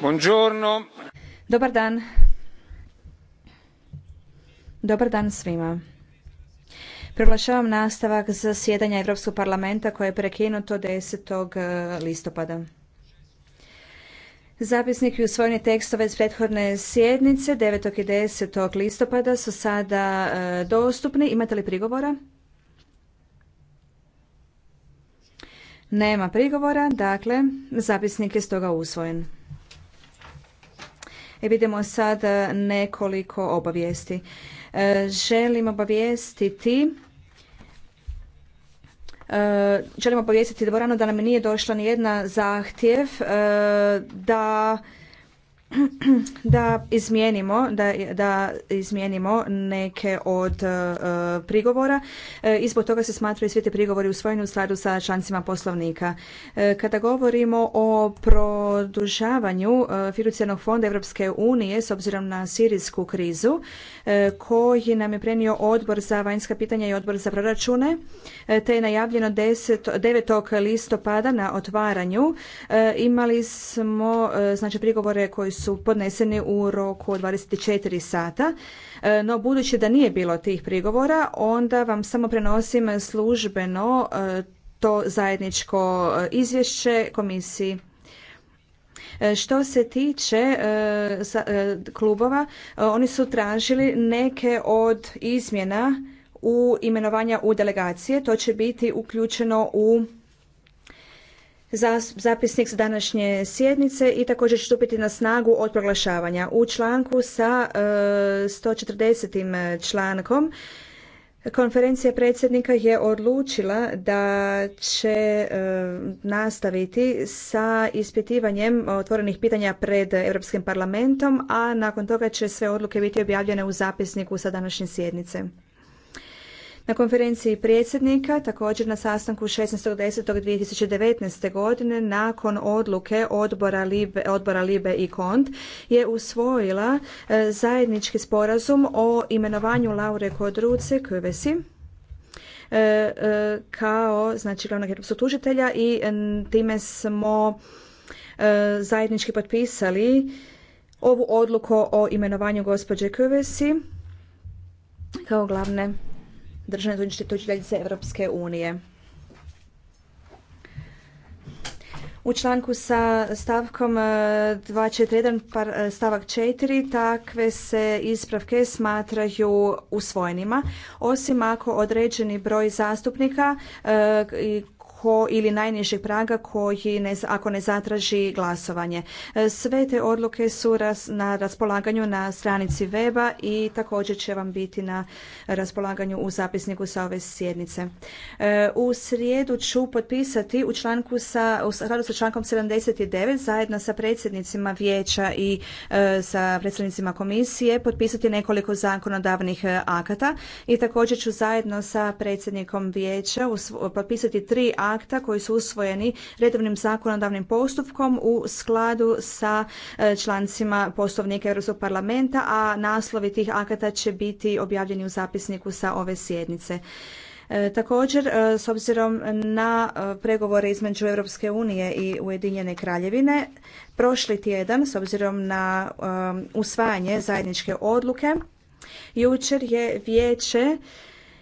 Buongiorno. Dobar dan. Dobar dan svima. Proglašavam nastavak zasjedanja Europskog parlamenta koje je prekinuto 10. E, listopada. Zapisnik i usvojeni tekstove iz prethodne sjednice 9. i 10. listopada su sada e, dostupni. Imate li prigovora? Nema prigovora, dakle zapisnik je stoga usvojen. E, vidimo sad e, nekoliko obavijesti. E, želim obavijestiti želim dvoranu da nam nije došla ni jedna zahtjev da da izmijenimo da, da izmijenimo neke od e, prigovora e, i zbog toga se smatraju svi ti prigovori usvojeni u skladu sa člancima poslovnika. E, kada govorimo o produžavanju e, fiducijarnog fonda Europske unije s obzirom na sirijsku krizu koji nam je prenio odbor za vanjska pitanja i odbor za proračune te je najavljeno 10, 9. listopada na otvaranju imali smo znači prigovore koji su su podneseni u roku od 24 sata, e, no budući da nije bilo tih prigovora, onda vam samo prenosim službeno e, to zajedničko e, izvješće komisiji. Što se tiče klubova, oni su tražili neke od izmjena u imenovanja u delegacije. To će biti uključeno u zapisnik s današnje sjednice i također će stupiti na snagu od proglašavanja. U članku sa 140. E, e, člankom Konferencija predsjednika je odlučila da će e, nastaviti sa ispitivanjem otvorenih pitanja pred Europskim parlamentom, a nakon toga će sve odluke biti objavljene u zapisniku sa današnje sjednice. Na konferenciji predsjednika, također na sastanku 16.10.2019. godine, nakon odluke odbora Libe, odbora Libe i Kont, je usvojila e, zajednički sporazum o imenovanju Laure Kodruce Kövesi, e, e, kao znači glavnog europskog tužitelja i time smo zajednički potpisali ovu odluku o imenovanju gospođe Kövesi kao glavne državne dužničke tužiteljice Europske unije. U članku sa stavkom 241 e, e, stavak 4 takve se ispravke smatraju usvojenima, osim ako određeni broj zastupnika e, i ko, ili najnižeg praga koji ne, ako ne zatraži glasovanje. E, sve te odluke su na raspolaganju na stranici weba i također će vam biti na raspolaganju u zapisniku sa ove sjednice. E, u srijedu ću potpisati u članku sa, u skladu sa člankom 79 zajedno sa predsjednicima vijeća i e, sa predsjednicima komisije potpisati nekoliko zakonodavnih akata i također ću zajedno sa predsjednikom vijeća potpisati tri akta akta koji su usvojeni redovnim zakonodavnim postupkom u skladu sa e, člancima poslovnika Europskog parlamenta, a naslovi tih akata će biti objavljeni u zapisniku sa ove sjednice. E, također, e, s obzirom na pregovore između Europske unije i Ujedinjene kraljevine, prošli tjedan, s obzirom na usvajanje zajedničke odluke, jučer je vijeće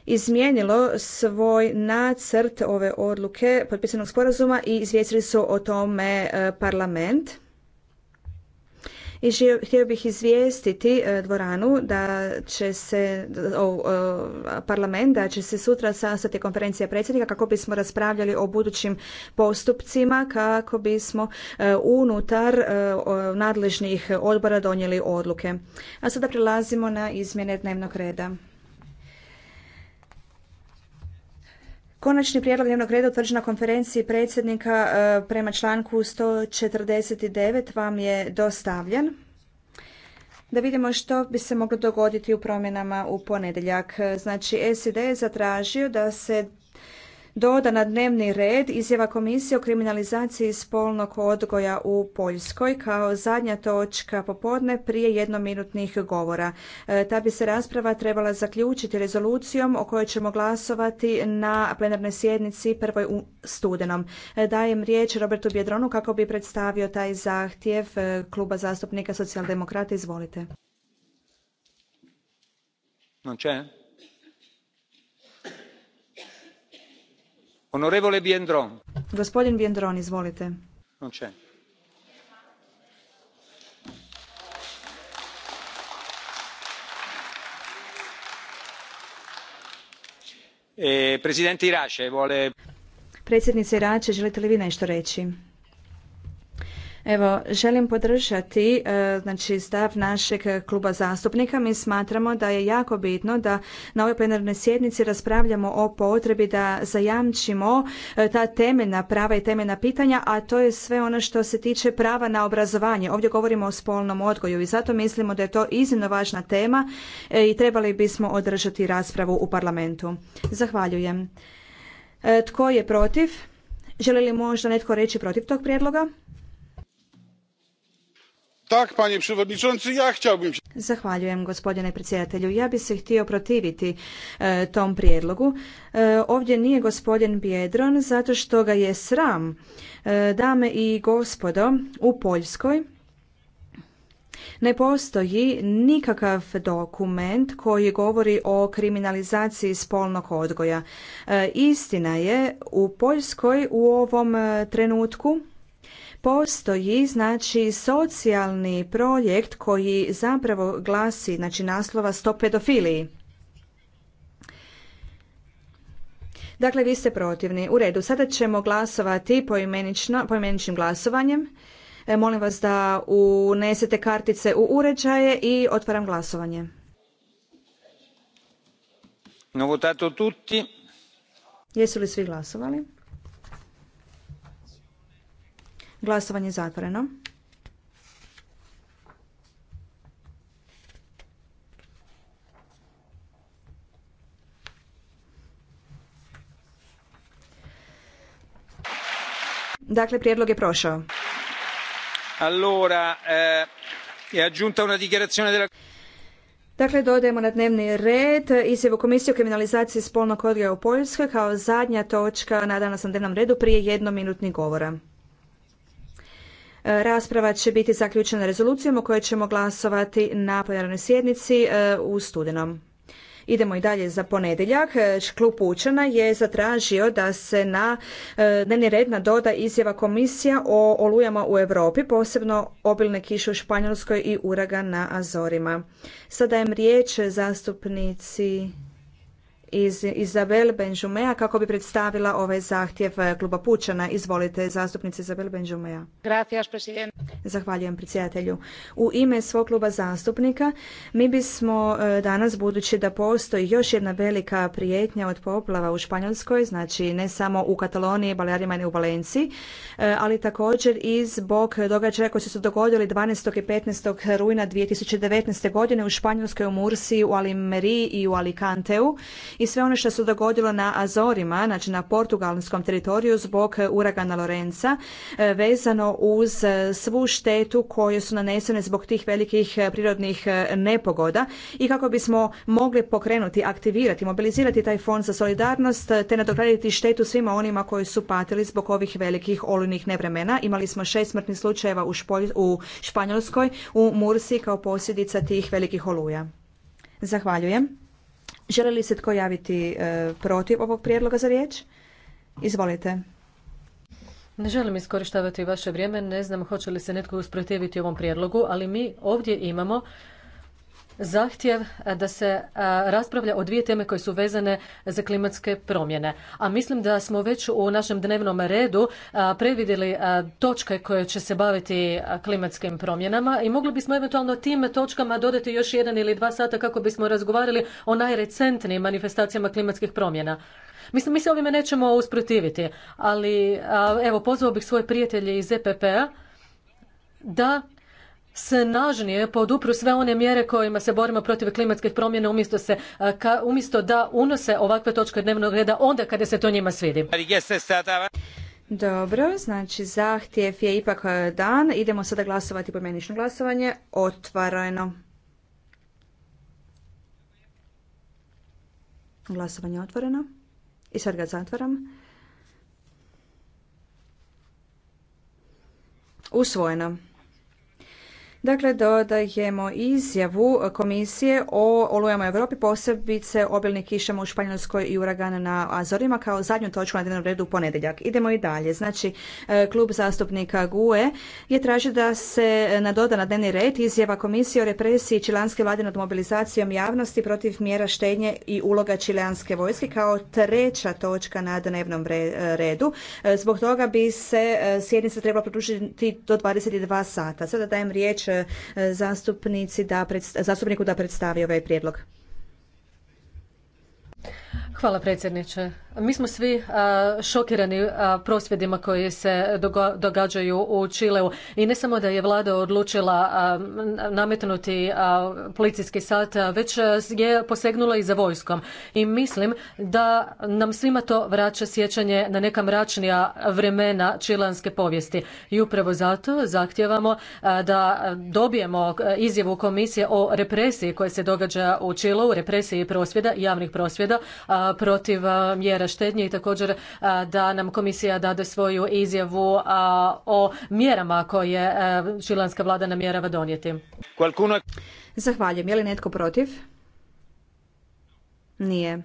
izmijenilo svoj nacrt ove odluke potpisanog sporazuma i izvijestili su o tome e, parlament. I htio bih izvijestiti e, dvoranu da će se parlament, da će se sutra sastati konferencija predsjednika kako bismo raspravljali o budućim postupcima, kako bismo e, unutar nadležnih odbora donijeli odluke. A sada prelazimo na izmjene dnevnog reda. Konačni prijedlog dnevnog reda utvrđen na konferenciji predsjednika e, prema članku 149 vam je dostavljen. Da vidimo što bi se moglo dogoditi u promjenama u ponedjeljak. Znači, SID je zatražio da se doda na dnevni red izjava komisije o kriminalizaciji spolnog odgoja u Poljskoj kao zadnja točka popodne prije jednominutnih govora. E, ta bi se rasprava trebala zaključiti rezolucijom o kojoj ćemo glasovati na plenarnoj sjednici prvoj u studenom. E, dajem riječ Robertu Bjedronu kako bi predstavio taj zahtjev e, kluba zastupnika socijaldemokrata. Izvolite. Onorevole Biendron. Gospodin Biendron, izvolite. Non c'è. E, presidente Irače, vole... Predsjednice Irače, želite li vi nešto reći? Evo, želim podržati e, znači, stav našeg kluba zastupnika. Mi smatramo da je jako bitno da na ovoj plenarnoj sjednici raspravljamo o potrebi da zajamčimo e, ta temeljna prava i temeljna pitanja, a to je sve ono što se tiče prava na obrazovanje. Ovdje govorimo o spolnom odgoju i zato mislimo da je to iznimno važna tema e, i trebali bismo održati raspravu u parlamentu. Zahvaljujem. Tko je protiv? Želi li možda netko reći protiv tog prijedloga? Tak, panie ja Zahvaljujem gospodine predsjedatelju. Ja bih se htio protiviti e, tom prijedlogu. E, ovdje nije gospodin Bjedron zato što ga je sram. E, dame i gospodo, u Poljskoj ne postoji nikakav dokument koji govori o kriminalizaciji spolnog odgoja. istina je, u Poljskoj u ovom trenutku Postoji znači socijalni projekt koji zapravo glasi, znači naslova Stop pedofiliji. Dakle, vi ste protivni. U redu, sada ćemo glasovati poimeničnim glasovanjem. E, molim vas da unesete kartice u uređaje i otvaram glasovanje. Jesu li svi glasovali? Glasovanje je zatvoreno. Dakle, prijedlog je prošao. Allora, eh, una dichiarazione della... Dakle, dodajemo na dnevni red izjavu Komisije o kriminalizaciji spolnog odgoja u Poljskoj kao zadnja točka na danas na dnevnom redu prije jednominutnih govora. Rasprava će biti zaključena rezolucijom o kojoj ćemo glasovati na plenarnoj sjednici e, u studenom. Idemo i dalje za ponedjeljak. E, Klub Pučana je zatražio da se na e, dnevni red doda izjava komisija o olujama u Europi, posebno obilne kiše u Španjolskoj i Uraga na Azorima. Sada dajem riječ zastupnici iz Izabel Benžumea kako bi predstavila ovaj zahtjev kluba Pučana. Izvolite, zastupnice Izabel presidente. Zahvaljujem predsjedatelju. U ime svog kluba zastupnika mi bismo e, danas, budući da postoji još jedna velika prijetnja od poplava u Španjolskoj, znači ne samo u Kataloniji, Balearima i u Valenciji, e, ali također i zbog događaja koji su se dogodili 12. i 15. rujna 2019. godine u Španjolskoj, u Mursiji, u Alimeriji i u Alicanteu i sve ono što se dogodilo na Azorima, znači na portugalskom teritoriju zbog e, uragana Lorenza e, vezano uz e, svu štetu koju su nanesene zbog tih velikih prirodnih nepogoda i kako bismo mogli pokrenuti, aktivirati, mobilizirati taj fond za solidarnost te nadoknaditi štetu svima onima koji su patili zbog ovih velikih olujnih nevremena. Imali smo šest smrtnih slučajeva u Španjolskoj, u Mursi kao posljedica tih velikih oluja. Zahvaljujem. Želi li se tko javiti e, protiv ovog prijedloga za riječ? Izvolite. Ne želim iskorištavati vaše vrijeme, ne znam hoće li se netko usprotiviti ovom prijedlogu, ali mi ovdje imamo zahtjev da se raspravlja o dvije teme koje su vezane za klimatske promjene. A mislim da smo već u našem dnevnom redu predvidjeli točke koje će se baviti klimatskim promjenama i mogli bismo eventualno tim točkama dodati još jedan ili dva sata kako bismo razgovarali o najrecentnijim manifestacijama klimatskih promjena. Mislim, mi se ovime nećemo usprotiviti, ali evo, pozvao bih svoje prijatelje iz EPP-a da snažnije podupru sve one mjere kojima se borimo protiv klimatskih promjena umjesto, da unose ovakve točke dnevnog reda onda kada se to njima svidi. Dobro, znači zahtjev je ipak e, dan. Idemo sada glasovati pomenično glasovanje. Otvarajno. Glasovanje je otvoreno. I sad ga zatvaram. Usvojeno. Dakle, dodajemo izjavu komisije o olujama Europi, posebice obilnih kišama u Španjolskoj i Uragan na Azorima kao zadnju točku na dnevnom redu u ponedjeljak. Idemo i dalje. Znači, e, klub zastupnika GUE je tražio da se e, nadoda na dnevni red izjava komisije o represiji čilanske vlade nad mobilizacijom javnosti protiv mjera štednje i uloga čileanske vojske kao treća točka na dnevnom e, redu. Zbog toga bi se sjednica trebala produžiti do 22 sata. Sada dajem riječ E, zastupnici da, zastupniku da predstavi ovaj prijedlog. Hvala predsjedniče. Mi smo svi šokirani prosvjedima koji se događaju u Čileu i ne samo da je vlada odlučila nametnuti policijski sat, već je posegnula i za vojskom. I mislim da nam svima to vraća sjećanje na neka mračnija vremena čilanske povijesti. I upravo zato zahtijevamo da dobijemo izjavu komisije o represiji koja se događa u Čileu, represiji prosvjeda, javnih prosvjeda, protiv mjera štednje i također da nam komisija dade svoju izjavu o mjerama koje e, šilanska vlada namjerava donijeti. Zahvaljujem. Je li netko protiv? Nije.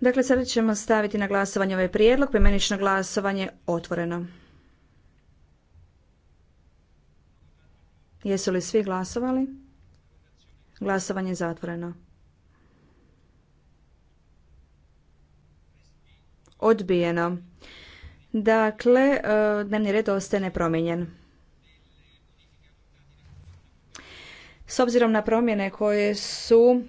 Dakle, sada ćemo staviti na glasovanje ovaj prijedlog. Pojmenično glasovanje otvoreno. Jesu li svi glasovali? Glasovanje je zatvoreno. odbijeno. Dakle, e, dnevni red ostaje nepromijenjen. S obzirom na promjene koje su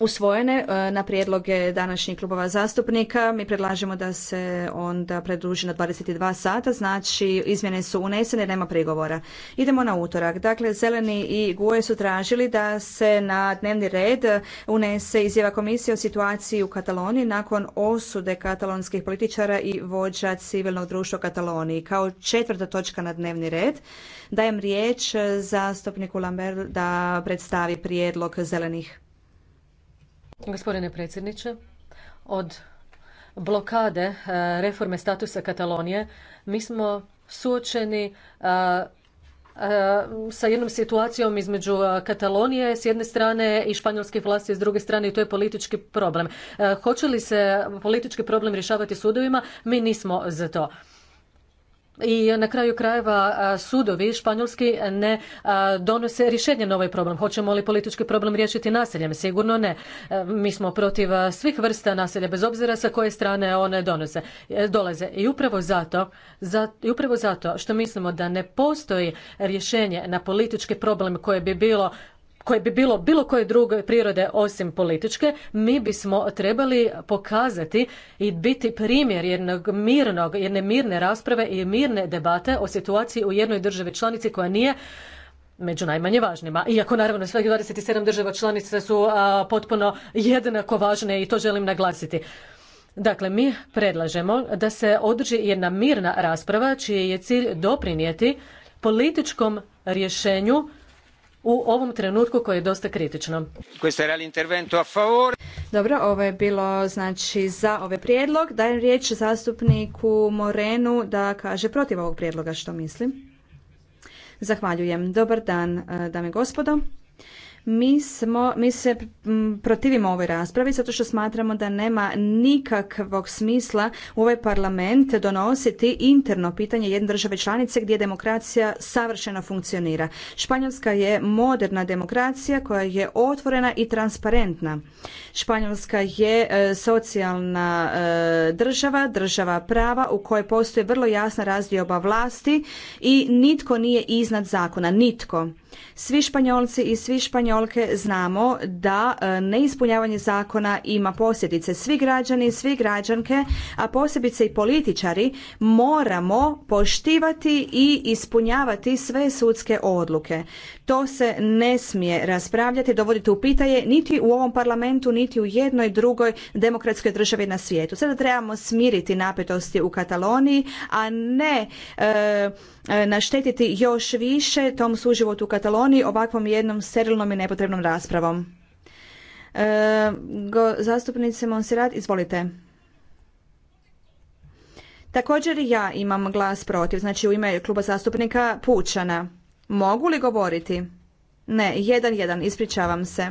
usvojene e, na prijedloge današnjih klubova zastupnika. Mi predlažemo da se onda predruži na 22 sata, znači izmjene su unesene, nema prigovora. Idemo na utorak. Dakle, Zeleni i Guje su tražili da se na dnevni red unese izjava komisije o situaciji u Kataloniji nakon osude katalonskih političara i vođa civilnog društva Kataloniji. Kao četvrta točka na dnevni red dajem riječ zastupniku Lambert da predstavi prijedlog zelenih. Gospodine predsjedniče, od blokade e, reforme statusa Katalonije mi smo suočeni e, e, sa jednom situacijom između Katalonije s jedne strane i španjolske vlasti s druge strane i to je politički problem. Hoće li se politički problem rješavati sudovima? Mi nismo za to i na kraju krajeva sudovi španjolski ne donose rješenje na ovaj problem. Hoćemo li politički problem riješiti naseljem? Sigurno ne. E, mi smo protiv svih vrsta naselja, bez obzira sa koje strane one donose, e, dolaze. I upravo zato, za, i upravo zato što mislimo da ne postoji rješenje na politički problem koje bi bilo koje bi bilo bilo koje druge prirode osim političke, mi bismo trebali pokazati i biti primjer jednog mirnog, jedne mirne rasprave i mirne debate o situaciji u jednoj državi članici koja nije među najmanje važnima. Iako naravno sve 27 država članica su potpuno jednako važne i to želim naglasiti. Dakle, mi predlažemo da se održi jedna mirna rasprava čiji je cilj doprinijeti političkom rješenju u ovom trenutku koje je dosta kritično. Dobro, ovo je bilo znači za ovaj prijedlog. Dajem riječ zastupniku Morenu da kaže protiv ovog prijedloga što mislim. Zahvaljujem. Dobar dan, eh, dame i gospodo. Mi, smo, mi se protivimo ovoj raspravi zato što smatramo da nema nikakvog smisla u ovaj parlament donositi interno pitanje jedne države članice gdje demokracija savršeno funkcionira. Španjolska je moderna demokracija koja je otvorena i transparentna. Španjolska je e, socijalna e, država, država prava u kojoj postoji vrlo jasna razdioba vlasti i nitko nije iznad zakona, nitko. Svi Španjolci i svi Španjolke znamo da e, neispunjavanje zakona ima posljedice. Svi građani i svi građanke, a posebice i političari, moramo poštivati i ispunjavati sve sudske odluke. To se ne smije raspravljati, dovoditi u pitanje niti u ovom parlamentu, niti u jednoj drugoj demokratskoj državi na svijetu. Sada trebamo smiriti napetosti u Kataloniji, a ne e, e, naštetiti još više tom suživotu u Kataloniji Kataloniji ovakvom jednom sterilnom i nepotrebnom raspravom. E, go, zastupnice Monserrat, izvolite. Također ja imam glas protiv, znači u ime kluba zastupnika Pučana. Mogu li govoriti? Ne, jedan jedan, ispričavam se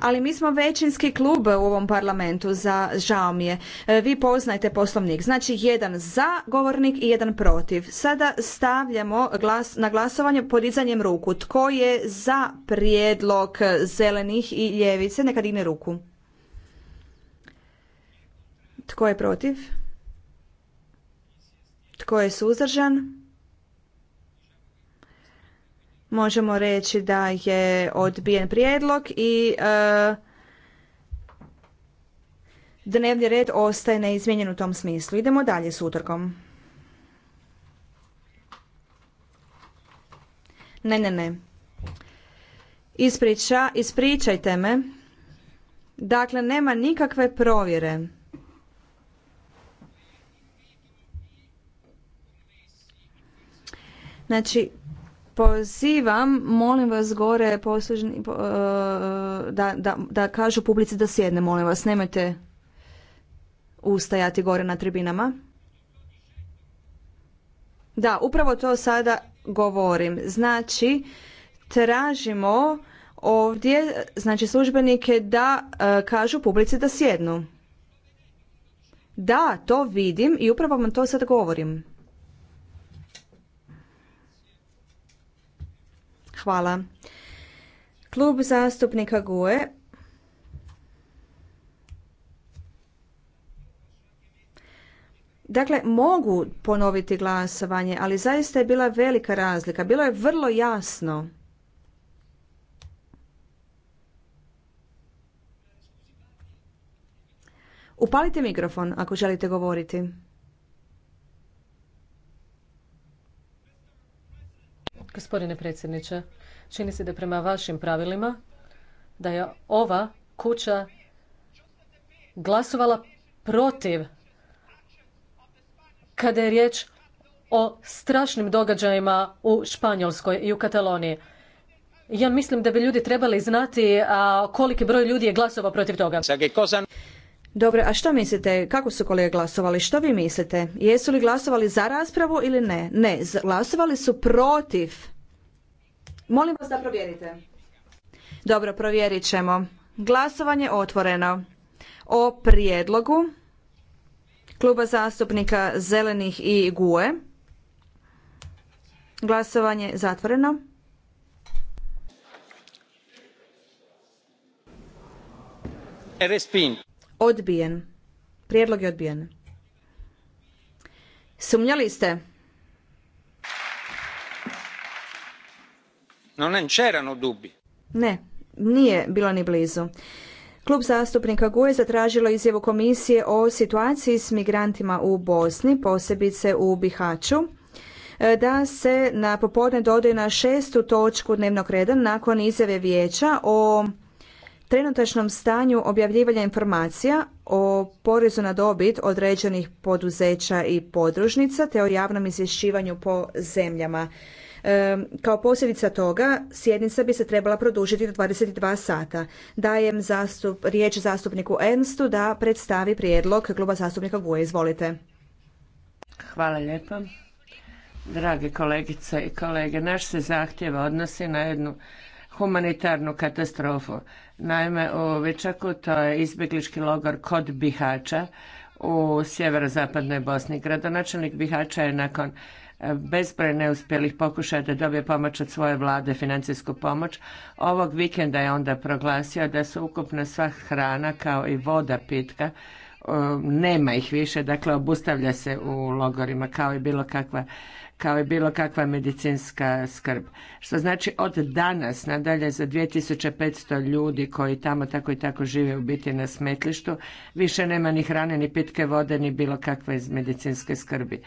ali mi smo većinski klub u ovom parlamentu, za, žao mi je. E, vi poznajte poslovnik. Znači, jedan za govornik i jedan protiv. Sada stavljamo glas, na glasovanje podizanjem ruku. Tko je za prijedlog zelenih i ljevice? Neka digne ruku. Tko je protiv? Tko je suzdržan? možemo reći da je odbijen prijedlog i e, dnevni red ostaje neizmijenjen u tom smislu. Idemo dalje s utorkom. Ne, ne, ne. ispričajte me. Dakle, nema nikakve provjere. Znači, pozivam, molim vas gore poslužni, e, da, da, da kažu publici da sjedne, molim vas, nemojte ustajati gore na tribinama. Da, upravo to sada govorim. Znači, tražimo ovdje, znači službenike da e, kažu publici da sjednu. Da, to vidim i upravo vam to sad govorim. Hvala. Klub zastupnika GUE Dakle, mogu ponoviti glasovanje, ali zaista je bila velika razlika. Bilo je vrlo jasno. Upalite mikrofon ako želite govoriti. Gospodine predsjedniče, čini se da prema vašim pravilima da je ova kuća glasovala protiv kada je riječ o strašnim događajima u Španjolskoj i u Kataloniji. Ja mislim da bi ljudi trebali znati koliki broj ljudi je glasovao protiv toga. Dobro, a što mislite, kako su kolege glasovali? Što vi mislite? Jesu li glasovali za raspravu ili ne? Ne, glasovali su protiv. Molim vas da provjerite. Dobro, provjerit ćemo. Glasovanje otvoreno o prijedlogu Kluba zastupnika Zelenih i GUE. Glasovanje zatvoreno. Respin. Odbijen. Prijedlog je odbijen. Sumnjali ste? Non c'erano dubi. Ne, nije bilo ni blizu. Klub zastupnika GUE zatražilo izjavu komisije o situaciji s migrantima u Bosni, posebice u Bihaću, e, da se na popodne dodaju na šestu točku dnevnog reda nakon izjave vijeća o trenutačnom stanju objavljivanja informacija o porezu na dobit određenih poduzeća i podružnica te o javnom izvješćivanju po zemljama. E, kao posljedica toga sjednica bi se trebala produžiti do 22 sata. Dajem zastup, riječ zastupniku Ernstu da predstavi prijedlog kluba zastupnika Guje. Izvolite. Hvala lijepa. Drage kolegice i kolege, naš se zahtjev odnosi na jednu humanitarnu katastrofu. Naime, u Vičaku, to je izbjeglički logor kod Bihaća u sjeverozapadnoj Bosni. Gradonačelnik Bihaća je nakon e, bezbroj neuspjelih pokušaja da dobije pomoć od svoje vlade, financijsku pomoć. Ovog vikenda je onda proglasio da su ukupna sva hrana kao i voda pitka, e, nema ih više, dakle obustavlja se u logorima kao i bilo kakva kao i bilo kakva medicinska skrb. Što znači od danas nadalje za 2500 ljudi koji tamo tako i tako žive u biti na smetlištu, više nema ni hrane, ni pitke vode, ni bilo kakve iz medicinske skrbi.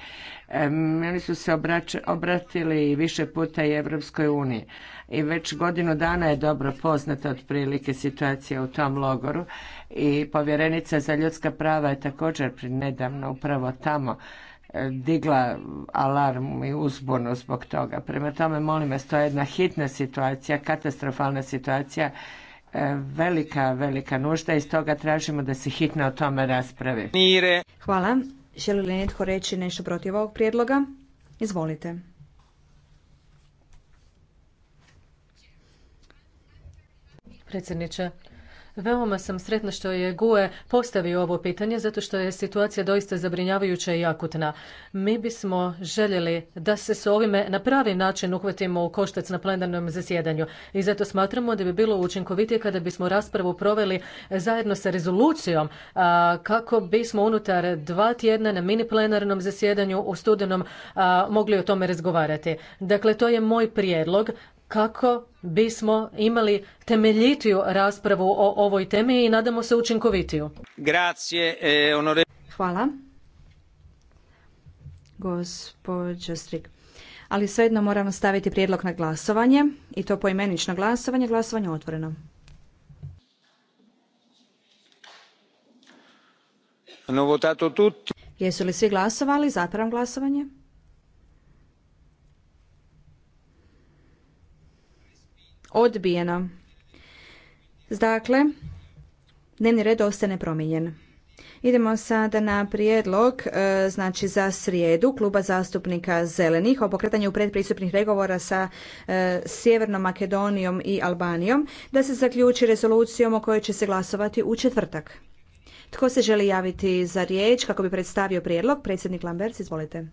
Oni su se obratili više puta i Evropskoj uniji i već godinu dana je dobro poznata otprilike situacija u tom logoru i povjerenica za ljudska prava je također nedavno upravo tamo digla alarm i uzbunu zbog toga. Prema tome, molim vas, to je jedna hitna situacija, katastrofalna situacija, e, velika, velika nužda i stoga tražimo da se hitno o tome raspravi. Mire. Hvala. Želi li netko reći nešto protiv ovog prijedloga? Izvolite. Predsjedniče, Veoma sam sretna što je GUE postavio ovo pitanje zato što je situacija doista zabrinjavajuća i akutna. Mi bismo željeli da se s ovime na pravi način uhvatimo u koštac na plenarnom zasjedanju i zato smatramo da bi bilo učinkovitije kada bismo raspravu proveli zajedno sa rezolucijom a, kako bismo unutar dva tjedna na mini plenarnom zasjedanju u studenom mogli o tome razgovarati. Dakle, to je moj prijedlog kako bismo imali temeljitiju raspravu o ovoj temi i nadamo se učinkovitiju. Grazie, eh, Hvala. Gospođo Strik. Ali svejedno moramo staviti prijedlog na glasovanje i to poimenično glasovanje, glasovanje otvoreno. Jesu li svi glasovali? Zatvaram glasovanje. Odbijeno. Dakle, dnevni red ostane promijenjen. Idemo sada na prijedlog e, znači za srijedu Kluba zastupnika zelenih o pokretanju predpristupnih pregovora sa e, Sjevernom Makedonijom i Albanijom da se zaključi rezolucijom o kojoj će se glasovati u četvrtak. Tko se želi javiti za riječ kako bi predstavio prijedlog? Predsjednik Lambert, izvolite.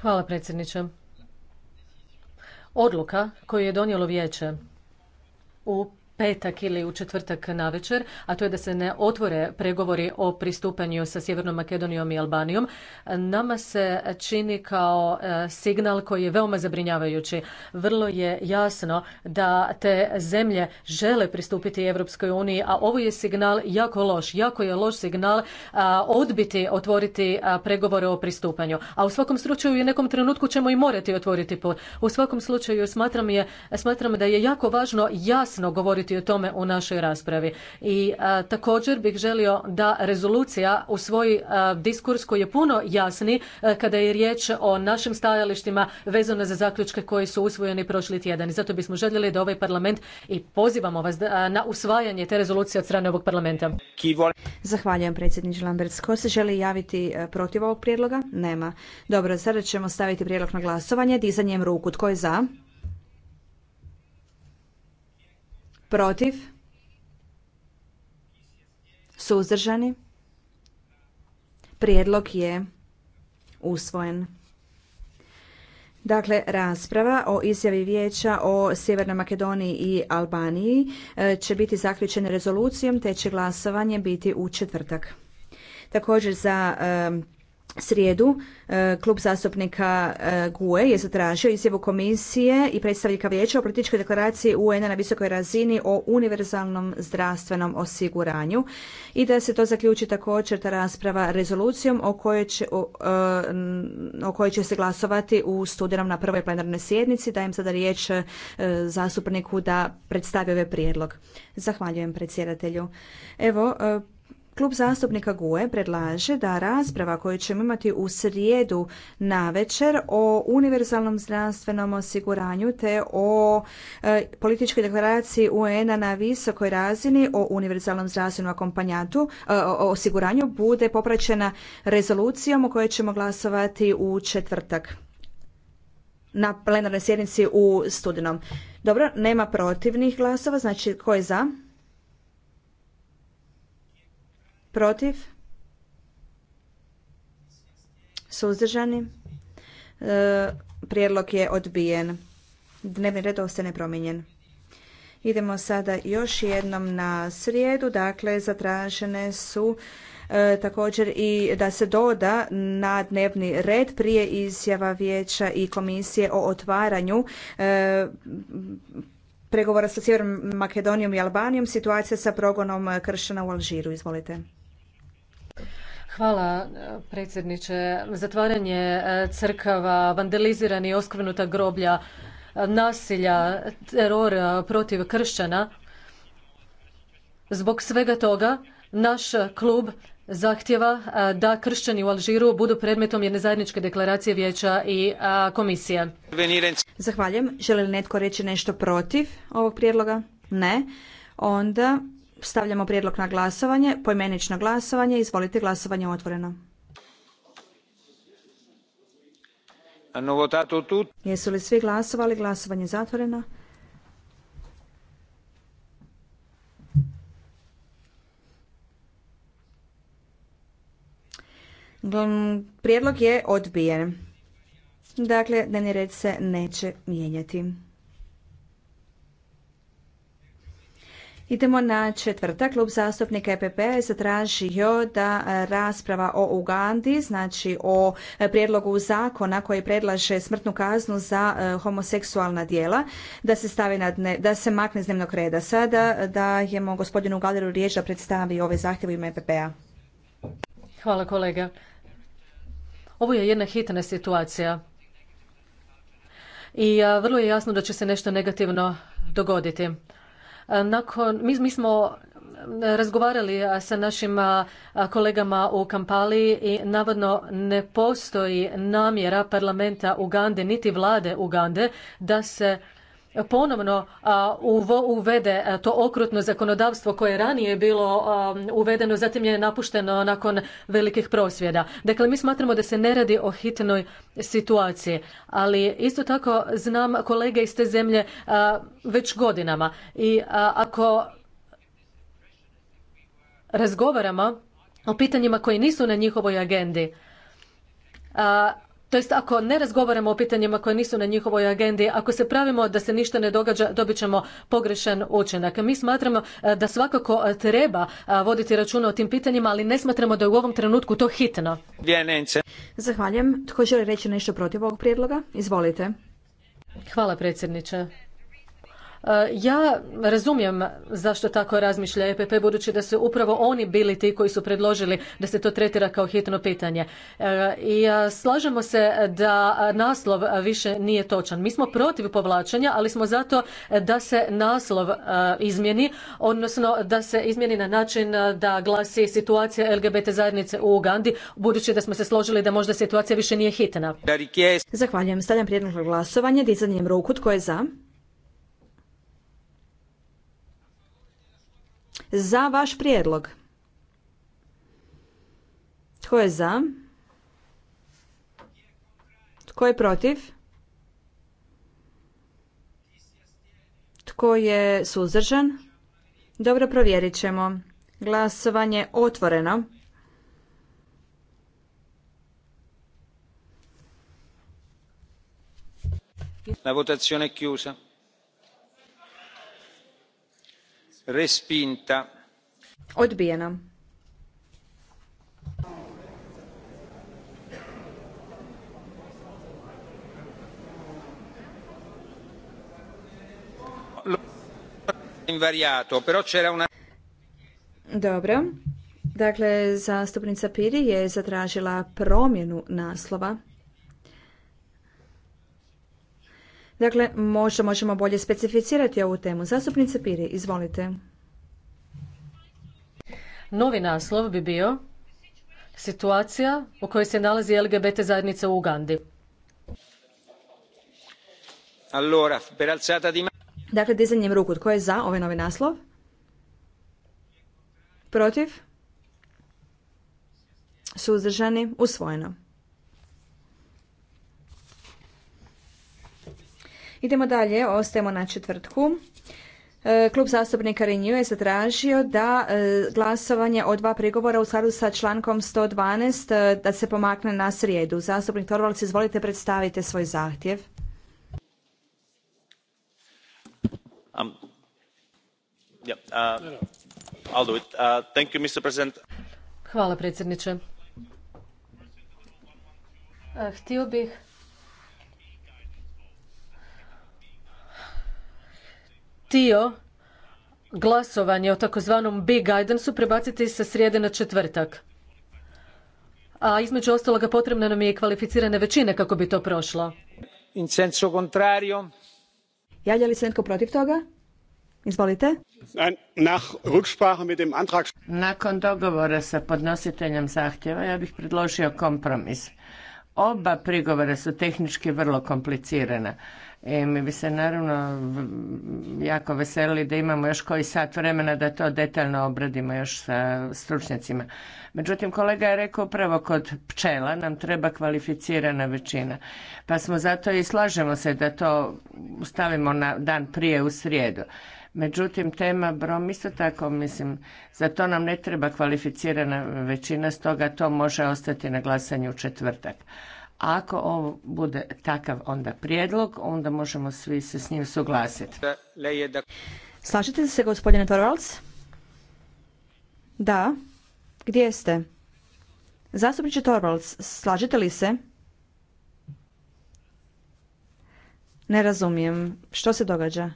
Hvala predsjedniče. Odluka koju je donijelo vijeće u petak ili u četvrtak navečer, a to je da se ne otvore pregovori o pristupanju sa Sjevernom Makedonijom i Albanijom, nama se čini kao e, signal koji je veoma zabrinjavajući. Vrlo je jasno da te zemlje žele pristupiti Europskoj uniji, a ovo je signal jako loš, jako je loš signal e, odbiti otvoriti e, pregovore o pristupanju. A u svakom slučaju u nekom trenutku ćemo i morati otvoriti put. U svakom slučaju smatram, je, smatram da je jako važno jasno govoriti govoriti o tome u našoj raspravi. I e, također bih želio da rezolucija u svoj e, diskurs koji je puno jasni e, kada je riječ o našim stajalištima vezano za zaključke koji su usvojeni prošli tjedan. I zato bismo željeli da ovaj parlament i pozivamo vas da, na usvajanje te rezolucije od strane ovog parlamenta. Zahvaljujem predsjedniče Lamberts. Ko se želi javiti protiv ovog prijedloga? Nema. Dobro, sada ćemo staviti prijedlog na glasovanje dizanjem ruku. Tko je za? Protiv? Suzdržani? Prijedlog je usvojen. Dakle, rasprava o izjavi vijeća o Sjevernoj Makedoniji i Albaniji e, će biti zaključena rezolucijom te će glasovanje biti u četvrtak. Također za e, srijedu e, klub zastupnika GUE e je zatražio izjavu komisije i predstavnika vijeća o političkoj deklaraciji UN-a na visokoj razini o univerzalnom zdravstvenom osiguranju i da se to zaključi također ta rasprava rezolucijom o kojoj će, o, e, o kojoj će se glasovati u studenom na prvoj plenarnoj sjednici. Dajem sada riječ zastupniku da predstavi ovaj prijedlog. Zahvaljujem predsjedatelju. Evo, Klub zastupnika GUE predlaže da rasprava koju ćemo imati u srijedu na večer o univerzalnom zdravstvenom osiguranju te o e, političkoj deklaraciji UN-a na visokoj razini o univerzalnom zdravstvenom akompanjatu e, osiguranju bude popraćena rezolucijom o kojoj ćemo glasovati u četvrtak na plenarnoj sjednici u studenom. Dobro, nema protivnih glasova, znači ko je za? protiv, suzdržani, e, prijedlog je odbijen. Dnevni red ostaje nepromijenjen. Idemo sada još jednom na srijedu, dakle zatražene su e, također i da se doda na dnevni red prije izjava vijeća i komisije o otvaranju e, pregovora sa Sjevernom Makedonijom i Albanijom, situacija sa progonom kršćana u Alžiru. Izvolite. Hvala e, predsjedniče. Zatvaranje e, crkava, vandalizirani i oskvrnuta groblja, e, nasilja, teror protiv kršćana. Zbog svega toga naš klub zahtjeva da kršćani u Alžiru budu predmetom jedne zajedničke deklaracije vijeća i komisije. Zahvaljujem. Želi li netko reći nešto protiv ovog prijedloga? Ne. Onda Stavljamo prijedlog na glasovanje, poimenično glasovanje. Izvolite glasovanje otvoreno. Jesu li svi glasovali? Glasovanje zatvoreno. Prijedlog je odbijen. Dakle, dnevni red se neće mijenjati. Idemo na četvrtak. Klub zastupnika EPP je zatražio da rasprava o Ugandi, znači o prijedlogu zakona koji predlaže smrtnu kaznu za e, homoseksualna djela, da se stavi na dne, da se makne iz dnevnog reda. Sada dajemo gospodinu Galeru riječ da predstavi ove zahtjeve ime EPP-a. Hvala kolega. Ovo je jedna hitna situacija. I vrlo je jasno da će se nešto negativno dogoditi. Nakon, mi, mi smo razgovarali sa našim kolegama u Kampali i navodno ne postoji namjera parlamenta Ugande niti vlade Ugande da se E, ponovno uvede e, to okrutno zakonodavstvo koje je ranije bilo uvedeno, zatim je napušteno nakon velikih prosvjeda. Dakle, mi smatramo da se ne radi o hitnoj situaciji, ali isto tako znam kolege iz te zemlje već godinama i ako razgovaramo o pitanjima koji nisu na njihovoj agendi, to jest ako ne razgovaramo o pitanjima koja nisu na njihovoj agendi, ako se pravimo da se ništa ne događa, dobit ćemo pogrešan učinak. Mi smatramo e, da svakako e, treba e, voditi računa o tim pitanjima, ali ne smatramo da je u ovom trenutku to hitno. Zahvaljujem. Tko želi reći nešto protiv ovog prijedloga? Izvolite. Hvala predsjedniče. E, ja razumijem zašto tako razmišlja EPP budući da su upravo oni bili ti koji su predložili da se to tretira kao hitno pitanje. E, I e, slažemo se da naslov više nije točan. Mi smo protiv povlačenja, ali smo zato da se naslov izmjeni, odnosno da se izmjeni na način da glasi situacija LGBT zajednice u Ugandi, budući da smo se složili da možda situacija više nije hitna. Zahvaljujem. Stavljam prijedlog glasovanje. Dizanjem ruku. Tko je za? za vaš prijedlog. Tko je za? Tko je protiv? Tko je suzdržan? Dobro, provjerit ćemo. Glasovanje otvoreno. La votazione respinta odbijena invariato però c'era una dobro dakle zastupnica piri je zatražila promjenu naslova Dakle, možda možemo bolje specificirati ovu temu. Zastupnice Piri, izvolite. Novi naslov bi bio situacija u kojoj se nalazi LGBT zajednica u Ugandi. Dakle, dizanjem ruku. Tko je za ovaj novi naslov? Protiv? Suzdržani? Usvojeno. Idemo dalje, ostajemo na četvrtku. E, Klub zastupnika Renew je zatražio da e, glasovanje o dva prigovora u skladu sa člankom 112 e, da se pomakne na srijedu. Zastupnik Torvalds, izvolite predstavite svoj zahtjev. Hvala predsjedniče. Htio bih htio glasovanje o takozvanom big guidance prebaciti sa srijede na četvrtak. A između ostaloga potrebna nam je i kvalificirane većine kako bi to prošlo. In Javlja li se netko protiv toga? Izvolite. Nakon dogovora sa podnositeljem zahtjeva ja bih predložio kompromis. Oba prigovora su tehnički vrlo komplicirana E, mi bi se naravno jako veselili da imamo još koji sat vremena da to detaljno obradimo još sa stručnjacima. Međutim, kolega je rekao upravo kod pčela nam treba kvalificirana većina. Pa smo zato i slažemo se da to stavimo na dan prije u srijedu. Međutim, tema brom isto tako, mislim, za to nam ne treba kvalificirana većina, stoga to može ostati na glasanju u četvrtak ako ovo bude takav onda prijedlog, onda možemo svi se s njim suglasiti. Slažete se, gospodine Torvalds? Da. Gdje ste? Zastupniče Torvalds, slažete li se? Ne razumijem. Što se događa?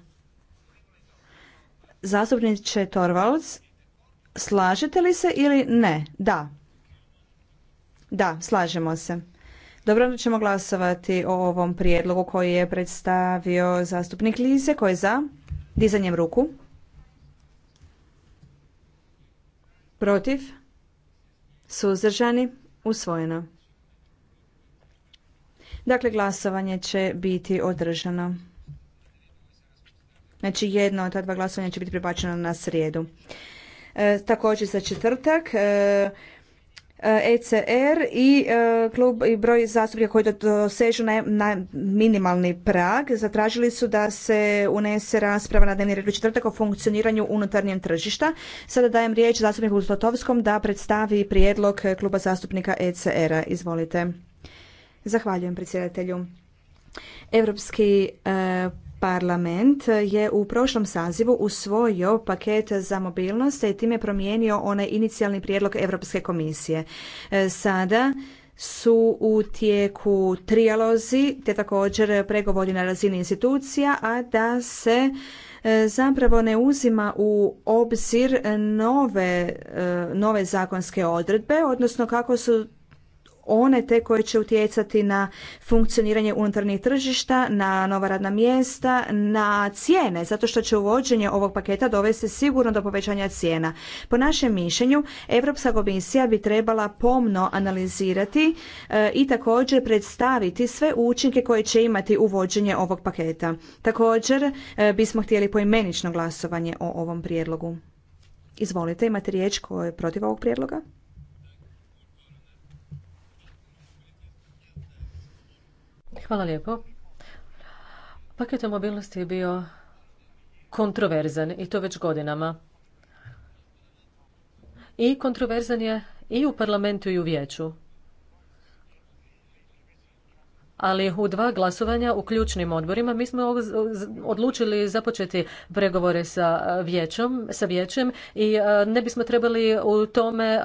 Zastupniče Torvalds, slažete li se ili ne? Da. Da, slažemo se. Dobro, onda ćemo glasovati o ovom prijedlogu koji je predstavio zastupnik Lize. Koji je za? Dizanjem ruku. Protiv? Suzdržani? Usvojeno. Dakle, glasovanje će biti održano. Znači, jedno od ta dva glasovanja će biti prebačeno na srijedu. E, također za četvrtak... E, ECR e i e, klub i broj zastupnika koji dosežu na, minimalni prag zatražili su da se unese rasprava na dnevni red četvrtak o funkcioniranju unutarnjem tržišta. Sada dajem riječ zastupniku Zlatovskom da predstavi prijedlog kluba zastupnika ECR-a. Izvolite. Zahvaljujem predsjedatelju. Europski e, parlament je u prošlom sazivu usvojio paket za mobilnost i time promijenio onaj inicijalni prijedlog Europske komisije. E, sada su u tijeku trijalozi te također pregovori na razini institucija, a da se e, zapravo ne uzima u obzir nove, e, nove zakonske odredbe, odnosno kako su one te koje će utjecati na funkcioniranje unutarnjih tržišta, na nova radna mjesta, na cijene, zato što će uvođenje ovog paketa dovesti sigurno do povećanja cijena. Po našem mišljenju, Europska komisija bi trebala pomno analizirati e, i također predstaviti sve učinke koje će imati uvođenje ovog paketa. Također e, bismo htjeli poimenično glasovanje o ovom prijedlogu. Izvolite, imate riječ koje je protiv ovog prijedloga? Hvala lijepo. Paket o mobilnosti je bio kontroverzan i to već godinama. I kontroverzan je i u parlamentu i u vijeću ali u dva glasovanja u ključnim odborima mi smo odlučili započeti pregovore sa e, vijećem sa vijećem i e, ne bismo trebali u tome e,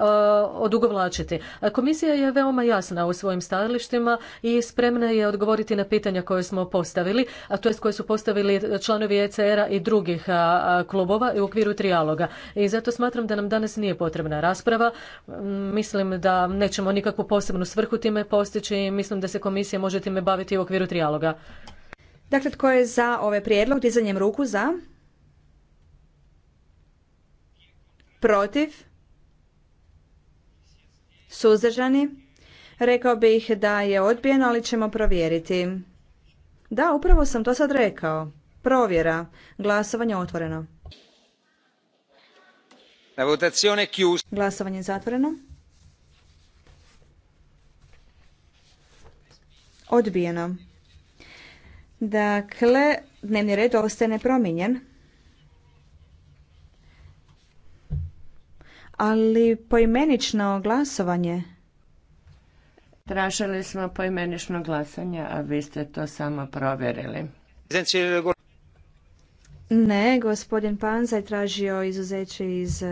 odugovlačiti. Komisija je veoma jasna u svojim stajalištima i spremna je odgovoriti na pitanja koje smo postavili, a to jest koje su postavili članovi ECR-a i drugih klubova u okviru trijaloga. I zato smatram da nam danas nije potrebna rasprava. Mislim da nećemo nikakvu posebnu svrhu time postići i mislim da se komisija može time baviti u okviru trijaloga. Dakle, tko je za ovaj prijedlog? Dizanjem ruku za? Protiv? Suzdržani? Rekao bih da je odbijeno, ali ćemo provjeriti. Da, upravo sam to sad rekao. Provjera. Glasovanje otvoreno. La votazione Glasovanje zatvoreno. Odbijeno. Dakle, dnevni red ostane nepromijenjen. Ali poimenično glasovanje. Tražili smo poimenično glasanje, a vi ste to samo provjerili. Ne, gospodin Panza je tražio izuzeće iz eh,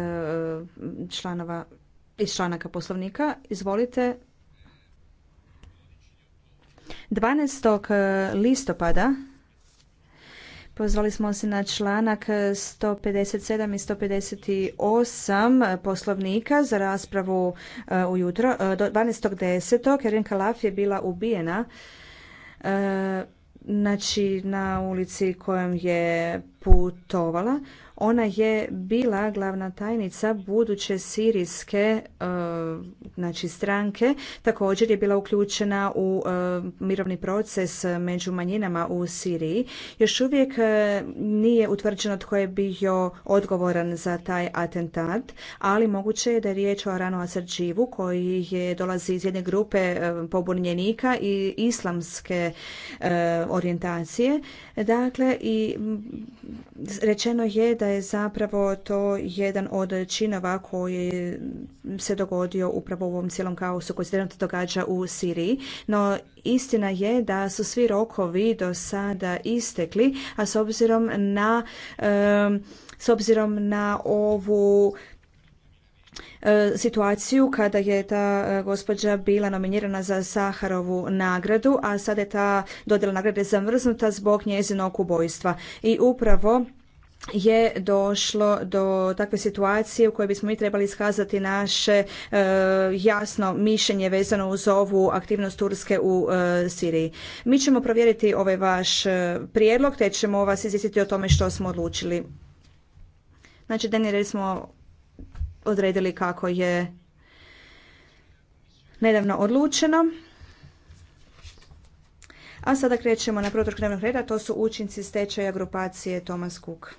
članova iz članaka poslovnika. Izvolite, 12. E, listopada Pozvali smo se na članak 157 i 158 poslovnika za raspravu e, ujutro. E, do 12.10. Kerin Kalaf je bila ubijena znači na ulici kojom je putovala. Ona je bila glavna tajnica buduće sirijske e, znači stranke. Također je bila uključena u e, mirovni proces među manjinama u Siriji. Još uvijek e, nije utvrđeno tko je bio odgovoran za taj atentat, ali moguće je da je riječ o Aranu Asarđivu koji je dolazi iz jedne grupe pobunjenika i islamske orijentacije Dakle, i rečeno je da je zapravo to jedan od činova koji se dogodio upravo u ovom cijelom kaosu koji se trenutno događa u Siriji. No, istina je da su svi rokovi do sada istekli, a s obzirom na, s obzirom na ovu E, situaciju kada je ta e, gospođa bila nominirana za Saharovu nagradu, a sada je ta dodjela nagrade zamrznuta zbog njezinog ubojstva. I upravo je došlo do takve situacije u kojoj bismo mi trebali iskazati naše e, jasno mišljenje vezano uz ovu aktivnost Turske u Siriji. Mi ćemo provjeriti ovaj vaš prijedlog te ćemo vas izvijestiti o tome što smo odlučili. Znači, dnevni smo odredili kako je nedavno odlučeno. A sada krećemo na protok dnevnog reda, to su učinci stečaja grupacije Thomas Cook.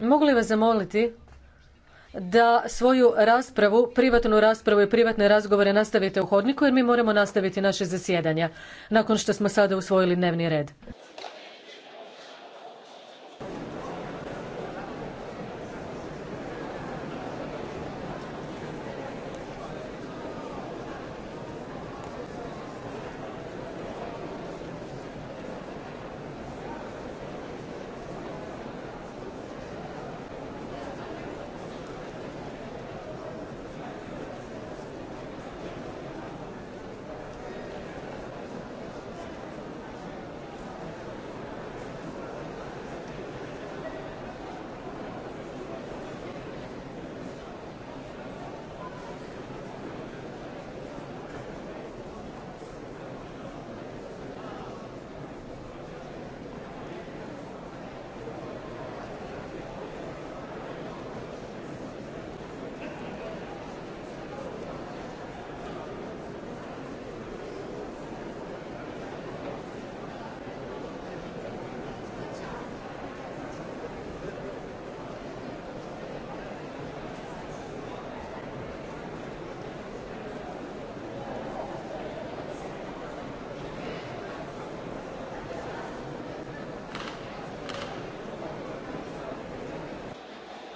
Mogu li vas zamoliti da svoju raspravu, privatnu raspravu i privatne razgovore nastavite u hodniku jer mi moramo nastaviti naše zasjedanja nakon što smo sada usvojili dnevni red.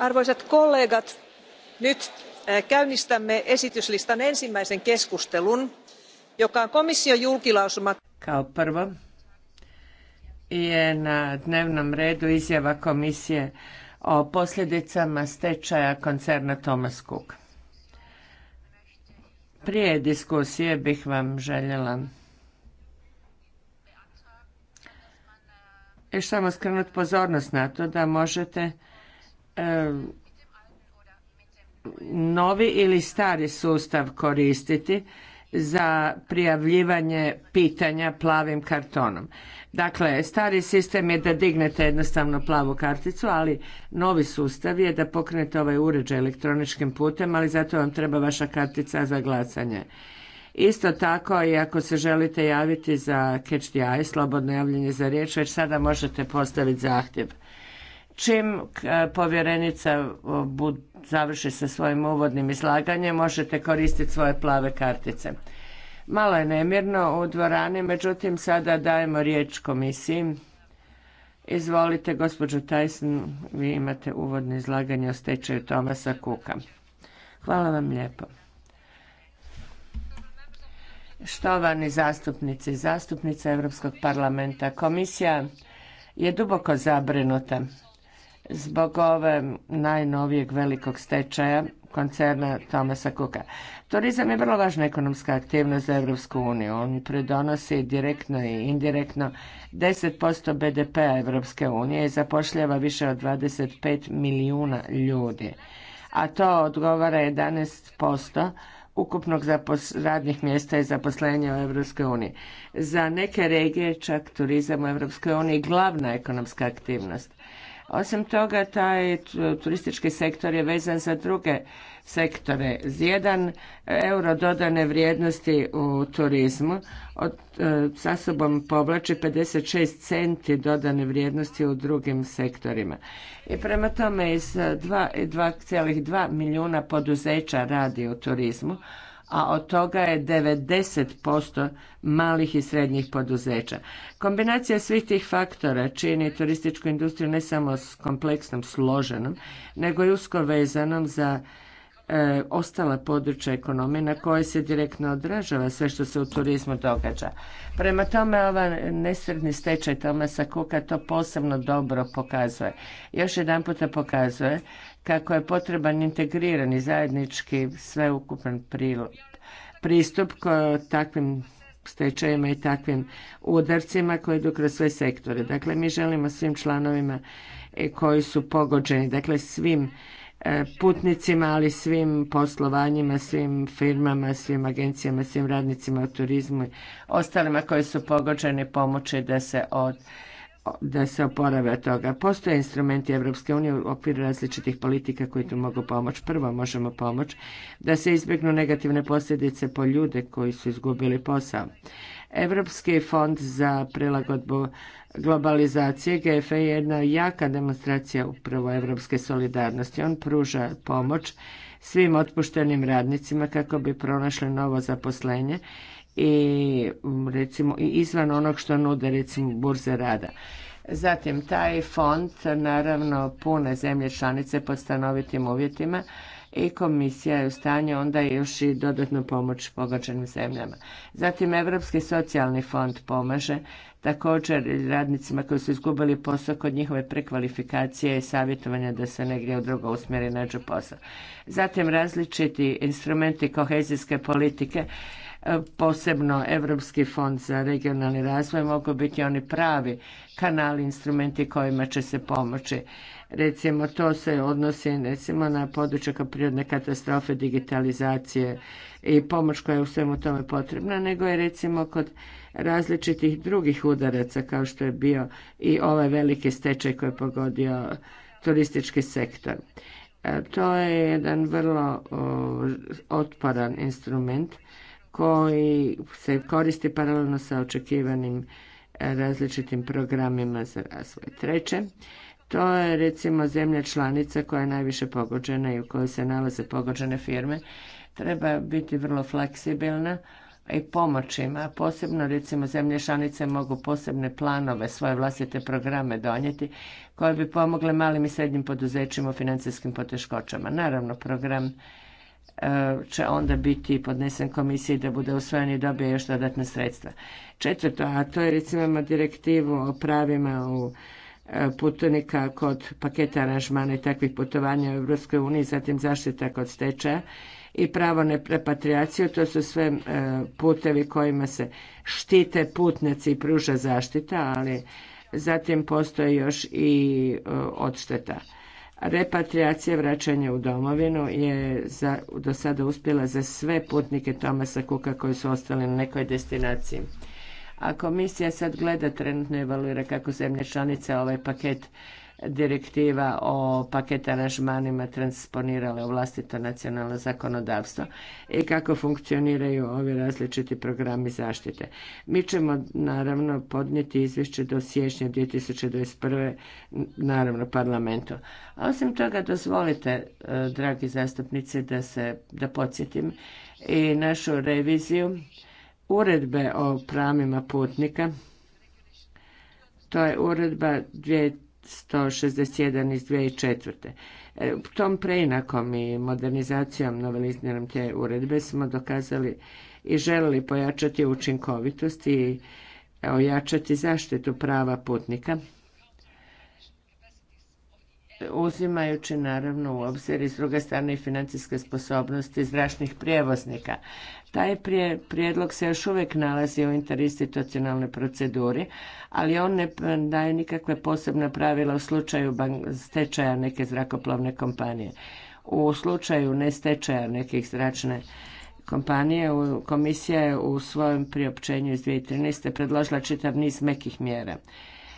arvoisat kollegat nyt eh, käynnistämme esityslistan ensimmäisen keskustelun joka on komission julkilausuma. Kao prvo je na dnevnom redu izjava komisije o posljedicama stečaja koncerna Thomas Cook. Prije diskusije bih vam željela još samo skrenuti pozornost na to da možete novi ili stari sustav koristiti za prijavljivanje pitanja plavim kartonom. Dakle, stari sistem je da dignete jednostavno plavu karticu, ali novi sustav je da pokrenete ovaj uređaj elektroničkim putem, ali zato vam treba vaša kartica za glasanje. Isto tako i ako se želite javiti za Catch the Eye, slobodno javljanje za riječ, već sada možete postaviti zahtjev. Čim povjerenica završi sa svojim uvodnim izlaganjem, možete koristiti svoje plave kartice. Malo je nemirno u dvorani, međutim sada dajemo riječ komisiji. Izvolite, gospođo Tyson, vi imate uvodno izlaganje o stečaju Tomasa Kuka. Hvala vam lijepo. Štovani zastupnici i zastupnice Europskog parlamenta, komisija je duboko zabrinuta zbog ove najnovijeg velikog stečaja koncerna Tomasa Kuka. Turizam je vrlo važna ekonomska aktivnost za Evropsku uniju. On pridonosi direktno i indirektno 10% BDP-a Evropske unije i zapošljava više od 25 milijuna ljudi. A to odgovara 11% ukupnog radnih mjesta i zaposlenja u Evropskoj uniji. Za neke regije čak turizam u Evropskoj uniji glavna ekonomska aktivnost. Osim toga, taj turistički sektor je vezan za druge sektore. Jedan eh, euro dodane vrijednosti u turizmu od, eh, sa sobom povlači 56 centi dodane vrijednosti u drugim sektorima. I prema tome iz 2,2 eh, milijuna poduzeća radi u turizmu, a od toga je 90% malih i srednjih poduzeća. Kombinacija svih tih faktora čini turističku industriju ne samo s kompleksnom, složenom, nego i usko vezanom za e, ostala područja ekonomije na koje se direktno odražava sve što se u turizmu događa. Prema tome, ova nesredni stečaj Tomasa Kuka to posebno dobro pokazuje. Još jedan pokazuje kako je potreban integrirani zajednički sveukupan pristup koji takvim stečajima i takvim udarcima koji idu kroz sve sektore. Dakle, mi želimo svim članovima e, koji su pogođeni, dakle svim e, putnicima, ali svim poslovanjima, svim firmama, svim agencijama, svim radnicima u turizmu i ostalima koji su pogođeni pomoći da se od da se oporave od toga. Postoje instrumenti Evropske unije u okviru različitih politika koji tu mogu pomoći. Prvo možemo pomoći da se izbjegnu negativne posljedice po ljude koji su izgubili posao. Europski fond za prilagodbu globalizacije GFE je jedna jaka demonstracija upravo europske solidarnosti. On pruža pomoć svim otpuštenim radnicima kako bi pronašli novo zaposlenje i mm, recimo i izvan onog što nude recimo burze rada. Zatim taj fond naravno pune zemlje članice pod stanovitim uvjetima i komisija je u stanju onda još i dodatnu pomoć pogođenim zemljama. Zatim Europski socijalni fond pomaže također radnicima koji su izgubili posao kod njihove prekvalifikacije i savjetovanja da se negdje u drugo usmjeri nađu posao. Zatim različiti instrumenti kohezijske politike posebno Europski fond za regionalni razvoj mogu biti oni pravi kanali, instrumenti kojima će se pomoći. Recimo, to se odnosi recimo, na područje kao prirodne katastrofe, digitalizacije i pomoć koja je u svemu tome potrebna, nego je recimo kod različitih drugih udaraca kao što je bio i ovaj veliki stečaj koji je pogodio turistički sektor. E, to je jedan vrlo otporan instrument koji se koristi paralelno sa očekivanim e, različitim programima za razvoj. Treće, to je recimo zemlja članica koja je najviše pogođena i u kojoj se nalaze pogođene firme. Treba biti vrlo fleksibilna i pomoćima, posebno recimo zemlje članice mogu posebne planove, svoje vlastite programe donijeti koje bi pomogle malim i srednjim poduzećima u financijskim poteškoćama. Naravno, program E, će onda biti podnesen komisiji da bude usvojen i dobije još dodatna sredstva. Četvrto, a to je recimo imamo direktivu o pravima u e, kod paketa aranžmana i takvih putovanja u Europskoj uniji, zatim zaštita kod stečaja i pravo na repatriaciju, to su sve e, putevi kojima se štite putnici i pruža zaštita, ali zatim postoji još i odšteta. Repatriacija vraćanje u domovinu je do sada uspjela za sve putnike Tomasa Kuka koji su ostali na nekoj destinaciji. A komisija sad gleda, trenutno evaluira kako zemlje članice ovaj paket direktiva o paket aranžmanima transponirale u vlastito nacionalno zakonodavstvo i kako funkcioniraju ovi različiti programi zaštite. Mi ćemo naravno podnijeti izvješće do siječnja 2021. naravno parlamentu. osim toga dozvolite e, dragi zastupnici da se da podsjetim i našu reviziju uredbe o pravima putnika to je uredba 161 iz 2004. E, tom preinakom i modernizacijom noveliznjenom te uredbe smo dokazali i želili pojačati učinkovitost i ojačati zaštitu prava putnika uzimajući naravno u obzir i s druge strane i financijske sposobnosti zračnih prijevoznika. Taj prijedlog se još uvijek nalazi u interinstitucionalnoj proceduri, ali on ne daje nikakve posebne pravila u slučaju stečaja neke zrakoplovne kompanije. U slučaju nestečaja nekih zračne kompanije, komisija je u svojem priopćenju iz 2013. predložila čitav niz mekih mjera.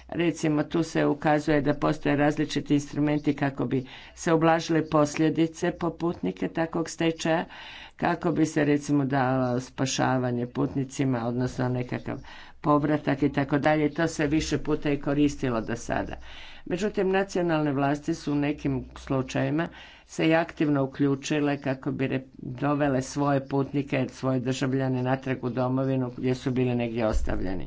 Recimo, tu se ukazuje da postoje različiti instrumenti kako bi se ublažile posljedice po putnike takvog stečaja, kako bi se recimo dalo spašavanje putnicima, odnosno nekakav povratak i tako dalje. To se više puta i koristilo do sada. Međutim, nacionalne vlasti su u nekim slučajevima se i aktivno uključile kako bi dovele svoje putnike, svoje državljane natrag u domovinu gdje su bili negdje ostavljeni.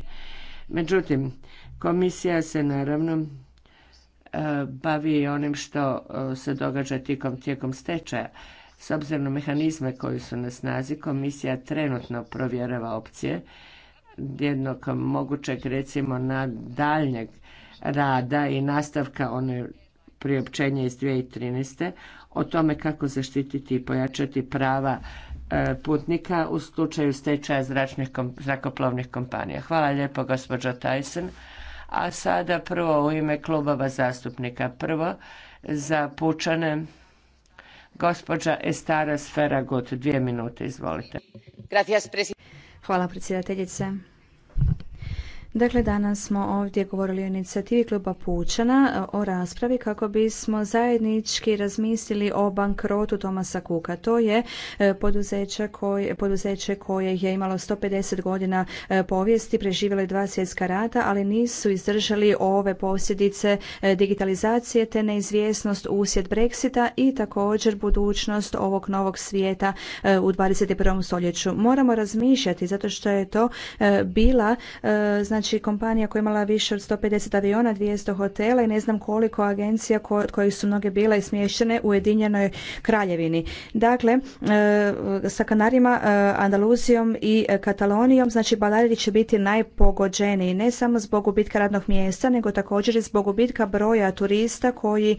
Međutim, komisija se naravno e, bavi i onim što e, se događa tijekom stečaja s obzirom na mehanizme koji su na snazi, komisija trenutno provjerava opcije jednog mogućeg recimo na daljnjeg rada i nastavka one priopćenje iz 2013. o tome kako zaštititi i pojačati prava e, putnika u slučaju stečaja zračnih zrakoplovnih kompanija. Hvala lijepo gospođo Tyson. A sada prvo u ime klubova zastupnika. Prvo za pučane Gospođa Estara Sferagut, dvije minute, izvolite. Hvala predsjedateljice. Dakle, danas smo ovdje govorili o inicijativi kluba Pučana e, o raspravi kako bismo zajednički razmislili o bankrotu Tomasa Kuka. To je e, poduzeće koje, poduzeće koje je imalo 150 godina e, povijesti, preživjelo je dva svjetska rata, ali nisu izdržali ove posljedice digitalizacije te neizvjesnost usjed Brexita i također budućnost ovog novog svijeta u 21. stoljeću. Moramo razmišljati zato što je to bila znači znači kompanija koja je imala više od 150 aviona, 200 hotela i ne znam koliko agencija od kojih su mnoge bile smještene u Ujedinjenoj kraljevini. Dakle, e, sa Kanarima, e, Andaluzijom i e, Katalonijom, znači balarići će biti najpogođeniji, ne samo zbog gubitka radnog mjesta, nego također i zbog gubitka broja turista koji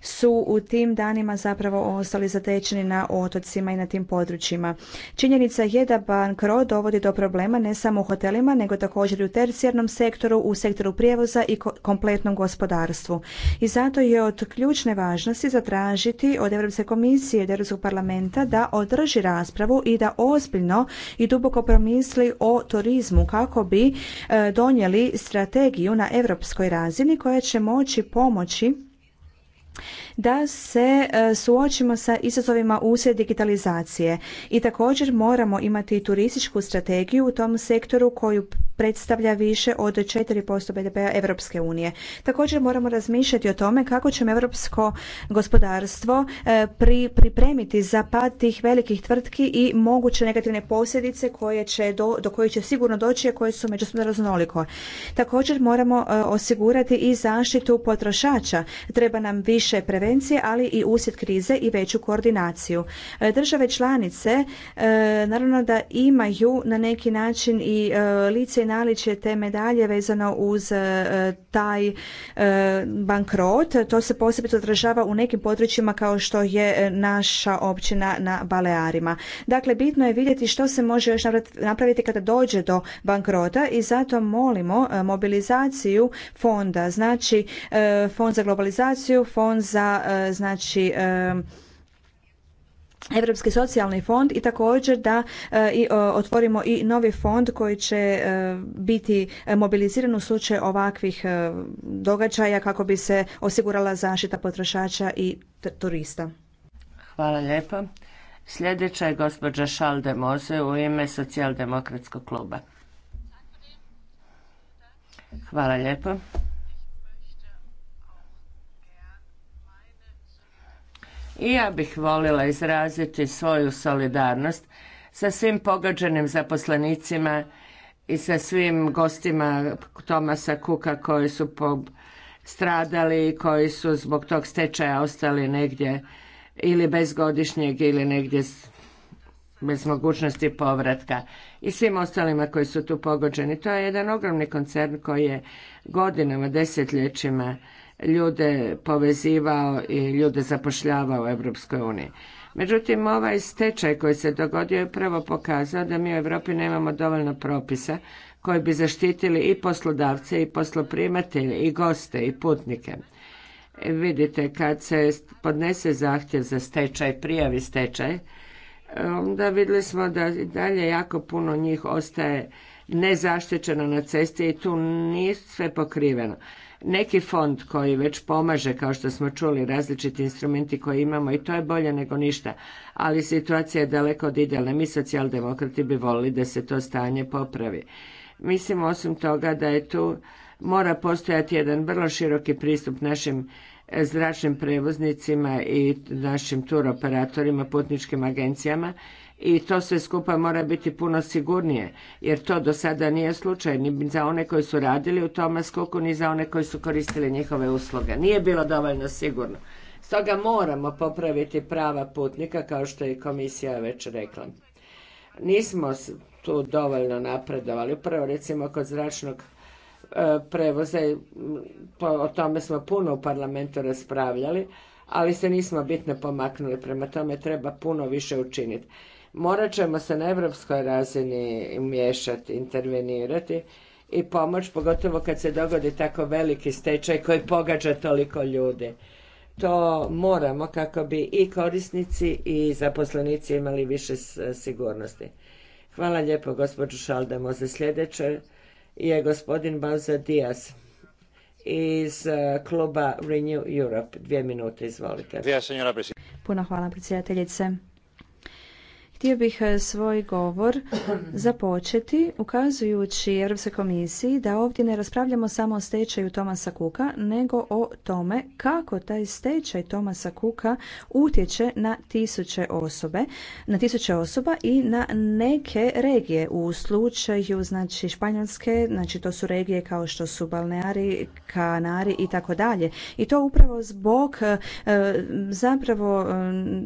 su u tim danima zapravo ostali zatečeni na otocima i na tim područjima. Činjenica je da bankrot dovodi do problema ne samo u hotelima, nego također također u tercijarnom sektoru, u sektoru prijevoza i kompletnom gospodarstvu. I zato je od ključne važnosti zatražiti od Europske komisije i Europskog parlamenta da održi raspravu i da ozbiljno i duboko promisli o turizmu kako bi e, donijeli strategiju na europskoj razini koja će moći pomoći da se e, suočimo sa izazovima uslijed digitalizacije i također moramo imati turističku strategiju u tom sektoru koju predstavlja više od 4% BDP-a Europske unije. Također moramo razmišljati o tome kako ćemo europsko gospodarstvo e, pripremiti za pad tih velikih tvrtki i moguće negativne posljedice koje će do, kojih će sigurno doći, a koje su međusobno raznoliko. Također moramo e, osigurati i zaštitu potrošača. Treba nam više prevencije prevencije, ali i usjet krize i veću koordinaciju. E, države članice e, naravno da imaju na neki način i e, lice i naličje te medalje vezano uz taj bankrot. To se posebno odražava u nekim područjima kao što je naša općina na Balearima. Dakle, bitno je vidjeti što se može još napraviti kada dođe do bankrota i zato molimo mobilizaciju fonda, znači fond za globalizaciju, fond za E, znači Europski socijalni fond i također da e, e, otvorimo i novi fond koji će biti mobiliziran u slučaju ovakvih događaja kako bi se osigurala zaštita potrošača i turista. Hvala lijepa Sljedeća je gospođa Šalde Moze u ime socijaldemokratskog kluba. Hvala lijepo. I ja bih volila izraziti svoju solidarnost sa svim pogođenim zaposlenicima i sa svim gostima Tomasa Kuka koji su stradali i koji su zbog tog stečaja ostali negdje ili bez godišnjeg ili negdje bez mogućnosti povratka i svim ostalima koji su tu pogođeni. To je jedan ogromni koncern koji je godinama, desetljećima ljude povezivao i ljude zapošljavao u Europskoj uniji. Međutim, ovaj stečaj koji se dogodio je prvo pokazao da mi u Europi nemamo dovoljno propisa koji bi zaštitili i poslodavce i posloprimatelje i goste i putnike. Vidite, kad se podnese zahtjev za stečaj, prijavi stečaj, onda vidjeli smo da dalje jako puno njih ostaje nezaštićeno na cesti i tu nije sve pokriveno neki fond koji već pomaže, kao što smo čuli, različiti instrumenti koje imamo i to je bolje nego ništa, ali situacija je daleko od idealne. Mi socijaldemokrati bi volili da se to stanje popravi. Mislim osim toga da je tu mora postojati jedan vrlo široki pristup našim e, zračnim prevoznicima i našim turoperatorima, putničkim agencijama i to sve skupa mora biti puno sigurnije, jer to do sada nije slučaj ni za one koji su radili u tome skoku, ni za one koji su koristili njihove usluge. Nije bilo dovoljno sigurno. Stoga moramo popraviti prava putnika, kao što je komisija već rekla. Nismo tu dovoljno napredovali. Prvo, recimo, kod zračnog e, prijevoza o tome smo puno u parlamentu raspravljali, ali se nismo bitno pomaknuli. Prema tome treba puno više učiniti morat ćemo se na europskoj razini miješati, intervenirati i pomoć, pogotovo kad se dogodi tako veliki stečaj koji pogađa toliko ljudi. To moramo kako bi i korisnici i zaposlenici imali više sigurnosti. Hvala lijepo gospođu Šaldamo. Za sljedeće je gospodin Bauza Diaz iz e, kluba Renew Europe. Dvije minute, izvolite. Puno hvala predsjedateljice. Htio bih e, svoj govor započeti ukazujući Europskoj komisiji da ovdje ne raspravljamo samo o stečaju Tomasa Kuka, nego o tome kako taj stečaj Tomasa Kuka utječe na tisuće osobe, na tisuće osoba i na neke regije. U slučaju znači Španjolske, znači to su regije kao što su Balneari, Kanari i tako dalje. I to upravo zbog e, e, zapravo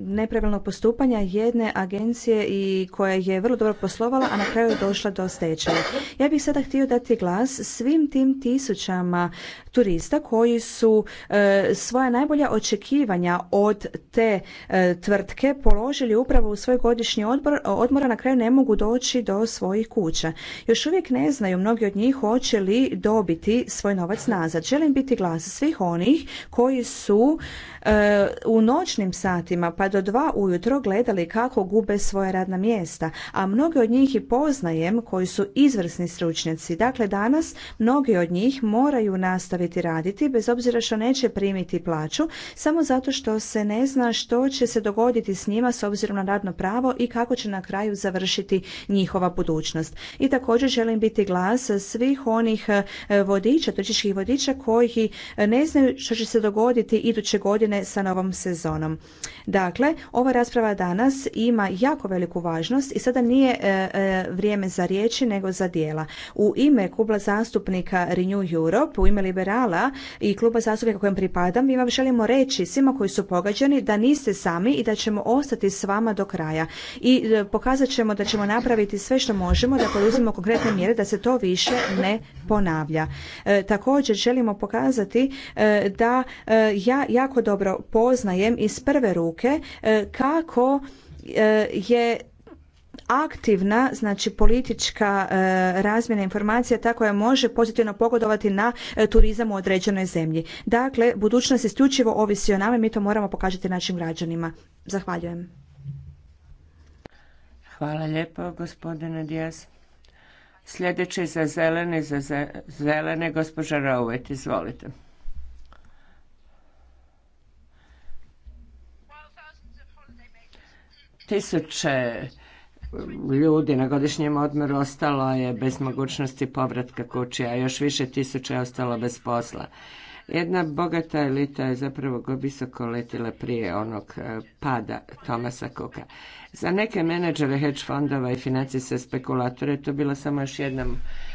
nepravilnog postupanja jedne agencije i koja je vrlo dobro poslovala, a na kraju je došla do stečaja. Ja bih sada htio dati glas svim tim tisućama turista koji su e, svoja najbolja očekivanja od te e, tvrtke položili upravo u svoj godišnji odbor, odmor, a na kraju ne mogu doći do svojih kuća. Još uvijek ne znaju mnogi od njih hoće li dobiti svoj novac nazad. Želim biti glas svih onih koji su e, u noćnim satima pa do dva ujutro gledali kako gube svoj svoja radna mjesta, a mnoge od njih i poznajem koji su izvrsni stručnjaci. Dakle, danas mnogi od njih moraju nastaviti raditi bez obzira što neće primiti plaću, samo zato što se ne zna što će se dogoditi s njima s obzirom na radno pravo i kako će na kraju završiti njihova budućnost. I također želim biti glas svih onih e, vodiča, turističkih vodiča koji e, ne znaju što će se dogoditi iduće godine sa novom sezonom. Dakle, ova rasprava danas ima jako jako veliku važnost i sada nije e, e, vrijeme za riječi nego za dijela. U ime kluba zastupnika Renew Europe, u ime liberala i kluba zastupnika kojem pripadam, mi vam želimo reći svima koji su pogađeni da niste sami i da ćemo ostati s vama do kraja. I e, pokazat ćemo da ćemo napraviti sve što možemo, da poduzimo konkretne mjere da se to više ne ponavlja. također želimo pokazati da ja jako dobro poznajem iz prve ruke kako Eh, je aktivna znači politička eh, razmjena informacija tako je može pozitivno pogodovati na eh, turizam u određenoj zemlji. Dakle, budućnost isključivo ovisi o nama i mi to moramo pokazati našim građanima. Zahvaljujem. Hvala lijepo, gospodine Dijas. Sljedeći za zelene, za zelene, gospođa Rauvet, izvolite. Tisuće ljudi na godišnjem odmoru ostalo je bez mogućnosti povratka kući, a još više tisuća je ostalo bez posla. Jedna bogata elita je zapravo go visoko letila prije onog e, pada Tomasa Cooka. Za neke menadžere hedge fondova i financijske spekulatore je to bila samo još jedna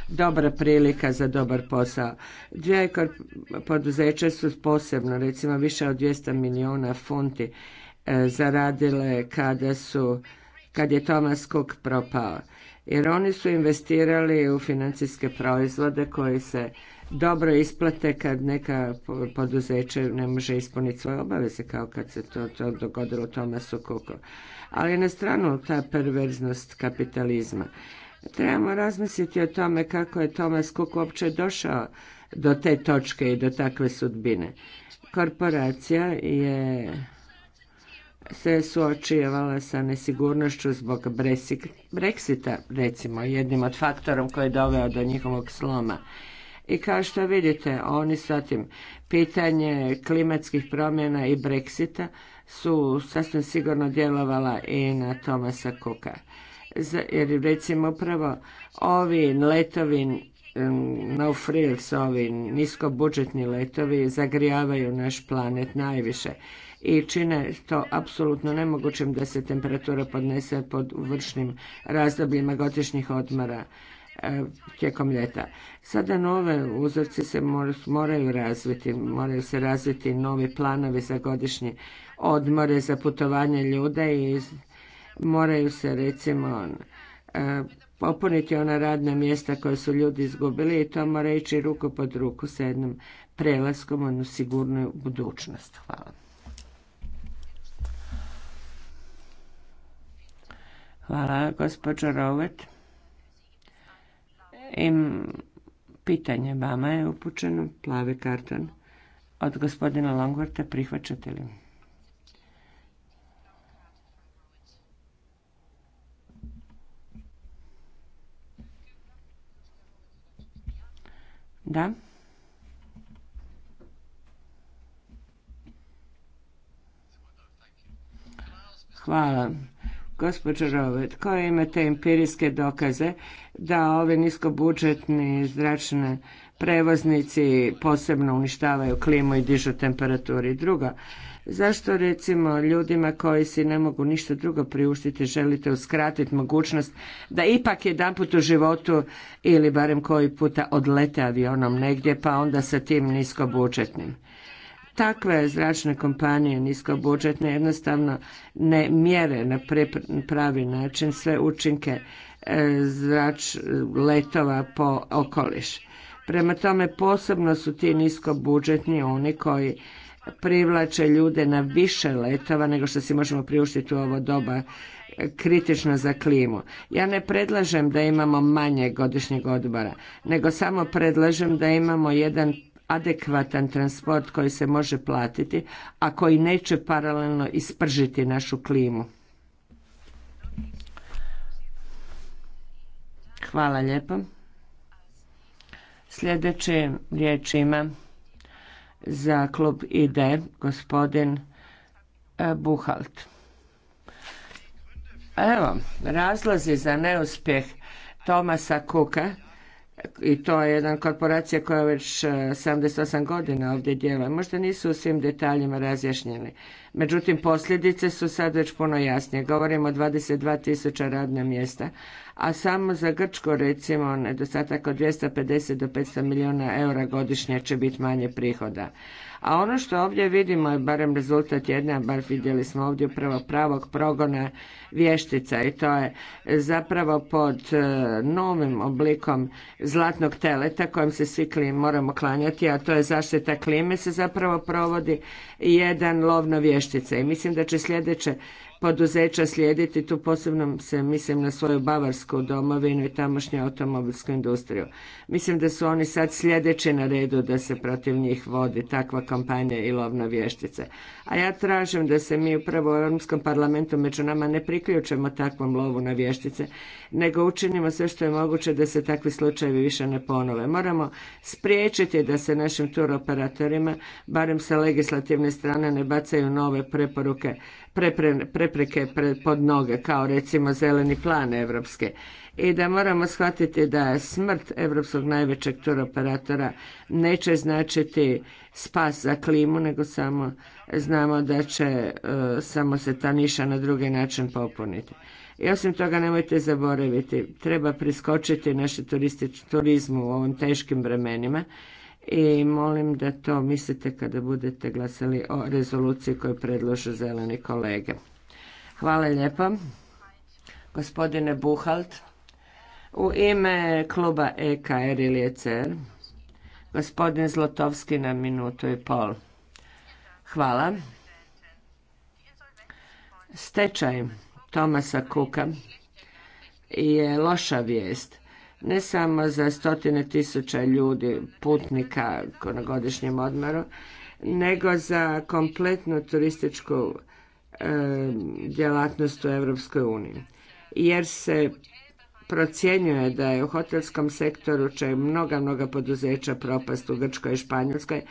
dobra prilika za dobar posao. Dvije poduzeće su posebno, recimo više od 200 milijuna funti E, zaradile kada su kad je Thomas Cook propao. Jer oni su investirali u financijske proizvode koji se dobro isplate kad neka poduzeće ne može ispuniti svoje obaveze kao kad se to, to dogodilo Thomasu Cooku. Ali na stranu ta perverznost kapitalizma. Trebamo razmisliti o tome kako je Thomas Cook uopće došao do te točke i do takve sudbine. Korporacija je se suočivala sa nesigurnošću zbog Brexita, recimo, jednim od faktorom koji je doveo do njihovog sloma. I kao što vidite, oni sa tim pitanje klimatskih promjena i Brexita su sasvim sigurno djelovala i na Tomasa Cooka Jer recimo upravo ovi letovi mm, no frills, ovi niskobudžetni letovi zagrijavaju naš planet najviše i čine to apsolutno nemogućim da se temperatura podnese pod vršnim razdobljima godišnjih odmora e, tijekom ljeta. Sada nove uzorci se moraju razviti, moraju se razviti novi planovi za godišnje odmore, za putovanje ljude i moraju se recimo e, popuniti ona radna mjesta koja su ljudi izgubili i to mora ići ruku pod ruku sa jednom prelaskom u sigurnu budućnost. Hvala. Hvala, gospođo Rovet. pitanje vama je upućeno, plavi karton, od gospodina Longvorta, prihvaćate li? Da. Hvala. Gospođo Rovet, koje imate empirijske dokaze da ove niskobudžetni zračne prevoznici posebno uništavaju klimu i dižu temperaturi? Drugo, zašto recimo ljudima koji si ne mogu ništa drugo priuštiti želite uskratiti mogućnost da ipak jedanput u životu ili barem koji puta odlete avionom negdje pa onda sa tim niskobudžetnim? takve zračne kompanije niskobudžetne jednostavno ne mjere na pravi način sve učinke e, zrač letova po okoliš. Prema tome posebno su ti niskobudžetni oni koji privlače ljude na više letova nego što si možemo priuštiti u ovo doba e, kritično za klimu. Ja ne predlažem da imamo manje godišnjeg odbora, nego samo predlažem da imamo jedan adekvatan transport koji se može platiti, a koji neće paralelno ispržiti našu klimu. Hvala lijepo. Sljedeće riječ ima za klub ID gospodin e, Buhalt. Evo, razlozi za neuspjeh Tomasa Kuka i to je jedna korporacija koja već 78 e, godina ovdje djeluje. Možda nisu u svim detaljima razjašnjeni. Međutim, posljedice su sad već puno jasnije. Govorimo o 22 tisuća radna mjesta, a samo za Grčko recimo nedostatak od 250 do 500 milijuna eura godišnje će biti manje prihoda. A ono što ovdje vidimo je barem rezultat jedne, a bar vidjeli smo ovdje upravo pravog progona vještica i to je zapravo pod e, novim oblikom zlatnog teleta kojem se svi klim, moramo klanjati, a to je zaštita klime se zapravo provodi jedan lov na vještice. I mislim da će sljedeće poduzeća slijediti. Tu posebno se mislim na svoju bavarsku domovinu i tamošnju automobilsku industriju. Mislim da su oni sad sljedeći na redu da se protiv njih vodi takva kampanja i lovna vještice. A ja tražim da se mi upravo u Europskom parlamentu među nama ne priključimo takvom lovu na vještice, nego učinimo sve što je moguće da se takvi slučajevi više ne ponove. Moramo spriječiti da se našim turoperatorima, barem sa legislativne strane, ne bacaju nove preporuke prepreke pod noge, kao recimo zeleni plan evropske. I da moramo shvatiti da smrt evropskog najvećeg turoperatora neće značiti spas za klimu, nego samo znamo da će e, samo se ta niša na drugi način popuniti. I osim toga nemojte zaboraviti, treba priskočiti naše turizmu u ovim teškim vremenima i molim da to mislite kada budete glasali o rezoluciji koju predlože zeleni kolege. Hvala lijepa. Gospodine Buhalt, u ime kluba EKR er ili ECR, gospodin Zlotovski na minutu i pol. Hvala. Stečaj Tomasa Kuka je loša vijest ne samo za stotine tisuća ljudi, putnika na godišnjem odmoru, nego za kompletnu turističku djelatnost u Europskoj uniji. Jer se procjenjuje da je u hotelskom sektoru će mnoga, mnoga poduzeća propast u Grčkoj i Španjolskoj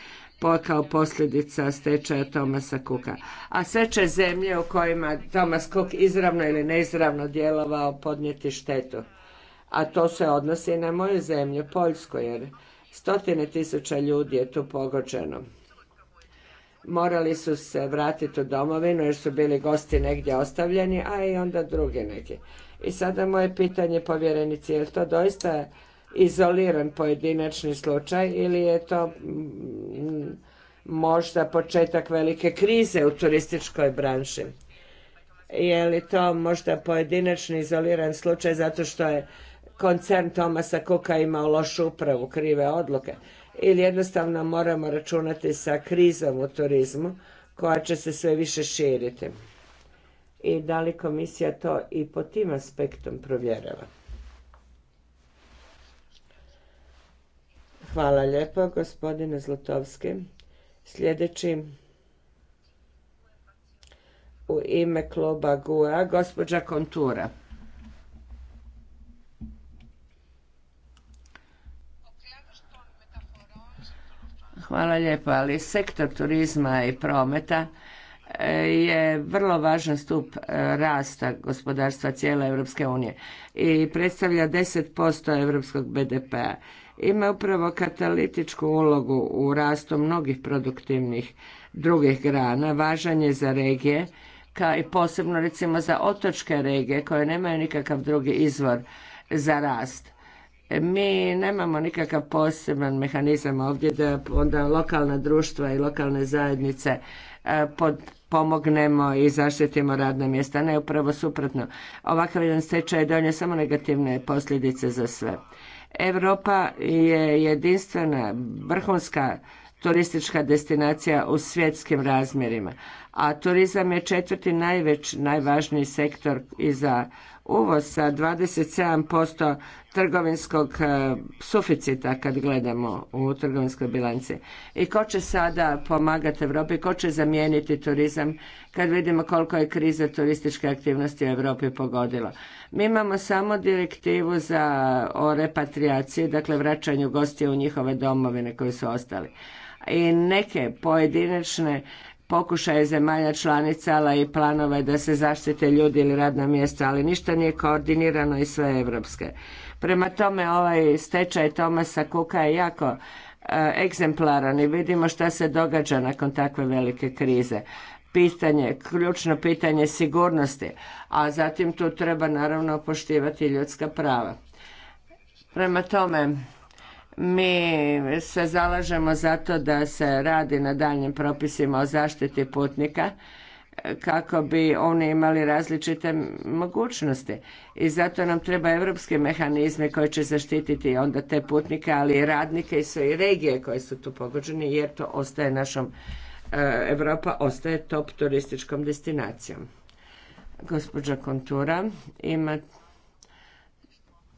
kao posljedica stečaja Tomasa Kuka. A sve će zemlje u kojima Thomas Cook izravno ili neizravno djelovao podnijeti štetu a to se odnosi na moju zemlju, Poljsku, jer stotine tisuća ljudi je tu pogođeno. Morali su se vratiti u domovinu jer su bili gosti negdje ostavljeni, a i onda drugi neki. I sada moje pitanje povjerenici, je li to doista izoliran pojedinačni slučaj ili je to mm, možda početak velike krize u turističkoj branši? Je li to možda pojedinačni izoliran slučaj zato što je koncern Tomasa Kuka imao lošu upravu, krive odluke. Ili jednostavno moramo računati sa krizom u turizmu koja će se sve više širiti. I da li komisija to i po tim aspektom provjerava? Hvala lijepo, gospodine Zlatovski. Sljedeći u ime kluba GUA, gospođa Kontura. Hvala lijepo, ali sektor turizma i prometa e, je vrlo važan stup e, rasta gospodarstva cijele Europske unije i predstavlja 10% europskog BDP-a. Ima upravo katalitičku ulogu u rastu mnogih produktivnih drugih grana, važan je za regije, kao i posebno recimo za otočke regije koje nemaju nikakav drugi izvor za rast mi nemamo nikakav poseban mehanizam ovdje da onda lokalna društva i lokalne zajednice e, pod pomognemo i zaštitimo radna mjesta. Ne, upravo suprotno. Ovakav jedan stečaj donio samo negativne posljedice za sve. Europa je jedinstvena, vrhunska turistička destinacija u svjetskim razmjerima, a turizam je četvrti najveći, najvažniji sektor i za uvoz sa 27% trgovinskog e, suficita kad gledamo u trgovinskoj bilanci. I ko će sada pomagati Europi, ko će zamijeniti turizam kad vidimo koliko je kriza turističke aktivnosti u Europi pogodila. Mi imamo samo direktivu za o repatriaciji, dakle vraćanju gostiju u njihove domovine koji su ostali i neke pojedinačne pokušaje zemalja članica, ali i planove da se zaštite ljudi ili radna mjesta, ali ništa nije koordinirano i sve evropske. Prema tome, ovaj stečaj Tomasa Kuka je jako e, egzemplaran i vidimo šta se događa nakon takve velike krize. Pitanje, ključno pitanje sigurnosti, a zatim tu treba naravno poštivati ljudska prava. Prema tome, mi se zalažemo za to da se radi na daljnjim propisima o zaštiti putnika kako bi oni imali različite mogućnosti. I zato nam treba evropske mehanizme koji će zaštititi onda te putnike, ali i radnike i sve regije koje su tu pogođene, jer to ostaje našom, Europa ostaje top turističkom destinacijom. Gospođa Kontura, ima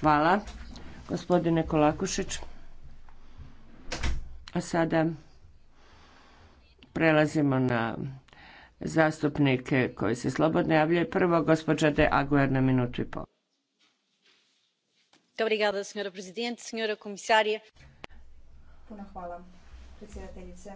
Hvala, gospodine Kolakušić. A sada prelazimo na zastupnike koji se slobodno javljaju. Prvo, gospođa De Aguer na minutu i pol. Puno hvala, predsjedateljice.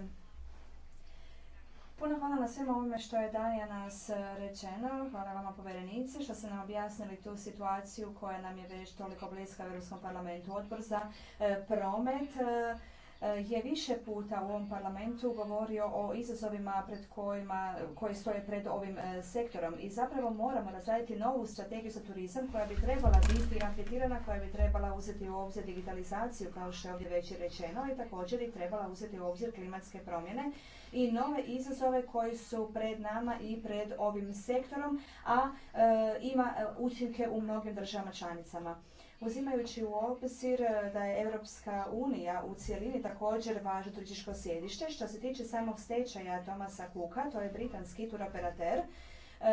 Puno hvala na svemu ovome što je danas e, rečeno. Hvala vama povjerenici što ste nam objasnili tu situaciju koja nam je već toliko bliska u Europskom parlamentu. Odbor za e, promet e, Eh, je više puta u ovom parlamentu govorio o izazovima pred kojima, koji stoje pred ovim eh, sektorom i zapravo moramo razraditi novu strategiju za turizam koja bi trebala biti anketirana koja bi trebala uzeti u obzir digitalizaciju kao što je ovdje već rečeno i također bi trebala uzeti u obzir klimatske promjene i nove izazove koji su pred nama i pred ovim sektorom, a eh, ima učinke u mnogim državama članicama. Uzimajući u obzir e, da je Europska unija u cjelini također važno turističko sjedište, što se tiče samog stečaja Tomasa Kuka, to je britanski turoperater, e,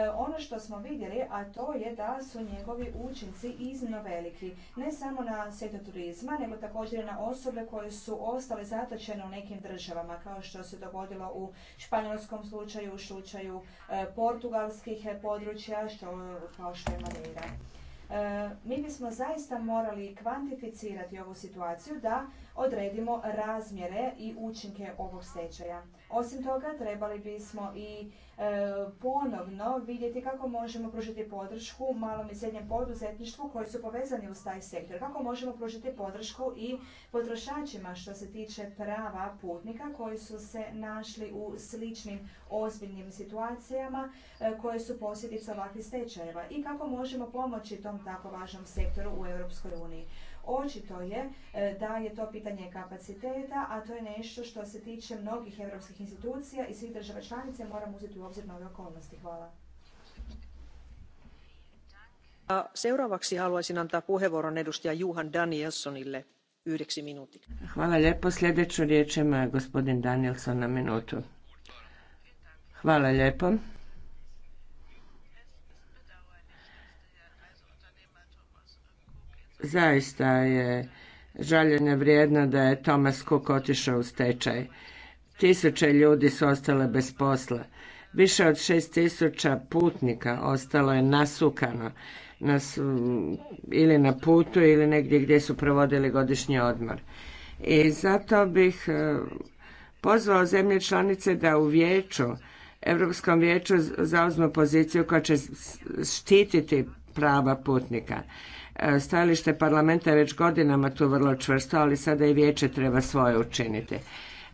ono što smo vidjeli, a to je da su njegovi učinci iznimno veliki. Ne samo na sektor turizma, nego također i na osobe koje su ostale zatočene u nekim državama, kao što se dogodilo u španjolskom slučaju, u slučaju e, portugalskih područja, što, kao što je Madeira. E, mi bismo zaista morali kvantificirati ovu situaciju da odredimo razmjere i učinke ovog stečaja. Osim toga, trebali bismo i e, ponovno vidjeti kako možemo pružiti podršku malom i srednjem poduzetništvu koji su povezani uz taj sektor. Kako možemo pružiti podršku i potrošačima što se tiče prava putnika koji su se našli u sličnim ozbiljnim situacijama e, koje su posljedice ovakvih stečajeva i kako možemo pomoći tom tako važnom sektoru u Europskoj uniji. Očito je e, da je to pitanje kapaciteta, a to je nešto što se tiče mnogih europskih institucija i svih država članica moramo uzeti u obzir nove okolnosti. Hvala. Hvala lijepo. Sljedeću riječ ima gospodin Danielson na minutu. Hvala lijepo. zaista je žaljenje vrijedno da je Thomas Cook otišao u stečaj. Tisuće ljudi su ostale bez posla. Više od šest tisuća putnika ostalo je nasukano ili na putu ili negdje gdje su provodili godišnji odmor. I zato bih e, pozvao zemlje članice da u vijeću, Europskom vijeću zauzmu poziciju koja će štititi prava putnika. E, stajalište parlamenta već godinama tu vrlo čvrsto, ali sada i vijeće treba svoje učiniti.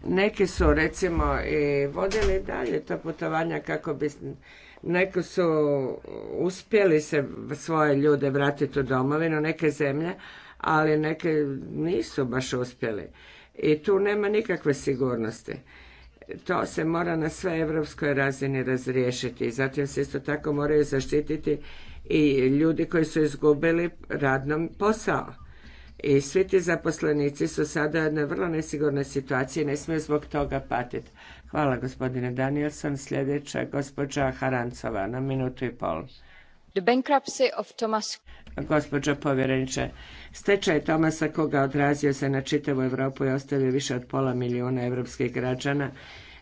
Neki su recimo i vodili dalje ta putovanja kako bi neki su uspjeli se svoje ljude vratiti u domovinu, neke zemlje, ali neke nisu baš uspjeli. I tu nema nikakve sigurnosti. To se mora na sve evropskoj razini razriješiti. Zatim se isto tako moraju zaštititi i ljudi koji su izgubili radnom posao. I svi ti zaposlenici su sada u vrlo nesigurnoj situaciji i ne smiju zbog toga patiti. Hvala gospodine Danielson. Sljedeća gospođa Harancova na minutu i pol. The bankruptcy Gospođo povjereniče, stečaj Tomasa koga odrazio se na čitavu Europu i ostavio više od pola milijuna europskih građana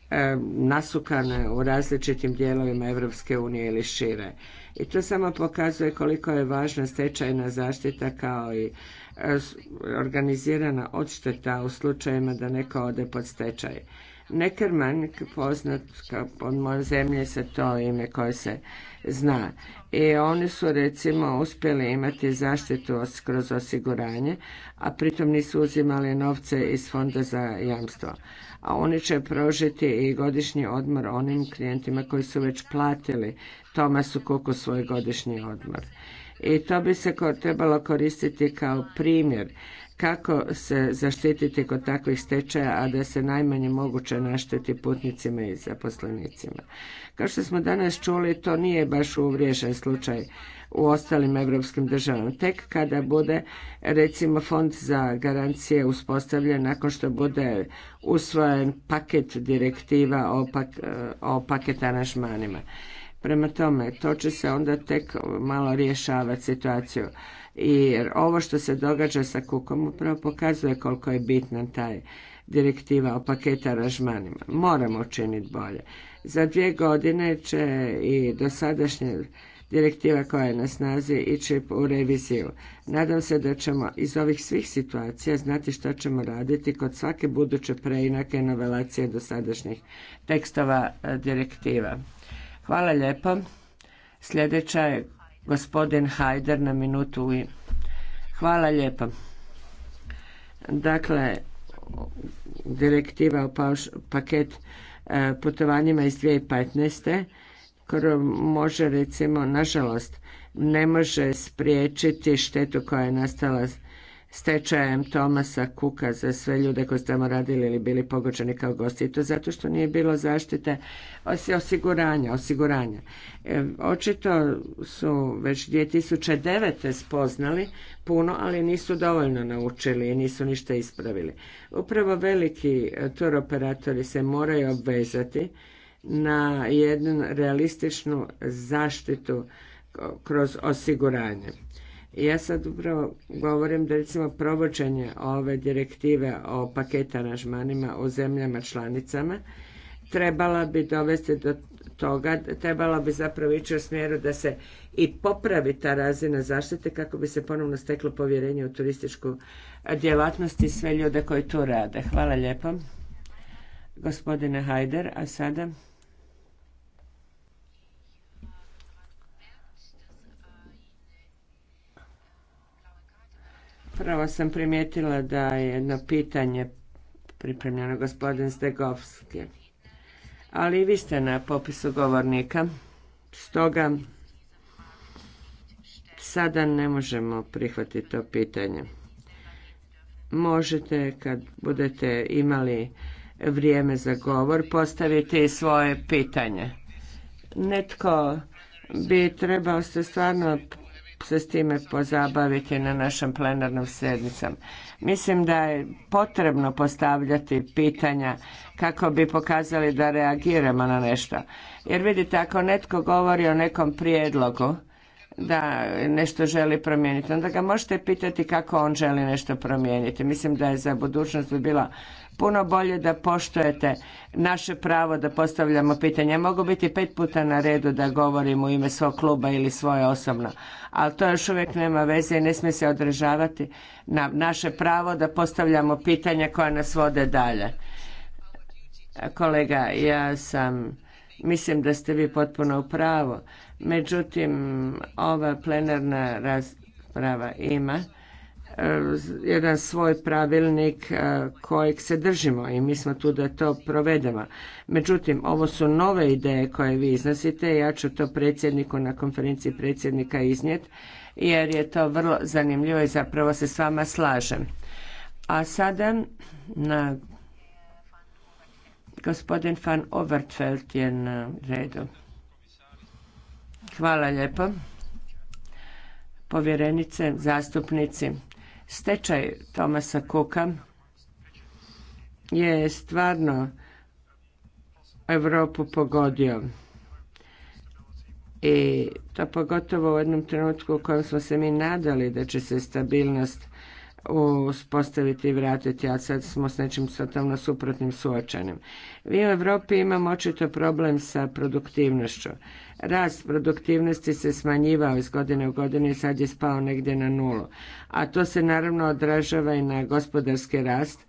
e, nasukane u različitim dijelovima Europske unije ili šire. I to samo pokazuje koliko je važna stečajna zaštita kao i e, organizirana odšteta u slučajevima da neko ode pod stečaj. Neckerman, poznat kao pod moje zemlje se to ime koje se zna. I oni su recimo uspjeli imati zaštitu kroz osiguranje, a pritom nisu uzimali novce iz fonda za jamstvo a oni će prožiti i godišnji odmor onim klijentima koji su već platili Tomasu Kuku svoj godišnji odmor. I to bi se trebalo koristiti kao primjer kako se zaštititi kod takvih stečaja, a da se najmanje moguće našteti putnicima i zaposlenicima. Kao što smo danas čuli, to nije baš uvriježen slučaj u ostalim europskim državama. Tek kada bude recimo fond za garancije uspostavljen nakon što bude usvojen paket direktiva o, pak, paket aranžmanima. Prema tome, to će se onda tek malo rješavati situaciju. Jer ovo što se događa sa kukom upravo pokazuje koliko je bitna taj direktiva o paket aranžmanima. Moramo učiniti bolje. Za dvije godine će i dosadašnje direktiva koja je na snazi ići u reviziju. Nadam se da ćemo iz ovih svih situacija znati što ćemo raditi kod svake buduće preinake novelacije dosadašnjih tekstova e, direktiva. Hvala lijepo. Sljedeća je gospodin Hajder na minutu. Hvala lijepo. Dakle, direktiva o paket e, putovanjima iz 2015 može recimo nažalost ne može spriječiti štetu koja je nastala stečajem Tomasa Kuka za sve ljude koji su tamo radili ili bili pogođeni kao gosti. I to zato što nije bilo zaštite osiguranja. osiguranja. E, očito su već 2009. spoznali puno, ali nisu dovoljno naučili i nisu ništa ispravili. Upravo veliki e, operatori se moraju obvezati na jednu realističnu zaštitu kroz osiguranje. Ja sad upravo govorim da recimo provođenje ove direktive o paketa aranžmanima u zemljama članicama trebala bi dovesti do toga, trebala bi zapravo ići u smjeru da se i popravi ta razina zaštite kako bi se ponovno steklo povjerenje u turističku djelatnost i sve ljude koji tu rade. Hvala lijepo. Gospodine Hajder, a sada... Upravo sam primijetila da je jedno pitanje pripremljeno gospodin Stegovski. Ali i vi ste na popisu govornika. Stoga sada ne možemo prihvatiti to pitanje. Možete kad budete imali vrijeme za govor postaviti svoje pitanje. Netko bi trebao se stvarno se s time pozabaviti na našem plenarnom sjednicama. Mislim da je potrebno postavljati pitanja kako bi pokazali da reagiramo na nešto. Jer vidite, ako netko govori o nekom prijedlogu da nešto želi promijeniti, onda ga možete pitati kako on želi nešto promijeniti. Mislim da je za budućnost bi bila puno bolje da poštujete naše pravo da postavljamo pitanja. Mogu biti pet puta na redu da govorim u ime svog kluba ili svoje osobno, ali to još uvijek nema veze i ne smije se održavati na naše pravo da postavljamo pitanja koja nas vode dalje. Kolega, ja sam, mislim da ste vi potpuno u pravu, međutim, ova plenarna rasprava ima jedan svoj pravilnik e, kojeg se držimo i mi smo tu da to provedemo. Međutim, ovo su nove ideje koje vi iznosite, ja ću to predsjedniku na konferenciji predsjednika iznijeti jer je to vrlo zanimljivo i zapravo se s vama slažem. A sada na gospodin van Overtfeld je na redu. Hvala lijepo. Povjerenice, zastupnici, Stečaj Tomasa Kuka je stvarno Europu pogodio. I to pogotovo u jednom trenutku u kojem smo se mi nadali da će se stabilnost uspostaviti i vratiti, a sad smo s nečim totalno suprotnim suočenim. Mi u Europi imamo očito problem sa produktivnošću. Rast produktivnosti se smanjivao iz godine u godinu i sad je spao negdje na nulu. A to se naravno odražava i na gospodarski rast,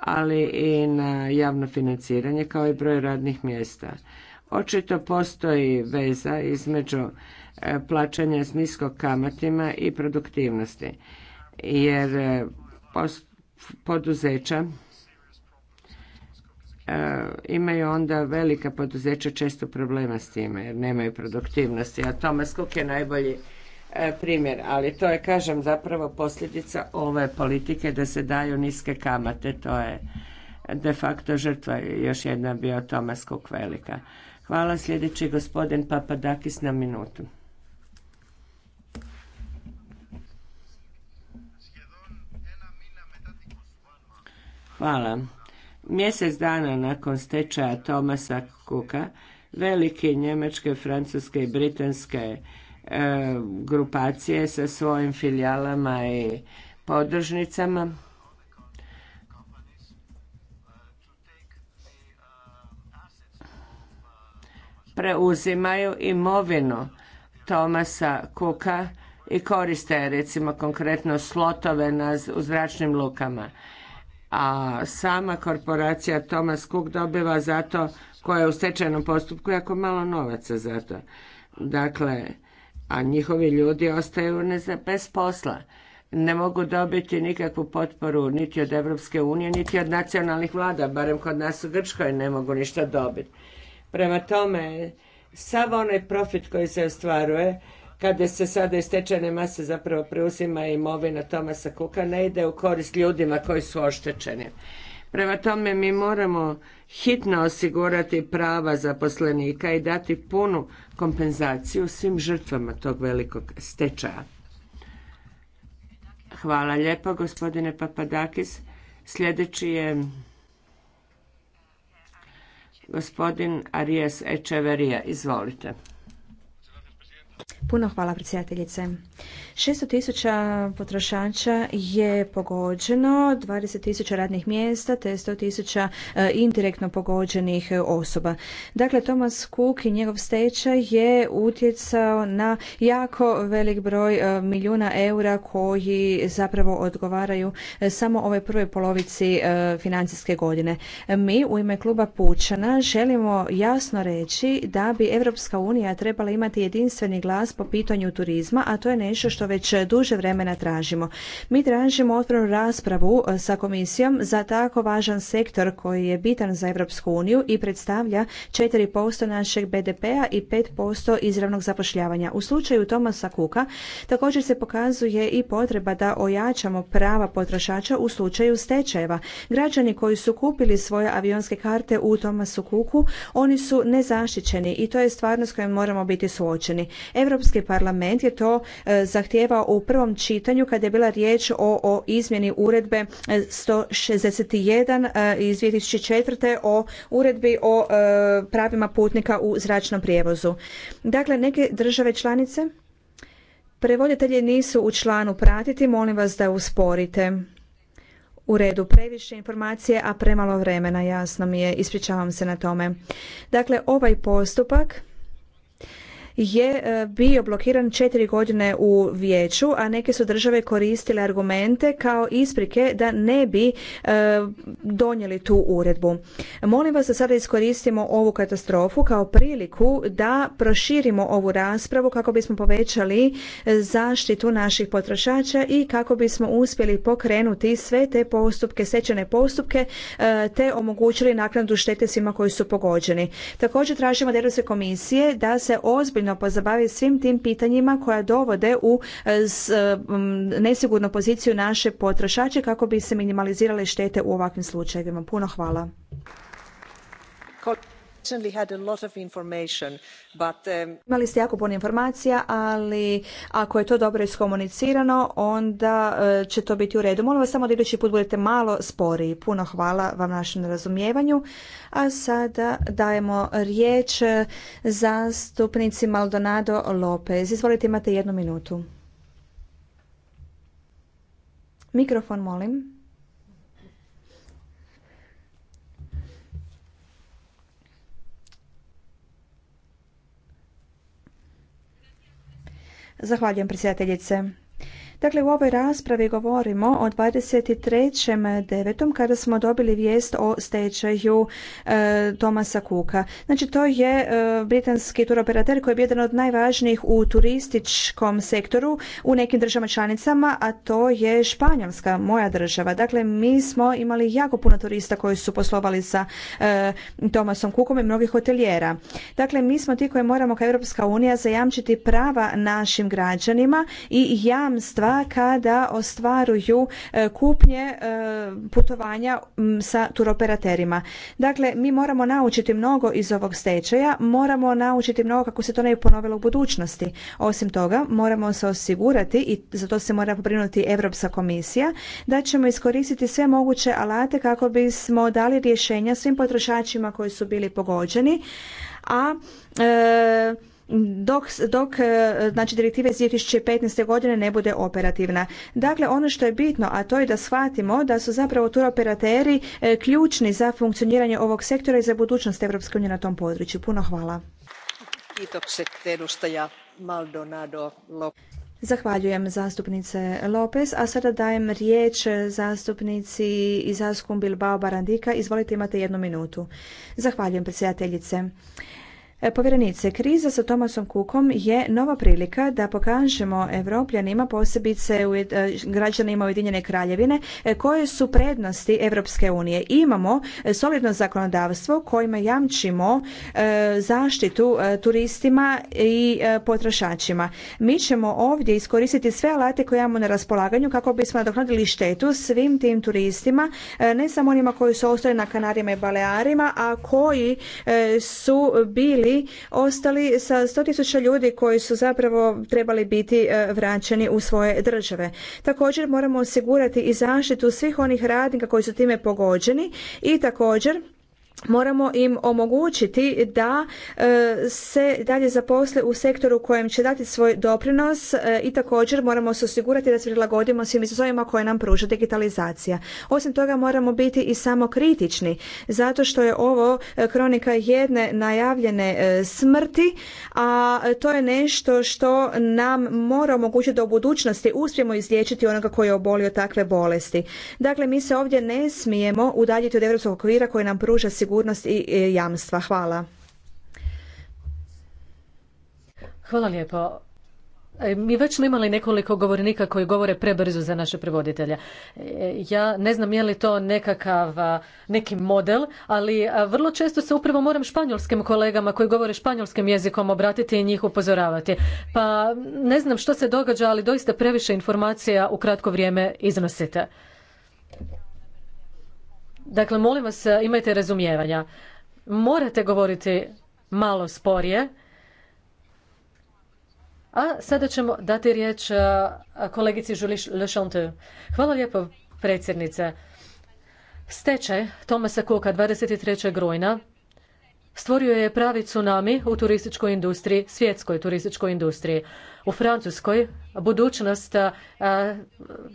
ali i na javno financiranje kao i broj radnih mjesta. Očito postoji veza između e, plaćanja s niskog kamatima i produktivnosti jer e, poduzeća e, imaju onda velika poduzeća često problema s time jer nemaju produktivnosti, a Thomas Cook je najbolji e, primjer, ali to je kažem zapravo posljedica ove politike da se daju niske kamate, to je de facto žrtva, još jedna bio Thomas Cook velika. Hvala, sljedeći gospodin Papadakis na minutu. Hvala. Mjesec dana nakon stečaja Tomasa Kuka, velike njemačke, francuske i britanske e, grupacije sa svojim filijalama i podružnicama preuzimaju imovinu Thomasa Kuka i koriste recimo konkretno slotove u zračnim lukama a sama korporacija Thomas Cook dobiva zato koja je u stečajnom postupku jako malo novaca za to. Dakle, a njihovi ljudi ostaju bez posla. Ne mogu dobiti nikakvu potporu niti od Europske unije, niti od nacionalnih vlada, barem kod nas u Grčkoj ne mogu ništa dobiti. Prema tome, sav onaj profit koji se ostvaruje kada se sada iz stečajne mase zapravo preuzima imovina Tomasa Kuka ne ide u korist ljudima koji su oštećeni. Prema tome mi moramo hitno osigurati prava zaposlenika i dati punu kompenzaciju svim žrtvama tog velikog stečaja. Hvala lijepo gospodine Papadakis. Sljedeći je gospodin Arijes Echeverija. Izvolite. Puno hvala predsjedateljice. 600 tisuća potrošača je pogođeno, 20 tisuća radnih mjesta te 100 tisuća e, indirektno pogođenih osoba. Dakle, Thomas Cook i njegov stečaj je utjecao na jako velik broj e, milijuna eura koji zapravo odgovaraju e, samo ovoj prvoj polovici financijske godine. Mi u ime kluba Pučana želimo jasno reći da bi Europska unija trebala imati jedinstveni glas po pitanju turizma, a to je nešto što već duže vremena tražimo. Mi tražimo otvorenu raspravu e, sa komisijom za tako važan sektor koji je bitan za Europsku uniju i predstavlja 4% našeg BDP-a i 5% izravnog zapošljavanja. U slučaju Tomasa Kuka također se pokazuje i potreba da ojačamo prava potrošača u slučaju stečajeva. Građani koji su kupili svoje avionske karte u Tomasu Kuku, oni su nezaštićeni i to je stvarnost s kojom moramo biti suočeni. Europski parlament je to e, zahtijevao u prvom čitanju kada je bila riječ o, izmjeni uredbe 161 e, e, iz 2004. o uredbi o pravima putnika u zračnom prijevozu. Dakle, neke države članice Prevoditelji nisu u članu pratiti, molim vas da usporite. U redu, previše informacije, a premalo vremena, jasno mi je, ispričavam se na tome. Dakle, ovaj postupak je e, bio blokiran četiri godine u vijeću, a neke su države koristile argumente kao isprike da ne bi e, donijeli tu uredbu. Molim vas da sada iskoristimo ovu katastrofu kao priliku da proširimo ovu raspravu kako bismo povećali zaštitu naših potrošača i kako bismo uspjeli pokrenuti sve te postupke, stečene postupke e, te omogućili naknadu štete svima koji su pogođeni. Također tražimo od Europske komisije da se ozbiljno ozbiljno pozabavi svim tim pitanjima koja dovode u e, e, nesigurnu poziciju naše potrošače kako bi se minimalizirale štete u ovakvim slučajevima. Puno hvala. Um, Imali ste jako puno informacija, ali ako je to dobro iskomunicirano, onda e, će to biti u redu. Molim vas samo da idući put budete malo sporiji. Puno hvala vam našem razumijevanju. A sada dajemo riječ zastupnici Maldonado Lopez. Izvolite, imate jednu minutu. Mikrofon, molim. Zahvaljujem predsjedateljice. Dakle, u ovoj raspravi govorimo o 23.9. kada smo dobili vijest o stečaju e, Tomasa Kuka. Znači, to je e, britanski turoperater koji je jedan od najvažnijih u turističkom sektoru u nekim državama članicama, a to je Španjolska, moja država. Dakle, mi smo imali jako puno turista koji su poslovali sa e, Tomasom Kukom i mnogih hoteljera. Dakle, mi smo ti koji moramo kao Europska unija zajamčiti prava našim građanima i jamstva kada ostvaruju e, kupnje e, putovanja sa turoperaterima. Dakle, mi moramo naučiti mnogo iz ovog stečaja, moramo naučiti mnogo kako se to ne bi ponovilo u budućnosti. Osim toga, moramo se osigurati i za to se mora pobrinuti Europska komisija da ćemo iskoristiti sve moguće alate kako bismo dali rješenja svim potrošačima koji su bili pogođeni, a e, dok, dok e, znači direktiva iz 2015. godine ne bude operativna. Dakle, ono što je bitno, a to je da shvatimo da su zapravo turoperateri e, ključni za funkcioniranje ovog sektora i za budućnost Evropske unije na tom području. Puno hvala. Zahvaljujem zastupnice Lopez, a sada dajem riječ zastupnici Izaskum Bilbao Barandika. Izvolite, imate jednu minutu. Zahvaljujem predsjedateljice. E, povjerenice, kriza sa Tomasom Kukom je nova prilika da pokažemo evropljanima, posebice e, građanima Ujedinjene kraljevine, e, koje su prednosti Evropske unije. Imamo solidno zakonodavstvo kojima jamčimo zaštitu turistima i potrošačima. Mi ćemo ovdje iskoristiti sve alate koje imamo na raspolaganju kako bismo nadoknadili štetu svim tim turistima, ne samo onima koji su ostali na Kanarima i Balearima, a koji su bili ostali sa 100.000 ljudi koji su zapravo trebali biti e, vraćeni u svoje države. Također moramo osigurati i zaštitu svih onih radnika koji su time pogođeni i također moramo im omogućiti da e, se dalje zaposle u sektoru u kojem će dati svoj doprinos e, i također moramo se osigurati da se prilagodimo svim izazovima koje nam pruža digitalizacija. Osim toga moramo biti i samokritični zato što je ovo e, kronika jedne najavljene smrti, a to je nešto što nam mora omogućiti da u budućnosti uspijemo izliječiti onoga koji je obolio takve bolesti. Dakle, mi se ovdje ne smijemo udaljiti od europskog okvira koji nam pruža sigurnost sigurnost i e, jamstva. Hvala. Hvala lijepo. E, mi već smo imali nekoliko govornika koji govore prebrzo za naše prevoditelje. E, ja ne znam je li to nekakav neki model, ali vrlo često se upravo moram španjolskim kolegama koji govore španjolskim jezikom obratiti i njih upozoravati. Pa ne znam što se događa, ali doista previše informacija u kratko vrijeme iznosite. Dakle, molim vas, e, imajte razumijevanja. Morate govoriti malo sporije. A sada ćemo dati riječ e, kolegici Julie Le Chanteu. Hvala lijepo, predsjednice. Stečaj Tomasa Kuka 23. rujna stvorio je pravi tsunami u turističkoj industriji, svjetskoj turističkoj industriji. U Francuskoj budućnost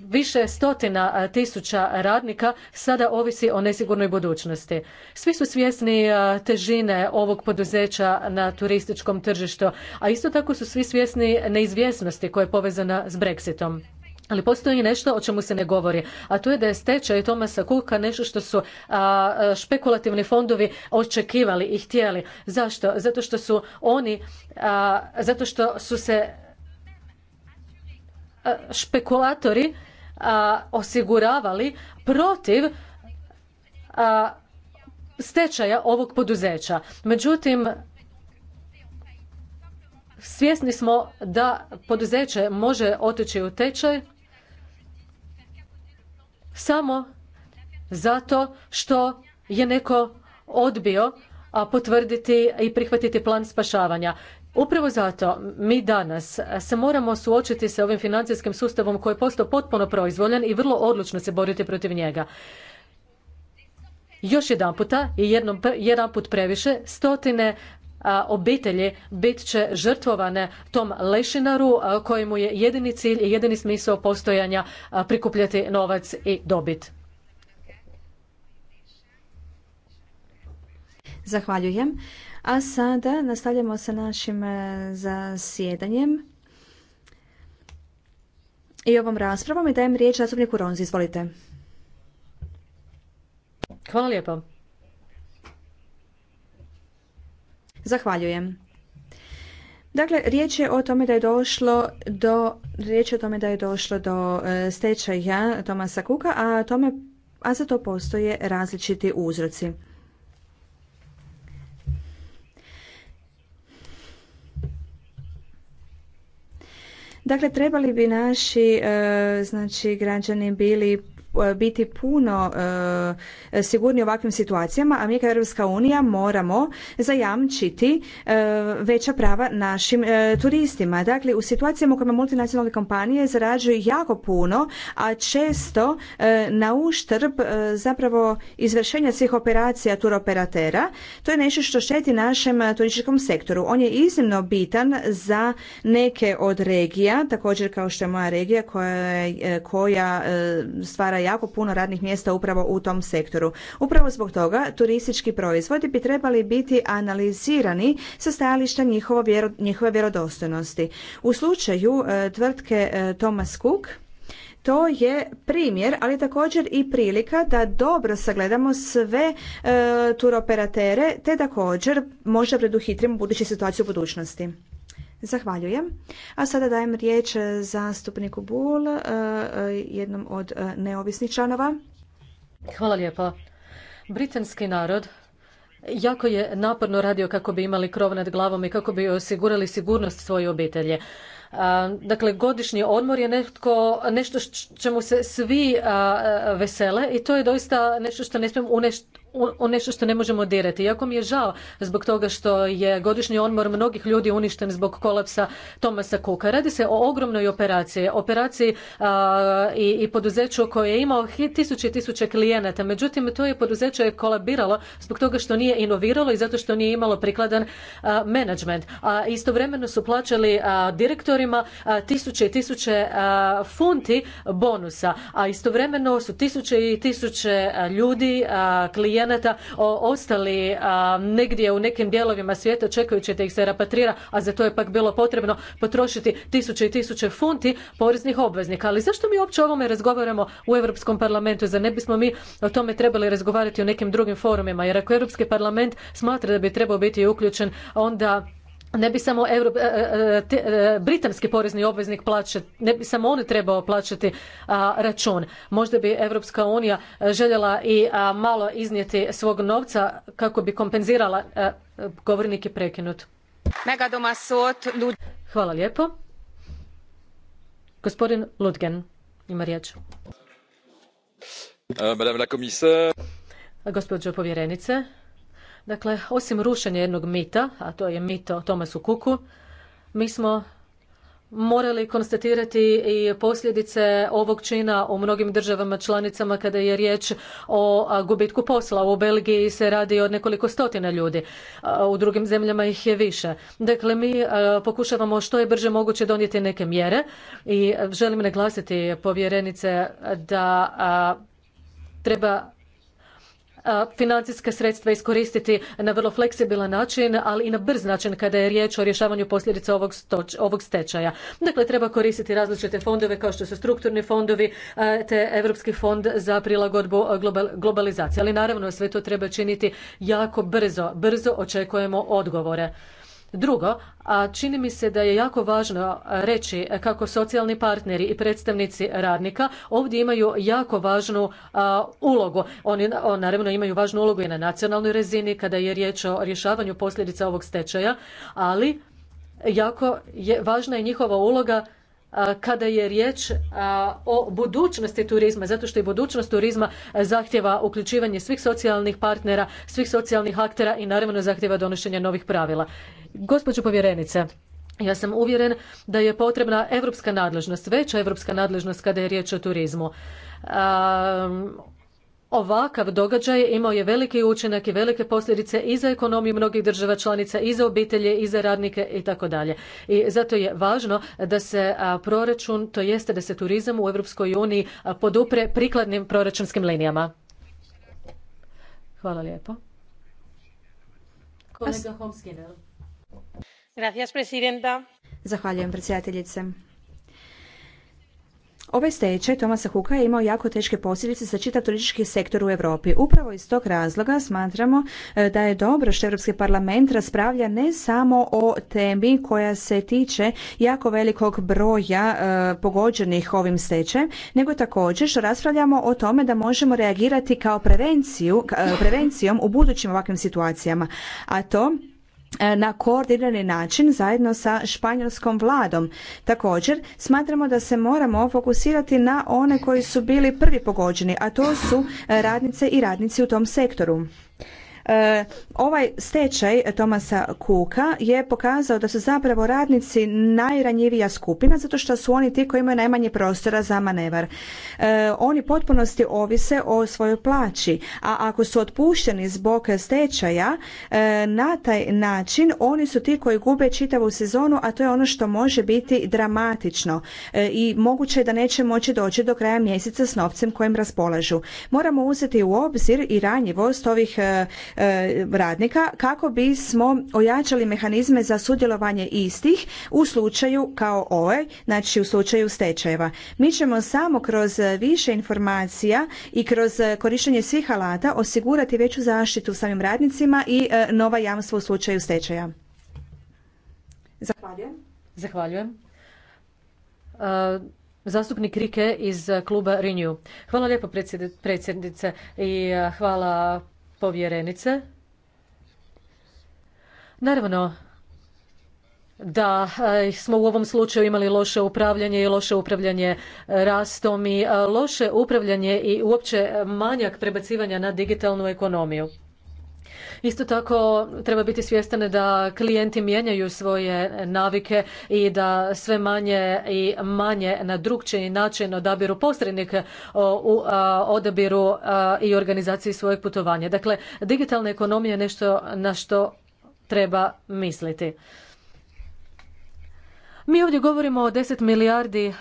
više stotina tisuća radnika sada ovisi o nesigurnoj budućnosti. Svi su svjesni težine ovog poduzeća na turističkom tržištu, a isto tako su svi svjesni neizvjesnosti koja je povezana s Brexitom. Ali postoji nešto o čemu se ne govori, a to je da je stečaj Tomasa Kuka nešto što su špekulativni fondovi očekivali i htjeli. Zašto? Zato što su oni, zato što su se špekulatori osiguravali protiv stečaja ovog poduzeća. Međutim, svjesni smo da poduzeće može otići u tečaj samo zato što je neko odbio potvrditi i prihvatiti plan spašavanja. Upravo zato mi danas se moramo suočiti sa ovim financijskim sustavom koji je postao potpuno proizvoljan i vrlo odlučno se boriti protiv njega. Još jedan puta i jednom, jedan previše stotine obitelji bit će žrtvovane tom lešinaru kojemu je jedini cilj i jedini smisao postojanja prikupljati novac i dobit. Zahvaljujem. A sada nastavljamo sa našim e, zasjedanjem i ovom raspravom i dajem riječ zastupniku Ronzi. Izvolite. Hvala lijepo. Zahvaljujem. Dakle, riječ je o tome da je došlo do, riječ je o tome da je došlo do e, stečaja Tomasa Kuka, a tome, a za to postoje različiti uzroci. Dakle, trebali bi naši e, znači, građani bili E, biti puno e, sigurniji sigurni u ovakvim situacijama, a mi kao Europska unija moramo zajamčiti e, veća prava našim turistima. Dakle, u situacijama u kojima multinacionalne kompanije zarađuju jako puno, a često na uštrb zapravo izvršenja svih operacija turoperatera, to je nešto što šteti našem turističkom sektoru. On je iznimno bitan za neke od regija, također kao što je moja regija koja, koja stvara jako puno radnih mjesta upravo u tom sektoru. Upravo zbog toga turistički proizvodi bi trebali biti analizirani sa stajališta njihove, vjerodostojnosti. U slučaju e, tvrtke e, Thomas Cook to je primjer, ali također i prilika da dobro sagledamo sve e, turoperatere te također možda preduhitrimo buduću situaciju u budućnosti. Zahvaljujem. A sada dajem riječ zastupniku Bul, e, e, jednom od e, neovisnih članova. Hvala lijepo Britanski narod jako je naporno radio kako bi imali krov nad glavom i kako bi osigurali sigurnost svoje obitelji. Dakle, godišnji odmor je netko, nešto čemu se svi vesele i to je doista nešto što ne smijemo u nešto što ne možemo dirati. Iako mi je žao zbog toga što je godišnji odmor mnogih ljudi uništen zbog kolapsa Tomasa Kuka. Radi se o ogromnoj operaciji, operaciji i, poduzeću koje je imao tisuće i tisuće klijenata. Međutim, to je poduzeće je kolabiralo zbog toga što nije inoviralo i zato što nije imalo prikladan menadžment. A istovremeno su plaćali direktorima tisuće i tisuće funti bonusa, a istovremeno su tisuće i tisuće ljudi, klijenata pacijenata ostali negdje u nekim dijelovima svijeta čekajući da ih se repatrira, a za to je pak bilo potrebno potrošiti tisuće i tisuće funti poreznih obveznika. Ali zašto mi uopće o ovome razgovaramo u Europskom parlamentu? Za ne bismo mi o tome trebali razgovarati u nekim drugim forumima? Jer ako Europski parlament smatra da bi trebao biti uključen, onda ne bi samo e, e, e, britanski porezni obveznik plaćati, ne bi samo on trebao plaćati račun. Možda bi Europska unija željela i malo iznijeti svog novca kako bi kompenzirala govornik je prekinut. Hvala lijepo. Gospodin Ludgen ima riječ. Gospođo povjerenice, Dakle, osim rušenja jednog mita, a to je mito o Tomasu Kuku, mi smo morali konstatirati i posljedice ovog čina u mnogim državama članicama kada je riječ o gubitku posla. U Belgiji se radi o nekoliko stotina ljudi, u drugim zemljama ih je više. Dakle, mi pokušavamo što je brže moguće donijeti neke mjere i želim naglasiti povjerenice da treba financijska sredstva iskoristiti na vrlo fleksibilan način, ali i na brz način kada je riječ o rješavanju posljedica ovog, ovog stečaja. Dakle, treba koristiti različite fondove kao što su strukturni fondovi te Europski fond za prilagodbu globalizacije. Ali naravno sve to treba činiti jako brzo. Brzo očekujemo odgovore. Drugo, a čini mi se da je jako važno reći kako socijalni partneri i predstavnici radnika ovdje imaju jako važnu ulogu. Oni naravno imaju važnu ulogu i na nacionalnoj razini kada je riječ o rješavanju posljedica ovog stečaja, ali jako je važna je njihova uloga kada je riječ o budućnosti turizma, zato što i budućnost turizma e, zahtjeva uključivanje svih socijalnih partnera, svih socijalnih aktera i naravno zahtjeva donošenje novih pravila. Gospođo povjerenice, ja sam uvjeren da je potrebna europska nadležnost, veća europska nadležnost kada je riječ o turizmu. Ovakav događaj imao je veliki učinak i velike posljedice i za ekonomiju mnogih država članica, i za obitelje, i za radnike i tako dalje. I zato je važno da se proračun, to jeste da se turizam u Europskoj uniji podupre prikladnim proračunskim linijama. Hvala lijepo. Kolega Zahvaljujem predsjedateljice. Ovaj stečaj Tomasa Huka je imao jako teške posljedice za čitav turistički sektor u Europi. Upravo iz tog razloga smatramo e, da je dobro što Europski parlament raspravlja ne samo o temi koja se tiče jako velikog broja e, pogođenih ovim stečajem, nego također što raspravljamo o tome da možemo reagirati kao prevenciju, e, prevencijom u budućim ovakvim situacijama. A to E, na koordinirani način zajedno sa španjolskom vladom. Također, smatramo da se moramo fokusirati na one koji su bili prvi pogođeni, a to su e, radnice i radnici u tom sektoru. E, ovaj stečaj Tomasa Kuka je pokazao da su zapravo radnici najranjivija skupina zato što su oni ti koji imaju najmanje prostora za manevar. E, oni potpunosti ovise o svojoj plaći, a ako su otpušteni zbog stečaja, e, na taj način oni su ti koji gube čitavu sezonu, a to je ono što može biti dramatično i moguće je da neće moći doći do kraja mjeseca s novcem kojim raspolažu. Moramo uzeti u obzir i ranjivost ovih E, radnika kako bismo ojačali mehanizme za sudjelovanje istih u slučaju kao ovaj, znači u slučaju stečajeva. Mi ćemo samo kroz više informacija i kroz korištenje svih alata osigurati veću zaštitu samim radnicima i e, nova jamstva u slučaju stečaja. Zahvaljujem. Zahvaljujem. E, zastupnik Rike iz kluba Renew. Hvala lijepo predsjednice i hvala povjerenice. Naravno da eh, smo u ovom slučaju imali loše upravljanje i loše upravljanje eh, rastom i eh, loše upravljanje i uopće manjak prebacivanja na digitalnu ekonomiju. Isto tako treba biti svjestan da klijenti mijenjaju svoje navike i da sve manje i manje na drugčiji način odabiru posrednike u e, odabiru e, i organizaciji svojeg putovanja. Dakle, digitalna ekonomija je nešto na što treba misliti. Mi ovdje govorimo o 10 milijardi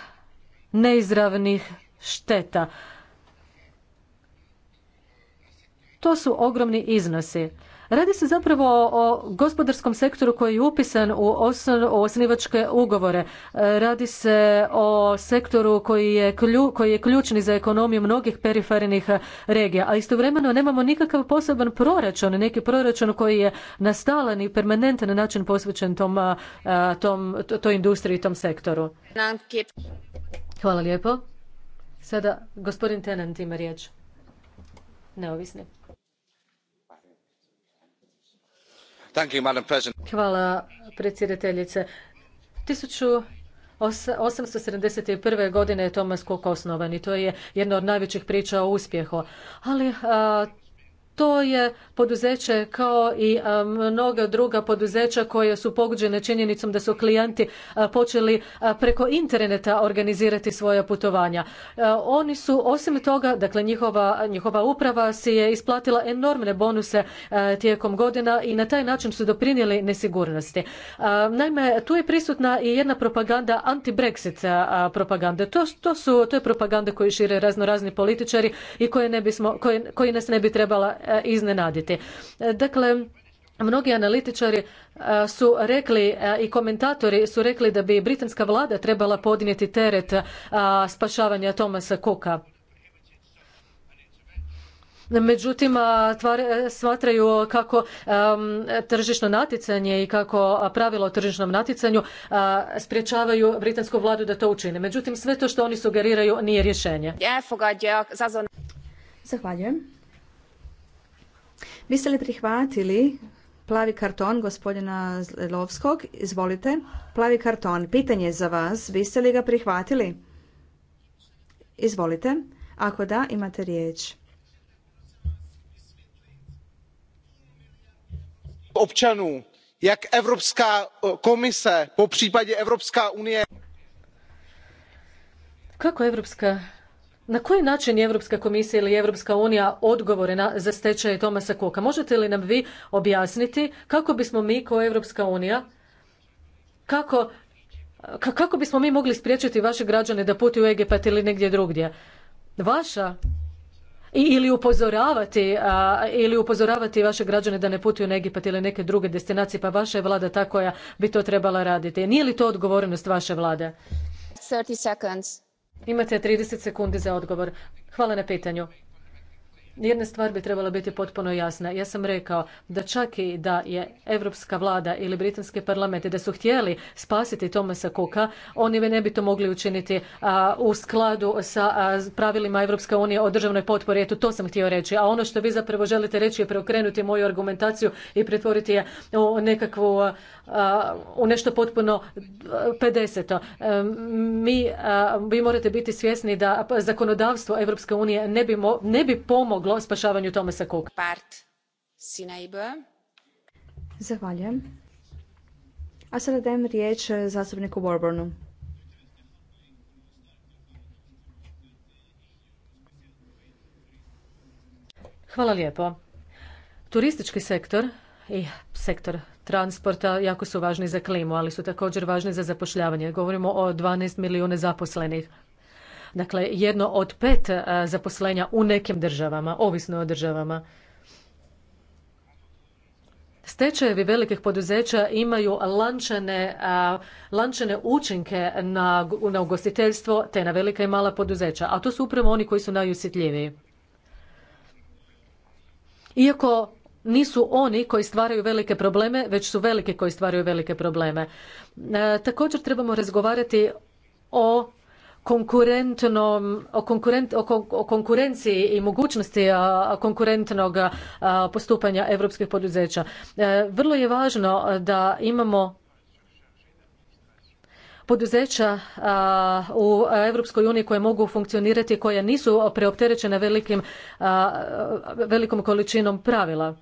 neizravnih šteta. To su ogromni iznosi. Radi se zapravo o gospodarskom sektoru koji je upisan u osnivačke ugovore. E, radi se o sektoru koji je, koji je ključni za ekonomiju mnogih perifernih e, regija, a istovremeno nemamo nikakav poseban proračun, neki proračun koji je nastalan i permanentan način posvećen e, toj industriji i tom sektoru. Hvala lijepo. Sada gospodin Tenant ima riječ. Neovisni. Hvala predsjedateljice. 1871. godine je Thomas Cook osnovan i to je jedna od najvećih priča o uspjehu. Ali to je poduzeće kao i mnoga druga poduzeća koje su poguđene činjenicom da su klijenti počeli preko interneta organizirati svoja putovanja. Oni su osim toga, dakle njihova, njihova uprava si je isplatila enormne bonuse tijekom godina i na taj način su doprinijeli nesigurnosti. Naime, tu je prisutna i jedna propaganda anti-Brexit propaganda. To, su, to je propaganda koju šire razno razni političari i koje ne bismo, koje, koji nas ne bi trebala iznenaditi. Dakle, Mnogi analitičari su rekli i komentatori su rekli da bi britanska vlada trebala podnijeti teret spašavanja Thomasa Cooka. Međutim, smatraju kako tržišno natjecanje i kako pravilo o tržišnom natjecanju sprječavaju britansku vladu da to učine. Međutim, sve to što oni sugeriraju nije rješenje. Zahvaljujem. Vi ste li prihvatili plavi karton gospodina Zlovskog? Izvolite. Plavi karton. Pitanje za vas. Vi ste li ga prihvatili? Izvolite. Ako da, imate riječ. općanu jak evropská eh, komise kako europska na koji način je Europska komisija ili Europska unija odgovorena za stečaje Tomasa Kuka? Možete li nam vi objasniti kako bismo mi kao Europska unija, kako, kako bismo mi mogli spriječiti vaše građane da putuju u Egipat ili negdje drugdje? Vaša ili upozoravati ili upozoravati vaše građane da ne putuju u Egipat ili neke druge destinacije, pa vaša je vlada ta koja bi to trebala raditi. Nije li to odgovornost vaše vlade? 30 Imate 30 sekundi za odgovor. Hvala na pitanju jedna stvar bi trebala biti potpuno jasna. Ja sam rekao da čak i da je Europska vlada ili Britanski parlament da su htjeli spasiti Tomasa Cooka, oni ne bi to mogli učiniti u skladu sa pravilima Evropske unije o državnoj potpori. Eto, to sam htio reći. A ono što vi zapravo želite reći je preokrenuti moju argumentaciju i pretvoriti je u nekakvu, u nešto potpuno 50. E, mi, vi morate biti svjesni da zakonodavstvo Evropske unije ne bi, ne bi pomoglo pomoglo spašavanju Tomasa Cooka. Part Sinaibe. Zahvaljujem. A sada dajem riječ zastupniku Warburnu. Hvala lijepo. Turistički sektor i sektor transporta jako su važni za klimu, ali su također važni za zapošljavanje. Govorimo o 12 milijuna zaposlenih. Dakle, jedno od pet e, zaposlenja u nekim državama, ovisno o državama. Stečajevi velikih poduzeća imaju lančane, lančane učinke na, na ugostiteljstvo te na velika i mala poduzeća, a to su upravo oni koji su najusjetljiviji. Iako nisu oni koji stvaraju velike probleme, već su velike koji stvaraju velike probleme. E, također trebamo razgovarati o konkurentnom, o, konkurenciji i mogućnosti konkurentnog postupanja europskih poduzeća. E, vrlo je važno da imamo poduzeća u Europskoj uniji koje mogu funkcionirati, koja nisu preopterećena velikom količinom pravila.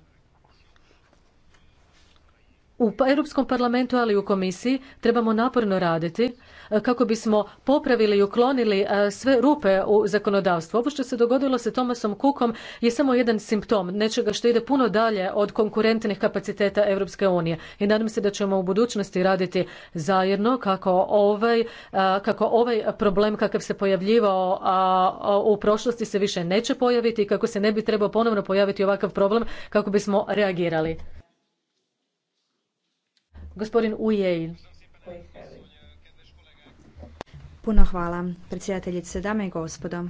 U pa, Europskom parlamentu, ali i u komisiji, trebamo naporno raditi kako bismo popravili i uklonili e, sve rupe u zakonodavstvu. Ovo što se dogodilo sa Thomasom Cookom je samo jedan simptom nečega što ide puno dalje od konkurentnih kapaciteta Europske unije i nadam se da ćemo u budućnosti raditi zajedno kako ovaj, e, kako ovaj problem kakav se pojavljivao u prošlosti se više neće pojaviti i kako se ne bi trebao ponovno pojaviti ovakav problem kako bismo reagirali. Gospodin Puno hvala, predsjedateljice, dame i gospodo.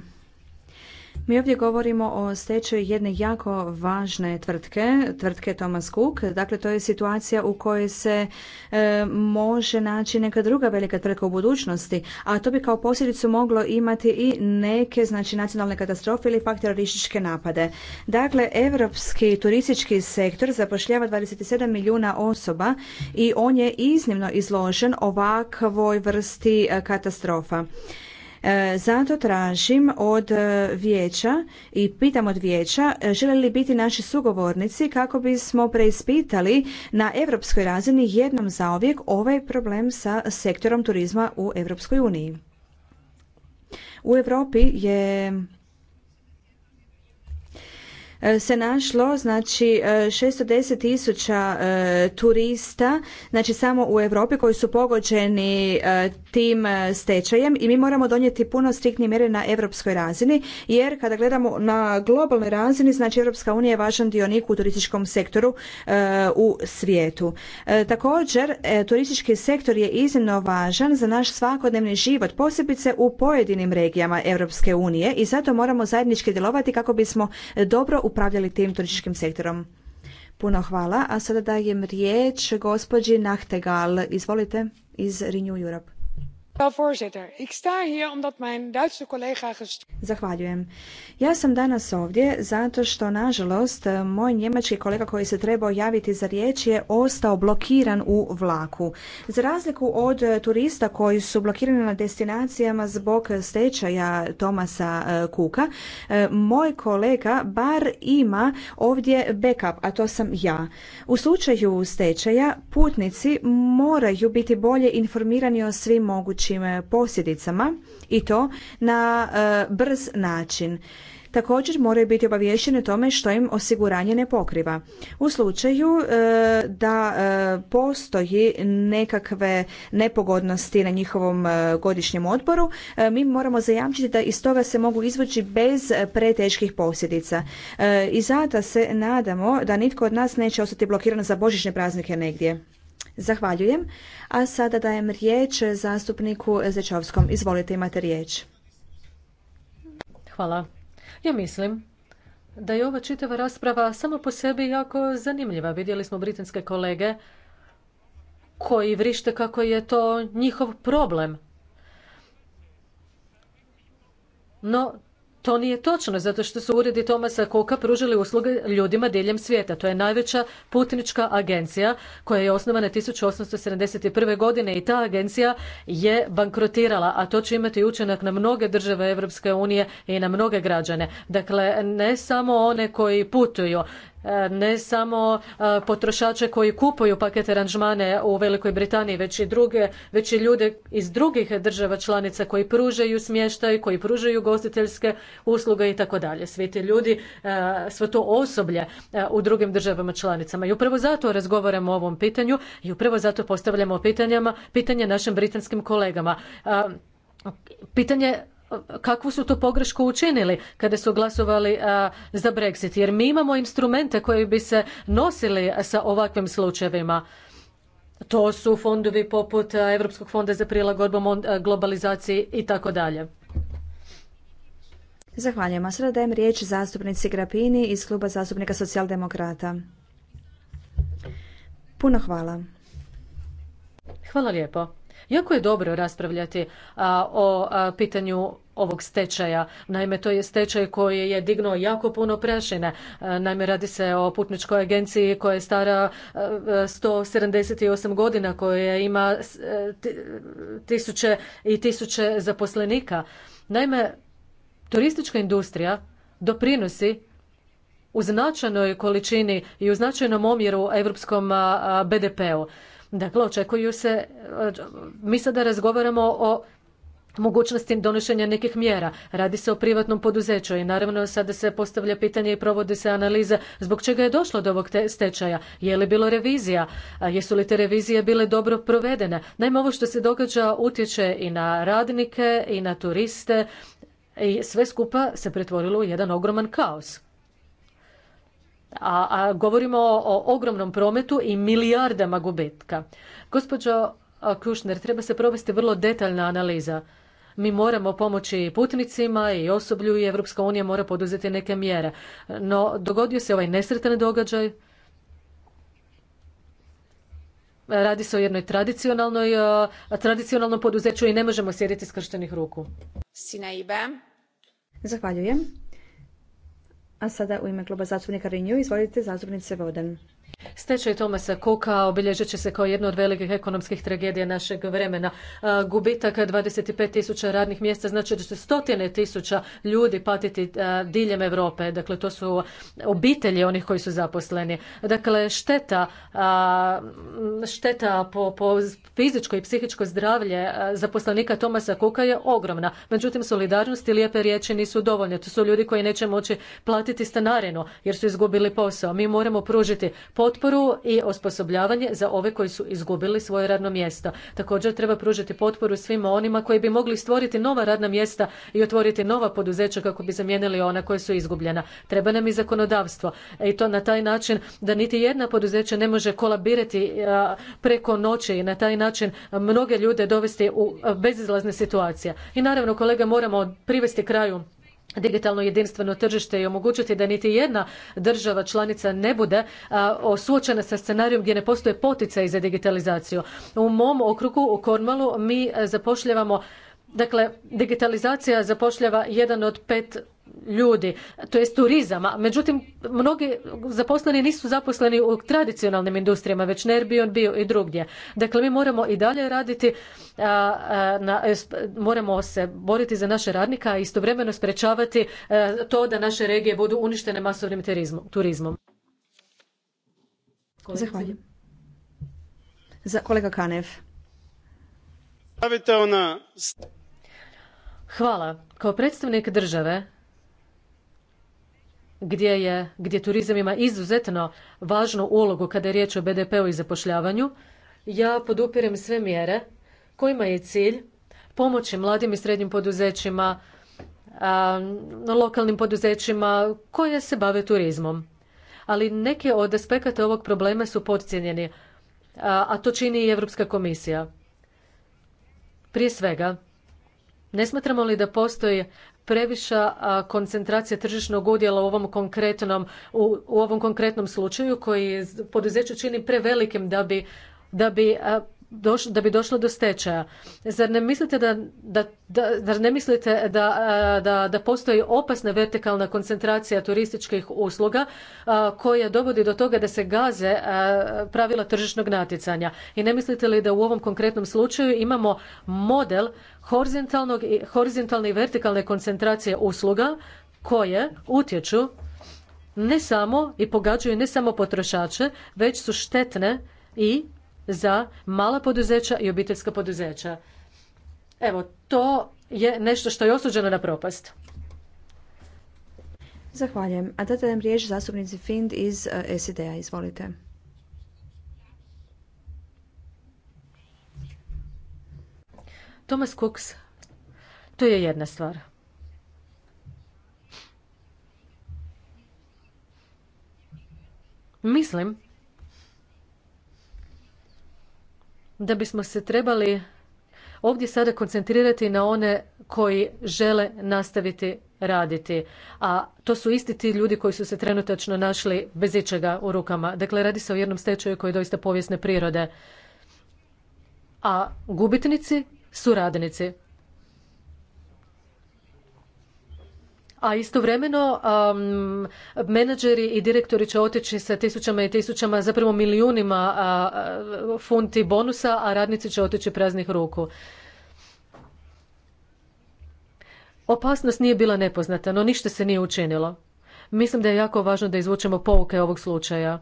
Mi ovdje govorimo o stečaju jedne jako važne tvrtke, tvrtke Thomas Cook. Dakle, to je situacija u kojoj se e, može naći neka druga velika tvrtka u budućnosti, a to bi kao posljedicu moglo imati i neke znači, nacionalne katastrofe ili pak terorističke napade. Dakle, europski turistički sektor zapošljava 27 milijuna osoba i on je iznimno izložen ovakvoj vrsti e, katastrofa. E, zato tražim od e, vijeća i pitam od vijeća e, žele li biti naši sugovornici kako bismo preispitali na europskoj razini jednom ovijek ovaj problem sa sektorom turizma u Europskoj uniji. U Europi je E, se našlo znači 610 e, tisuća e, turista znači samo u Europi koji su pogođeni tim stečajem i mi moramo donijeti puno striktnije mjere na europskoj razini jer kada gledamo na globalnoj razini znači Europska unija je važan dionik u turističkom sektoru u svijetu. Također turistički sektor je iznimno važan za naš svakodnevni život posebice u pojedinim regijama Europske unije i zato moramo zajednički djelovati kako bismo dobro upravljali tim turističkim sektorom. Puno hvala, a sada dajem riječ gospođi Nahtegal. Izvolite iz Renew Europe. Zahvaljujem. Ja sam danas ovdje zato što, nažalost, eh, moj njemački kolega koji se trebao javiti za riječ je ostao blokiran u vlaku. Za razliku od eh, turista koji su blokirani na destinacijama zbog stečaja Tomasa Kuka, eh, moj kolega bar ima ovdje backup, a to sam ja. U slučaju stečaja putnici moraju biti bolje informirani o svim mogućim mogućim e, posljedicama i to na e, brz način. Također moraju biti obaviješteni o tome što im osiguranje ne pokriva. U slučaju e, da postoji nekakve nepogodnosti na njihovom godišnjem odboru, mi moramo zajamčiti da iz toga se mogu izvući bez preteških posljedica. I zato se nadamo da nitko od nas neće ostati blokiran za božićne praznike negdje. Zahvaljujem. A sada dajem riječ zastupniku Zečovskom. Izvolite, imate riječ. Hvala. Ja mislim da je ova čitava rasprava samo po sebi jako zanimljiva. Vidjeli smo britanske kolege koji vrište kako je to njihov problem. No, to nije točno, zato što su uredi Tomasa Koka pružili usluge ljudima diljem svijeta. To je najveća putnička agencija koja je osnovana 1871. godine i ta agencija je bankrotirala, a to će imati učinak na mnoge države Europske unije i na mnoge građane. Dakle, ne samo one koji putuju, ne samo e, potrošače koji kupuju paket aranžmane u Velikoj Britaniji, već i druge, već i ljude iz drugih država članica koji pružaju smještaj, koji pružaju gostiteljske usluge i tako dalje. Svi ti ljudi, e, svo to osoblje e, u drugim državama članicama. I upravo zato razgovaramo o ovom pitanju i upravo zato postavljamo pitanjama, pitanje našim britanskim kolegama. Pitanje kakvu su to pogrešku učinili kada su glasovali za Brexit. Jer mi imamo instrumente koji bi se nosili sa ovakvim slučajevima. To su fondovi poput Europskog fonda za prilagodbu globalizaciji i tako dalje. Zahvaljujem. dajem riječ zastupnici Grapini iz Kluba zastupnika socijaldemokrata. Puno hvala. Hvala lijepo. Jako je dobro raspravljati a, o pitanju ovog stečaja. Naime, to je stečaj koji je dignuo jako puno prašine. Naime, radi se o putničkoj agenciji koja je stara 178 godina, koja ima tisuće i tisuće zaposlenika. Naime, turistička industrija doprinosi u značajnoj količini i u značajnom omjeru europskom BDP-u. Dakle, očekuju se, mi sada razgovaramo o mogućnosti donošenja nekih mjera. Radi se o privatnom poduzeću i naravno sada se postavlja pitanje i provodi se analiza zbog čega je došlo do ovog te stečaja. Je li bilo revizija? Jesu li te revizije bile dobro provedene? Naime, ovo što se događa utječe i na radnike i na turiste i sve skupa se pretvorilo u jedan ogroman kaos a, govorimo o ogromnom prometu i milijardama gubitka. Gospođo Kušner, treba se provesti vrlo detaljna analiza. Mi moramo pomoći putnicima i osoblju i Evropska unija mora poduzeti neke mjere. No, dogodio se ovaj nesretan događaj. Radi se o jednoj tradicionalnoj, tradicionalnom poduzeću i ne možemo sjediti skrštenih ruku. Sinaiba. Zahvaljujem sada u ime kluba zastupnika Renew, izvolite zastupnice Vodan. Stečaj Tomasa Kuka obilježit će se kao jedna od velikih ekonomskih tragedija našeg vremena. Gubitak 25 tisuća radnih mjesta znači da će stotine tisuća ljudi patiti diljem Europe. Dakle, to su obitelji onih koji su zaposleni. Dakle, šteta, šteta po, po fizičko i psihičko zdravlje zaposlenika Tomasa Kuka je ogromna. Međutim, solidarnost i lijepe riječi nisu dovoljne. To su ljudi koji neće moći platiti stanarinu jer su izgubili posao. Mi moramo pružiti potporu i osposobljavanje za ove koji su izgubili svoje radno mjesto. Također treba pružiti potporu svima onima koji bi mogli stvoriti nova radna mjesta i otvoriti nova poduzeća kako bi zamijenili ona koja su izgubljena. Treba nam i zakonodavstvo i to na taj način da niti jedna poduzeća ne može kolabirati preko noći i na taj način mnoge ljude dovesti u bezizlazne situacije. I naravno kolega moramo privesti kraju digitalno jedinstveno tržište i omogućiti da niti jedna država članica ne bude suočena sa scenarijom gdje ne postoje poticaji za digitalizaciju. U mom okrugu u Kormalu mi e, zapošljavamo Dakle, digitalizacija zapošljava jedan od pet ljudi, to jest turizama. Međutim, mnogi zaposleni nisu zaposleni u tradicionalnim industrijama, već on bio i drugdje. Dakle, mi moramo i dalje raditi, na, moramo se boriti za naše radnika i istovremeno sprečavati e, to da naše regije budu uništene masovnim turizmom. Zahvaljujem. kolega Kanev. Hvala. Kao predstavnik države gdje, je, gdje turizam ima izuzetno važnu ulogu kada je riječ o BDP-u i zapošljavanju, ja podupirem sve mjere kojima je cilj pomoći mladim i srednjim poduzećima, lokalnim poduzećima koje se bave turizmom. Ali neke od aspekata ovog problema su podcijenjeni, a to čini i Europska komisija. Prije svega, ne smatramo li da postoji previša koncentracija tržišnog udjela u ovom konkretnom, u, ovom konkretnom slučaju koji poduzeću čini prevelikim da bi da bi doš, da bi došlo do stečaja. Zar ne mislite da, da, da, zar ne mislite da, eh, da, da postoji opasna vertikalna koncentracija turističkih usluga eh, koja dovodi do toga da se gaze eh, pravila tržišnog natjecanja? I ne mislite li da u ovom konkretnom slučaju imamo model horizontalne i vertikalne koncentracije usluga koje utječu ne samo i pogađaju ne samo potrošače, već su štetne i za mala poduzeća i obiteljska poduzeća. Evo, to je nešto što je osuđeno na propast. Zahvaljujem. A te nam riječ zastupnici Find iz e, SID-a. Izvolite. Thomas Cooks, to je jedna stvar. Mislim da bismo se trebali ovdje sada koncentrirati na one koji žele nastaviti raditi. A to su isti ti ljudi koji su se trenutačno našli bez ičega u rukama. Dakle, radi se o jednom stečaju koji je doista povijesne prirode. A gubitnici su radnici. a istovremeno menadžeri i direktori će otići sa tisućama i tisućama, zapravo milijunima funti bonusa, a radnici će otići praznih ruku. Opasnost nije bila nepoznata, no ništa se nije učinilo. Mislim da je jako važno da izvučemo pouke ovog slučaja.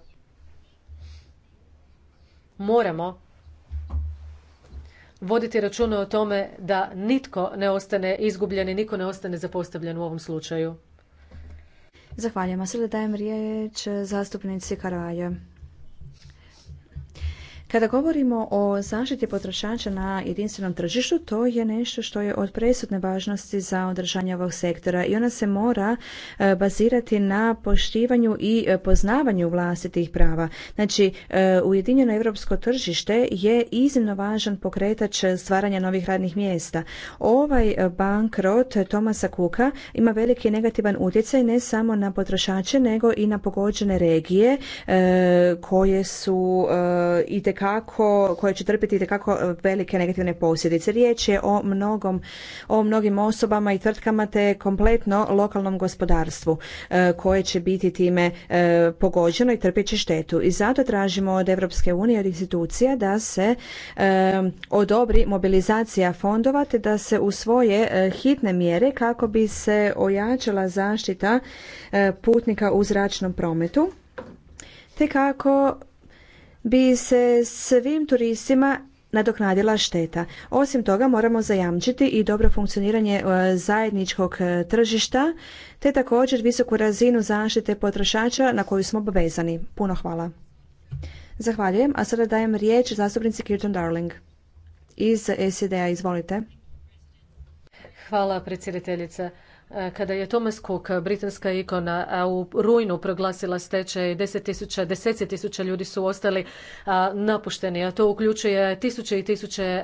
Moramo voditi računa o tome da nitko ne ostane izgubljen i niko ne ostane zapostavljen u ovom slučaju. Zahvaljujem. A sada dajem riječ zastupnici Karvalje. Kada govorimo o zaštiti potrošača na jedinstvenom tržištu, to je nešto što je od presudne važnosti za održanje ovog sektora i ona se mora e, bazirati na poštivanju i e, poznavanju vlastitih prava. Znači, e, Ujedinjeno europsko tržište je iznimno važan pokretač stvaranja novih radnih mjesta. Ovaj bankrot Tomasa Kuka ima veliki negativan utjecaj ne samo na potrošače, nego i na pogođene regije koje su i kako koje će trpiti itekako e, velike negativne posljedice. Riječ je o mnogom, o mnogim osobama i tvrtkama te kompletno lokalnom gospodarstvu e, koje će biti time e, pogođeno i trpit će štetu. I zato tražimo od Europske unije, od institucija da se odobri mobilizacija fondova te da se usvoje hitne mjere kako bi se ojačala zaštita putnika u zračnom prometu te kako bi se svim turistima nadoknadila šteta. Osim toga moramo zajamčiti i dobro funkcioniranje e, zajedničkog e, tržišta te također visoku razinu zaštite potrošača na koju smo obvezani. Puno hvala. Zahvaljujem, a sada dajem riječ zastupnici Kirton Darling iz SED-a. Izvolite. Hvala predsjedateljice. Eh, kada je Thomas Cook, eh, britanska ikona, eh, u rujnu proglasila stečaj, deset tisuća, deseci tisuća ljudi su ostali napušteni, a to uključuje tisuće i tisuće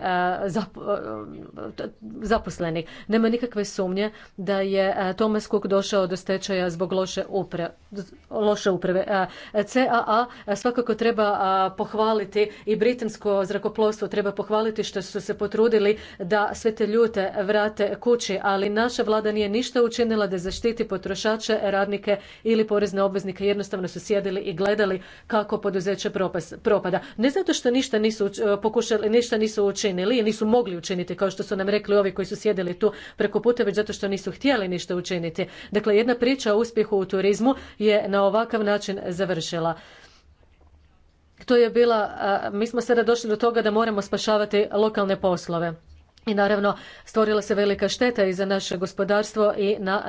zaposlenih. Nema nikakve sumnje da je Thomas Cook došao do stečaja zbog loše, loše uprave. CAA svakako treba pohvaliti i britansko zrakoplovstvo treba pohvaliti što su se potrudili da sve te ljute vrate kući, ali naša vlada nije ništa učinila da zaštiti potrošače, radnike ili porezne obveznike. Jednostavno su sjedili i gledali kako poduzeće propada. Ne zato što ništa nisu e, pokušali, ništa nisu učinili i nisu mogli učiniti kao što su nam rekli ovi koji su sjedili tu preko puta, već zato što nisu htjeli ništa učiniti. Dakle, jedna priča o uspjehu u turizmu je na ovakav način završila. To je bila, mi smo sada došli do toga da moramo spašavati lokalne poslove i naravno stvorila se velika šteta i za naše gospodarstvo i na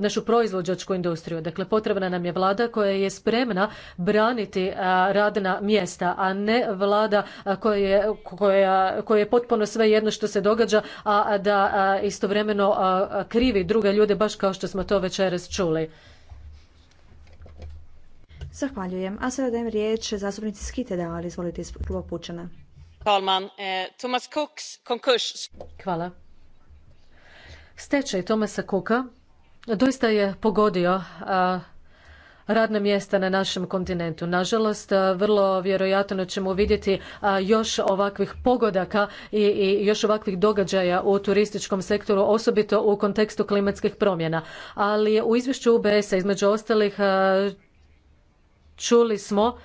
našu proizvođačku industriju. Dakle, potrebna nam je vlada koja je spremna braniti radna mjesta, a ne vlada koja je, potpuno sve jedno što se događa, a da istovremeno krivi druge ljude, baš kao što smo to večeras čuli. Zahvaljujem. A sada dajem riječ zastupnici Skite, da ali izvolite iz Pučana. Eh, Hvala. Stečaj Tomasa Cooka doista je pogodio radna mjesta na našem kontinentu. Nažalost, vrlo vjerojatno ćemo vidjeti još ovakvih pogodaka i još ovakvih događaja u turističkom sektoru, osobito u kontekstu klimatskih promjena. Ali u izvješću UBS-a između ostalih čuli smo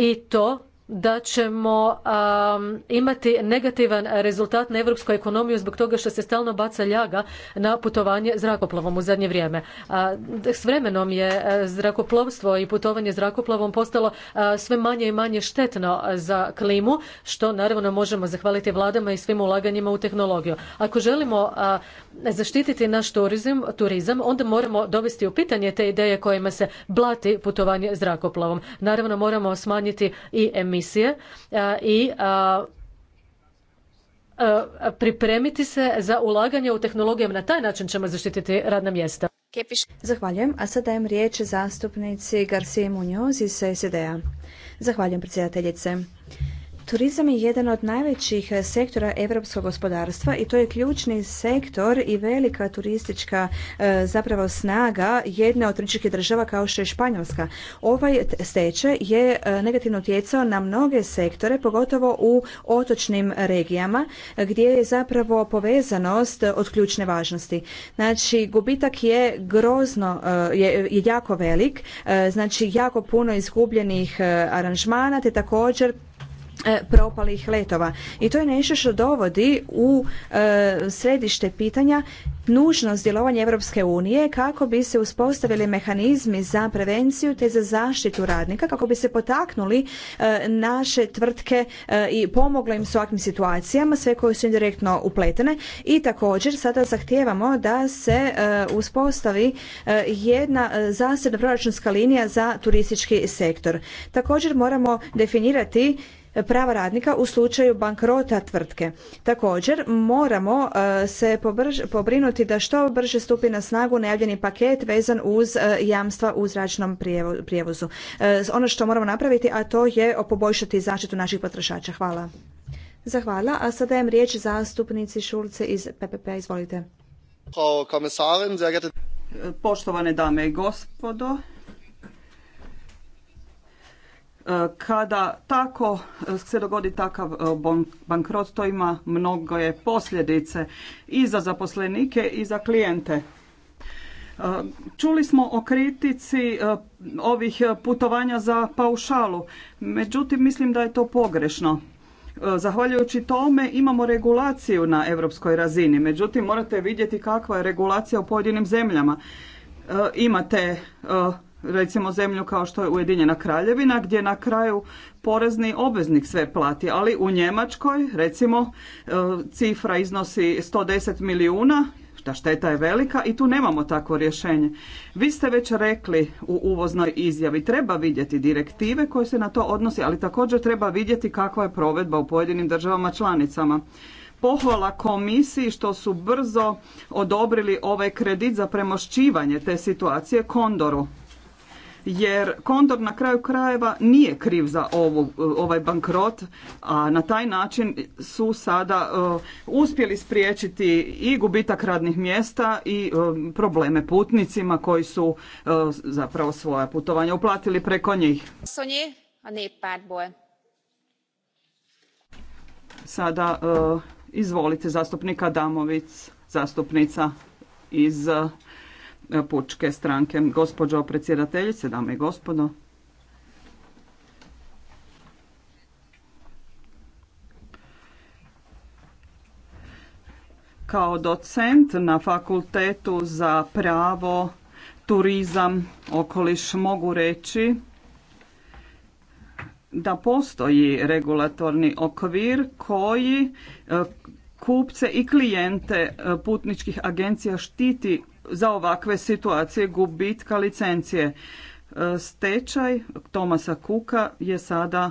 i to da ćemo um, imati negativan rezultat na europsku ekonomiju zbog toga što se stalno baca ljaga na putovanje zrakoplovom u zadnje vrijeme. s vremenom je e, zrakoplovstvo i putovanje zrakoplovom postalo e, sve manje i manje štetno za klimu, što naravno možemo zahvaliti vladama i svim ulaganjima u tehnologiju. Ako želimo zaštititi naš turizam, onda moramo dovesti u pitanje te ideje kojima se blati putovanje zrakoplovom. Naravno, moramo smanjiti i emisije i pripremiti se za ulaganje u tehnologije. Na taj način ćemo zaštititi radna mjesta. Zahvaljujem, a sad dajem riječ zastupnici Garcia Munoz iz SED-a. Zahvaljujem, predsjedateljice. Turizam je jedan od najvećih e, sektora europskog gospodarstva i to je ključni sektor i velika turistička e, zapravo snaga jedne od turističkih država kao što je Španjolska. Ovaj stečaj je e, negativno utjecao na mnoge sektore, pogotovo u otočnim regijama gdje je zapravo povezanost od ključne važnosti. Znači, gubitak je grozno, je, jako velik, znači jako puno izgubljenih aranžmana te također E, propalih letova. I to je nešto što dovodi u e, središte pitanja nužnost djelovanja Europske unije kako bi se uspostavili mehanizmi za prevenciju te za zaštitu radnika, kako bi se potaknuli e, naše tvrtke i pomoglo im s ovakvim situacijama, sve koje su indirektno upletene. I također sada zahtijevamo da se uspostavi jedna zasebna proračunska linija za turistički sektor. Također moramo definirati prava radnika u slučaju bankrota tvrtke. Također moramo e, se pobrinuti da što brže stupi na snagu najavljeni paket vezan uz e, jamstva u zračnom prijevozu. E, ono što moramo napraviti, a to je poboljšati zaštitu naših potrošača. Hvala. Zahvala, a sada dajem riječ zastupnici Šulce iz PPP. Izvolite. Poštovane dame i gospodo, E, kada tako e, se dogodi takav e, bankrot, to ima mnoge posljedice i za zaposlenike i za klijente. Čuli smo o kritici ovih putovanja za paušalu, međutim mislim da je to pogrešno. Zahvaljujući tome imamo regulaciju na europskoj razini, međutim morate vidjeti kakva je regulacija u pojedinim zemljama. Imate recimo zemlju kao što je Ujedinjena kraljevina gdje na kraju porezni obveznik sve plati, ali u Njemačkoj recimo e, cifra iznosi 110 milijuna, ta šteta je velika i tu nemamo takvo rješenje. Vi ste već rekli u uvoznoj izjavi treba vidjeti direktive koje se na to odnosi, ali također treba vidjeti kakva je provedba u pojedinim državama članicama pohvala komisiji što su brzo odobrili ovaj kredit za premošćivanje te situacije Kondoru jer Kondor na kraju krajeva nije kriv za ovu, ovaj bankrot, a na taj način su sada uh, uspjeli spriječiti i gubitak radnih mjesta i um, probleme putnicima koji su uh, zapravo svoja putovanja uplatili preko njih. Sada uh, izvolite zastupnika Damovic, zastupnica iz pučke stranke. Gospođo predsjedateljice, dame i gospodo. Kao docent na fakultetu za pravo, turizam, okoliš mogu reći da postoji regulatorni okvir koji e, kupce i klijente e, putničkih agencija štiti za ovakve situacije gubitka licencije. E, stečaj Tomasa Kuka je sada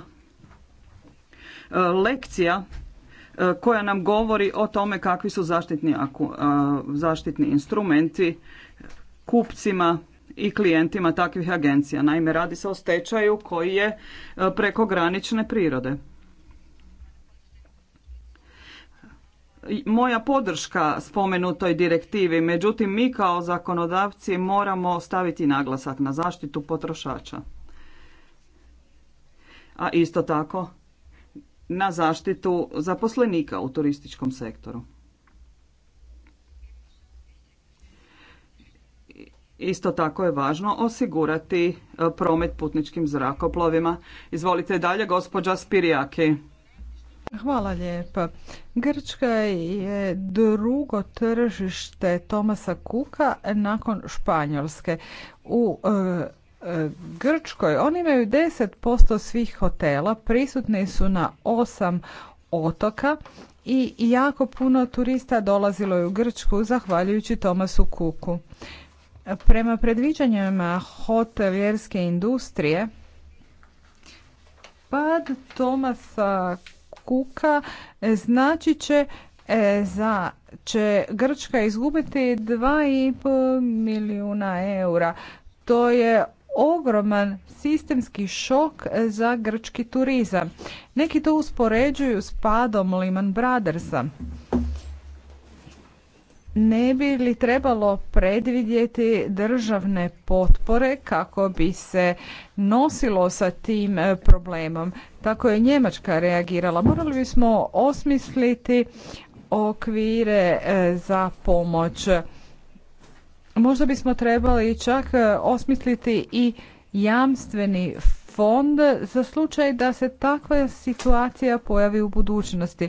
e, lekcija e, koja nam govori o tome kakvi su zaštitni, zaštitni instrumenti kupcima i klijentima takvih agencija. Naime, radi se o stečaju koji je prekogranične prirode. moja podrška spomenutoj direktivi, međutim mi kao zakonodavci moramo staviti naglasak na zaštitu potrošača. A isto tako na zaštitu zaposlenika u turističkom sektoru. Isto tako je važno osigurati e, promet putničkim zrakoplovima. Izvolite dalje, gospođa Spirijaki. Hvala lijepa. Grčka je drugo tržište Tomasa Kuka nakon Španjolske. U e, e, Grčkoj oni imaju 10% svih hotela, prisutni su na osam otoka i jako puno turista dolazilo je u Grčku zahvaljujući Tomasu Kuku. Prema predviđanjima hotelijerske industrije, pad Tomasa kuka e, znači će e, za će Grčka izgubiti 2,5 milijuna eura. To je ogroman sistemski šok za grčki turizam. Neki to uspoređuju s padom Lehman Brothersa ne bi li trebalo predvidjeti državne potpore kako bi se nosilo sa tim e, problemom? Tako je Njemačka reagirala. Morali bismo osmisliti okvire e, za pomoć. Možda bismo trebali čak e, osmisliti i jamstveni fond za slučaj da se takva situacija pojavi u budućnosti.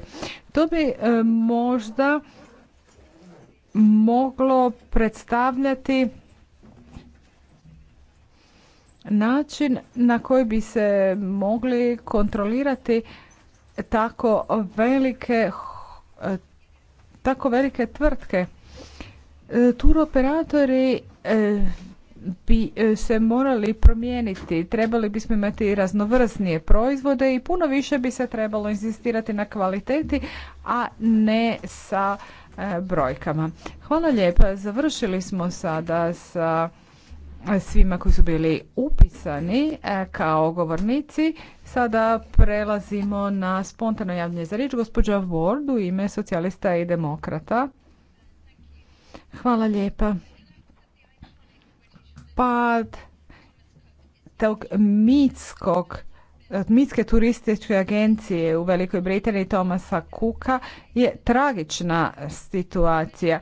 To bi možda moglo predstavljati način na koji bi se mogli kontrolirati tako velike tako velike tvrtke. E, operatori e, bi e, se morali promijeniti. Trebali bismo imati raznovrsnije proizvode i puno više bi se trebalo insistirati na kvaliteti, a ne sa e, brojkama. Hvala lijepa. Završili smo sada sa e, svima koji su bili upisani kao govornici. Sada prelazimo na spontano javljanje za riječ. Gospođa Ward u ime socijalista i demokrata. Hvala lijepa pad tog mitskog mitske turističke agencije u Velikoj Britaniji Tomasa Kuka je tragična situacija.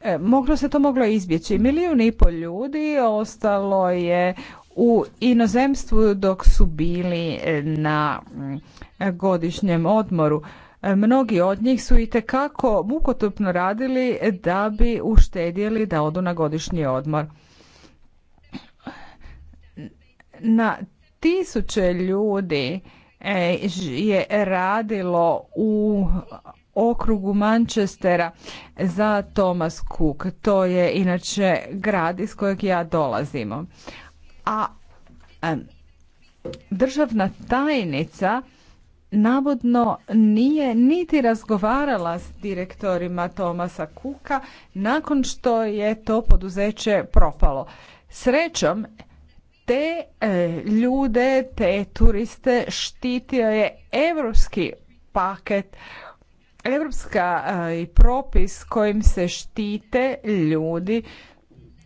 E, moglo se to moglo izbjeći. Milijun i pol ljudi ostalo je u inozemstvu dok su bili na mm, godišnjem odmoru. E, mnogi od njih su i tekako mukotupno radili da bi uštedjeli da odu na godišnji odmor na tisuće ljudi e, je radilo u okrugu Manchestera za Thomas Cook. To je inače grad iz kojeg ja dolazimo. A državna tajnica navodno nije niti razgovarala s direktorima Tomasa Kuka nakon što je to poduzeće propalo. Srećom, te e, ljude, te turiste štitio je europski paket Evropska e, i propis kojim se štite ljudi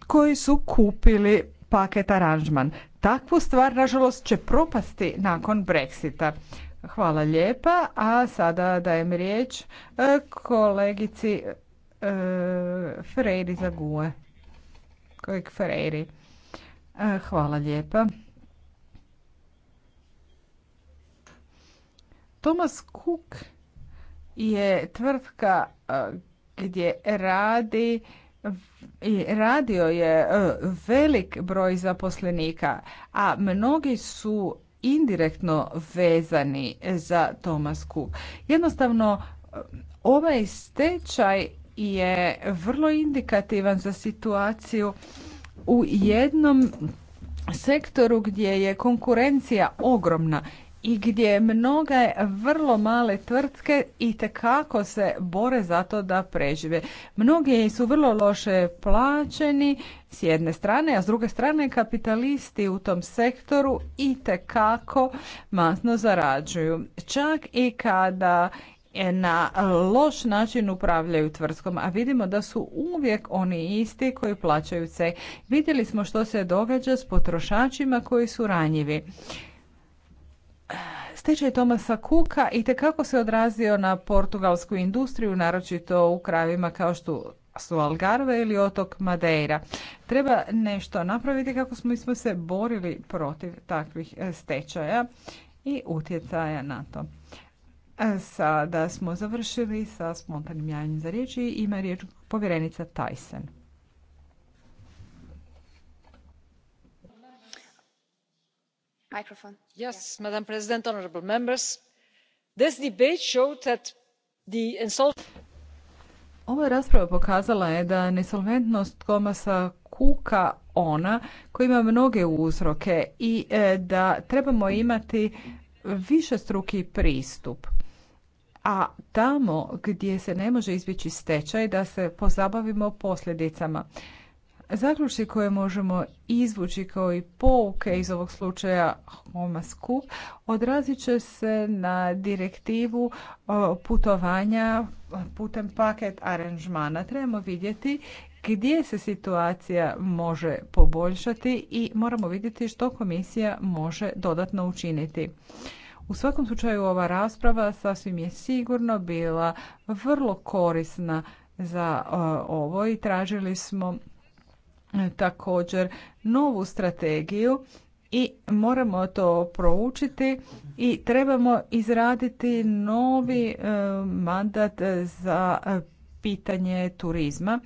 koji su kupili paket aranžman. Takvu stvar, nažalost, će propasti nakon Brexita. Hvala lijepa, a sada dajem riječ e, kolegici e, Zague. za GUE. Kojeg E, hvala lijepa. Thomas Cook je tvrtka e, gdje radi i radio je e, velik broj zaposlenika, a mnogi su indirektno vezani za Thomas Cook. Jednostavno, ovaj stečaj je vrlo indikativan za situaciju u jednom sektoru gdje je konkurencija ogromna i gdje mnoge vrlo male tvrtke i tekako se bore za to da prežive. Mnogi su vrlo loše plaćeni s jedne strane, a s druge strane kapitalisti u tom sektoru i tekako masno zarađuju. Čak i kada E, na e, loš način upravljaju tvrtkom, a vidimo da su uvijek oni isti koji plaćaju se. Vidjeli smo što se događa s potrošačima koji su ranjivi. Stečaj Tomasa Kuka i kako se odrazio na portugalsku industriju, naročito u krajevima kao što su Algarve ili otok Madeira. Treba nešto napraviti kako smo, smo se borili protiv takvih e, stečaja i utjecaja na to. Sada smo završili sa spontanim javljanjem za riječi. Ima riječ povjerenica Tyson. Ova rasprava pokazala je da nesolventnost komasa Kuka ona koja ima mnoge uzroke i e, da trebamo imati višestruki pristup a tamo gdje se ne može izbjeći stečaj da se pozabavimo posljedicama. Zaključi koje možemo izvući kao i pouke iz ovog slučaja Homas odrazit će se na direktivu putovanja putem paket aranžmana. Trebamo vidjeti gdje se situacija može poboljšati i moramo vidjeti što komisija može dodatno učiniti. U svakom slučaju ova rasprava sasvim je sigurno bila vrlo korisna za e, ovo i tražili smo e, također novu strategiju i moramo to proučiti i trebamo izraditi novi e, mandat za pitanje turizma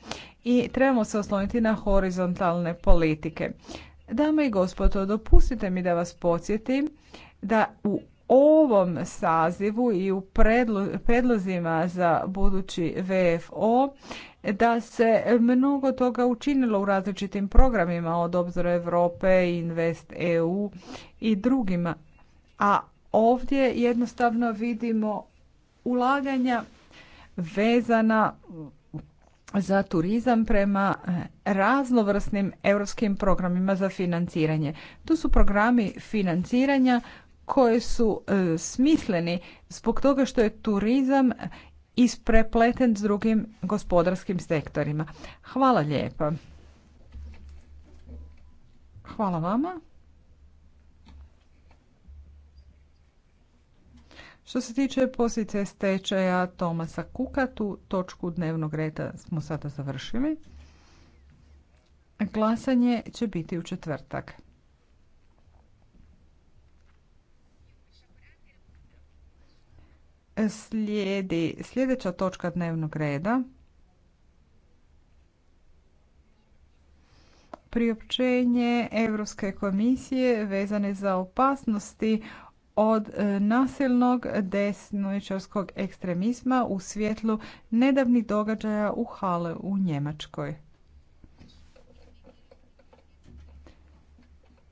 i trebamo se osloniti na horizontalne politike. Dame i gospodo, dopustite mi da vas podsjetim da u ovom sazivu i u predlozima za budući VFO da se mnogo toga učinilo u različitim programima od Obzora Europe, Invest EU i drugima. A ovdje jednostavno vidimo ulaganja vezana za turizam prema eh, raznovrsnim europskim programima za financiranje. Tu su programi financiranja koje su e, smisleni zbog toga što je turizam isprepleten s drugim gospodarskim sektorima. Hvala lijepa. Hvala vama. Što se tiče posljedice stečaja Tomasa Kuka, tu točku dnevnog reda smo sada završili. Glasanje će biti u četvrtak. slijedi sljedeća točka dnevnog reda. Priopćenje Europske komisije vezane za opasnosti od e, nasilnog desničarskog ekstremizma u svjetlu nedavnih događaja u Hale u Njemačkoj.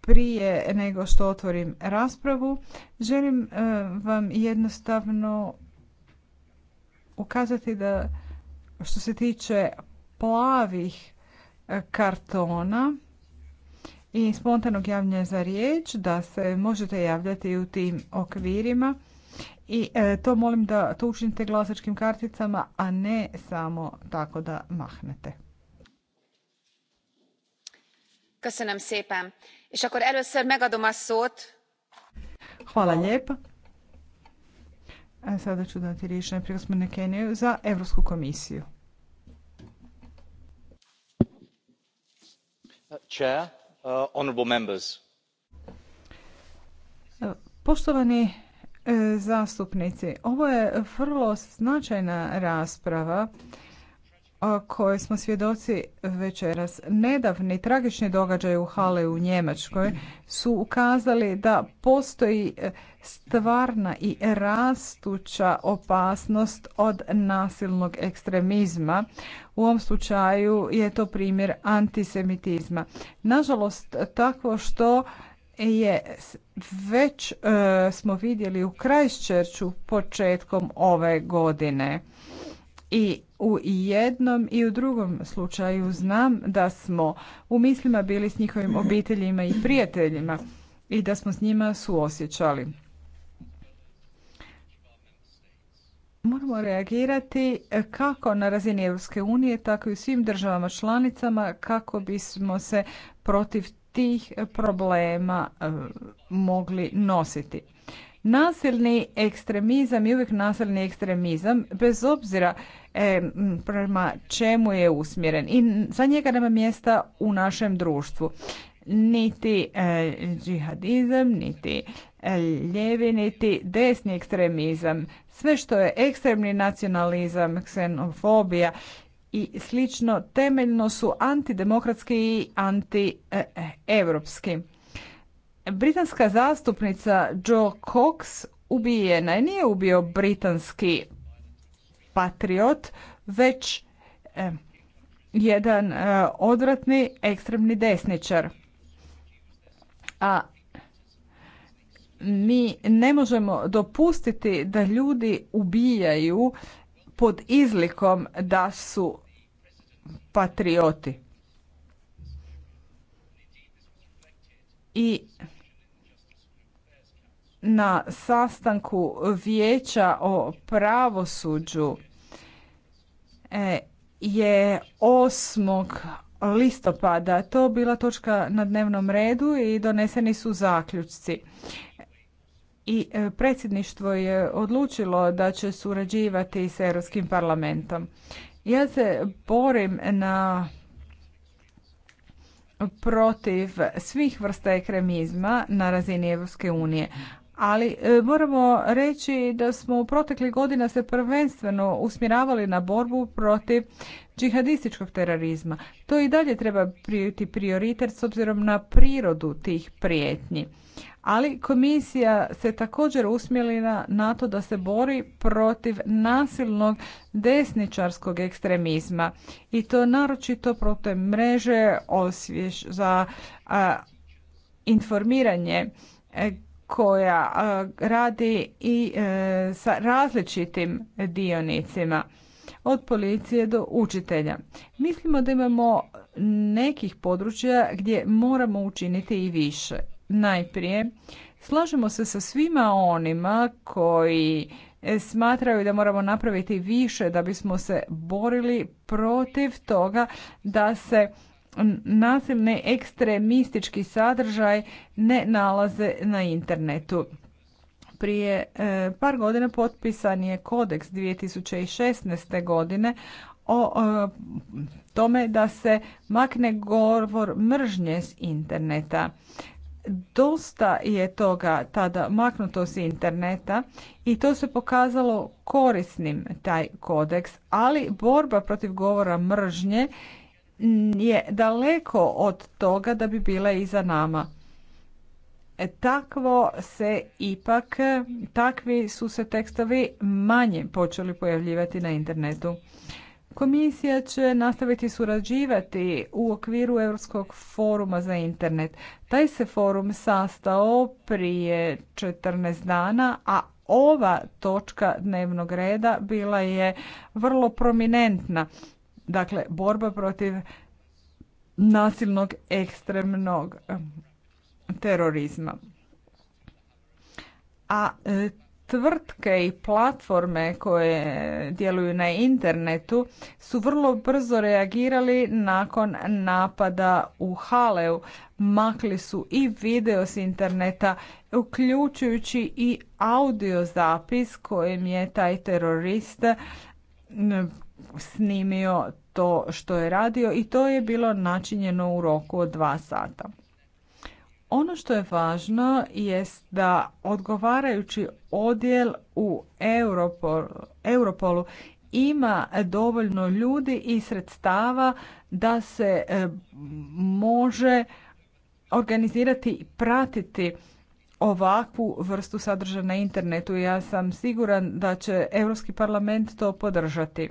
prije nego što otvorim raspravu, želim e, vam jednostavno ukazati da što se tiče plavih e, kartona i spontanog javljanja za riječ, da se možete javljati u tim okvirima. I e, to molim da to učinite glasačkim karticama, a ne samo tako da mahnete. nam sepa? Hvala lijepa. A sada ću dati riječ najprije gospodinu Keniju za Europsku komisiju. Uh, Poštovani e, zastupnici, ovo je vrlo značajna rasprava koje smo svjedoci večeras. Nedavni tragični događaj u Hale u Njemačkoj su ukazali da postoji e, stvarna i rastuća opasnost od nasilnog ekstremizma. U ovom slučaju je to primjer antisemitizma. Nažalost, takvo što je već e, smo vidjeli u Krajšćerću početkom ove godine i u jednom i u drugom slučaju znam da smo u mislima bili s njihovim obiteljima i prijateljima i da smo s njima suosjećali. Moramo reagirati kako na razini Europske unije, tako i u svim državama članicama kako bismo se protiv tih problema eh, mogli nositi. Nasilni ekstremizam i uvijek nasilni ekstremizam, bez obzira e, prema čemu je usmjeren. I za njega nema mjesta u našem društvu. Niti e, džihadizam, niti e, ljevi, niti desni ekstremizam. Sve što je ekstremni nacionalizam, ksenofobija i slično temeljno su antidemokratski i antievropski. E, e, britanska zastupnica Joe Cox ubijena je. Nije ubio britanski patriot, već jedan e, odvratni ekstremni desničar. A mi ne možemo dopustiti da ljudi ubijaju pod izlikom da su patrioti. I na sastanku vijeća o pravosuđu e, je 8. listopada to bila točka na dnevnom redu i doneseni su zaključci. I e, predsjedništvo je odlučilo da će surađivati s Europskim parlamentom. Ja se borim na protiv svih vrsta ekremizma na razini Europske unije, ali e, moramo reći da smo u proteklih godina se prvenstveno usmjeravali na borbu protiv džihadističkog terorizma. To i dalje treba biti prioritet s obzirom na prirodu tih prijetnji. Ali komisija se također usmjelila na to da se bori protiv nasilnog desničarskog ekstremizma i to naročito protiv mreže osvješ za informiranje e, koja e, radi i e, sa različitim dionicima od policije do učitelja. Mislimo da imamo nekih područja gdje moramo učiniti i više. Najprije, slažemo se sa svima onima koji e, smatraju da moramo napraviti više da bismo se borili protiv toga da se nasilni ekstremistički sadržaj ne nalaze na internetu. Prije e, par godina potpisan je kodeks 2016. godine o e, tome da se makne govor mržnje s interneta. Dosta je toga tada maknuto s interneta i to se pokazalo korisnim taj kodeks, ali borba protiv govora mržnje je daleko od toga da bi bila iza nama. E, takvo se ipak, takvi su se tekstovi manje počeli pojavljivati na internetu. Komisija će nastaviti surađivati u okviru Europskog foruma za internet. Taj se forum sastao prije 14 dana, a ova točka dnevnog reda bila je vrlo prominentna Dakle, borba protiv nasilnog ekstremnog eh, terorizma. A eh, tvrtke i platforme koje djeluju na internetu su vrlo brzo reagirali nakon napada u Haleu. Makli su i video s interneta, uključujući i audio zapis kojim je taj terorist eh, snimio to što je radio i to je bilo načinjeno u roku od dva sata. Ono što je važno jest da odgovarajući odjel u Europolu ima dovoljno ljudi i sredstava da se e, može organizirati i pratiti ovakvu vrstu sadržaja na internetu. Ja sam siguran da će Europski parlament to podržati.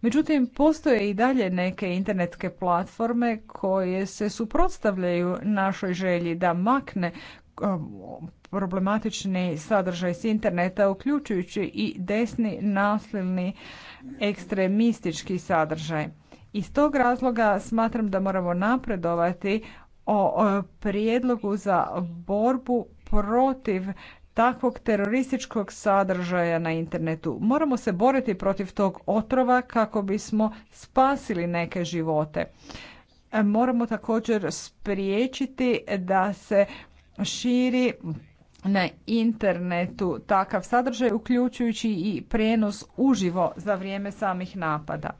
Međutim, postoje i dalje neke internetske platforme koje se suprotstavljaju našoj želji da makne um, problematični sadržaj s interneta, uključujući i desni nasilni ekstremistički sadržaj. Iz tog razloga smatram da moramo napredovati o prijedlogu za borbu protiv takvog terorističkog sadržaja na internetu. Moramo se boriti protiv tog otrova kako bismo spasili neke živote. E, moramo također spriječiti da se širi na internetu takav sadržaj, uključujući i prijenos uživo za vrijeme samih napada.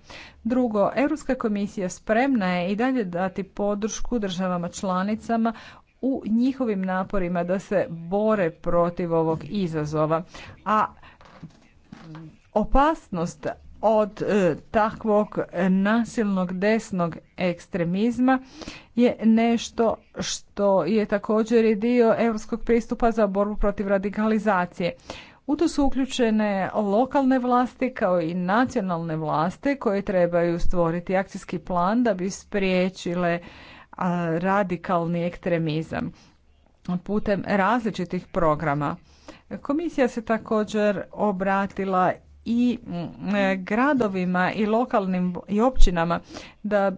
Drugo, Europska komisija spremna je i dalje dati podršku državama članicama u njihovim naporima da se bore protiv ovog izazova. A opasnost od e, takvog nasilnog desnog ekstremizma je nešto što je također i dio europskog pristupa za borbu protiv radikalizacije. U to su uključene lokalne vlasti kao i nacionalne vlasti koje trebaju stvoriti akcijski plan da bi spriječile radikalni ekstremizam putem različitih programa. Komisija se također obratila i mm, e, gradovima i lokalnim i općinama da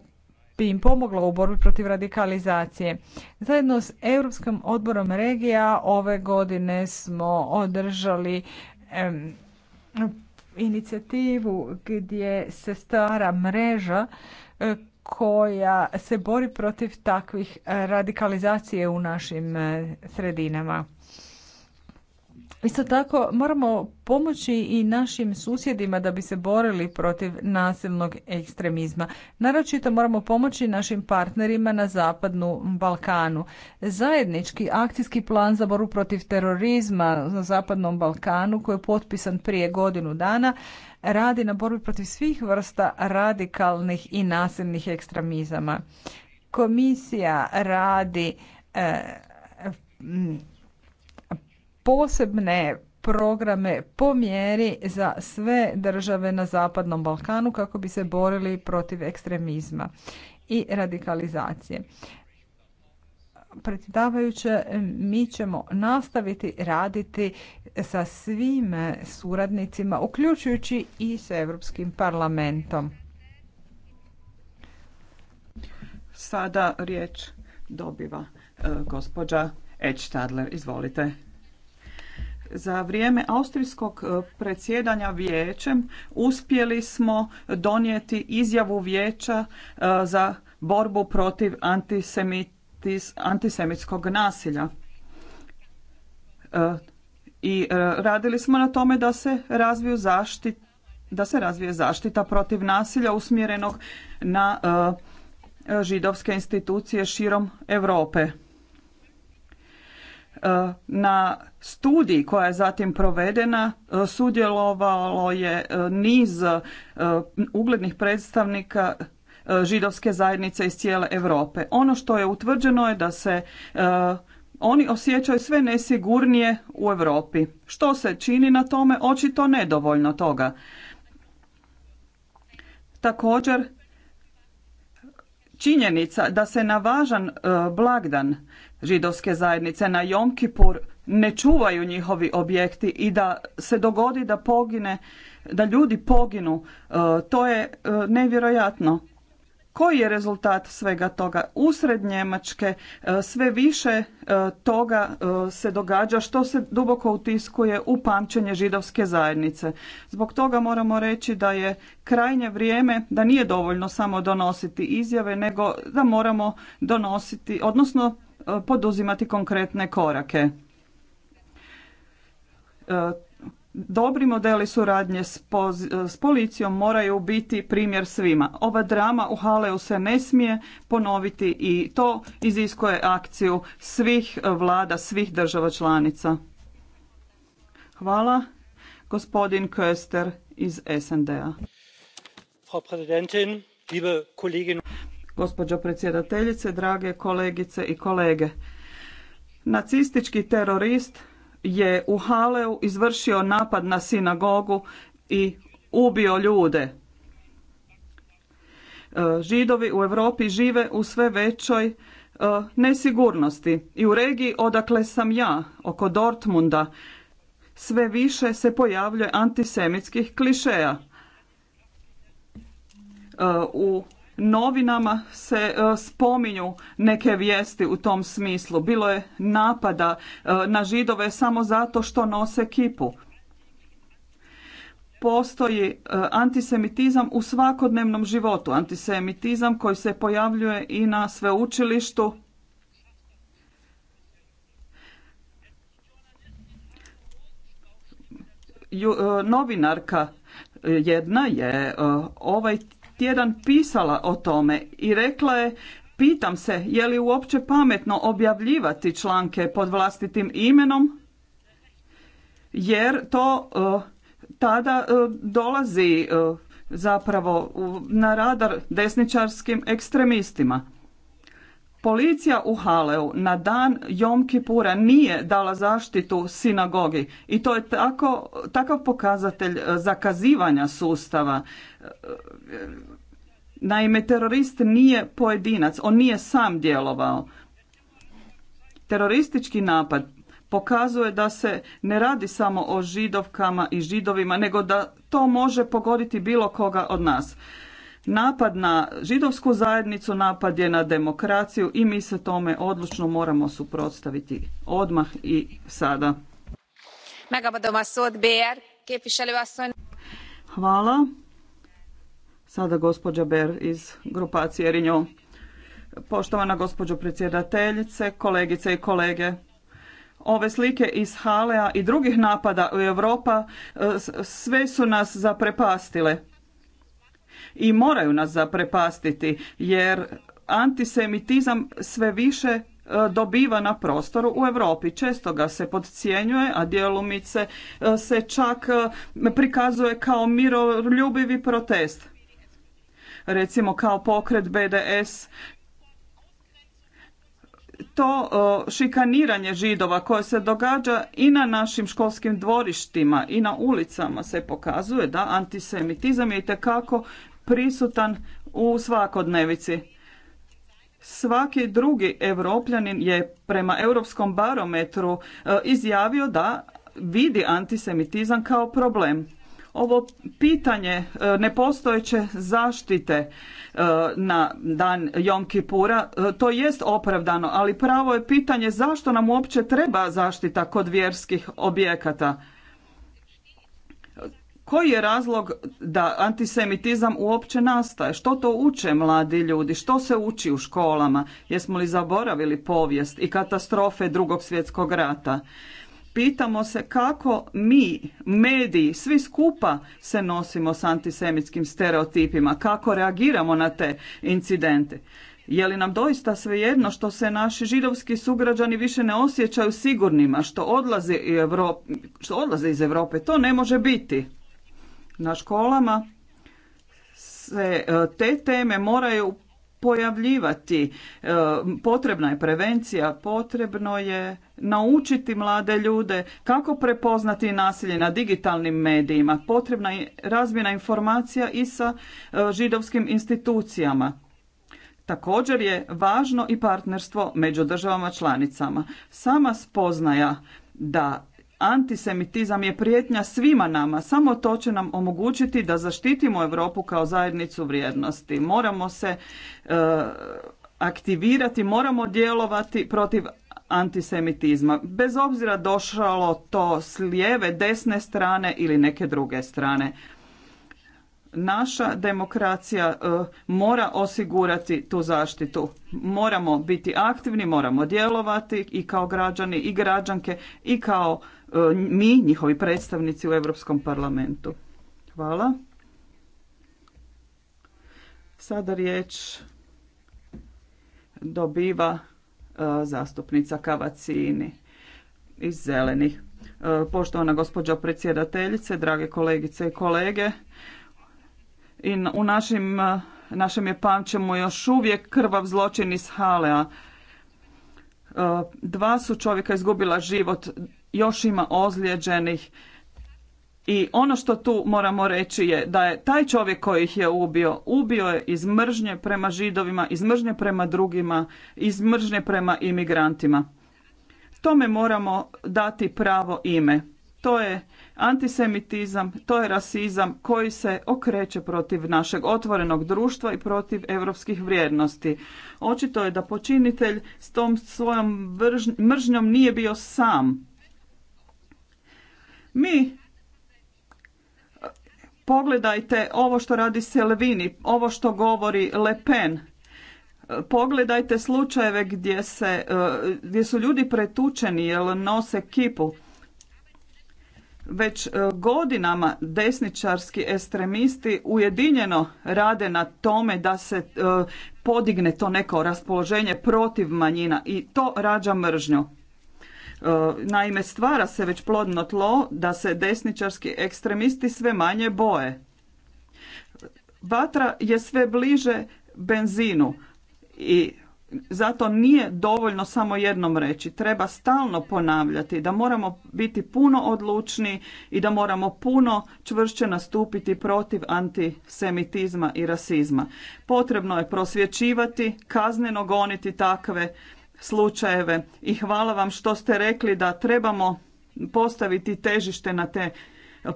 bi im pomoglo u borbi protiv radikalizacije. Zajedno s Europskim odborom regija ove godine smo održali inicijativu gdje se stara mreža e, koja se bori protiv takvih radikalizacije u našim e, sredinama. Isto tako moramo pomoći i našim susjedima da bi se borili protiv nasilnog ekstremizma. Naročito moramo pomoći našim partnerima na Zapadnu Balkanu. Zajednički akcijski plan za boru protiv terorizma na Zapadnom Balkanu koji je potpisan prije godinu dana radi na borbi protiv svih vrsta radikalnih i nasilnih ekstremizama. Komisija radi e, posebne programe po mjeri za sve države na Zapadnom Balkanu kako bi se borili protiv ekstremizma i radikalizacije. Predsjedavajuće, mi ćemo nastaviti raditi sa svim e, suradnicima, uključujući i s Europskim parlamentom. Sada riječ dobiva e, gospođa gospođa Stadler, Izvolite. Za vrijeme austrijskog e, predsjedanja vijećem uspjeli smo donijeti izjavu vijeća za borbu protiv antisemitskog nasilja i e, radili smo na tome da se razviju zaštit, da se razvije zaštita protiv nasilja usmjerenog na e, židovske institucije širom Europe. E, na studiji koja je zatim provedena sudjelovalo je niz uglednih predstavnika židovske zajednice iz cijele Europe. Ono što je utvrđeno je da se oni osjećaju sve nesigurnije u Europi. Što se čini na tome? Očito nedovoljno toga. Također, činjenica da se na važan e, blagdan židovske zajednice na Jom Kipur ne čuvaju njihovi objekti i da se dogodi da pogine, da ljudi poginu, e, to je e, nevjerojatno. Koji je rezultat svega toga? Usred Njemačke e, sve više e, toga e, se događa što se duboko utiskuje u pamćenje židovske zajednice. Zbog toga moramo reći da je krajnje vrijeme da nije dovoljno samo donositi izjave, nego da moramo donositi, odnosno poduzimati konkretne korake Dobri modeli suradnje s, policijom moraju biti primjer svima. Ova drama u Haleu se ne smije ponoviti i to iziskuje akciju svih vlada, svih država članica. Hvala. Gospodin Köster iz SND-a. Frau Gospođo predsjedateljice, drage kolegice i kolege. Nacistički terorist je u Haleu izvršio napad na sinagogu i ubio ljude. E, Židovi u Europi žive u sve većoj e, nesigurnosti i u regiji odakle sam ja, oko Dortmunda, sve više se pojavljuje antisemitskih klišeja. E, u novinama se e, spominju neke vijesti u tom smislu. Bilo je napada e, na židove samo zato što nose kipu. Postoji e, antisemitizam u svakodnevnom životu, antisemitizam koji se pojavljuje i na sveučilištu. Novinarka jedna je ovaj tjedan pisala o tome i rekla je pitam se je li uopće pametno objavljivati članke pod vlastitim imenom jer to e, tada e, dolazi e, zapravo na radar desničarskim ekstremistima. Policija u Haleu na dan Jom Kipura nije dala zaštitu sinagogi i to je tako, takav pokazatelj e, zakazivanja sustava. E, e, naime, terorist nije pojedinac, on nije sam djelovao. Teroristički napad pokazuje da se ne radi samo o židovkama i židovima, nego da to može pogoditi bilo koga od nas. Napad na židovsku zajednicu, napad je na demokraciju i mi se tome odlučno moramo suprotstaviti odmah i sada. Hvala. Sada gospođa Ber iz grupacije Rinjo. Poštovana gospođo predsjedateljice, kolegice i kolege. Ove slike iz Halea i drugih napada u Europa e, sve su nas zaprepastile i moraju nas zaprepastiti jer antisemitizam sve više e, dobiva na prostoru u Europi. Često ga se podcjenjuje, a djelomice e, se čak e, prikazuje kao miroljubivi protest. Recimo kao pokret BDS to šikaniranje židova koje se događa i na našim školskim dvorištima i na ulicama se pokazuje da antisemitizam je itekako prisutan u svakodnevici. Svaki drugi europljanin je prema europskom barometru e, izjavio da vidi antisemitizam kao problem. Ovo pitanje e, nepostojeće zaštite e, na dan Jom Kipura, to jest opravdano, ali pravo je pitanje zašto nam uopće treba zaštita kod vjerskih objekata koji je razlog da antisemitizam uopće nastaje? Što to uče mladi ljudi? Što se uči u školama? Jesmo li zaboravili povijest i katastrofe drugog svjetskog rata? Pitamo se kako mi, mediji, svi skupa se nosimo s antisemitskim stereotipima, kako reagiramo na te incidente. Je li nam doista svejedno što se naši židovski sugrađani više ne osjećaju sigurnima, što odlaze, što iz Europe? To ne može biti na školama se e, te teme moraju pojavljivati. E, potrebna je prevencija, potrebno je naučiti mlade ljude kako prepoznati nasilje na digitalnim medijima. Potrebna je razmjena informacija i sa e, židovskim institucijama. Također je važno i partnerstvo među državama članicama. Sama spoznaja da Antisemitizam je prijetnja svima nama, samo to će nam omogućiti da zaštitimo Europu kao zajednicu vrijednosti. Moramo se e, aktivirati, moramo djelovati protiv antisemitizma, bez obzira došalo to s lijeve, desne strane ili neke druge strane. Naša demokracija e, mora osigurati tu zaštitu. Moramo biti aktivni, moramo djelovati i kao građani i građanke i kao mi, njihovi predstavnici u Europskom parlamentu. Hvala. Sada riječ dobiva e, zastupnica Kavacini iz Zelenih. E, poštovana gospođo predsjedateljice, drage kolegice i kolege, i u našim, e, našem je pamćemu još uvijek krvav zločin iz Halea. Dva su čovjeka izgubila život, još ima ozlijeđenih i ono što tu moramo reći je da je taj čovjek koji ih je ubio, ubio je iz mržnje prema židovima, iz mržnje prema drugima, iz mržnje prema imigrantima. Tome moramo dati pravo ime. To je antisemitizam, to je rasizam koji se okreće protiv našeg otvorenog društva i protiv europskih vrijednosti. Očito je da počinitelj s tom svojom mržnjom nije bio sam mi Pogledajte ovo što radi Selvini, ovo što govori Le Pen. Pogledajte slučajeve gdje, se, e, gdje su ljudi pretučeni jer nose kipu. Već e, godinama desničarski ekstremisti ujedinjeno rade na tome da se e, podigne to neko raspoloženje protiv manjina i to rađa mržnju. E, naime, stvara se već plodno tlo da se desničarski ekstremisti sve manje boje. Vatra je sve bliže benzinu i zato nije dovoljno samo jednom reći. Treba stalno ponavljati da moramo biti puno odlučni i da moramo puno čvršće nastupiti protiv antisemitizma i rasizma. Potrebno je prosvjećivati, kazneno goniti takve slučajeve i hvala vam što ste rekli da trebamo postaviti težište na te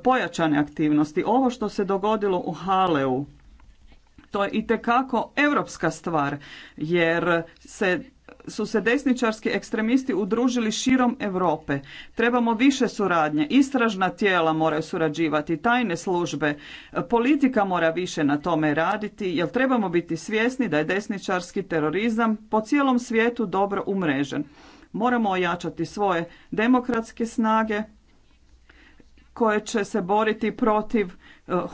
pojačane aktivnosti. Ovo što se dogodilo u Haleu, to je itekako europska stvar jer se su se desničarski ekstremisti udružili širom Europe. Trebamo više suradnje, istražna tijela moraju surađivati, tajne službe, politika mora više na tome raditi, jer trebamo biti svjesni da je desničarski terorizam po cijelom svijetu dobro umrežen. Moramo ojačati svoje demokratske snage koje će se boriti protiv e,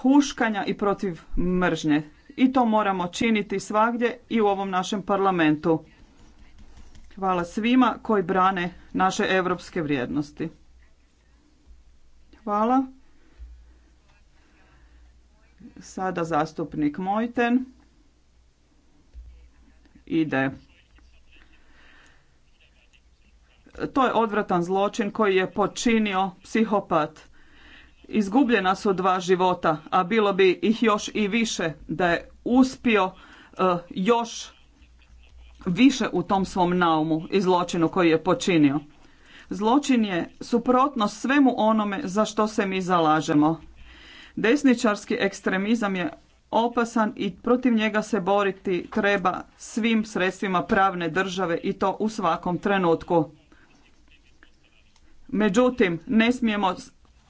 huškanja i protiv mržnje. I to moramo činiti svagdje i u ovom našem parlamentu. Hvala svima koji brane naše europske vrijednosti. Hvala. Sada zastupnik Mojten ide. To je odvratan zločin koji je počinio psihopat. Izgubljena su dva života, a bilo bi ih još i više da je uspio eh, još više u tom svom naumu i zločinu koji je počinio. Zločin je suprotno svemu onome za što se mi zalažemo. Desničarski ekstremizam je opasan i protiv njega se boriti treba svim sredstvima pravne države i to u svakom trenutku. Međutim, ne smijemo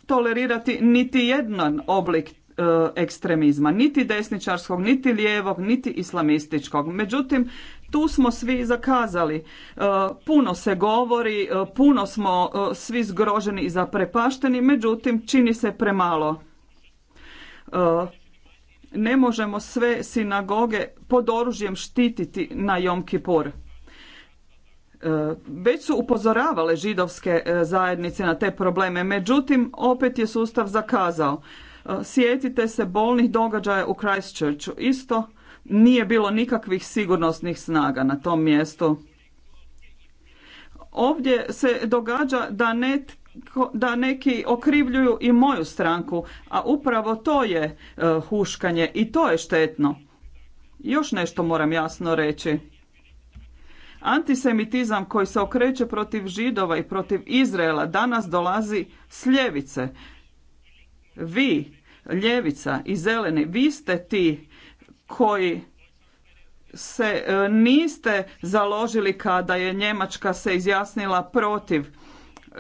tolerirati niti jedan oblik e, ekstremizma, niti desničarskog, niti lijevog, niti islamističkog. Međutim, tu smo svi zakazali. E, puno se govori, e, puno smo e, svi zgroženi i zaprepašteni, međutim čini se premalo. Ne možemo sve sinagoge pod oružjem štititi na Jom Kipur. Već su upozoravale židovske zajednice na te probleme, međutim opet je sustav zakazao. Sjetite se bolnih događaja u Christchurchu. Isto nije bilo nikakvih sigurnosnih snaga na tom mjestu. Ovdje se događa da, da neki okrivljuju i moju stranku, a upravo to je e, huškanje i to je štetno. Još nešto moram jasno reći. Antisemitizam koji se okreće protiv židova i protiv Izraela danas dolazi s ljevice. Vi, ljevica i zeleni, vi ste ti koji se e, niste založili kada je Njemačka se izjasnila protiv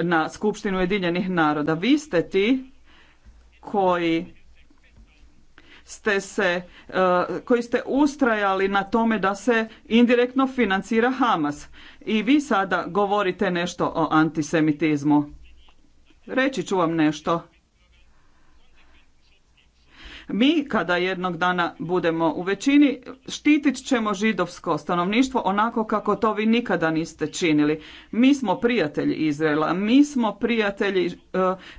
na Skupštinu Ujedinjenih naroda. Vi ste ti koji ste se, e, koji ste ustrajali na tome da se indirektno financira Hamas. I vi sada govorite nešto o antisemitizmu. Reći ću vam nešto. Mi, kada jednog dana budemo u većini, štitit ćemo židovsko stanovništvo onako kako to vi nikada niste činili. Mi smo prijatelji Izraela, mi smo prijatelji e,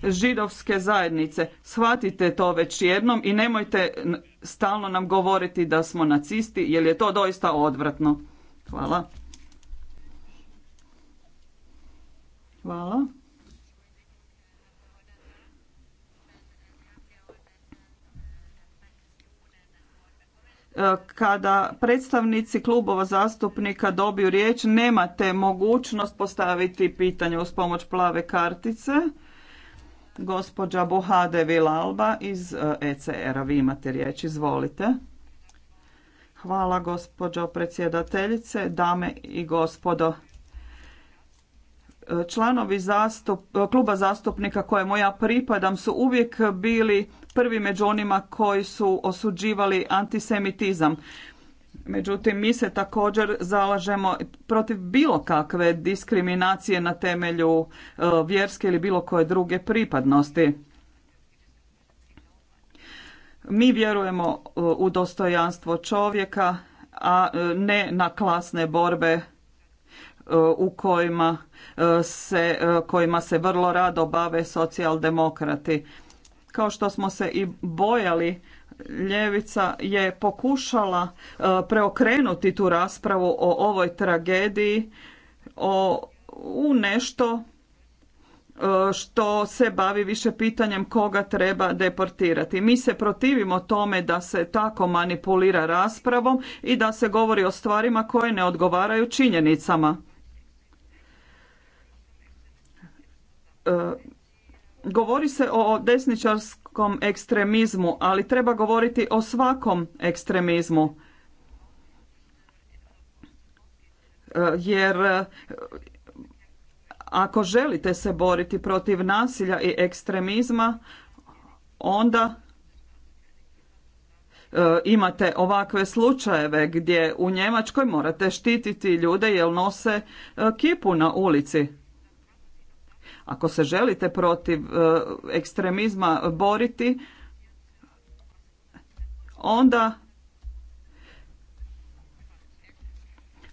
židovske zajednice. Shvatite to već jednom i nemojte stalno nam govoriti da smo nacisti, jer je to doista odvratno. Hvala. Hvala. E, kada predstavnici klubova zastupnika dobiju riječ nemate mogućnost postaviti pitanje uz pomoć plave kartice. Gospođa Buhade Vilalba iz ECR-a, e vi imate riječ, izvolite. Hvala gospođo predsjedateljice, dame i gospodo. Članovi kluba zastupnika kojemu ja pripadam su uvijek bili prvi među onima koji su osuđivali antisemitizam. Međutim, mi se također zalažemo protiv bilo kakve diskriminacije na temelju e, vjerske ili bilo koje druge pripadnosti. Mi vjerujemo e, u dostojanstvo čovjeka, a e, ne na klasne borbe u kojima E, se, e, kojima se vrlo rado bave socijaldemokrati. Kao što smo se i bojali, ljevica je pokušala e, preokrenuti tu raspravu o ovoj tragediji o, u nešto što se bavi više pitanjem koga treba deportirati. Mi se protivimo tome da se tako manipulira raspravom i da se govori o stvarima koje ne odgovaraju činjenicama. E, govori se o desničarskom ekstremizmu, ali treba govoriti o svakom ekstremizmu. E, jer e, ako želite se boriti protiv nasilja i ekstremizma, onda imate ovakve slučajeve gdje u Njemačkoj morate štititi ljude jer nose kipu na ulici. Ako se želite protiv e, ekstremizma boriti, onda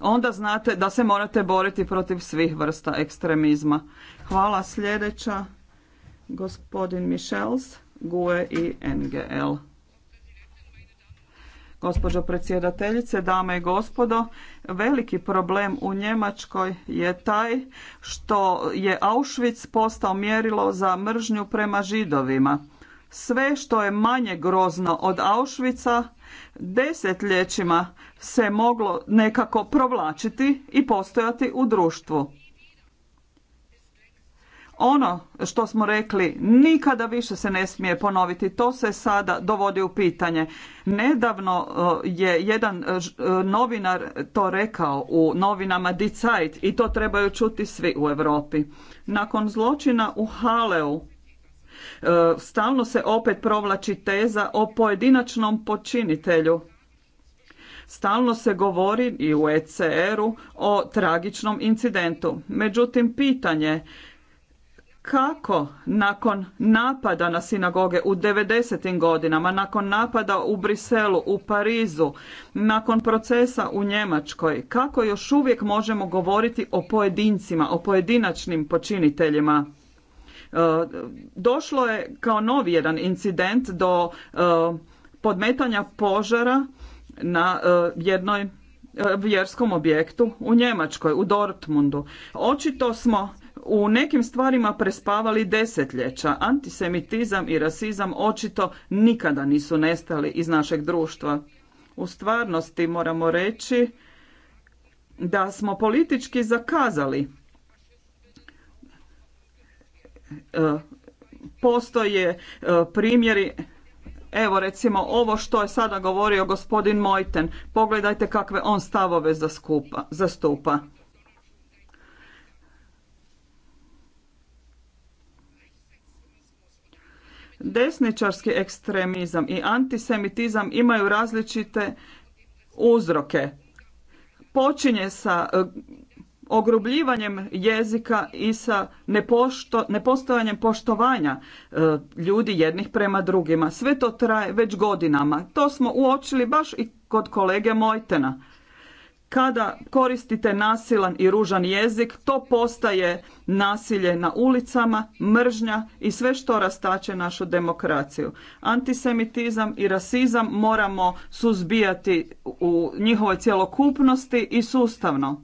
onda znate da se morate boriti protiv svih vrsta ekstremizma. Hvala sljedeća, gospodin Michels, GUE i NGL gospođo predsjedateljice, dame i gospodo. Veliki problem u Njemačkoj je taj što je Auschwitz postao mjerilo za mržnju prema židovima. Sve što je manje grozno od Auschwitza desetljećima se moglo nekako provlačiti i postojati u društvu ono što smo rekli nikada više se ne smije ponoviti, to se sada dovodi u pitanje. Nedavno e, je jedan e, e, novinar to rekao u novinama Die Zeit i to trebaju čuti svi u Europi. Nakon zločina u Haleu stalno se opet provlači teza o pojedinačnom počinitelju. Stalno se govori i u ECR-u o tragičnom incidentu. Međutim, pitanje kako nakon napada na sinagoge u 90. godinama, nakon napada u Briselu, u Parizu, nakon procesa u Njemačkoj, kako još uvijek možemo govoriti o pojedincima, o pojedinačnim počiniteljima? E, došlo je kao novi jedan incident do e, podmetanja požara na e, jednoj vjerskom objektu u Njemačkoj, u Dortmundu. Očito smo u nekim stvarima prespavali desetljeća. Antisemitizam i rasizam očito nikada nisu nestali iz našeg društva. U stvarnosti moramo reći da smo politički zakazali. E, postoje e, primjeri Evo recimo ovo što je sada govorio gospodin Mojten. Pogledajte kakve on stavove zastupa. Desničarski ekstremizam i antisemitizam imaju različite uzroke. Počinje sa e, ogrubljivanjem jezika i sa nepošto, nepostojanjem poštovanja e, ljudi jednih prema drugima. Sve to traje već godinama. To smo uočili baš i kod kolege Mojtena. Kada koristite nasilan i ružan jezik, to postaje nasilje na ulicama, mržnja i sve što rastače našu demokraciju. Antisemitizam i rasizam moramo suzbijati u njihovoj cjelokupnosti i sustavno.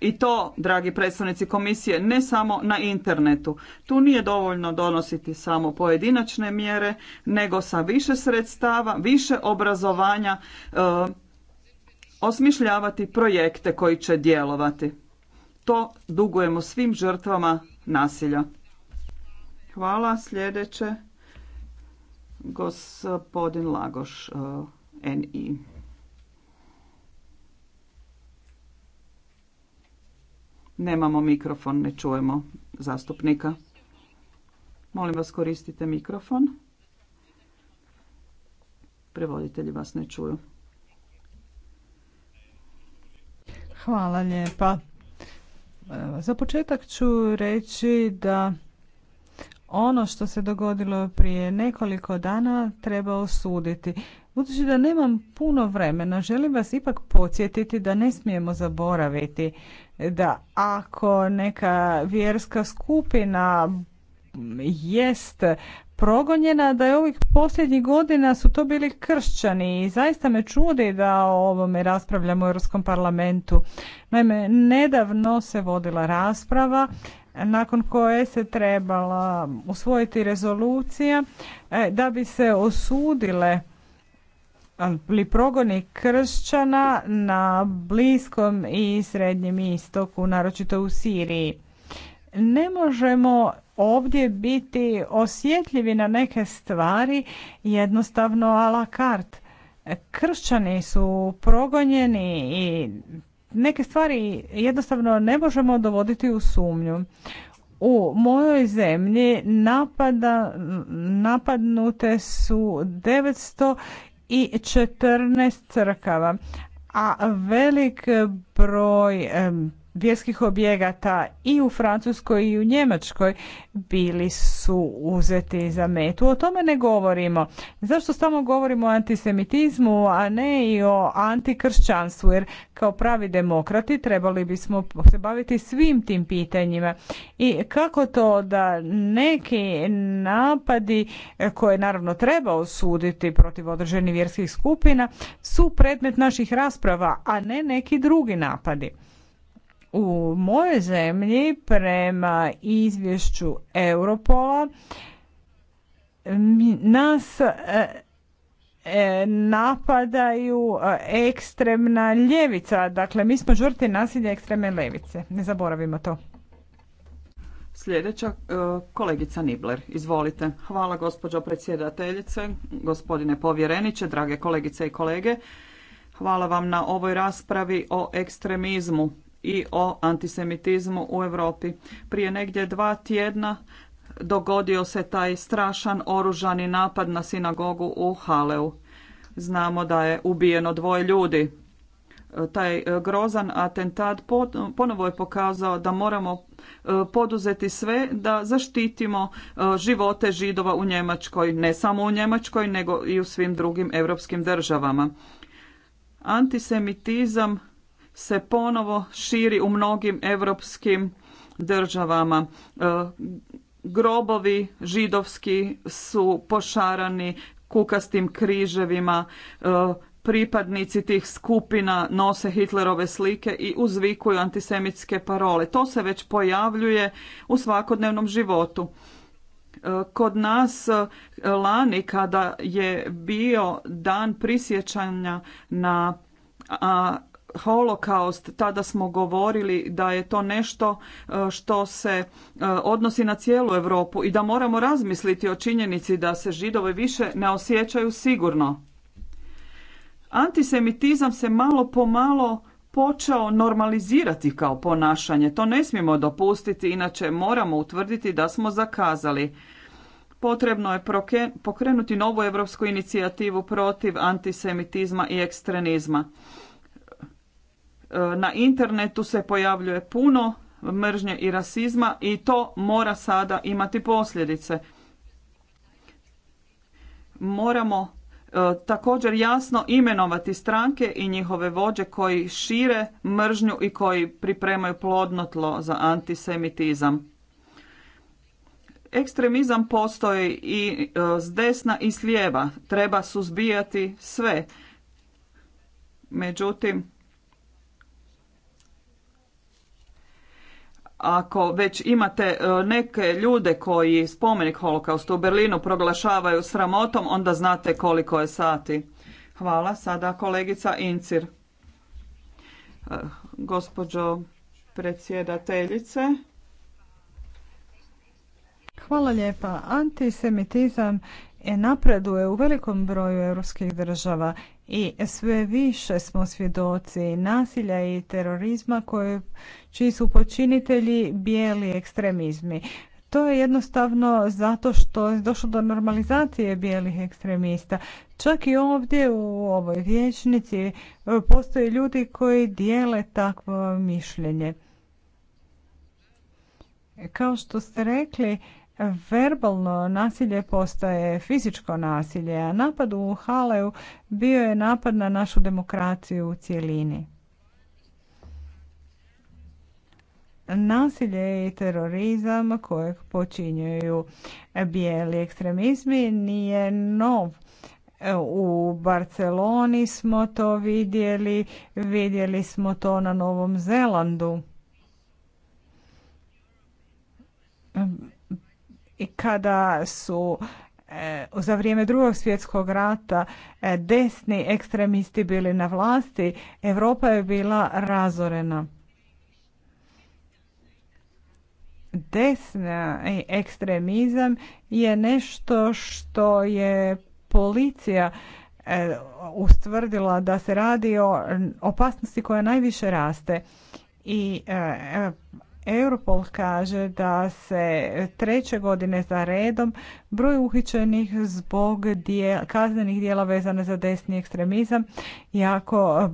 I to, dragi predstavnici komisije, ne samo na internetu. Tu nije dovoljno donositi samo pojedinačne mjere, nego sa više sredstava, više obrazovanja, e, osmišljavati projekte koji će djelovati. To dugujemo svim žrtvama nasilja. Hvala. Sljedeće, gospodin Lagoš, eh, NI. Nemamo mikrofon, ne čujemo zastupnika. Molim vas koristite mikrofon. Prevoditelji vas ne čuju. Hvala lijepa. Za početak ću reći da ono što se dogodilo prije nekoliko dana treba osuditi. Budući da nemam puno vremena, želim vas ipak podsjetiti da ne smijemo zaboraviti da ako neka vjerska skupina jest progonjena, da je ovih posljednjih godina su to bili kršćani i zaista me čudi da o ovome raspravljamo u Europskom parlamentu. Naime, nedavno se vodila rasprava nakon koje se trebala usvojiti rezolucija e, da bi se osudile ali progoni kršćana na Bliskom i Srednjem istoku, naročito u Siriji ne možemo ovdje biti osjetljivi na neke stvari jednostavno a la carte. Kršćani su progonjeni i neke stvari jednostavno ne možemo dovoditi u sumnju. U mojoj zemlji napada, napadnute su 914 crkava, a velik broj vjerskih objekata i u Francuskoj i u Njemačkoj bili su uzeti za metu. O tome ne govorimo. Zašto samo govorimo o antisemitizmu, a ne i o antikršćanstvu? Jer kao pravi demokrati trebali bismo se baviti svim tim pitanjima. I kako to da neki napadi e, koje naravno treba osuditi protiv određenih vjerskih skupina su predmet naših rasprava, a ne neki drugi napadi. U mojoj zemlji prema izvješću Europola nas e, e, napadaju e, ekstremna ljevica. Dakle, mi smo žrtve nasilja ekstremne ljevice. Ne zaboravimo to. Sljedeća kolegica Nibler, izvolite. Hvala gospođo predsjedateljice, gospodine povjereniče, drage kolegice i kolege. Hvala vam na ovoj raspravi o ekstremizmu i o antisemitizmu u Europi. Prije negdje dva tjedna dogodio se taj strašan oružani napad na sinagogu u Haleu. Znamo da je ubijeno dvoje ljudi. Taj e, grozan atentat ponovo je pokazao da moramo e, poduzeti sve da zaštitimo e, živote židova u Njemačkoj, ne samo u Njemačkoj nego i u svim drugim europskim državama. Antisemitizam se ponovo širi u mnogim europskim državama. E, grobovi židovski su pošarani kukastim križevima, e, pripadnici tih skupina nose Hitlerove slike i uzvikuju antisemitske parole. To se već pojavljuje u svakodnevnom životu. E, kod nas lani kada je bio dan prisjećanja na holokaust, tada smo govorili da je to nešto e, što se e, odnosi na cijelu Europu i da moramo razmisliti o činjenici da se židovi više ne osjećaju sigurno. Antisemitizam se malo po malo počeo normalizirati kao ponašanje. To ne smijemo dopustiti, inače moramo utvrditi da smo zakazali. Potrebno je pokrenuti novu europsku inicijativu protiv antisemitizma i ekstremizma. E, na internetu se pojavljuje puno mržnje i rasizma i to mora sada imati posljedice. Moramo e, također jasno imenovati stranke i njihove vođe koji šire mržnju i koji pripremaju plodno tlo za antisemitizam. Ekstremizam postoji i e, s desna i s lijeva. Treba suzbijati sve. Međutim, ako već imate e, neke ljude koji spomenik holokaustu u Berlinu proglašavaju sramotom, onda znate koliko je sati. Hvala. Sada kolegica Incir. E, gospođo predsjedateljice. Hvala lijepa. Antisemitizam napreduje u velikom broju europskih država i sve više smo svjedoci nasilja i terorizma koje, čiji su počinitelji bijeli ekstremizmi. To je jednostavno zato što je došlo do normalizacije bijelih ekstremista. Čak i ovdje u ovoj vječnici e, postoje ljudi koji dijele takvo mišljenje. Kao što ste rekli, verbalno nasilje postaje fizičko nasilje, a napad u Haleju bio je napad na našu demokraciju u cijelini. Nasilje i terorizam kojeg počinjuju bijeli ekstremizmi nije nov. U Barceloni smo to vidjeli, vidjeli smo to na Novom Zelandu i kada su e, za vrijeme drugog svjetskog rata e, desni ekstremisti bili na vlasti, Europa je bila razorena. Desna ekstremizam je nešto što je policija e, ustvrdila da se radi o opasnosti koja najviše raste i Europol kaže da se treće godine za redom broj uhićenih zbog kaznenih dijela vezane za desni ekstremizam jako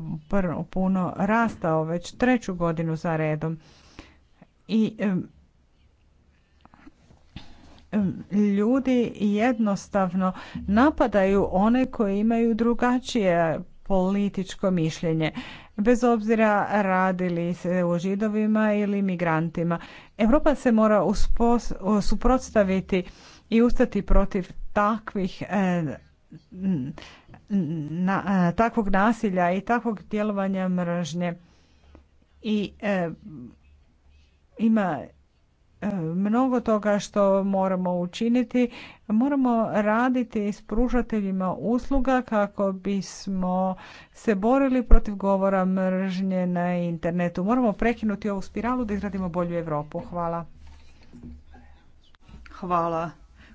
puno rastao već treću godinu za redom. I ljudi jednostavno napadaju one koji imaju drugačije političko mišljenje bez obzira radili se o židovima ili migrantima. Europa se mora suprotstaviti i ustati protiv takvih e, na, e, takvog nasilja i takvog djelovanja mržnje. I e, ima mnogo toga što moramo učiniti. Moramo raditi s pružateljima usluga kako bismo se borili protiv govora mržnje na internetu. Moramo prekinuti ovu spiralu da izradimo bolju Europu. Hvala. Hvala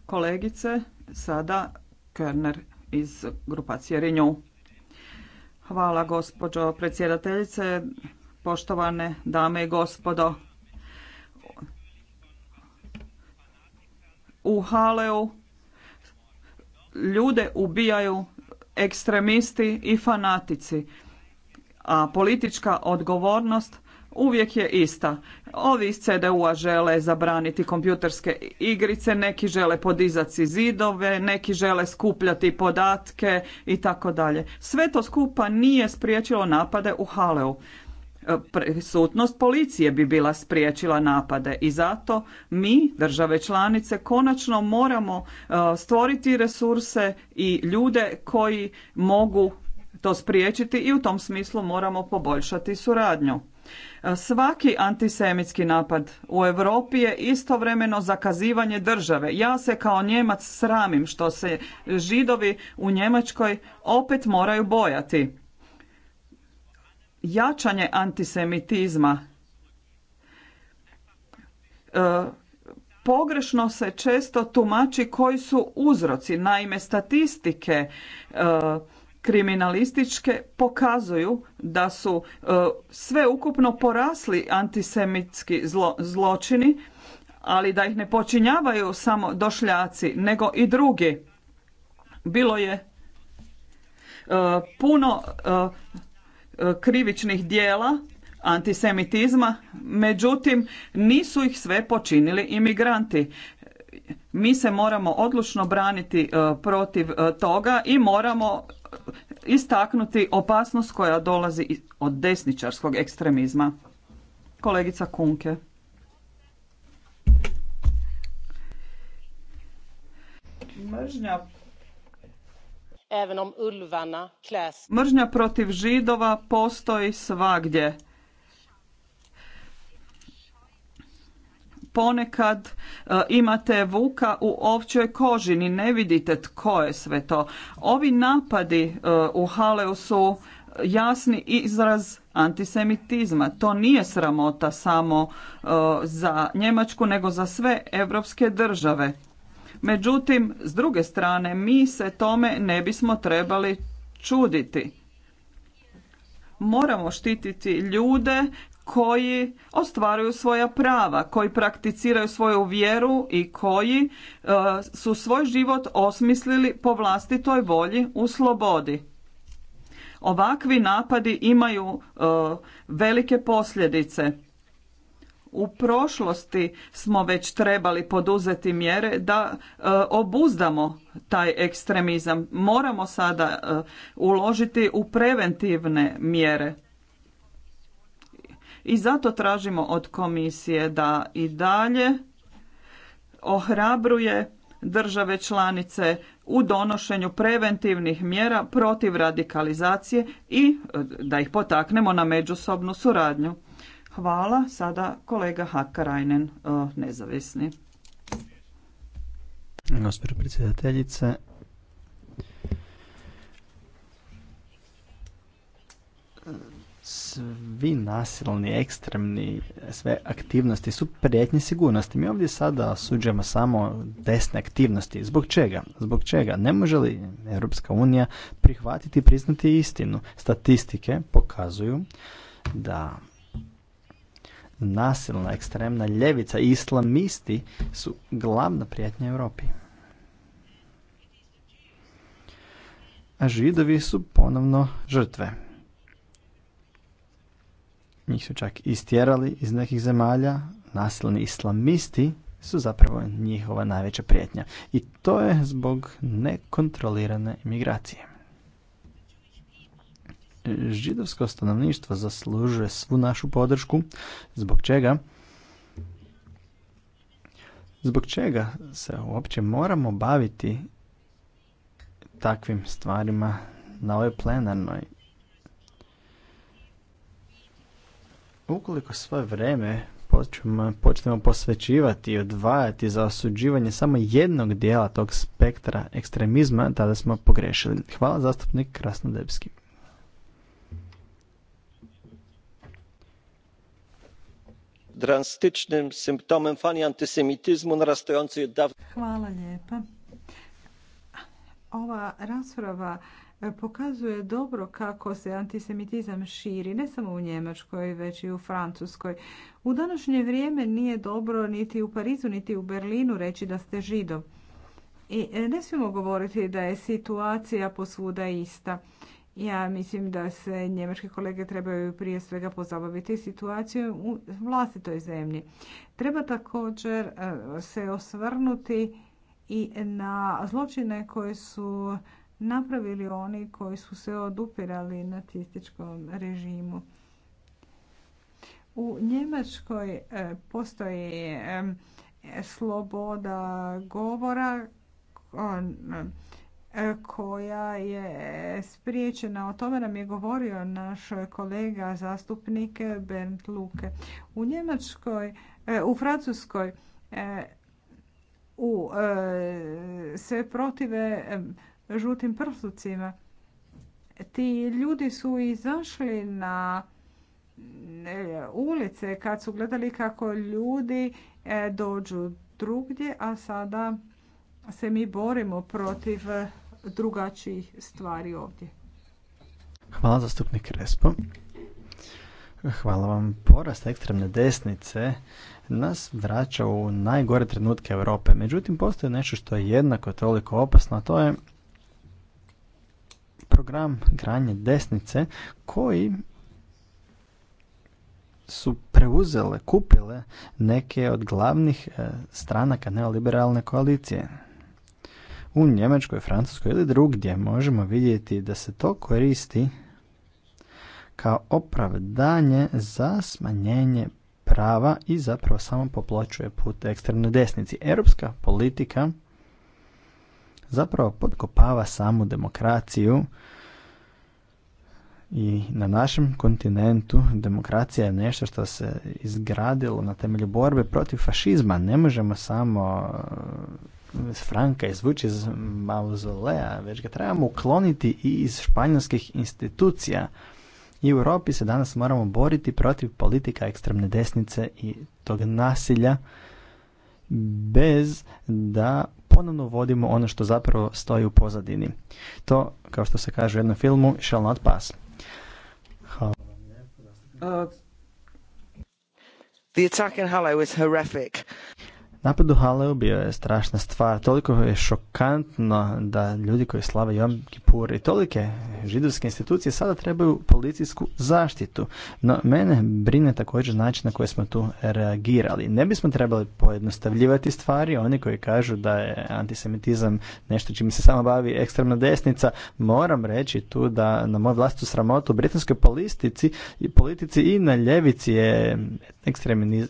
kolegice. Sada Körner iz grupacije Renew. Hvala gospođo predsjedateljice, poštovane dame i gospodo. u Haleu ljude ubijaju ekstremisti i fanatici, a politička odgovornost uvijek je ista. Ovi iz CDU-a žele zabraniti kompjuterske igrice, neki žele podizati zidove, neki žele skupljati podatke i tako dalje. Sve to skupa nije spriječilo napade u Haleu prisutnost policije bi bila spriječila napade i zato mi, države članice, konačno moramo e, stvoriti resurse i ljude koji mogu to spriječiti i u tom smislu moramo poboljšati suradnju. E, svaki antisemitski napad u Europi je istovremeno zakazivanje države. Ja se kao Njemac sramim što se židovi u Njemačkoj opet moraju bojati jačanje antisemitizma e, pogrešno se često tumači koji su uzroci. Naime, statistike e, kriminalističke pokazuju da su e, sve ukupno porasli antisemitski zločini, ali da ih ne počinjavaju samo došljaci, nego i drugi. Bilo je puno krivičnih dijela antisemitizma, međutim nisu ih sve počinili imigranti. Mi se moramo odlučno braniti e, protiv e, toga i moramo e, istaknuti opasnost koja dolazi od desničarskog ekstremizma. Kolegica Kunke. Mržnja Mržnja protiv židova postoji svagdje. ponekad e, imate vuka u ovčoj kožini ne vidite tko je sve to. Ovi napadi e, u Haleu su jasni izraz antisemitizma. To nije sramota samo e, za Njemačku, nego za sve europske države. Međutim, s druge strane, mi se tome ne bismo trebali čuditi. Moramo štititi ljude koji ostvaruju svoja prava, koji prakticiraju svoju vjeru i koji e, su svoj život osmislili po vlastitoj volji u slobodi. Ovakvi napadi imaju e, velike posljedice u prošlosti smo već trebali poduzeti mjere da e, obuzdamo taj ekstremizam. Moramo sada e, uložiti u preventivne mjere. I zato tražimo od komisije da i dalje ohrabruje države članice u donošenju preventivnih mjera protiv radikalizacije i e, da ih potaknemo na međusobnu suradnju. Hvala. Sada kolega Hakarajnen, e, nezavisni. Gospodin predsjedateljice, svi nasilni, ekstremni, sve aktivnosti su prijetnje sigurnosti. Mi ovdje sada suđemo samo desne aktivnosti. Zbog čega? Zbog čega? Ne može li Europska unija prihvatiti i priznati istinu? Statistike pokazuju da nasilna ekstremna ljevica i islamisti su glavna prijetnja Europi. A židovi su ponovno žrtve. Njih su čak istjerali iz nekih zemalja, nasilni islamisti su zapravo njihova najveća prijetnja. I to je zbog nekontrolirane imigracije židovsko stanovništvo zaslužuje svu našu podršku. Zbog čega? Zbog čega se uopće moramo baviti takvim stvarima na ovoj plenarnoj? Ukoliko svoje vreme počnemo, posvećivati i odvajati za osuđivanje samo jednog dijela tog spektra ekstremizma, tada smo pogrešili. Hvala zastupnik Krasnodebski. drastycznym symptomem fali antysemityzmu narastającej od dawna. Ova rasprava pokazuje dobro kako se antisemitizam širi, ne samo u Njemačkoj, već i u Francuskoj. U današnje vrijeme nije dobro niti u Parizu, niti u Berlinu reći da ste židov. I e, ne smijemo govoriti da je situacija posvuda ista. Ja mislim da se njemačke kolege trebaju prije svega pozabaviti situacijom u vlastitoj zemlji. Treba također e, se osvrnuti i na zločine koje su napravili oni koji su se odupirali nacističkom režimu. U Njemačkoj e, postoji e, sloboda govora koja je spriječena. O tome nam je govorio naš kolega zastupnik Bernd Luke. U Njemačkoj, e, u Francuskoj se e, protive žutim prstucima. Ti ljudi su izašli na e, ulice kad su gledali kako ljudi dođu drugdje, a sada se mi borimo protiv drugačijih stvari ovdje. Hvala zastupnik Respo. Hvala vam. Porast ekstremne desnice nas vraća u najgore trenutke Europe. Međutim, postoji nešto što je jednako toliko opasno, a to je program granje desnice koji su preuzele, kupile neke od glavnih e, stranaka neoliberalne koalicije u Njemačkoj, Francuskoj ili drugdje možemo vidjeti da se to koristi kao opravdanje za smanjenje prava i zapravo samo popločuje put ekstremnoj desnici. Europska politika zapravo podkopava samu demokraciju i na našem kontinentu demokracija je nešto što se izgradilo na temelju borbe protiv fašizma. Ne možemo samo iz Franka izvući iz mauzolea, već ga trebamo ukloniti i iz španjolskih institucija. I u Europi se danas moramo boriti protiv politika ekstremne desnice i tog nasilja bez da ponovno vodimo ono što zapravo stoji u pozadini. To, kao što se kaže u jednom filmu, shall not pass. Hvala. Uh, the attack in horrific. Napad u Haleu bio je strašna stvar, toliko je šokantno da ljudi koji slave Jom Kipur i tolike židovske institucije sada trebaju policijsku zaštitu. No, mene brine također način na koji smo tu reagirali. Ne bismo trebali pojednostavljivati stvari, oni koji kažu da je antisemitizam nešto čime se samo bavi ekstremna desnica, moram reći tu da na moju vlastitu sramotu u britanskoj politici, politici i na ljevici je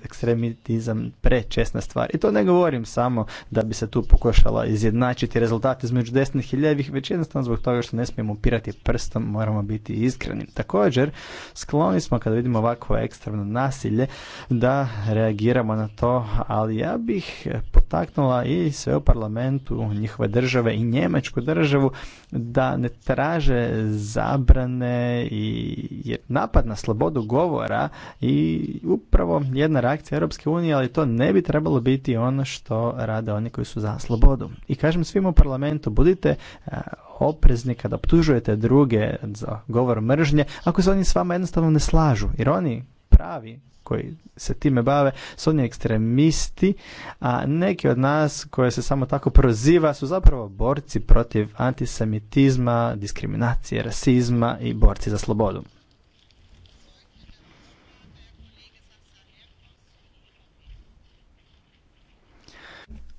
ekstremitizam prečesna stvar i to ne govorim samo da bi se tu pokušala izjednačiti rezultati između desnih i ljevih, već jednostavno zbog toga što ne smijemo upirati prstom, moramo biti iskreni. Također, skloni smo kada vidimo ovako ekstremno nasilje da reagiramo na to, ali ja bih potaknula i sve u parlamentu, njihove države i njemačku državu da ne traže zabrane i napad na slobodu govora i upravo jedna reakcija Europske unije, ali to ne bi trebalo biti i ono što rade oni koji su za slobodu. I kažem svima u parlamentu, budite e, oprezni kada optužujete druge za govor mržnje, ako se oni s vama jednostavno ne slažu. Jer oni pravi koji se time bave su oni ekstremisti, a neki od nas koje se samo tako proziva su zapravo borci protiv antisemitizma, diskriminacije, rasizma i borci za slobodu.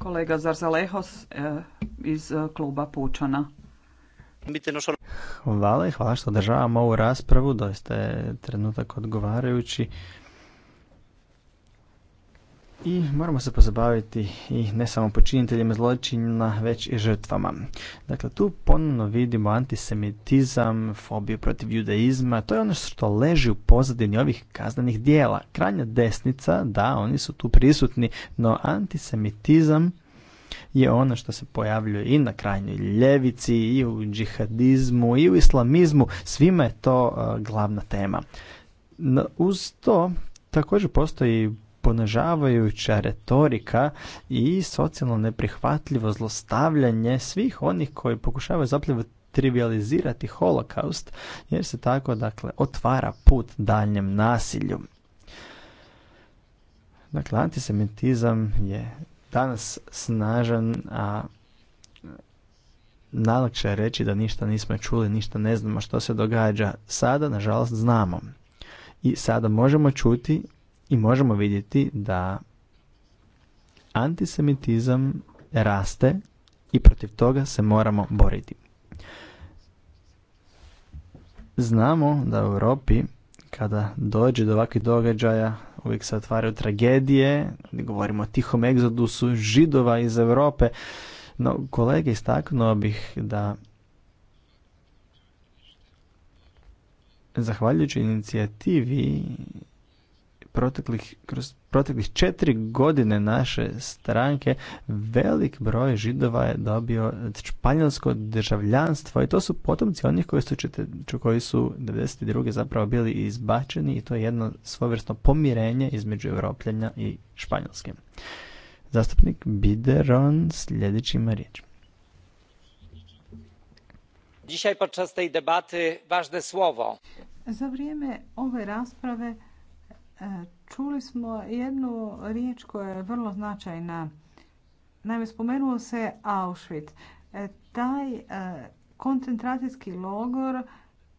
kolega Zarzalehos e, iz e, kluba Pučana. Hvala i hvala što održavamo ovu raspravu, doista je trenutak odgovarajući i moramo se pozabaviti i ne samo počiniteljima zločina, već i žrtvama. Dakle, tu ponovno vidimo antisemitizam, fobiju protiv judaizma, to je ono što leži u pozadini ovih kaznenih dijela. Kranja desnica, da, oni su tu prisutni, no antisemitizam je ono što se pojavljuje i na krajnjoj ljevici, i u džihadizmu, i u islamizmu, svima je to e, glavna tema. Uz to također postoji ponažavajuća retorika i socijalno neprihvatljivo zlostavljanje svih onih koji pokušavaju zapravo trivializirati holokaust jer se tako dakle otvara put daljem nasilju. Dakle, antisemitizam je danas snažan, a najlakše je reći da ništa nismo čuli, ništa ne znamo što se događa. Sada, nažalost, znamo. I sada možemo čuti i možemo vidjeti da antisemitizam raste i protiv toga se moramo boriti. Znamo da u Europi kada dođe do ovakvih događaja uvijek se otvaraju tragedije, govorimo o tihom egzodusu židova iz Europe, no kolege istaknuo bih da zahvaljujući inicijativi proteklih, kroz proteklih četiri godine naše stranke velik broj židova je dobio španjolsko državljanstvo i to su potomci onih koji su, koji su 92. zapravo bili izbačeni i to je jedno svojvrstno pomirenje između Evropljanja i Španjolske. Zastupnik Bideron sljedeći ima riječ. Dzisiaj podczas tej debaty ważne słowo. Za vrijeme ove rasprave Čuli smo jednu riječ koja je vrlo značajna. Naime, spomenuo se Auschwitz. E, taj e, koncentracijski logor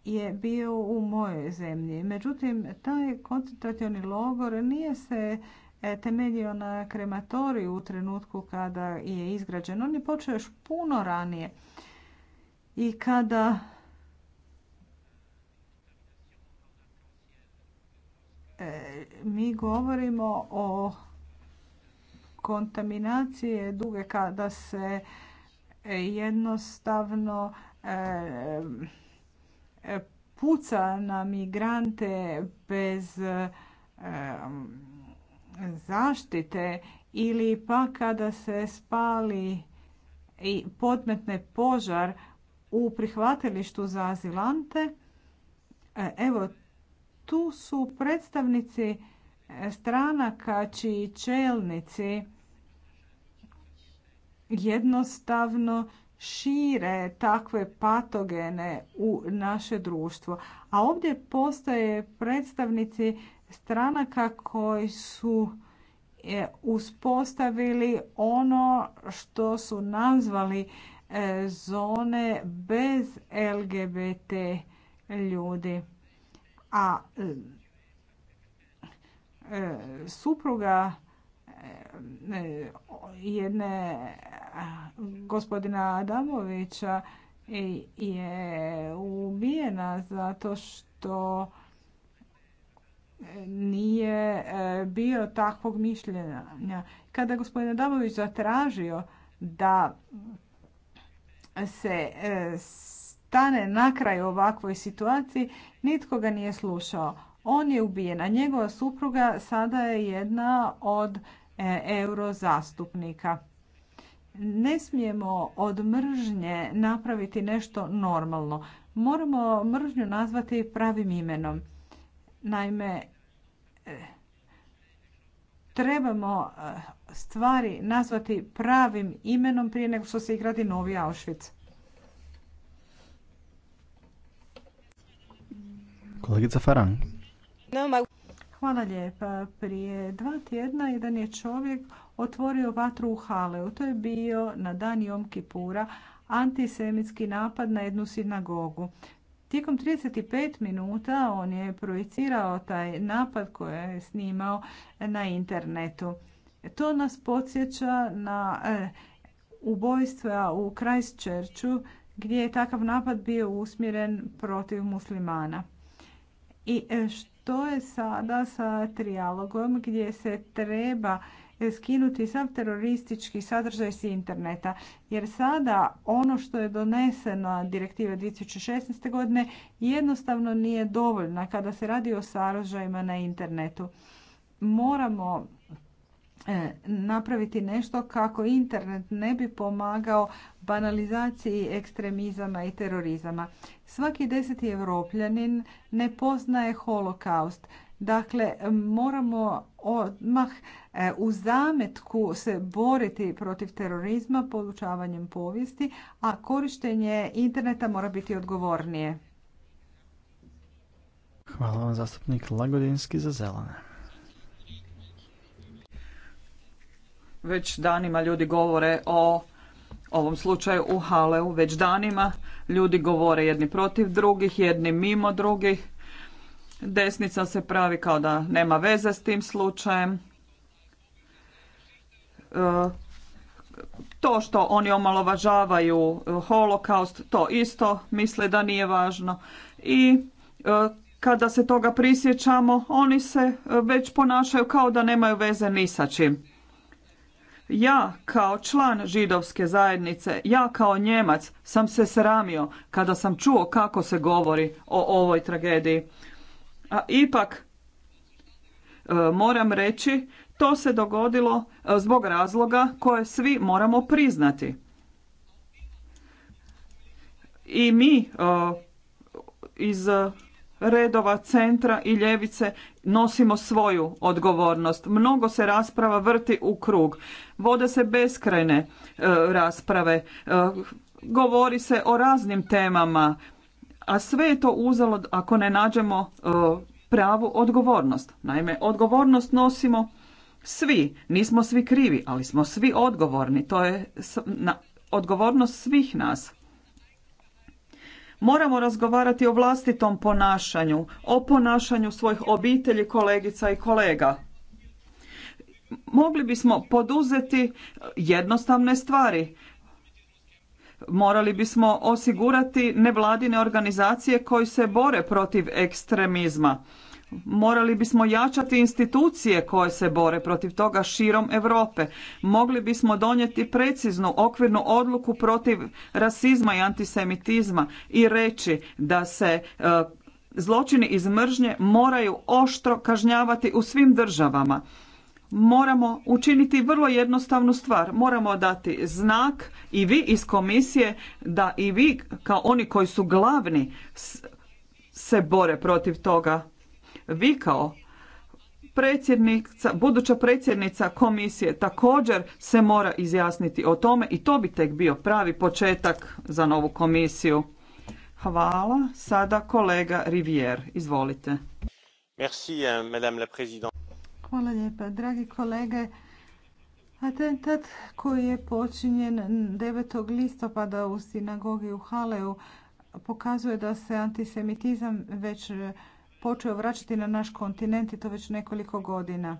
je bio u mojoj zemlji. Međutim, taj koncentracijski logor nije se e, temeljio na krematoriju u trenutku kada je izgrađen. On je počeo još puno ranije. I kada mi govorimo o kontaminacije duge kada se jednostavno e, puca na migrante bez e, zaštite ili pa kada se spali i podmetne požar u prihvatilištu za azilante. E, evo, tu su predstavnici e, stranaka čiji čelnici jednostavno šire takve patogene u naše društvo. A ovdje postoje predstavnici stranaka koji su e, uspostavili ono što su nazvali e, zone bez LGBT ljudi. A e, e, supruga e, jedne gospodina Adamovića je ubijena zato što nije bio takvog mišljenja. Kada je gospodin Adamović zatražio da se stane na kraj ovakvoj situaciji, nitko ga nije slušao. On je ubijen, a njegova supruga sada je jedna od e, euro zastupnika. Ne smijemo od mržnje napraviti nešto normalno. Moramo mržnju nazvati pravim imenom. Naime, e, trebamo e, stvari nazvati pravim imenom prije nego što se igradi novi Auschwitz. Kolegica Farang. Hvala lijepa. Prije dva tjedna jedan je čovjek otvorio vatru u Haleu. To je bio na dan Jom Kipura antisemitski napad na jednu sinagogu. Tijekom 35 minuta on je projicirao taj napad koji je snimao na internetu. To nas podsjeća na eh, ubojstva u Christchurchu gdje je takav napad bio usmjeren protiv muslimana. I e, što je sada sa trijalogom gdje se treba skinuti sav teroristički sadržaj s interneta. Jer sada ono što je doneseno direktive 2016. godine jednostavno nije dovoljna kada se radi o sadržajima na internetu. Moramo E, napraviti nešto kako internet ne bi pomagao banalizaciji ekstremizama i terorizama. Svaki deseti evropljanin ne poznaje holokaust. Dakle, moramo odmah e, u zametku se boriti protiv terorizma podučavanjem povijesti, a korištenje interneta mora biti odgovornije. Hvala vam zastupnik Lagodinski za zelene. Već danima ljudi govore o ovom slučaju u Haleu. Već danima ljudi govore jedni protiv drugih, jedni mimo drugih. Desnica se pravi kao da nema veze s tim slučajem. E, to što oni omalovažavaju e, holokaust, to isto misle da nije važno. I e, kada se toga prisjećamo, oni se već ponašaju kao da nemaju veze ni sa čim. Ja kao član židovske zajednice, ja kao Njemac sam se sramio kada sam čuo kako se govori o ovoj tragediji. A ipak e, moram reći to se dogodilo e, zbog razloga koje svi moramo priznati. I mi e, iz redova centra i ljevice nosimo svoju odgovornost. Mnogo se rasprava vrti u krug. Vode se beskrajne e, rasprave. E, govori se o raznim temama. A sve je to uzalo ako ne nađemo e, pravu odgovornost. Naime, odgovornost nosimo svi. Nismo svi krivi, ali smo svi odgovorni. To je odgovornost svih nas. Moramo razgovarati o vlastitom ponašanju, o ponašanju svojih obitelji, kolegica i kolega. Mogli bismo poduzeti jednostavne stvari. Morali bismo osigurati nevladine organizacije koji se bore protiv ekstremizma Morali bismo jačati institucije koje se bore protiv toga širom Europe. Mogli bismo donijeti preciznu okvirnu odluku protiv rasizma i antisemitizma i reći da se e, zločini iz mržnje moraju oštro kažnjavati u svim državama. Moramo učiniti vrlo jednostavnu stvar. Moramo dati znak i vi iz komisije da i vi kao oni koji su glavni se bore protiv toga vi kao predsjednica, buduća predsjednica komisije također se mora izjasniti o tome i to bi tek bio pravi početak za novu komisiju. Hvala. Sada kolega Rivier. Izvolite. Merci, euh, madame la présidente. Hvala lijepa. Dragi kolege, atentat koji je počinjen 9. listopada u sinagogi u Haleu pokazuje da se antisemitizam već počeo vraćati na naš kontinent i to već nekoliko godina.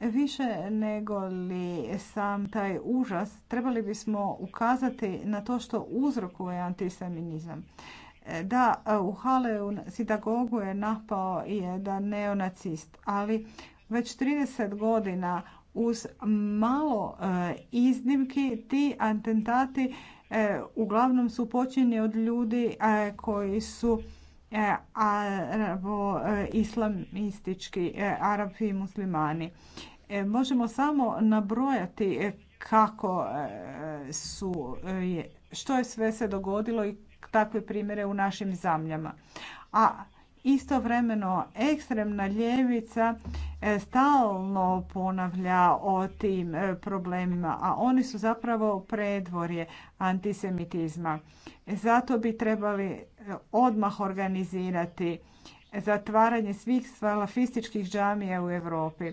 Više nego li sam taj užas, trebali bismo ukazati na to što uzrokuje antiseminizam. Da, u Haleu sinagogu je napao jedan neonacist, ali već 30 godina uz malo e, iznimki ti atentati e, uglavnom su počinjeni od ljudi e, koji su E, e, islamistički e, arapi i muslimani. Možemo samo nabrojati kako su, što je sve se dogodilo i takve primjere u našim zemljama. A istovremeno ekstremna ljevica stalno ponavlja o tim problemima, a oni su zapravo predvorje antisemitizma. Zato bi trebali odmah organizirati zatvaranje svih salafističkih džamija u Europi.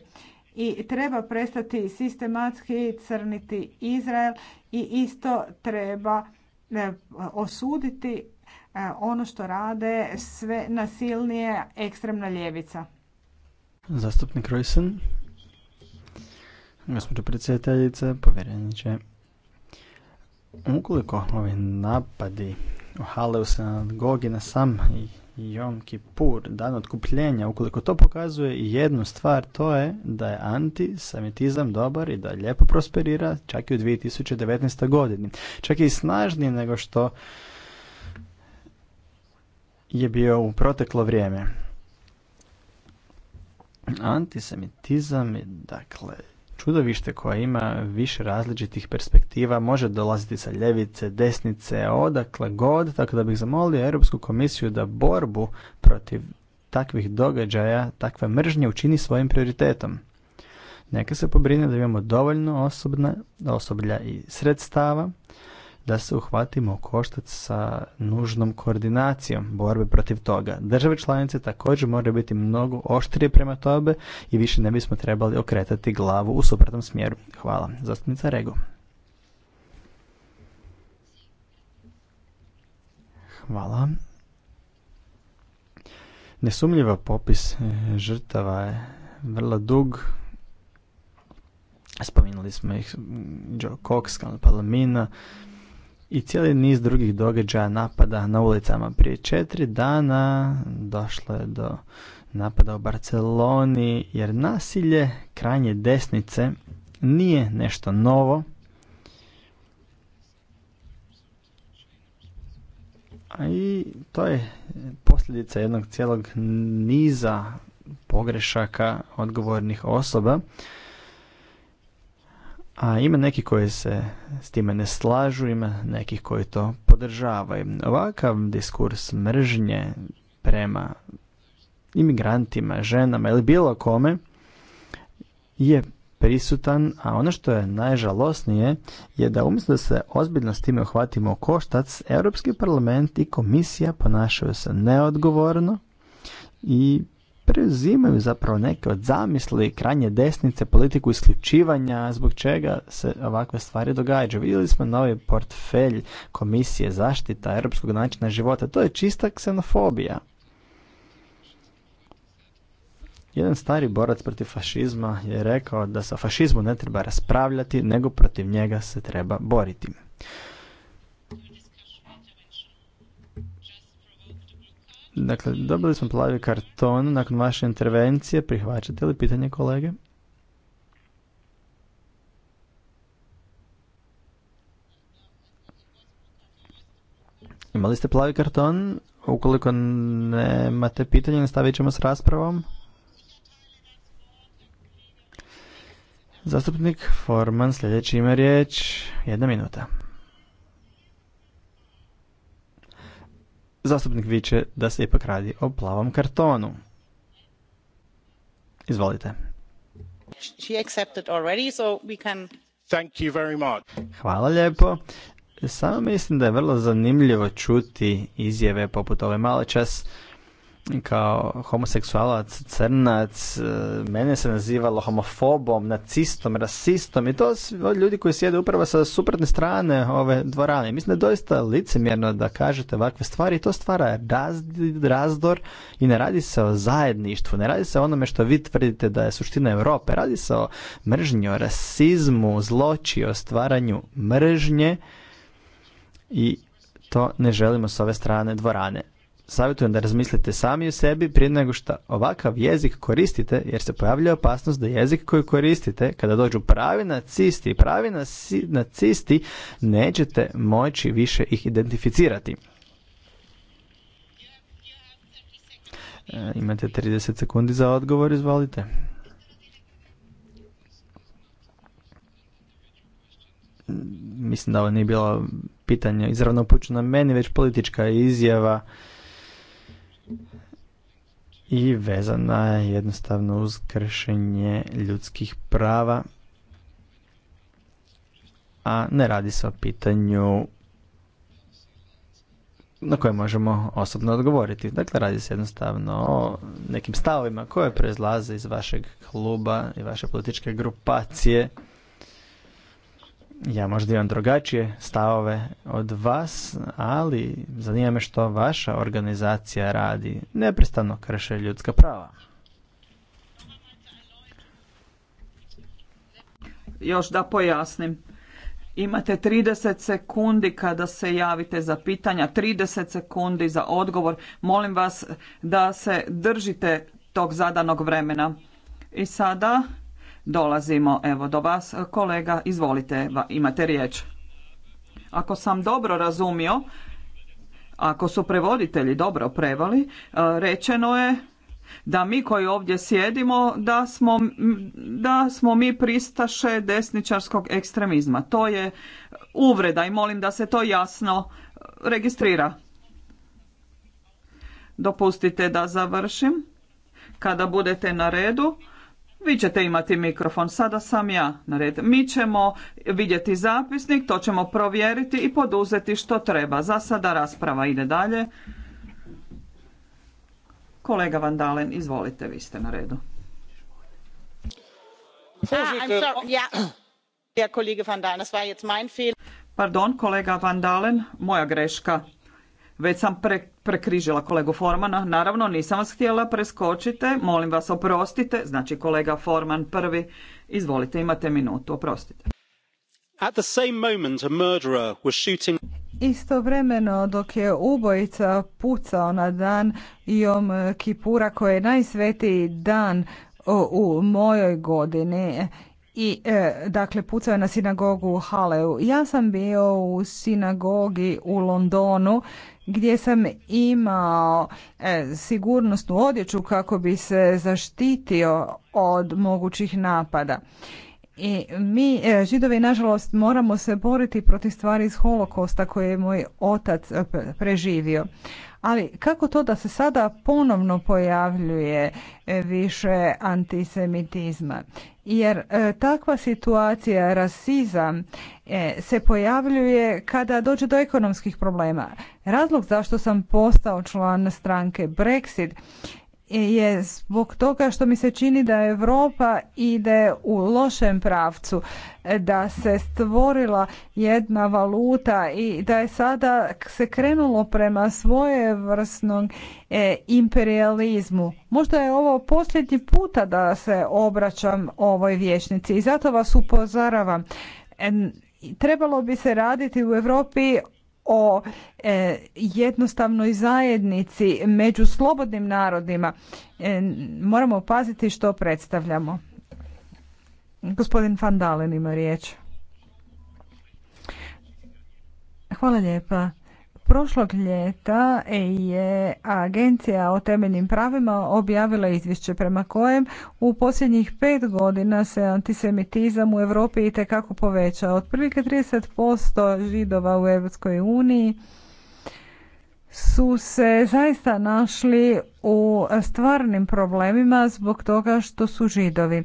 I treba prestati sistematski crniti Izrael i isto treba e, osuditi e, ono što rade sve nasilnije ekstremna ljevica. Zastupnik Rojsen, gospođo predsjedateljice, povjereniče, ukoliko ovi napadi Haleusa Gogi na sam Jom Pur dan otkupljenja, ukoliko to pokazuje jednu stvar, to je da je antisemitizam dobar i da lijepo prosperira čak i u 2019. godini. Čak i snažniji nego što je bio u proteklo vrijeme. Antisemitizam je, dakle, čudovište koje ima više različitih perspektiva, može dolaziti sa ljevice, desnice, odakle god, tako da bih zamolio Europsku komisiju da borbu protiv takvih događaja, takve mržnje učini svojim prioritetom. Neka se pobrine da imamo dovoljno osobna osoblja i sredstava, da se uhvatimo u koštac sa nužnom koordinacijom borbe protiv toga. Države članice također moraju biti mnogo oštrije prema tobe i više ne bismo trebali okretati glavu u suprotnom smjeru. Hvala. Zastupnica Rego. Hvala. Nesumljiva popis e, žrtava je vrlo dug. Spominjali smo ih Joe Cox, Palomina, i cijeli niz drugih događaja napada na ulicama. Prije četiri dana došlo je do napada u Barceloni jer nasilje krajnje desnice nije nešto novo. A i to je posljedica jednog cijelog niza pogrešaka odgovornih osoba a ima neki koji se s time ne slažu, ima nekih koji to podržavaju. Ovakav diskurs mržnje prema imigrantima, ženama ili bilo kome je prisutan, a ono što je najžalosnije je da umjesto da se ozbiljno s time uhvatimo koštac, Europski parlament i komisija ponašaju se neodgovorno i preuzimaju zapravo neke od zamisli krajnje desnice, politiku isključivanja, zbog čega se ovakve stvari događaju. Vidjeli smo novi portfelj Komisije zaštita europskog načina života. To je čista ksenofobija. Jedan stari borac protiv fašizma je rekao da sa fašizmu ne treba raspravljati, nego protiv njega se treba boriti. Dakle, dobili smo plavi karton nakon vaše intervencije. Prihvaćate li pitanje kolege? Imali ste plavi karton? Ukoliko nemate pitanje, nastavit ćemo s raspravom. Zastupnik Forman, sljedeći ima riječ. Jedna minuta. Zastupnik viče da se ipak radi o plavom kartonu. Izvolite. Hvala lijepo. Samo mislim da je vrlo zanimljivo čuti izjave poput ove malo čas kao homoseksualac, crnac, e, mene se nazivalo homofobom, nacistom, rasistom i to ljudi koji sjede upravo sa suprotne strane ove dvorane. Mislim da je doista licemjerno da kažete ovakve stvari i to stvara razdor i ne radi se o zajedništvu, ne radi se o onome što vi tvrdite da je suština Europe, radi se o mržnju, o rasizmu, zloči, o stvaranju mržnje i to ne želimo s ove strane dvorane savjetujem da razmislite sami o sebi prije nego što ovakav jezik koristite, jer se pojavlja opasnost da jezik koji koristite, kada dođu pravi nacisti i pravi nacisti, nećete moći više ih identificirati. E, imate 30 sekundi za odgovor, izvolite. Mislim da ovo nije bilo pitanje izravno upućeno meni, već politička izjava i vezana je jednostavno uz kršenje ljudskih prava, a ne radi se o pitanju na koje možemo osobno odgovoriti. Dakle, radi se jednostavno o nekim stavovima koje proizlaze iz vašeg kluba i vaše političke grupacije ja možda imam drugačije stavove od vas, ali zanima me što vaša organizacija radi. Neprestano krše ljudska prava. Još da pojasnim. Imate 30 sekundi kada se javite za pitanja, 30 sekundi za odgovor. Molim vas da se držite tog zadanog vremena. I sada dolazimo evo do vas. Kolega, izvolite, imate riječ. Ako sam dobro razumio, ako su prevoditelji dobro prevali, e, rečeno je da mi koji ovdje sjedimo da smo, da smo mi pristaše desničarskog ekstremizma. To je uvreda i molim da se to jasno registrira. Dopustite da završim. Kada budete na redu, vi ćete imati mikrofon, sada sam ja na red. Mi ćemo vidjeti zapisnik, to ćemo provjeriti i poduzeti što treba. Za sada rasprava ide dalje. Kolega Vandalen, izvolite, vi ste na redu. Ah, Pardon, kolega Vandalen, moja greška. Već sam pre, prekrižila kolegu Formana, naravno nisam vas htjela, preskočite, molim vas oprostite, znači kolega Forman prvi, izvolite, imate minutu, oprostite. At the same moment a murderer was shooting... Istovremeno dok je ubojica pucao na dan Jom Kipura koji je najsvetiji dan u mojoj godini i e, dakle pucao je na sinagogu u Haleu. Ja sam bio u sinagogi u Londonu gdje sam imao e, sigurnosnu odjeću kako bi se zaštitio od mogućih napada. I mi, e, židovi, nažalost, moramo se boriti protiv stvari iz holokosta koje je moj otac e, preživio. Ali kako to da se sada ponovno pojavljuje e, više antisemitizma? jer e, takva situacija, rasizam, e, se pojavljuje kada dođe do ekonomskih problema. Razlog zašto sam postao član stranke Brexit je zbog toga što mi se čini da Europa ide u lošem pravcu, da se stvorila jedna valuta i da je sada se krenulo prema svojevrsnom e, imperializmu. Možda je ovo posljednji puta da se obraćam ovoj vječnici i zato vas upozoravam. E, trebalo bi se raditi u Europi o e, jednostavnoj zajednici među slobodnim narodima. E, moramo paziti što predstavljamo. Gospodin Van ima riječ. Hvala lijepa. Prošlog ljeta je Agencija o temeljnim pravima objavila izvješće prema kojem u posljednjih pet godina se antisemitizam u Europi itekako povećao. Otprilike 30% židova u Europskoj uniji su se zaista našli u stvarnim problemima zbog toga što su židovi.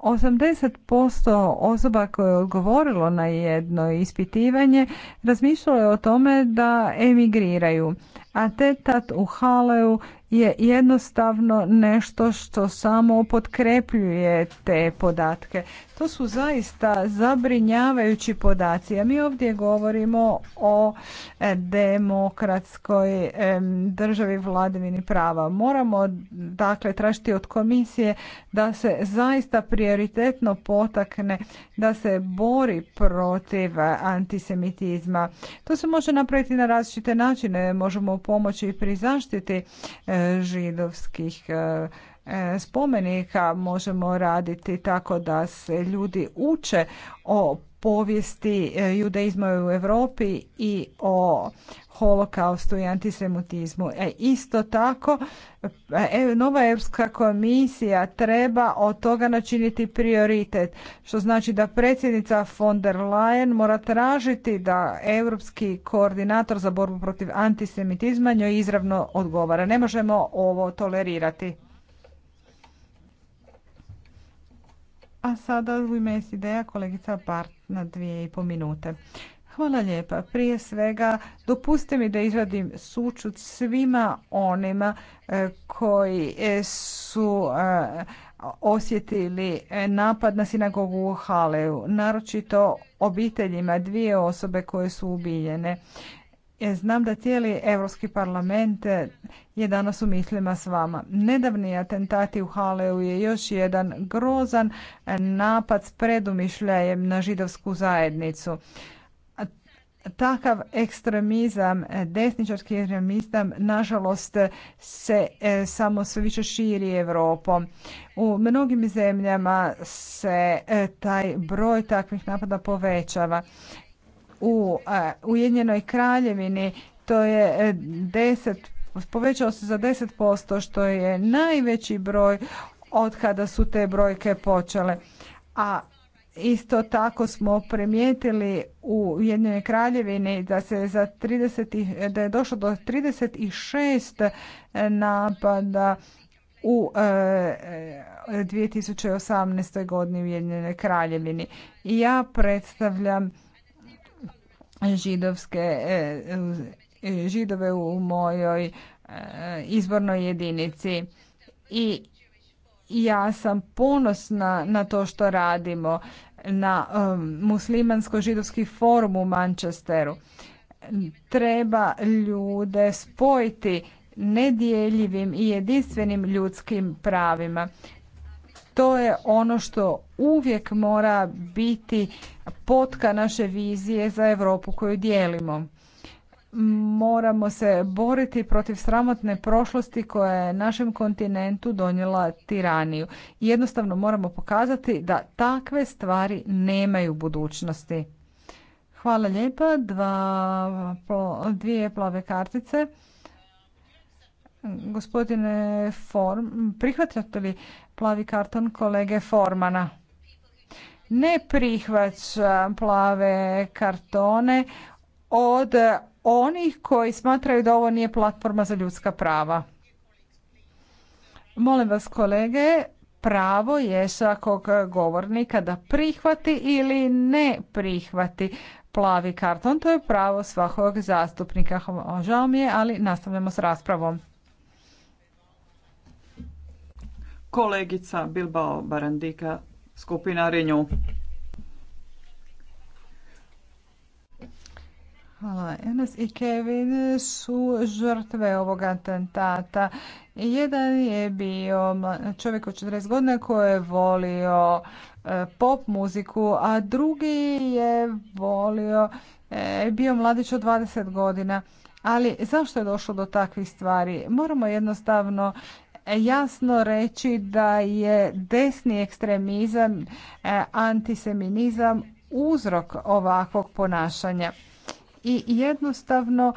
80% osoba koje je odgovorilo na jedno ispitivanje razmišljalo je o tome da emigriraju. Atetat u Haleu je jednostavno nešto što samo potkrepljuje te podatke. To su zaista zabrinjavajući podaci. A mi ovdje govorimo o e, demokratskoj e, državi vladavini prava. Moramo dakle tražiti od komisije da se zaista prioritetno potakne da se bori protiv antisemitizma. To se može napraviti na različite načine. Možemo pomoći pri zaštiti e, židovskih E, spomenika možemo raditi tako da se ljudi uče o povijesti e, judaizma u Europi i o holokaustu i antisemitizmu. E, isto tako, e, nova Europska komisija treba od toga načiniti prioritet, što znači da predsjednica von der Leyen mora tražiti da europski koordinator za borbu protiv antisemitizma njoj izravno odgovara. Ne možemo ovo tolerirati. A sada u ime ideja kolegica Bart na dvije i po minute. Hvala lijepa. Prije svega dopustite mi da izradim sučut svima onima e, koji e, su e, osjetili napad na sinagogu u Haleu, naročito obiteljima dvije osobe koje su ubijene. E, znam da cijeli Europski parlament e, je danas u mislima s vama. Nedavni atentati u Haleu je još jedan grozan e, napad s predumišljajem na židovsku zajednicu. Takav ekstremizam, desničarski ekstremizam, nažalost, se samo sve više širi Evropom. U mnogim zemljama se taj broj takvih napada povećava u Ujedinjenoj kraljevini to je 10, e, povećao se za 10% što je najveći broj od kada su te brojke počele. A isto tako smo primijetili u Ujedinjenoj kraljevini da se za 30, da je došlo do 36 napada u e, 2018. E, godini u Ujedinjenoj kraljevini. I ja predstavljam židovske e, e, židove u mojoj e, izbornoj jedinici i ja sam ponosna na to što radimo na muslimansko-židovski forum u Manchesteru. Treba ljude spojiti nedjeljivim i jedinstvenim ljudskim pravima to je ono što uvijek mora biti potka naše vizije za Europu koju dijelimo. Moramo se boriti protiv sramotne prošlosti koja je našem kontinentu donijela tiraniju. Jednostavno moramo pokazati da takve stvari nemaju budućnosti. Hvala lijepa. Dva, dvije plave kartice. Gospodine Form, prihvatate li plavi karton kolege Formana. Ne prihvaćam plave kartone od onih koji smatraju da ovo nije platforma za ljudska prava. Molim vas kolege, pravo je svakog govornika da prihvati ili ne prihvati plavi karton. To je pravo svakog zastupnika. Žao mi je, ali nastavljamo s raspravom. Kolegica Bilbao Barandika, skupina Renew. Hvala. Enes i Kevin su žrtve ovog atentata. Jedan je bio čovjek od 40 godina koji je volio e, pop muziku, a drugi je volio, e, bio mladić od 20 godina. Ali zašto je došlo do takvih stvari? Moramo jednostavno jasno reći da je desni ekstremizam, e, antiseminizam uzrok ovakvog ponašanja. I jednostavno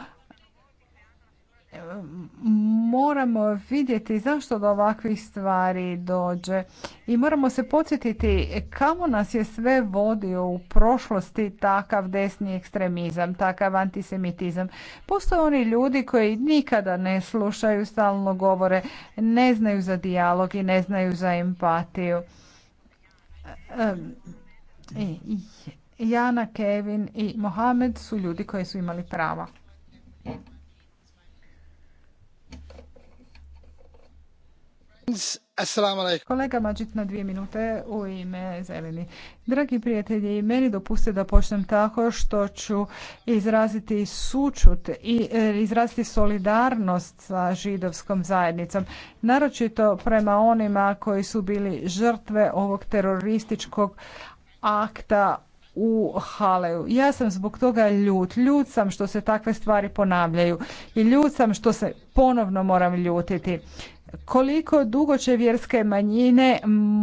moramo vidjeti zašto do ovakvih stvari dođe i moramo se podsjetiti kamo nas je sve vodio u prošlosti takav desni ekstremizam, takav antisemitizam. Postoje oni ljudi koji nikada ne slušaju, stalno govore, ne znaju za dijalog i ne znaju za empatiju. Jana, Kevin i Mohamed su ljudi koji su imali prava. Kolega na dvije minute u ime Zeleni. Dragi prijatelji, meni dopuste da počnem tako što ću izraziti sučut i e, izraziti solidarnost sa židovskom zajednicom, naročito prema onima koji su bili žrtve ovog terorističkog akta u Haleju. Ja sam zbog toga ljut. Ljut sam što se takve stvari ponavljaju i ljut sam što se ponovno moram ljutiti koliko dugo će vjerske manjine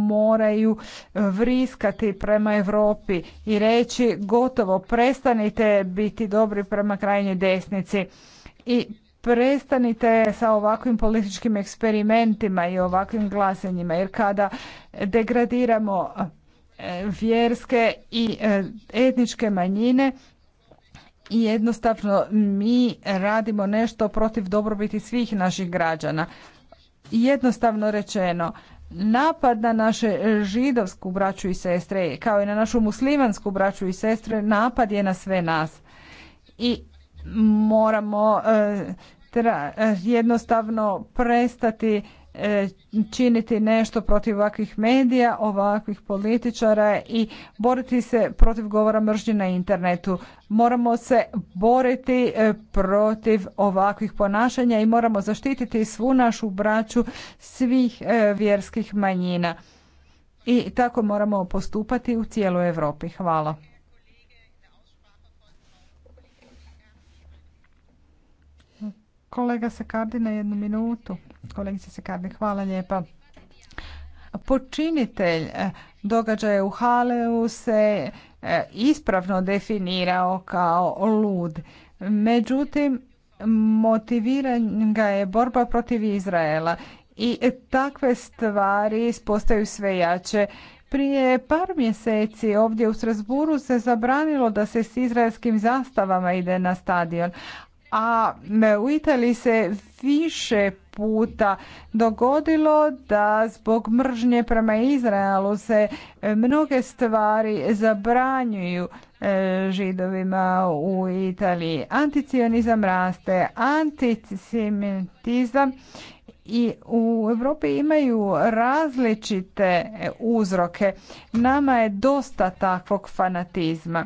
moraju vriskati prema Europi i reći gotovo prestanite biti dobri prema krajnjoj desnici i prestanite sa ovakvim političkim eksperimentima i ovakvim glasanjima jer kada degradiramo e, vjerske i e, etničke manjine i jednostavno mi radimo nešto protiv dobrobiti svih naših građana. Jednostavno rečeno, napad na naše židovsku braću i sestre, kao i na našu muslimansku braću i sestre, napad je na sve nas. I moramo eh, eh, jednostavno prestati E, činiti nešto protiv ovakvih medija, ovakvih političara i boriti se protiv govora mržnje na internetu. Moramo se boriti e, protiv ovakvih ponašanja i moramo zaštititi svu našu braću svih e, vjerskih manjina. I tako moramo postupati u cijeloj Europi. Hvala. Kolega Sekardi na jednu minutu. Kolegice hvala lijepa. Počinitelj eh, događaja u Haleu se eh, ispravno definirao kao lud. Međutim, motiviran ga je borba protiv Izraela i takve stvari postaju sve jače. Prije par mjeseci ovdje u Strasburu se zabranilo da se s izraelskim zastavama ide na stadion, a u Italiji se više puta dogodilo da zbog mržnje prema Izraelu se e, mnoge stvari zabranjuju e, židovima u Italiji. Anticionizam raste, antisemitizam i u Europi imaju različite uzroke. Nama je dosta takvog fanatizma.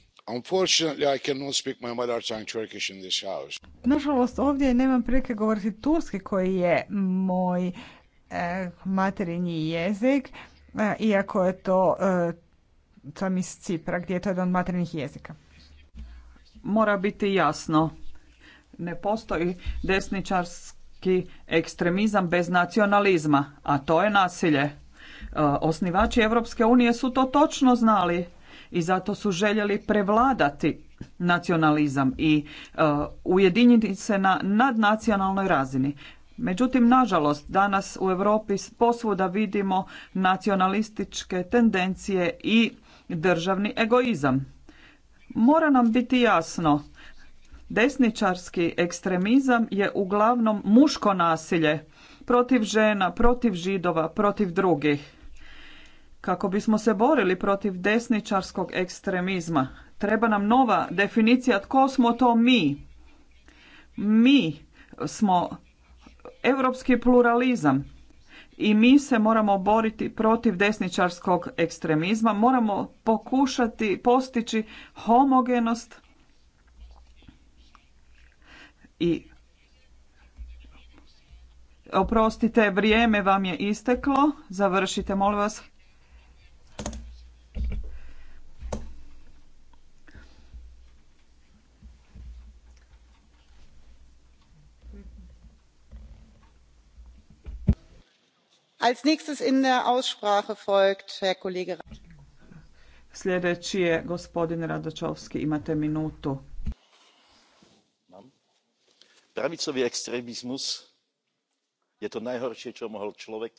Nažalost, ovdje nemam prilike govoriti turski koji je moj eh, materinji jezik, eh, iako je to eh, sam iz Cipra, gdje je to jedan od materinjih jezika. Mora biti jasno, ne postoji desničarski ekstremizam bez nacionalizma, a to je nasilje. Eh, osnivači Europske unije su to točno znali i zato su željeli prevladati nacionalizam i e, ujediniti se na nadnacionalnoj razini. Međutim, nažalost, danas u Europi posvuda vidimo nacionalističke tendencije i državni egoizam. Mora nam biti jasno, desničarski ekstremizam je uglavnom muško nasilje protiv žena, protiv židova, protiv drugih. Kako bismo se borili protiv desničarskog ekstremizma, treba nam nova definicija tko smo to mi. Mi smo europski pluralizam i mi se moramo boriti protiv desničarskog ekstremizma, moramo pokušati postići homogenost i Oprostite, vrijeme vam je isteklo. Završite, molim vas. Als nächstes in der Aussprache Sljedeći je gospodin Radočovski, imate minutu. Pravicový extrémizmus je to najhoršie, čo mohol človek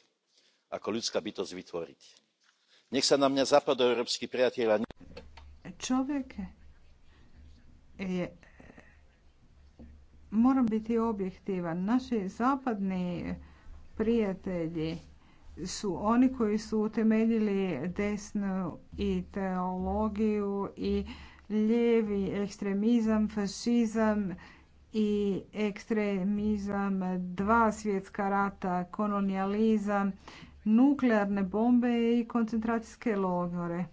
ako ľudská bytosť vytvoriť. Nech sa na mňa západoeurópsky priatelia... Čovjek je moram biti objektivan. Naši zapadni prijatelji su oni koji su utemeljili desnu ideologiju i lijevi ekstremizam, fašizam i ekstremizam dva svjetska rata, kolonijalizam, nuklearne bombe i koncentracijske logore.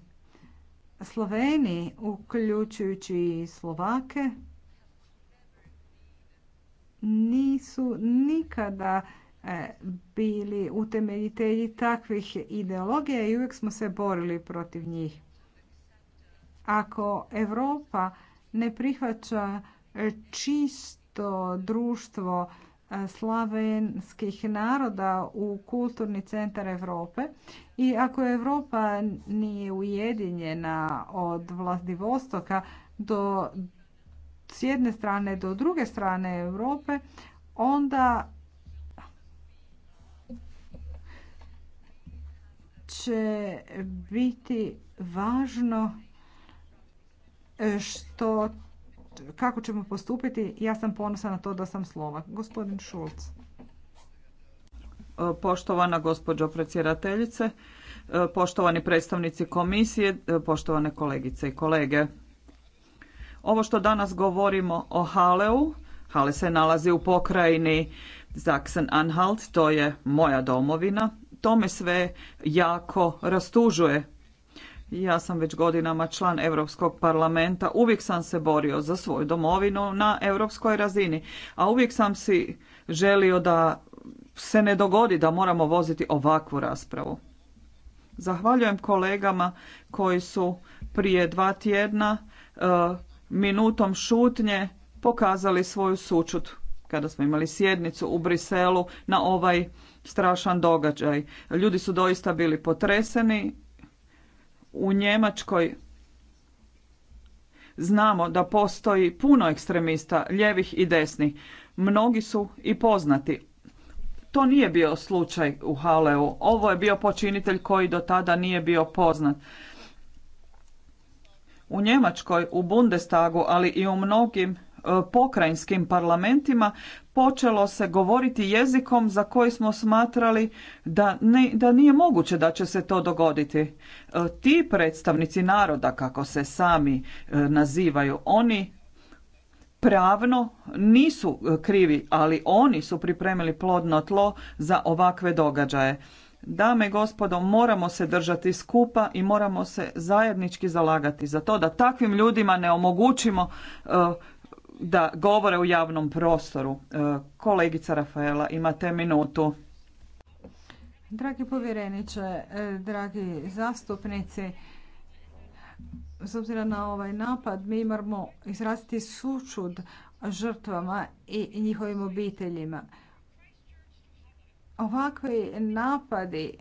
Sloveni, uključujući i Slovake, nisu nikada E, bili utemeljitelji takvih ideologija i uvijek smo se borili protiv njih. Ako Europa ne prihvaća čisto društvo e, slavenskih naroda u kulturni centar Europe i ako Europa nije ujedinjena od Vladivostoka do s jedne strane do druge strane Europe, onda će biti važno e, što, kako ćemo postupiti. Ja sam ponosa na to da sam Slovak. Gospodin Šulc. E, poštovana gospođo predsjedateljice, e, poštovani predstavnici komisije, poštovane kolegice i kolege. Ovo što danas govorimo o Haleu, Hale se nalazi u pokrajini Zaksen-Anhalt, to je moja domovina to me sve jako rastužuje. Ja sam već godinama član Europskog parlamenta, uvijek sam se borio za svoju domovinu na europskoj razini, a uvijek sam si želio da se ne dogodi da moramo voziti ovakvu raspravu. Zahvaljujem kolegama koji su prije dva tjedna e, minutom šutnje pokazali svoju sučut kada smo imali sjednicu u Briselu na ovaj strašan događaj. Ljudi su doista bili potreseni. U Njemačkoj znamo da postoji puno ekstremista, ljevih i desnih. Mnogi su i poznati. To nije bio slučaj u Haleu. Ovo je bio počinitelj koji do tada nije bio poznat. U Njemačkoj, u Bundestagu, ali i u mnogim E, pokrajinskim parlamentima počelo se govoriti jezikom za koji smo smatrali da, ne, da nije moguće da će se to dogoditi. E, ti predstavnici naroda, kako se sami e, nazivaju, oni pravno nisu krivi, ali oni su pripremili plodno tlo za ovakve događaje. Dame i gospodo, moramo se držati skupa i moramo se zajednički zalagati za to da takvim ljudima ne omogućimo da govore u javnom prostoru. E, kolegica Rafaela, imate minutu. Dragi povjereniče, e, dragi zastupnici, s obzirom na ovaj napad, mi moramo izraziti sučud žrtvama i njihovim obiteljima. Ovakvi napadi e,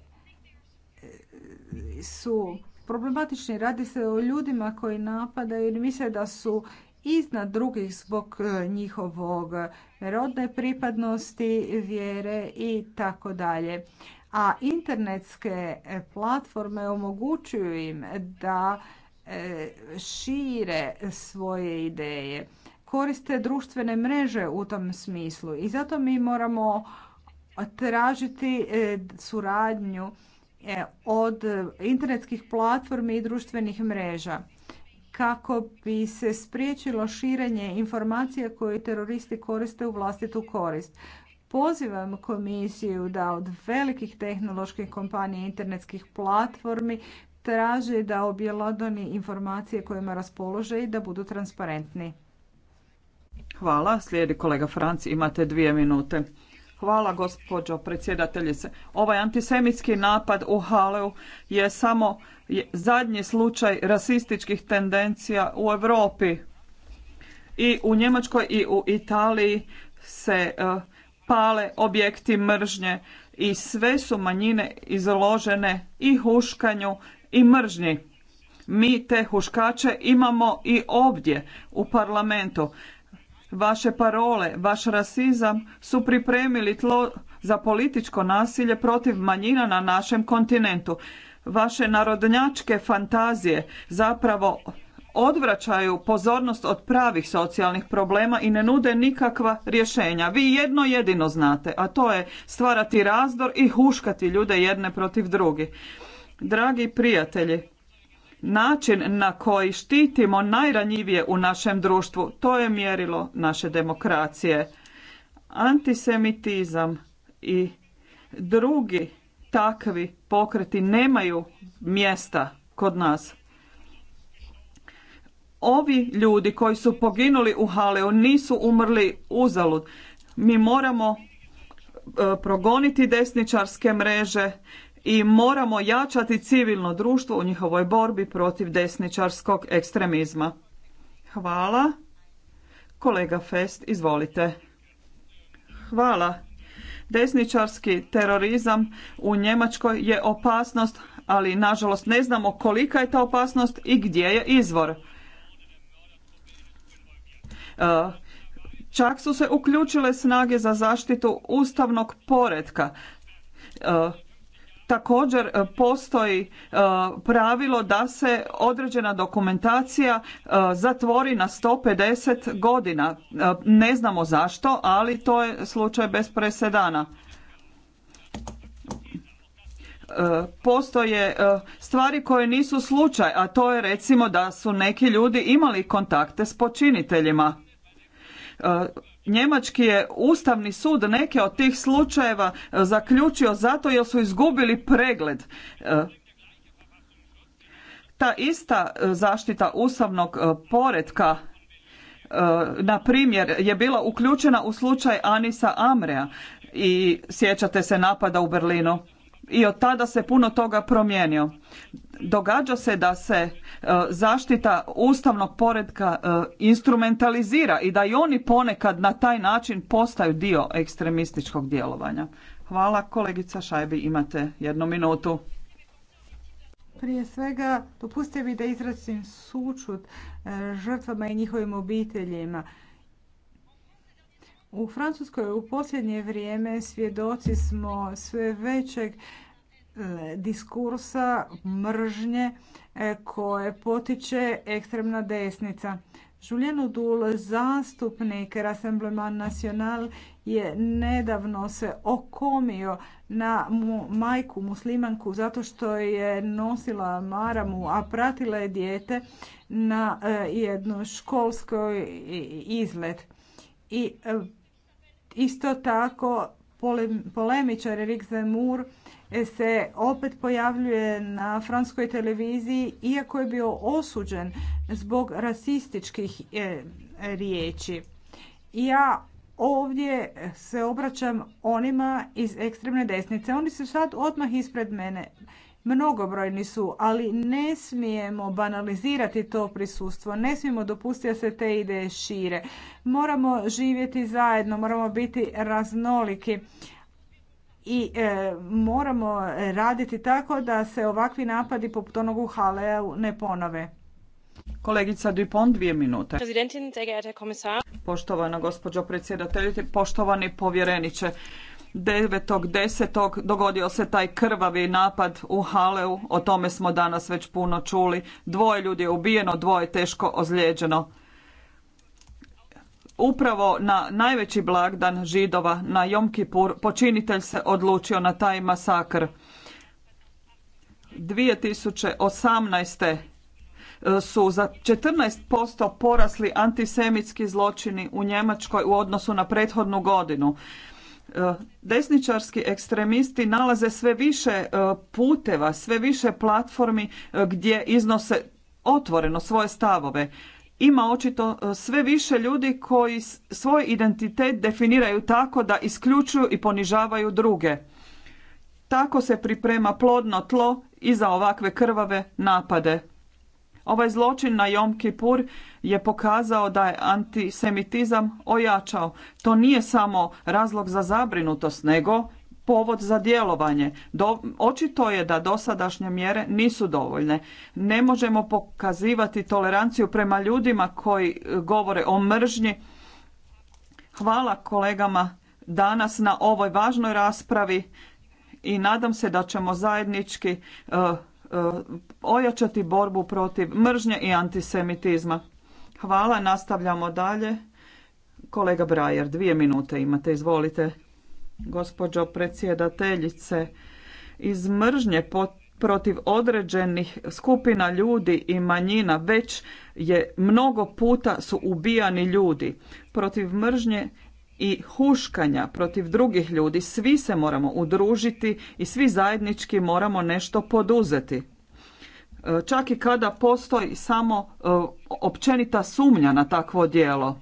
su problematični. Radi se o ljudima koji napadaju i misle da su iznad drugih zbog e, njihovog rodne pripadnosti, vjere i tako dalje. A internetske e, platforme omogućuju im da e, šire svoje ideje. Koriste društvene mreže u tom smislu i zato mi moramo tražiti suradnju od internetskih platformi i društvenih mreža kako bi se spriječilo širenje informacija koje teroristi koriste u vlastitu korist. Pozivam komisiju da od velikih tehnoloških kompanija internetskih platformi traži da objelodani informacije kojima raspolože i da budu transparentni. Hvala. Slijedi kolega Franc, imate dvije minute. Hvala gospođo predsjedateljice. Ovaj antisemitski napad u Haleu je samo zadnji slučaj rasističkih tendencija u Europi. I u Njemačkoj i u Italiji se e, pale objekti mržnje i sve su manjine izložene i huškanju i mržnji. Mi te huškače imamo i ovdje u parlamentu. Vaše parole, vaš rasizam su pripremili tlo za političko nasilje protiv manjina na našem kontinentu vaše narodnjačke fantazije zapravo odvraćaju pozornost od pravih socijalnih problema i ne nude nikakva rješenja. Vi jedno jedino znate, a to je stvarati razdor i huškati ljude jedne protiv drugih. Dragi prijatelji, način na koji štitimo najranjivije u našem društvu, to je mjerilo naše demokracije. Antisemitizam i drugi takvi pokreti nemaju mjesta kod nas. Ovi ljudi koji su poginuli u Haleo nisu umrli uzalud. Mi moramo e, progoniti desničarske mreže i moramo jačati civilno društvo u njihovoj borbi protiv desničarskog ekstremizma. Hvala. Kolega Fest, izvolite. Hvala. Desničarski terorizam u Njemačkoj je opasnost, ali nažalost ne znamo kolika je ta opasnost i gdje je izvor. E, čak su se uključile snage za zaštitu ustavnog poretka e, Također e, postoji e, pravilo da se određena dokumentacija e, zatvori na 150 godina. Ne znamo zašto, ali to je slučaj bez presedana postoje stvari koje nisu slučaj, a to je recimo da su neki ljudi imali kontakte s počiniteljima. Njemački je Ustavni sud neke od tih slučajeva e, zaključio zato jer su izgubili pregled. E, ta ista e, zaštita ustavnog poretka na primjer je bila uključena u slučaj Anisa Amrea i sjećate se napada u Berlinu i od tada se puno toga promijenio. Događa se da se e, zaštita ustavnog poredka e, instrumentalizira i da i oni ponekad na taj način postaju dio ekstremističkog djelovanja. Hvala kolegica Šajbi, imate jednu minutu. Prije svega, dopustite mi da izrazim sučut e, žrtvama i njihovim obiteljima. U Francuskoj u posljednje vrijeme svjedoci smo sve većeg e, diskursa mržnje e, koje potiče ekstremna desnica. Julien Dul, zastupnik Rassemblement National, je nedavno se okomio na mu, majku muslimanku zato što je nosila maramu, a pratila je dijete na e, jedno školskoj izlet. I Isto tako polemičar Eric Zemmour e, se opet pojavljuje na francuskoj televiziji iako je bio osuđen zbog rasističkih e, riječi. Ja ovdje se obraćam onima iz ekstremne desnice. Oni su sad odmah ispred mene mnogobrojni su, ali ne smijemo banalizirati to prisustvo, ne smijemo dopustiti da se te ideje šire. Moramo živjeti zajedno, moramo biti raznoliki i e, moramo raditi tako da se ovakvi napadi poput onog u Haleu ne ponove. Kolegica Dupont, dvije minute. Poštovana gospođo predsjedateljice, poštovani povjereniče, 9.10. dogodio se taj krvavi napad u Haleu, o tome smo danas već puno čuli. Dvoje ljudi je ubijeno, dvoje teško ozlijeđeno. Upravo na najveći blagdan židova, na Jom Kipur, počinitelj se odlučio na taj masakr. 2018 e, su za 14% porasli antisemitski zločini u Njemačkoj u odnosu na prethodnu godinu. E, desničarski ekstremisti nalaze sve više e, puteva, sve više platformi e, gdje iznose otvoreno svoje stavove. Ima očito sve više ljudi koji svoj identitet definiraju tako da isključuju i ponižavaju druge. Tako se priprema plodno tlo i za ovakve krvave napade. Ovaj zločin na Jom Kipur je pokazao da je antisemitizam ojačao. To nije samo razlog za zabrinutost, nego povod za djelovanje. očito je da dosadašnje mjere nisu dovoljne. Ne možemo pokazivati toleranciju prema ljudima koji govore o mržnji. Hvala kolegama danas na ovoj važnoj raspravi i nadam se da ćemo zajednički e, e, ojačati borbu protiv mržnje i antisemitizma. Hvala, nastavljamo dalje. Kolega Brajer, dvije minute imate, izvolite. Gospođo predsjedateljice, iz mržnje protiv određenih skupina ljudi i manjina već je mnogo puta su ubijani ljudi protiv mržnje i huškanja protiv drugih ljudi svi se moramo udružiti i svi zajednički moramo nešto poduzeti čak i kada postoji samo e, općenita sumnja na takvo djelo.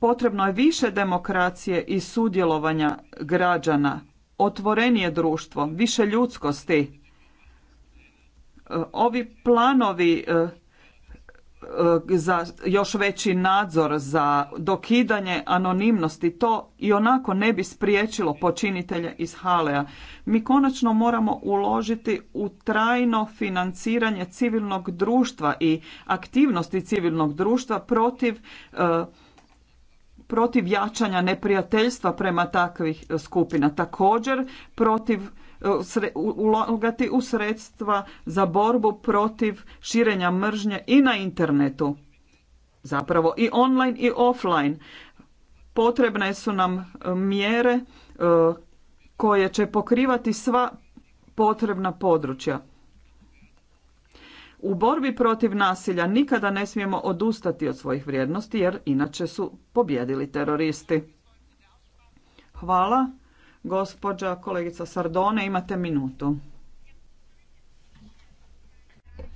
Potrebno je više demokracije i sudjelovanja građana, otvorenije društvo, više ljudskosti. E, ovi planovi e, E, za još veći nadzor za dokidanje anonimnosti to i onako ne bi spriječilo počinitelje iz Halea. Mi konačno moramo uložiti u trajno financiranje civilnog društva i aktivnosti civilnog društva protiv e, protiv jačanja neprijateljstva prema takvih skupina. Također protiv E, ulagati u sredstva za borbu protiv širenja mržnje i na internetu. Zapravo i online i offline. Potrebne su nam e, mjere e, koje će pokrivati sva potrebna područja. U borbi protiv nasilja nikada ne smijemo odustati od svojih vrijednosti jer inače su pobjedili teroristi. Hvala. Gospođa kolegica Sardone, imate minutu.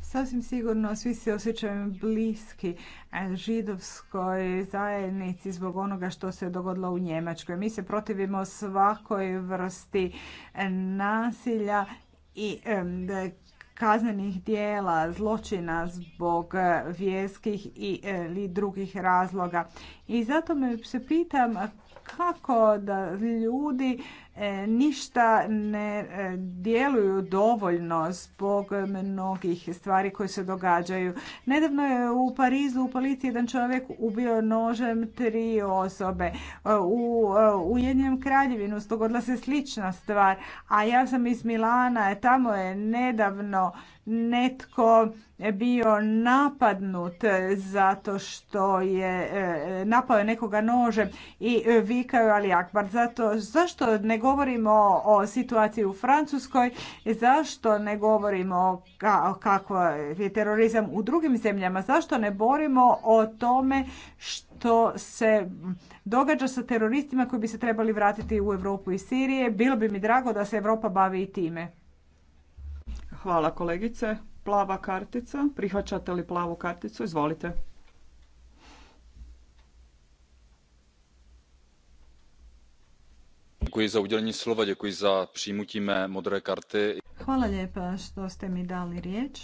Sasvim sigurno svi se osjećaju bliski židovskoj zajednici zbog onoga što se dogodilo u Njemačkoj. Mi se protivimo svakoj vrsti nasilja i kaznenih dijela, zločina zbog eh, vjerskih eh, ili drugih razloga. I zato me se pitam kako da ljudi e, ništa ne e, djeluju dovoljno zbog mnogih stvari koje se događaju. Nedavno je u Parizu u policiji jedan čovjek ubio nožem tri osobe. E, u jednom kraljevinu dogodila se slična stvar, a ja sam iz Milana, tamo je nedavno netko bio napadnut zato što je e, napao nekoga nožem i e, vikaju Ali Akbar. Zato, zašto ne govorimo o situaciji u Francuskoj? Zašto ne govorimo ka, kako je terorizam u drugim zemljama? Zašto ne borimo o tome što se događa sa teroristima koji bi se trebali vratiti u Europu i Sirije? Bilo bi mi drago da se Europa bavi i time. Hvala kolegice. Plava kartica. Prihvaćate li plavu karticu? Izvolite. za za Hvala lijepa što ste mi dali riječ.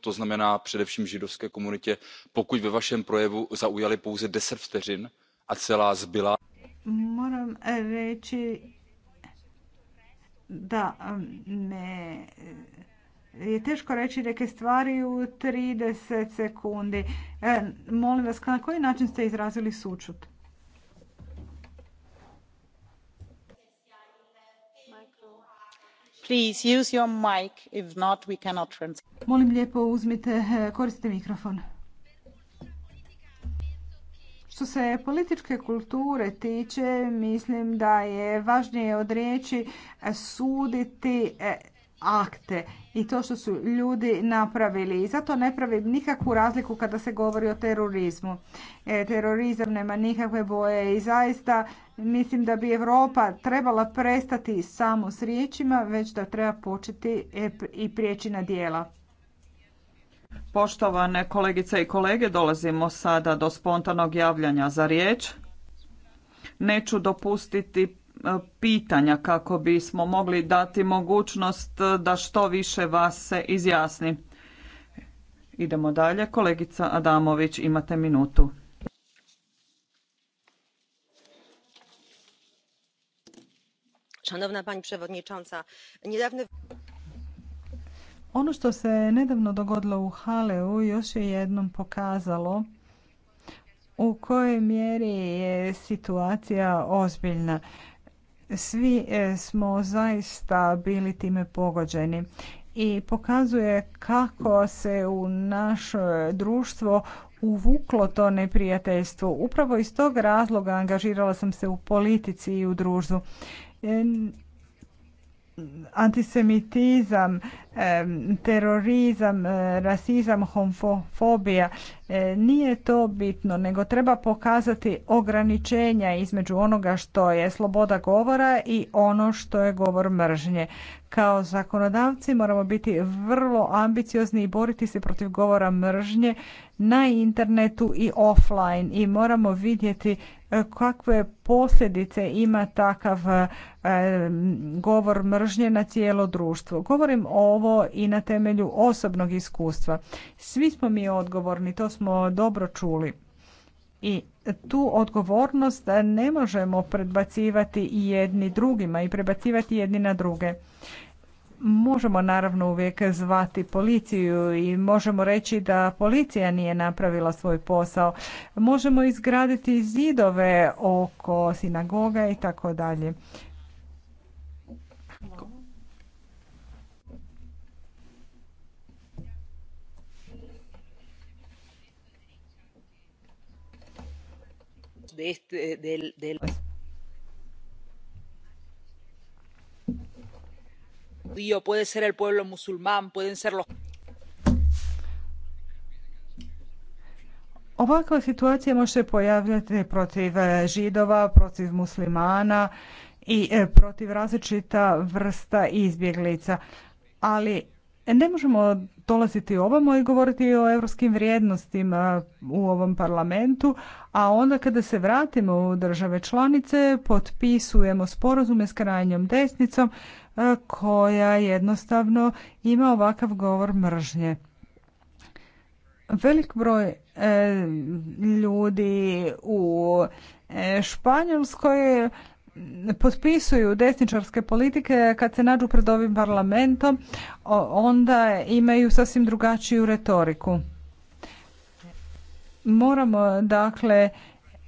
to znamená především židovské komunitě pokud ve vašem projevu zaujali pouze ten vteřin a celá zbylá. moram eh, reći da mm, me eh, je teško reći neke stvari u 30 sekundi. E, molim vas, na koji način ste izrazili sučut? Molim lijepo uzmite, eh, koristite mikrofon. Što se političke kulture tiče, mislim da je važnije od riječi eh, suditi eh, akte i to što su ljudi napravili. I zato ne pravim nikakvu razliku kada se govori o terorizmu. E, terorizam nema nikakve boje i zaista mislim da bi Europa trebala prestati samo s riječima, već da treba početi e, i prijeći na dijela. Poštovane kolegice i kolege, dolazimo sada do spontanog javljanja za riječ. Neću dopustiti pitanja kako bismo mogli dati mogućnost eh, da što više vas se izjasni. Idemo dalje. Kolegica Adamović, imate minutu. Szanowna pani ono što se nedavno dogodilo u Haleu još je jednom pokazalo u kojoj mjeri je situacija ozbiljna. Svi e, smo zaista bili time pogođeni i pokazuje kako se u naše društvo uvuklo to neprijateljstvo. Upravo iz tog razloga angažirala sam se u politici i u društvu. E, antisemitizam, terorizam, rasizam, homofobija. E, nije to bitno, nego treba pokazati ograničenja između onoga što je sloboda govora i ono što je govor mržnje. Kao zakonodavci moramo biti vrlo ambiciozni i boriti se protiv govora mržnje na internetu i offline i moramo vidjeti e, kakve posljedice ima takav e, govor mržnje na cijelo društvo. Govorim ovo i na temelju osobnog iskustva. Svi smo mi odgovorni, to smo dobro čuli. I tu odgovornost ne možemo predbacivati jedni drugima i prebacivati jedni na druge. Možemo naravno uvijek zvati policiju i možemo reći da policija nije napravila svoj posao. Možemo izgraditi zidove oko sinagoga i tako dalje. de este, del, del puede ser el pueblo musulmán pueden ser los Ovakva situacija može pojavljati protiv eh, židova, protiv muslimana i eh, protiv različita vrsta izbjeglica. Ali ne možemo dolaziti ovamo i govoriti o europskim vrijednostima u ovom parlamentu, a onda kada se vratimo u države članice potpisujemo sporazume s krajnjom desnicom e, koja jednostavno ima ovakav govor mržnje. Velik broj e, ljudi u e, Španjolskoj potpisuju desničarske politike kad se nađu pred ovim parlamentom onda imaju sasvim drugačiju retoriku. Moramo dakle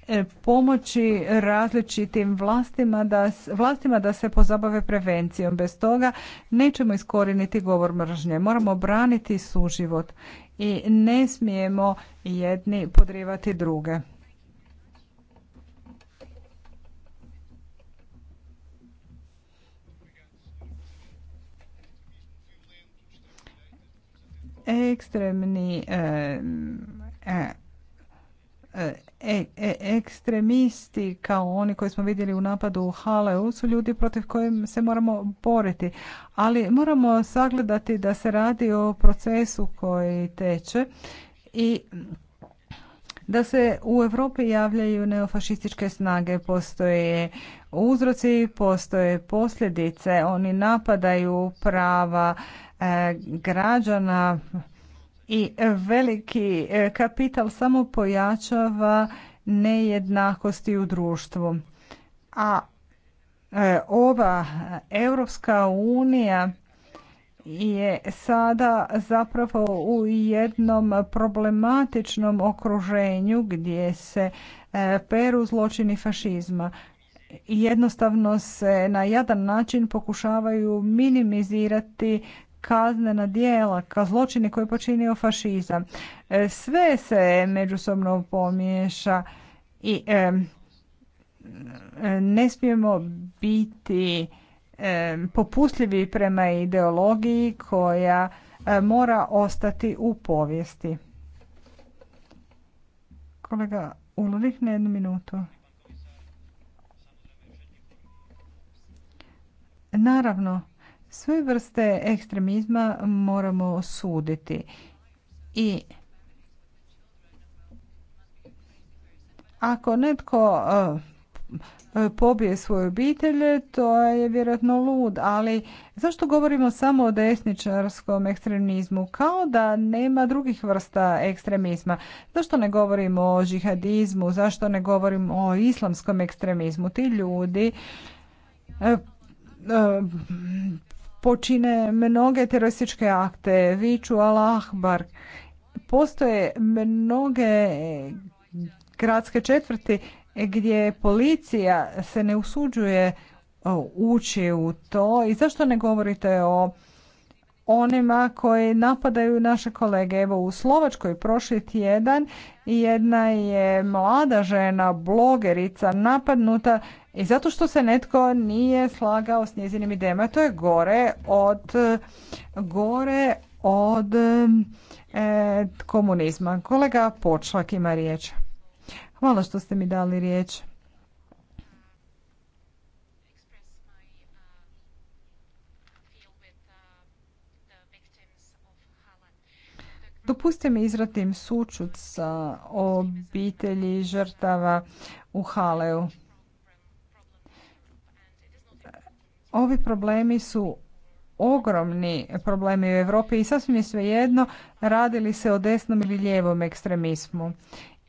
e, pomoći različitim vlastima da, vlastima da se pozabave prevencijom. Bez toga nećemo iskoriniti govor mržnje. Moramo braniti suživot i ne smijemo jedni podrivati druge. ekstremni e, e, e, ekstremisti kao oni koji smo vidjeli u napadu u Haleu su ljudi protiv kojim se moramo boriti. Ali moramo sagledati da se radi o procesu koji teče i da se u Europi javljaju neofašističke snage, postoje uzroci, postoje posljedice, oni napadaju prava E, građana i veliki e, kapital samo pojačava nejednakosti u društvu. A e, ova Europska unija je sada zapravo u jednom problematičnom okruženju gdje se peru zločini fašizma. Jednostavno se na jedan način pokušavaju minimizirati kaznena dijela, ka zločini koje je počinio fašizam. E, sve se međusobno pomiješa i ne smijemo biti popustljivi prema ideologiji koja e, mora ostati u povijesti. Kolega Ulrich, na jednu minutu. Naravno, sve vrste ekstremizma moramo osuditi i ako netko e, pobije svoju obitelj, to je vjerojatno lud, ali zašto govorimo samo o desničarskom ekstremizmu? Kao da nema drugih vrsta ekstremizma. Zašto ne govorimo o žihadizmu, zašto ne govorimo o islamskom ekstremizmu? Ti ljudi e, e, počine mnoge terorističke akte, viču al Postoje mnoge gradske četvrti gdje policija se ne usuđuje ući u to i zašto ne govorite o onima koji napadaju naše kolege. Evo u Slovačkoj prošli tjedan jedna je mlada žena, blogerica, napadnuta i zato što se netko nije slagao s njezinim idejama. To je gore od gore od e, komunizma. Kolega Počlak ima riječ. Hvala što ste mi dali riječ. Dopustite mi izratim sučut sa obitelji žrtava u Haleu. Ovi problemi su ogromni problemi u Europi i sasvim je svejedno radili se o desnom ili lijevom ekstremizmu.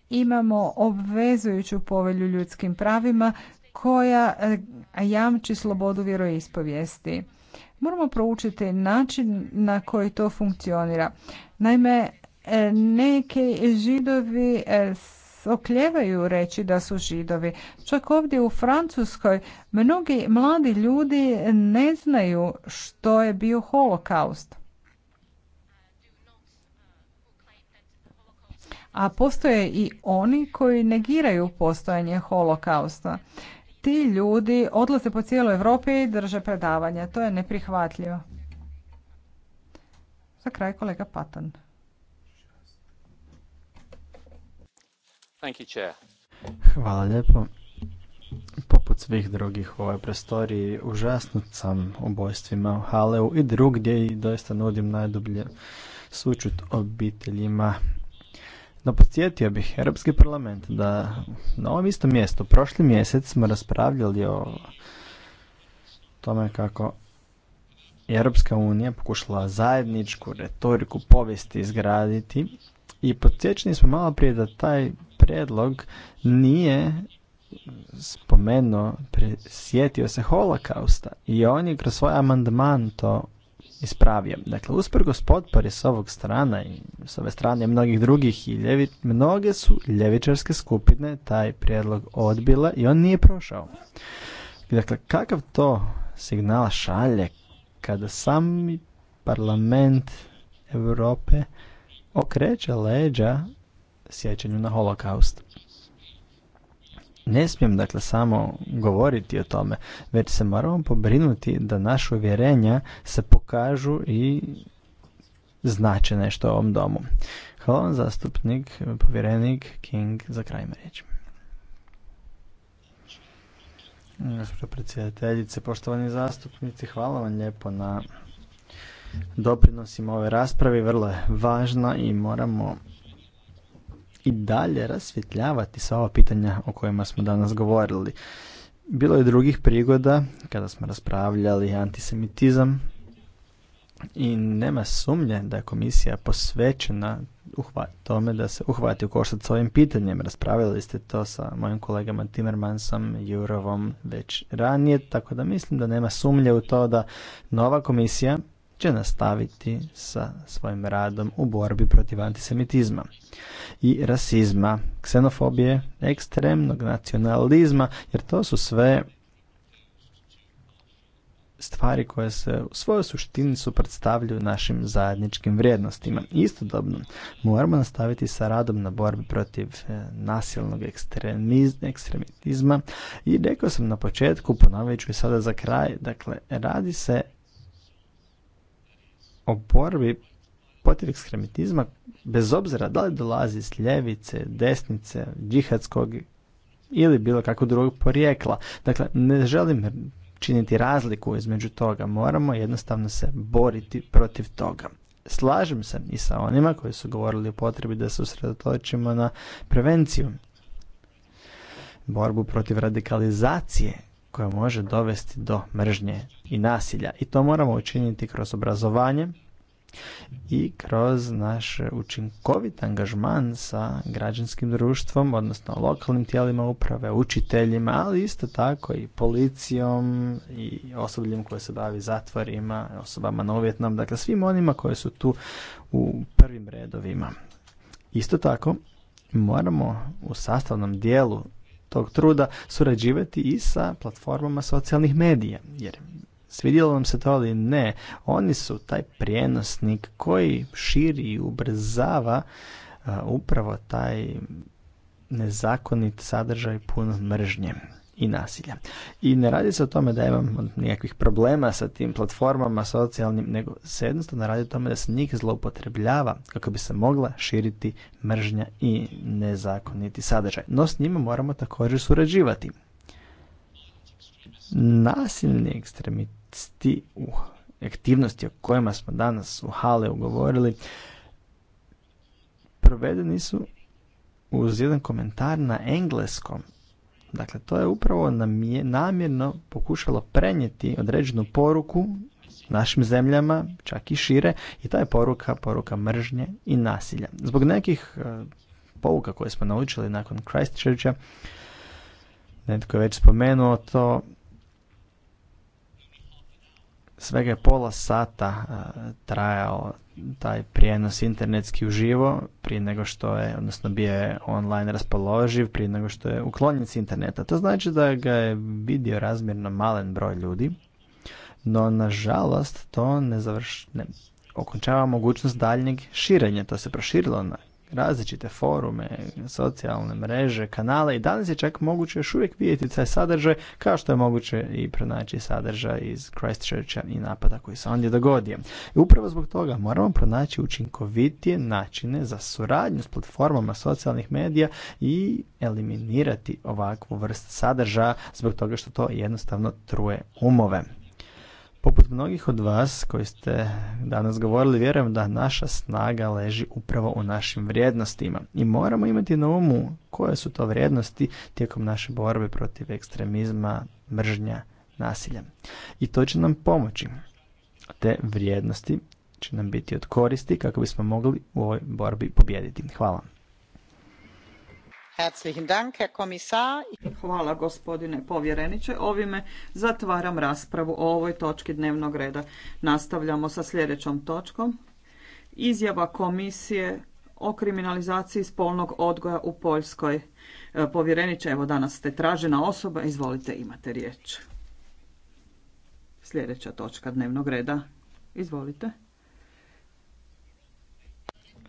Imamo obvezujuću povelju ljudskim pravima koja eh, jamči slobodu vjeroispovijesti. Moramo proučiti način na koji to funkcionira. Naime, eh, neki židovi eh, okljevaju reći da su židovi. Čak ovdje u Francuskoj mnogi mladi ljudi ne znaju što je bio holokaust. A postoje i oni koji negiraju postojanje holokausta. Ti ljudi odlaze po cijeloj Europi i drže predavanja. To je neprihvatljivo. Za kraj kolega Patan. Thank you, chair. Hvala lijepo. Poput svih drugih u ovoj prostoriji, užasnut sam ubojstvima u Haleu i drugdje i doista nudim najdublje sučut obiteljima. No podsjetio bih Europski parlament da na ovom istom mjestu prošli mjesec smo raspravljali o tome kako Europska unija pokušala zajedničku retoriku povijesti izgraditi i podsjećeni smo malo prije da taj prijedlog nije spomenuo, sjetio se holokausta i on je kroz svoj amandman to ispravio. Dakle, usprkos potpori s ovog strana i s ove strane mnogih drugih i mnoge su ljevičarske skupine taj prijedlog odbila i on nije prošao. Dakle, kakav to signal šalje kada sami parlament Europe okreće leđa sjećanju na holokaust. Ne smijem dakle samo govoriti o tome, već se moramo pobrinuti da naše uvjerenja se pokažu i znače nešto ovom domu. Hvala vam zastupnik, povjerenik King za krajima Gospođo predsjedateljice, poštovani zastupnici, hvala vam lijepo na doprinosima ove rasprave. Vrlo je važna i moramo i dalje rasvjetljavati sva ova pitanja o kojima smo danas govorili. Bilo je drugih prigoda kada smo raspravljali antisemitizam i nema sumnje da je komisija posvećena tome da se uhvati u koštac s ovim pitanjem. Raspravili ste to sa mojim kolegama Timmermansom, Jurovom već ranije, tako da mislim da nema sumnje u to da nova komisija će nastaviti sa svojim radom u borbi protiv antisemitizma i rasizma, ksenofobije, ekstremnog nacionalizma, jer to su sve stvari koje se u svojoj suštini suprotstavljaju našim zajedničkim vrijednostima. Istodobno moramo nastaviti sa radom na borbi protiv e, nasilnog ekstremizma i rekao sam na početku, ponovit ću i sada za kraj, dakle radi se o borbi protiv ekstremitizma, bez obzira da li dolazi s ljevice, desnice, džihadskog ili bilo kakvog drugog porijekla. Dakle, ne želim činiti razliku između toga. Moramo jednostavno se boriti protiv toga. Slažem se i sa onima koji su govorili o potrebi da se usredotočimo na prevenciju, borbu protiv radikalizacije koja može dovesti do mržnje i nasilja. I to moramo učiniti kroz obrazovanje i kroz naš učinkovit angažman sa građanskim društvom, odnosno lokalnim tijelima uprave, učiteljima, ali isto tako i policijom i osobljem koje se bavi zatvorima, osobama na uvjetnom, dakle svim onima koji su tu u prvim redovima. Isto tako moramo u sastavnom dijelu tog truda surađivati i sa platformama socijalnih medija. Jer svidjelo vam se to ali ne, oni su taj prijenosnik koji širi i ubrzava upravo taj nezakonit sadržaj pun mržnje i nasilja. I ne radi se o tome da imamo nikakvih problema sa tim platformama socijalnim, nego se jednostavno radi o tome da se njih zloupotrebljava kako bi se mogla širiti mržnja i nezakoniti sadržaj. No s njima moramo također surađivati. Nasilni ekstremisti u aktivnosti o kojima smo danas u Haleu ugovorili, provedeni su uz jedan komentar na engleskom Dakle, to je upravo namjerno pokušalo prenijeti određenu poruku našim zemljama, čak i šire, i ta je poruka, poruka mržnje i nasilja. Zbog nekih e, pouka koje smo naučili nakon Christchurcha, netko je već spomenuo to, svega je pola sata e, trajao taj prijenos internetski uživo prije nego što je, odnosno bio online raspoloživ prije nego što je uklonjen s interneta. To znači da ga je vidio razmjerno malen broj ljudi, no nažalost to ne, završ, ne okončava mogućnost daljnjeg širenja. To se proširilo na različite forume, socijalne mreže, kanale i danas je čak moguće još uvijek vidjeti taj sadržaj kao što je moguće i pronaći sadržaj iz Christchurcha i napada koji se ondje dogodio. I upravo zbog toga moramo pronaći učinkovitije načine za suradnju s platformama socijalnih medija i eliminirati ovakvu vrst sadržaja zbog toga što to jednostavno truje umove. Poput mnogih od vas koji ste danas govorili, vjerujem da naša snaga leži upravo u našim vrijednostima i moramo imati na umu koje su to vrijednosti tijekom naše borbe protiv ekstremizma, mržnja, nasilja. I to će nam pomoći. Te vrijednosti će nam biti od koristi kako bismo mogli u ovoj borbi pobijediti. Hvala. Hvala gospodine povjereniče. Ovime zatvaram raspravu o ovoj točki dnevnog reda. Nastavljamo sa sljedećom točkom. Izjava komisije o kriminalizaciji spolnog odgoja u Poljskoj. E, povjereniče, evo danas ste tražena osoba, izvolite imate riječ. Sljedeća točka dnevnog reda. Izvolite.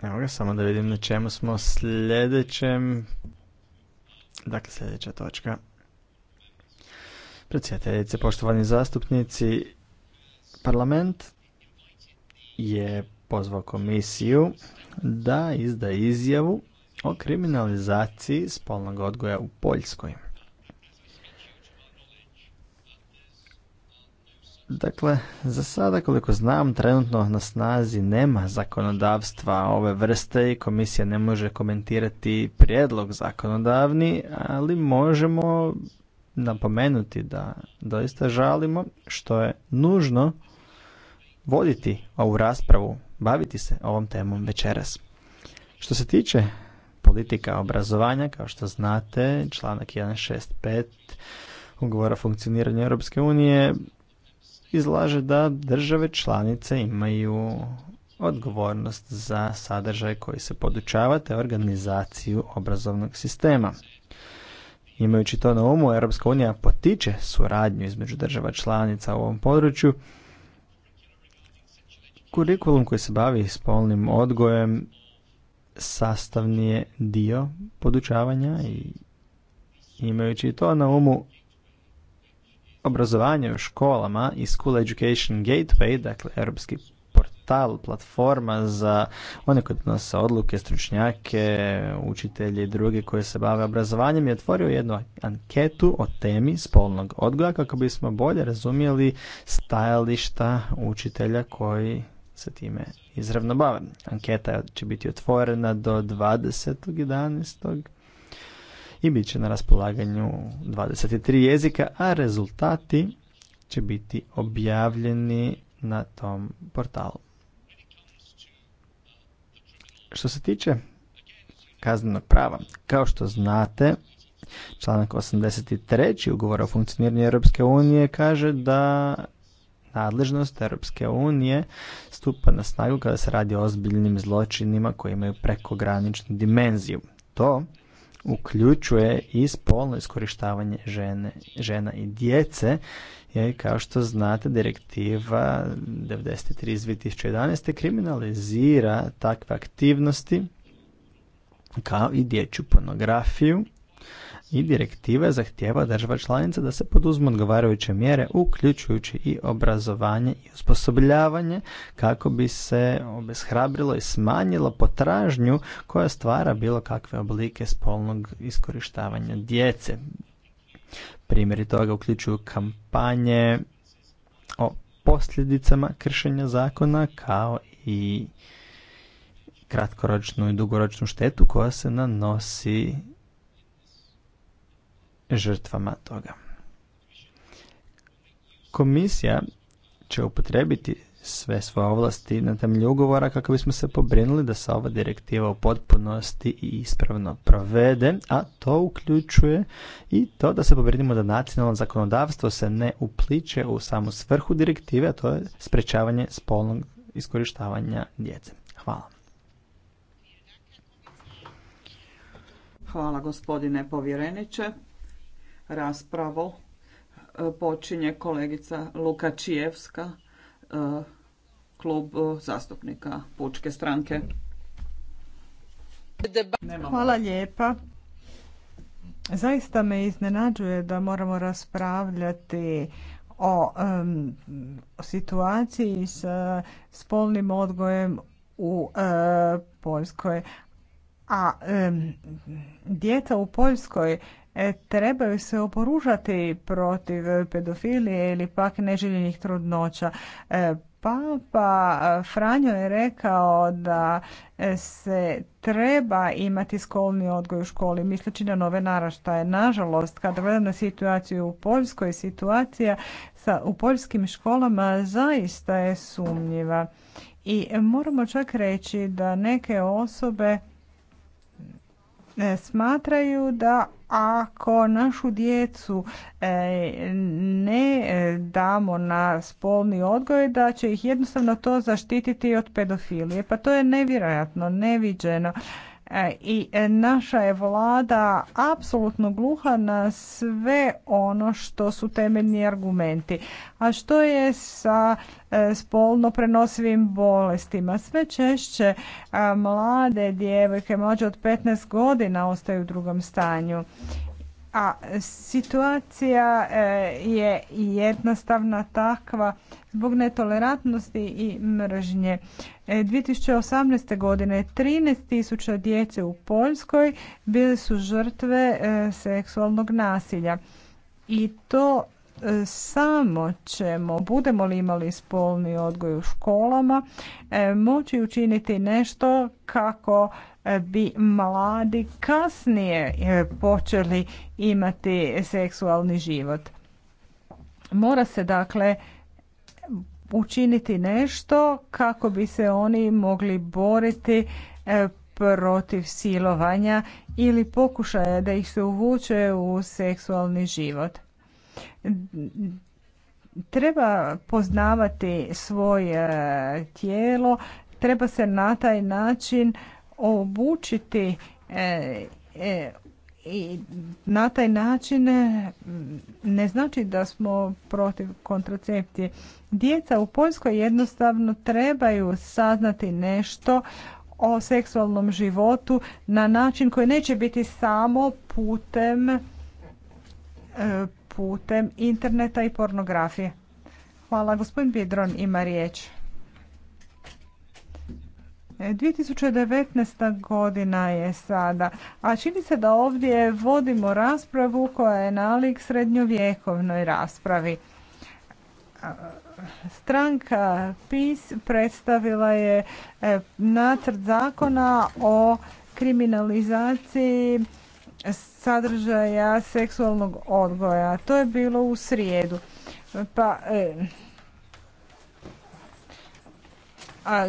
Evo ga, samo da vidim na čemu smo sljedećem Dakle, sljedeća točka. Predsjedateljice, poštovani zastupnici, parlament je pozvao komisiju da izda izjavu o kriminalizaciji spolnog odgoja u Poljskoj. Dakle, za sada koliko znam trenutno na snazi nema zakonodavstva ove vrste i komisija ne može komentirati prijedlog zakonodavni, ali možemo napomenuti da doista žalimo što je nužno voditi ovu raspravu, baviti se ovom temom večeras. Što se tiče politika obrazovanja, kao što znate, članak 165 ugovora o funkcioniranju Europske unije izlaže da države članice imaju odgovornost za sadržaj koji se podučava te organizaciju obrazovnog sistema. Imajući to na umu, Europska unija potiče suradnju između država članica u ovom području. Kurikulum koji se bavi spolnim odgojem sastavni je dio podučavanja i imajući to na umu, obrazovanje u školama i School Education Gateway, dakle europski portal, platforma za one koji donose odluke, stručnjake, učitelje i druge koji se bave obrazovanjem, je otvorio jednu anketu o temi spolnog odgoja kako bismo bolje razumjeli stajališta učitelja koji se time izravno bave. Anketa će biti otvorena do 20.11 i bit će na raspolaganju 23 jezika, a rezultati će biti objavljeni na tom portalu. Što se tiče kaznenog prava, kao što znate, članak 83. ugovora o funkcioniranju Europske unije kaže da nadležnost Europske unije stupa na snagu kada se radi o ozbiljnim zločinima koji imaju prekograničnu dimenziju. To uključuje i spolno iskorištavanje žene, žena i djece je, kao što znate, direktiva 93 2011. kriminalizira takve aktivnosti kao i dječju pornografiju i direktiva zahtijeva država članica da se poduzmu odgovarajuće mjere uključujući i obrazovanje i osposobljavanje kako bi se obeshrabrilo i smanjilo potražnju koja stvara bilo kakve oblike spolnog iskorištavanja djece. Primjeri toga uključuju kampanje o posljedicama kršenja zakona kao i kratkoročnu i dugoročnu štetu koja se nanosi žrtvama toga. Komisija će upotrebiti sve svoje ovlasti na temelju ugovora kako bismo se pobrinuli da se ova direktiva u potpunosti i ispravno provede, a to uključuje i to da se pobrinimo da nacionalno zakonodavstvo se ne upliče u samu svrhu direktive, a to je sprečavanje spolnog iskorištavanja djece. Hvala. Hvala gospodine povjereniče raspravu e, počinje kolegica Lukačijevska, e, klub zastupnika Pučke stranke. Hvala lijepa. Zaista me iznenađuje da moramo raspravljati o situaciji s e, spolnim odgojem u Poljskoj. A djeca u Poljskoj E, trebaju se oporužati protiv pedofilije ili pak neželjenih trudnoća. E, Papa e, Franjo je rekao da se treba imati skolni odgoj u školi, misleći na nove naraštaje. Nažalost, kada gledamo situaciju u Poljskoj, situacija sa, u poljskim školama zaista je sumnjiva. I moramo čak reći da neke osobe smatraju da ako našu djecu e, ne e, damo na spolni odgoj, da će ih jednostavno to zaštititi od pedofilije. Pa to je nevjerojatno, neviđeno. E, i e, naša je vlada apsolutno gluha na sve ono što su temeljni argumenti. A što je sa e, spolno prenosivim bolestima? Sve češće mlade djevojke mlađe od 15 godina ostaju u drugom stanju. A situacija e, je jednostavna takva zbog netolerantnosti i mržnje. 2018. E, godine 13.000 djece u Poljskoj bili su žrtve e, seksualnog nasilja. I to samo ćemo, budemo li imali spolni odgoj u školama, moći učiniti nešto kako bi mladi kasnije e, počeli imati seksualni život. Mora se dakle učiniti nešto kako bi se oni mogli boriti e, protiv silovanja ili pokušaja da ih se uvuče u seksualni život. Treba poznavati svoje e, tijelo, treba se na taj način obučiti e, e, i na taj način e, ne znači da smo protiv kontracepcije. Djeca u Poljskoj jednostavno trebaju saznati nešto o seksualnom životu na način koji neće biti samo putem putem interneta i pornografije. Hvala. Gospodin Bidron ima riječ. 2019. godina je sada, a čini se da ovdje vodimo raspravu koja je nalik srednjovjekovnoj raspravi. Stranka PIS predstavila je e, nacrt zakona o kriminalizaciji sadržaja seksualnog odgoja. To je bilo u srijedu. Pa, e,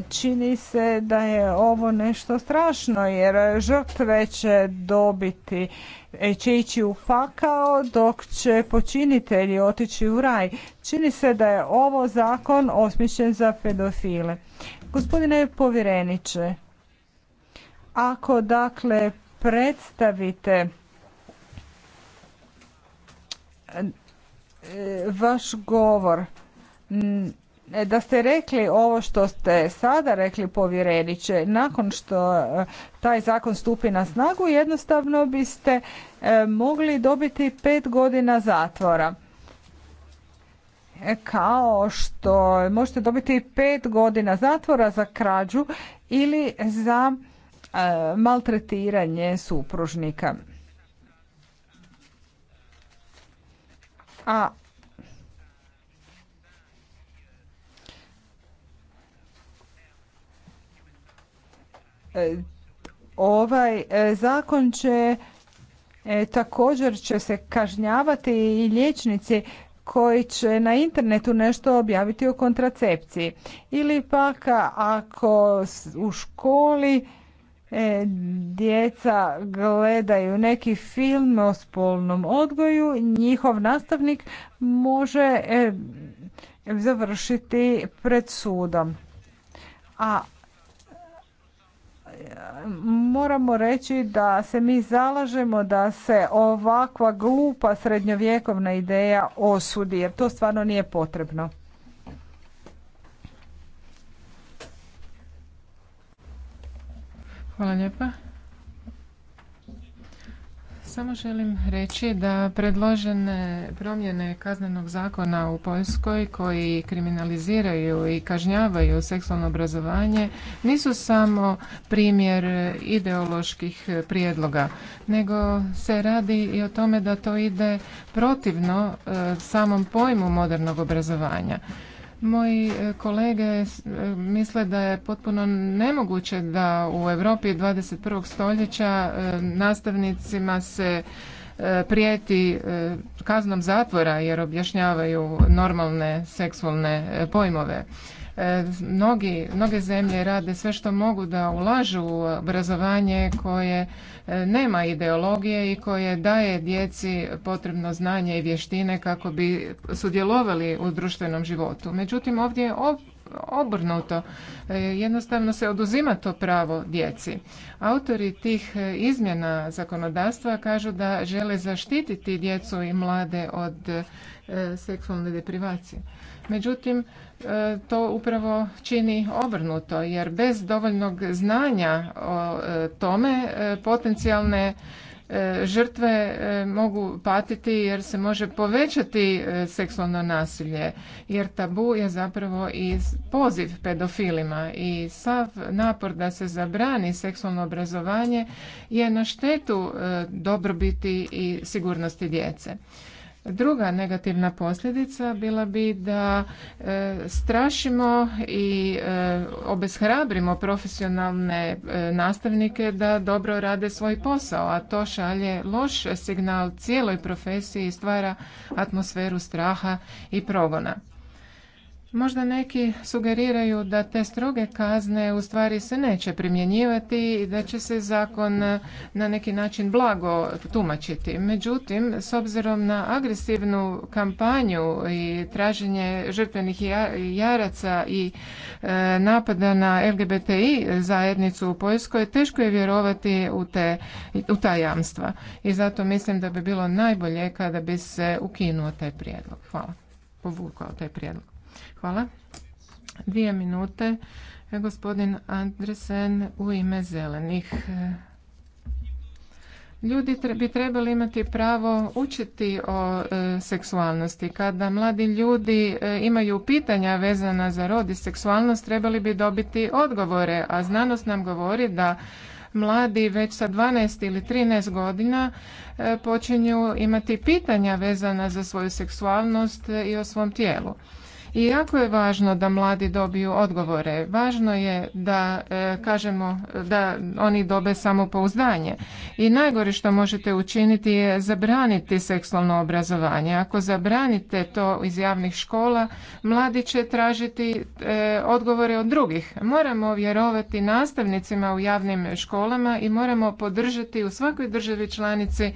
čini se da je ovo nešto strašno jer žrtve će dobiti e, će ići u fakao dok će počinitelji otići u raj. Čini se da je ovo zakon osmišljen za pedofile. Gospodine povjereniče, ako dakle predstavite e, vaš govor E, da ste rekli ovo što ste sada rekli povjereniče, nakon što e, taj zakon stupi na snagu, jednostavno biste e, mogli dobiti pet godina zatvora. Kao što možete dobiti pet godina zatvora za krađu ili za maltretiranje supružnika. A Ovaj e, zakon će e, također će se kažnjavati i liječnici koji će na internetu nešto objaviti o kontracepciji. Ili pak ako u školi e, djeca gledaju neki film o spolnom odgoju, njihov nastavnik može završiti pred sudom. A moramo reći da se mi zalažemo da se ovakva glupa srednjovjekovna ideja osudi jer to stvarno nije potrebno. Hvala samo želim reći da predložene promjene kaznenog zakona u Poljskoj koji kriminaliziraju i kažnjavaju seksualno obrazovanje nisu samo primjer ideoloških prijedloga, nego se radi i o tome da to ide protivno e, samom pojmu modernog obrazovanja. Moji e, kolege e, misle da je potpuno nemoguće da u Europi 21. stoljeća e, nastavnicima se prijeti kaznom zatvora jer objašnjavaju normalne seksualne pojmove. E, mnogi, mnoge zemlje rade sve što mogu da ulažu u obrazovanje koje e, nema ideologije i koje daje djeci potrebno znanje i vještine kako bi sudjelovali u društvenom životu. Međutim, ovdje je obrnuto. E, jednostavno se oduzima to pravo djeci. Autori tih izmjena zakonodavstva kažu da žele zaštititi djecu i mlade od seksualne deprivacije. Međutim, E, to upravo čini obrnuto jer bez dovoljnog znanja o e, tome e, potencijalne žrtve mogu patiti jer se može povećati seksualno nasilje jer tabu je zapravo i poziv pedofilima i sav napor da se zabrani seksualno obrazovanje je na štetu dobrobiti i sigurnosti djece. Druga negativna posljedica bila bi da e, strašimo i e, obeshrabrimo profesionalne e, nastavnike da dobro rade svoj posao, a to šalje loš signal cijeloj profesiji i stvara atmosferu straha i progona. Možda neki sugeriraju da te stroge kazne u stvari se neće primjenjivati i da će se zakon eh, na neki način blago tumačiti. Međutim, s obzirom na agresivnu kampanju i traženje žrtvenih jaraca i eh, napada na LGBTI zajednicu u Poljskoj, teško je vjerovati u, te, u ta jamstva. I zato mislim da bi bilo najbolje kada bi se ukinuo taj prijedlog. Hvala. Povukao taj prijedlog. Hvala. Dvije minute. E, gospodin Andresen u ime zelenih. E, ljudi bi trebali imati pravo učiti o e, seksualnosti. Kada mladi ljudi imaju pitanja vezana za rod i seksualnost, trebali bi dobiti odgovore, a znanost nam govori da mladi već sa 12 ili 13 godina počinju imati pitanja vezana za svoju seksualnost i o svom tijelu. I jako je važno da mladi dobiju odgovore. Važno je da e, kažemo da oni dobe samopouzdanje. I najgore što možete učiniti je zabraniti seksualno obrazovanje. Ako zabranite to iz javnih škola, mladi će tražiti e, odgovore od drugih. Moramo vjerovati nastavnicima u javnim školama i moramo podržati u svakoj državi članici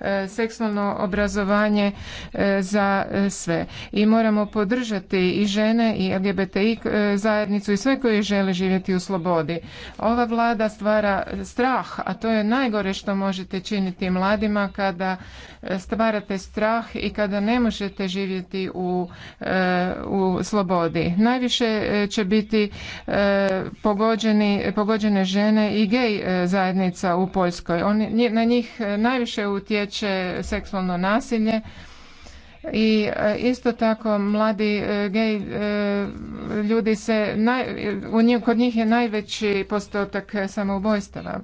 E, seksualno obrazovanje e, za e, sve. I moramo podržati i žene i LGBTI zajednicu i sve koji žele živjeti u slobodi. Ova vlada stvara strah, a to je najgore što možete činiti mladima kada stvarate strah i kada ne možete živjeti u, e, u slobodi. Najviše e, će biti e, pogođeni, pogođene žene i gej zajednica u Poljskoj. na njih najviše utječe seksualno nasilje i isto tako mladi gej ljudi se kod njih je najveći postotak samoubojstava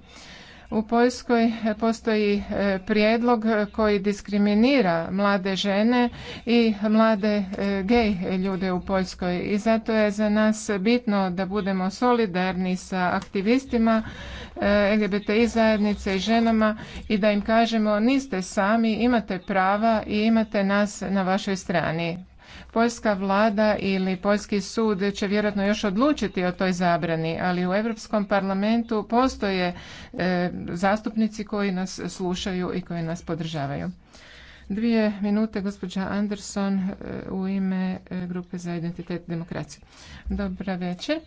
u Poljskoj e, postoji e, prijedlog e, koji diskriminira mlade žene i mlade gej ljude u Poljskoj i zato je za nas bitno da budemo solidarni sa aktivistima LGBTI zajednice i ženama i da im kažemo niste sami, imate prava i imate nas na vašoj strani. Poljska vlada ili Poljski sud će vjerojatno još odlučiti o toj zabrani, ali u Europskom parlamentu postoje e, zastupnici koji nas slušaju i koji nas podržavaju. Dvije minute, gospođa Anderson, e, u ime e, Grupe za identitet i demokraciju. Dobra večer.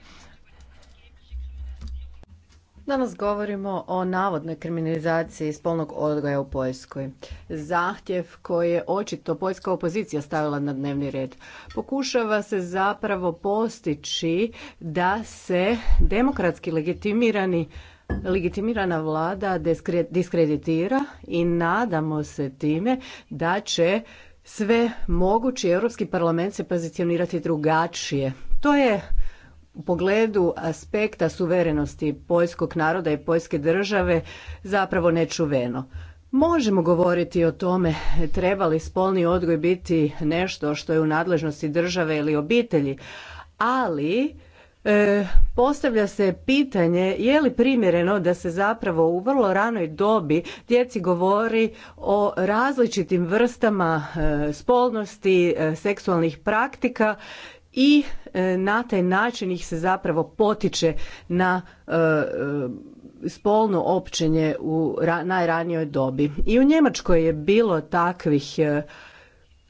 Danas govorimo o navodnoj kriminalizaciji spolnog odgoja u Poljskoj. Zahtjev koji je očito poljska opozicija stavila na dnevni red. Pokušava se zapravo postići da se demokratski legitimirani legitimirana vlada diskreditira i nadamo se time da će sve mogući Europski parlament se pozicionirati drugačije. To je u pogledu aspekta suverenosti poljskog naroda i poljske države zapravo nečuveno. Možemo govoriti o tome treba li spolni odgoj biti nešto što je u nadležnosti države ili obitelji, ali e, postavlja se pitanje je li primjereno da se zapravo u vrlo ranoj dobi djeci govori o različitim vrstama e, spolnosti, e, seksualnih praktika i e, na taj način ih se zapravo potiče na e, e, spolno općenje u najranijoj dobi. I u Njemačkoj je bilo takvih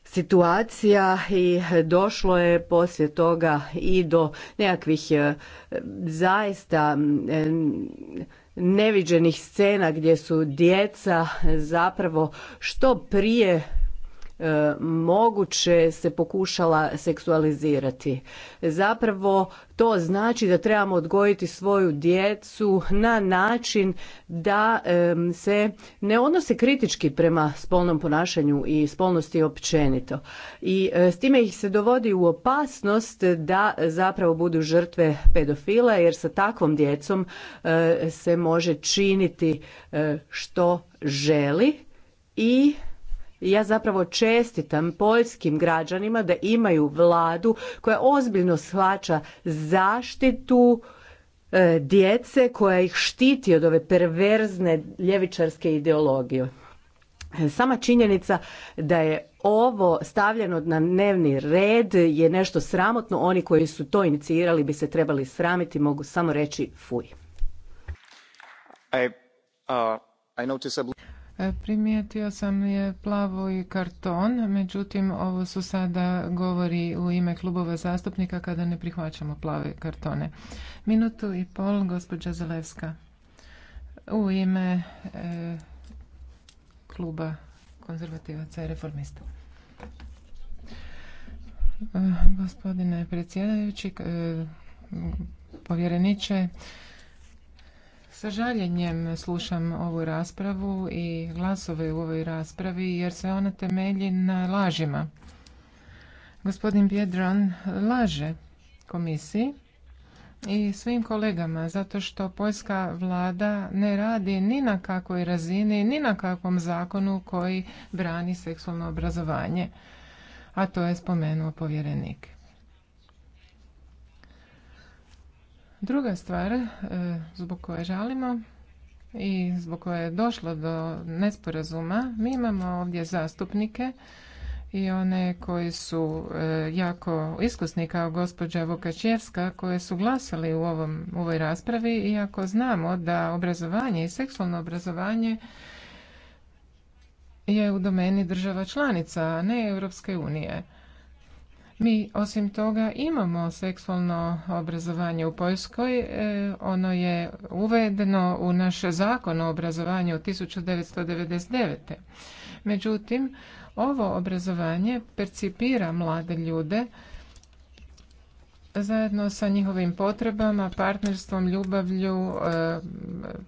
situacija i došlo je poslije toga i do nekakvih zaista neviđenih scena gdje su djeca zapravo što prije E, moguće se pokušala seksualizirati. Zapravo to znači da trebamo odgojiti svoju djecu na način da se ne odnose kritički prema spolnom ponašanju i spolnosti općenito. I e, s time ih se dovodi u opasnost da zapravo budu žrtve pedofila jer sa takvom djecom e, se može činiti što želi i ja zapravo čestitam poljskim građanima da imaju vladu koja ozbiljno shvaća zaštitu e, djece koja ih štiti od ove perverzne ljevičarske ideologije. Sama činjenica da je ovo stavljeno na dnevni red je nešto sramotno. Oni koji su to inicirali bi se trebali sramiti, mogu samo reći fuj. Uh, Primijetio sam je plavo i karton, međutim ovo su sada govori u ime klubova zastupnika kada ne prihvaćamo plave kartone. Minutu i pol, gospođa Zalevska. U ime e, kluba konzervativaca i reformista. E, gospodine predsjedajući, e, povjereniče, sa žaljenjem slušam ovu raspravu i glasove u ovoj raspravi jer se ona temelji na lažima. Gospodin Biedron laže komisiji i svim kolegama zato što poljska vlada ne radi ni na kakvoj razini, ni na kakvom zakonu koji brani seksualno obrazovanje, a to je spomenuo povjerenik. Druga stvar e, zbog koje žalimo i zbog koje je došlo do nesporazuma, mi imamo ovdje zastupnike i one koji su e, jako iskusni kao gospođa Vukačevska koje su glasali u ovom, u ovoj raspravi iako znamo da obrazovanje i seksualno obrazovanje je u domeni država članica, a ne Europske unije. Mi osim toga imamo seksualno obrazovanje u Poljskoj. E, ono je uvedeno u naš zakon o obrazovanju 1999. Međutim, ovo obrazovanje percipira mlade ljude zajedno sa njihovim potrebama, partnerstvom, ljubavlju, e,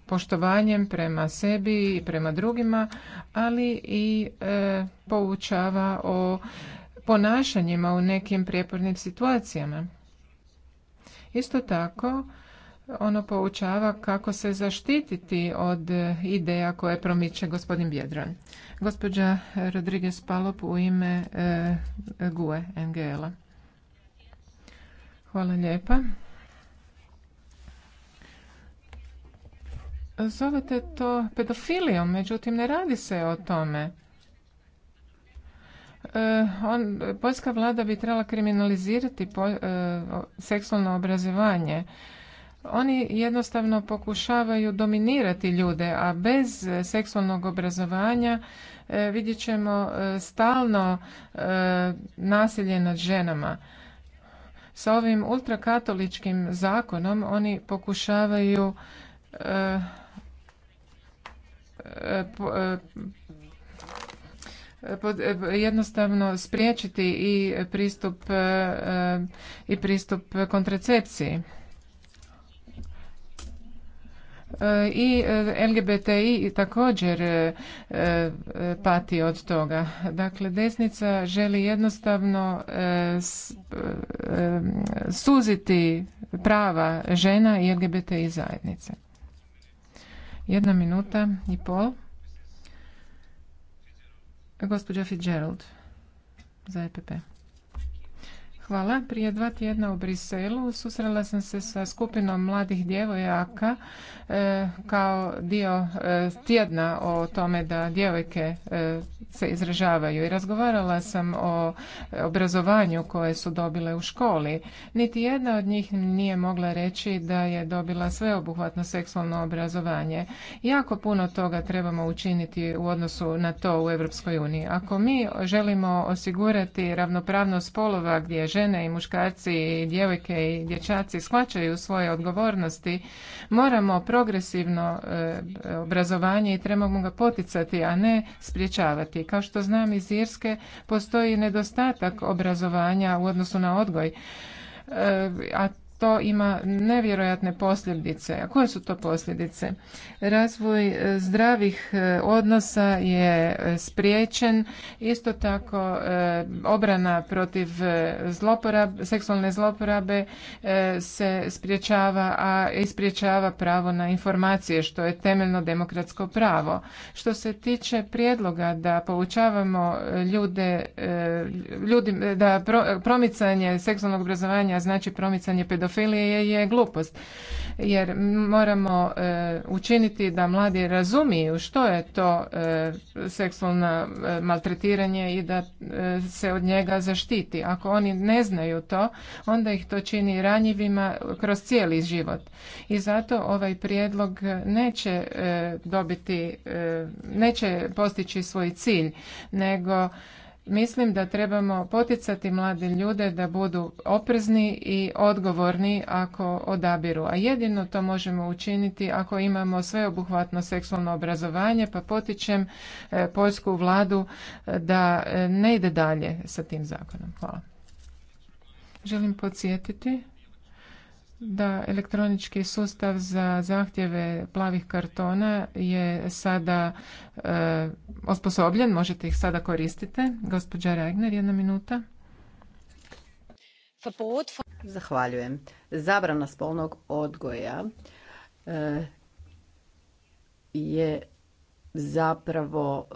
poštovanjem prema sebi i prema drugima, ali i e, poučava o ponašanjima u nekim prijepornim situacijama. Isto tako, ono poučava kako se zaštititi od ideja koje promiče gospodin Bjedran. Gospođa Rodriguez Palop u ime e, GUE NGL-a. Hvala lijepa. Zovete to pedofilijom, međutim ne radi se o tome. E, on, poljska vlada bi trebala kriminalizirati e, seksualno obrazovanje. Oni jednostavno pokušavaju dominirati ljude, a bez seksualnog obrazovanja e, vidjet ćemo stalno nasilje nad ženama. Sa ovim ultrakatoličkim zakonom oni pokušavaju E, jednostavno spriječiti i pristup e, e, i pristup kontracepciji. I LGBTI također pati od toga. Dakle, desnica želi jednostavno suziti prava žena i LGBTI zajednice. Jedna minuta i pol. Gospođa Fitzgerald za EPP. Hvala. Prije dva tjedna u Briselu susrela sam se sa skupinom mladih djevojaka e, kao dio e, tjedna o tome da djevojke e, se izražavaju i razgovarala sam o obrazovanju koje su dobile u školi. Niti jedna od njih nije mogla reći da je dobila sveobuhvatno seksualno obrazovanje. Jako puno toga trebamo učiniti u odnosu na to u Europskoj uniji. Ako mi želimo osigurati ravnopravnost spolova gdje žene i muškarci i djevojke i dječaci shvaćaju svoje odgovornosti, moramo progresivno e, obrazovanje i trebamo ga poticati, a ne spriječavati. Kao što znam iz Irske, postoji nedostatak obrazovanja u odnosu na odgoj e, a to ima nevjerojatne posljedice. A koje su to posljedice? Razvoj e, zdravih e, odnosa je e, spriječen, isto tako obrana protiv seksualne zloporabe se sprječava, a ispriječava pravo na informacije, što je temeljno demokratsko pravo. Što se tiče prijedloga da poučavamo ljude, da promicanje seksualnog obrazovanja znači promicanje pedofilije, pedofilije je glupost jer moramo e, učiniti da mladi razumiju što je to e, seksualno e, maltretiranje i da e, se od njega zaštiti. Ako oni ne znaju to, onda ih to čini ranjivima kroz cijeli život. I zato ovaj prijedlog neće dobiti, neće postići svoj cilj, nego Mislim da trebamo poticati mlade ljude da budu oprezni i odgovorni ako odabiru, a jedino to možemo učiniti ako imamo sveobuhvatno seksualno obrazovanje, pa potičem e, poljsku vladu e, da e, ne ide dalje sa tim zakonom. Hvala. Želim podsjetiti da elektronički sustav za zahtjeve plavih kartona je sada e, osposobljen, možete ih sada koristiti. Gospođa Regner, jedna minuta. Zahvaljujem. Zabrana spolnog odgoja e, je zapravo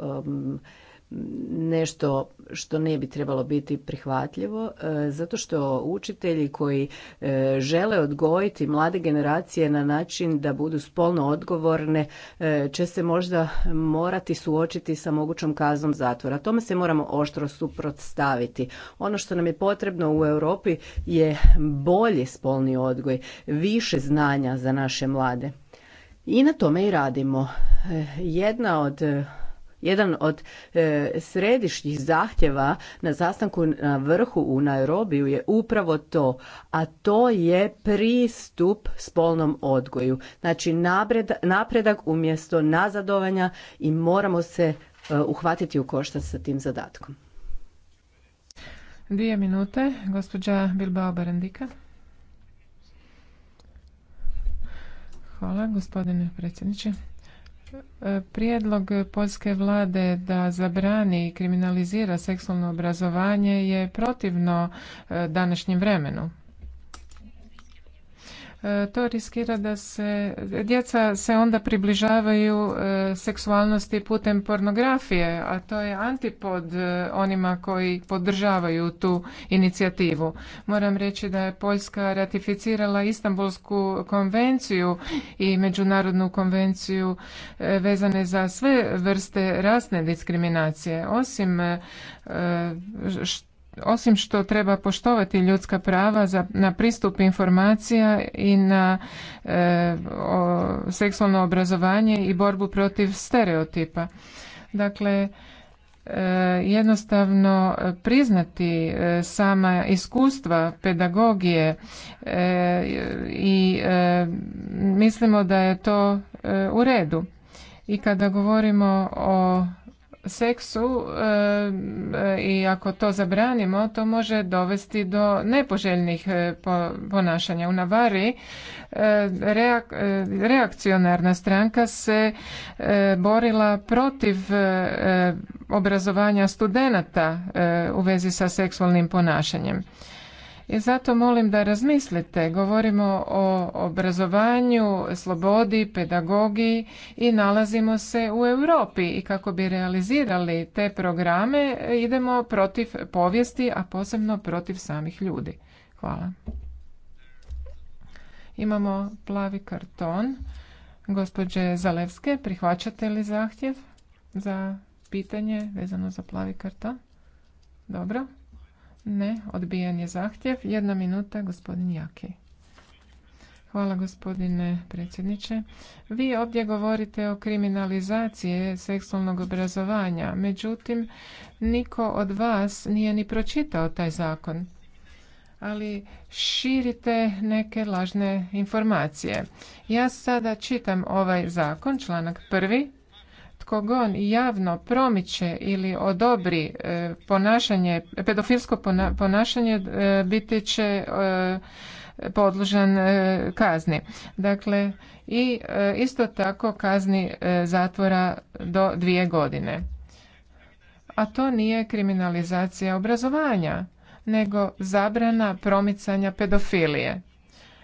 nešto što ne bi trebalo biti prihvatljivo e, zato što učitelji koji e, žele odgojiti mlade generacije na način da budu spolno odgovorne e, će se možda morati suočiti sa mogućom kaznom zatvora. Tome se moramo oštro suprotstaviti. Ono što nam je potrebno u Europi je bolji spolni odgoj, više znanja za naše mlade. I na tome i radimo. Jedna od jedan od e, središnjih zahtjeva na zastanku na vrhu u Nairobiju je upravo to, a to je pristup spolnom odgoju. Znači napredak, napredak umjesto nazadovanja i moramo se e, uhvatiti u koštac sa tim zadatkom. Dvije minute, gospođa Bilbao Barandika. Hvala, gospodine predsjedniče. Prijedlog poljske vlade da zabrani i kriminalizira seksualno obrazovanje je protivno e, današnjem vremenu. E, to riskira da se djeca se onda približavaju e, seksualnosti putem pornografije, a to je antipod e, onima koji podržavaju tu inicijativu. Moram reći da je Poljska ratificirala Istanbulsku konvenciju i međunarodnu konvenciju vezane za sve vrste rasne diskriminacije. Osim što osim što treba poštovati ljudska prava za, na pristup informacija i na e, o, seksualno obrazovanje i borbu protiv stereotipa. Dakle, e, jednostavno priznati e, sama iskustva pedagogije i mislimo da je to u redu. I kada govorimo o seksu e, e, i ako to zabranimo, to može dovesti do nepoželjnih e, ponašanja. U Navari reakcionarna stranka se borila protiv obrazovanja studenata u vezi sa seksualnim ponašanjem. I zato molim da razmislite, govorimo o obrazovanju, slobodi, pedagogiji i nalazimo se u Europi i kako bi realizirali te programe idemo protiv povijesti, a posebno protiv samih ljudi. Hvala. Imamo plavi karton. Gospođe Zalevske, prihvaćate li zahtjev za pitanje vezano za plavi karton? Dobro. Ne, odbijen je zahtjev. Jedna minuta, gospodin Jaki. Hvala gospodine predsjedniče. Vi ovdje govorite o kriminalizaciji seksualnog obrazovanja, međutim niko od vas nije ni pročitao taj zakon. Ali širite neke lažne informacije. Ja sada čitam ovaj zakon, članak prvi tko gon javno promiče ili odobri e, ponašanje, pedofilsko ponašanje e, biti će e, podložan kazni. Dakle, i isto tako kazni zatvora do dvije godine. A to nije kriminalizacija obrazovanja, nego zabrana promicanja pedofilije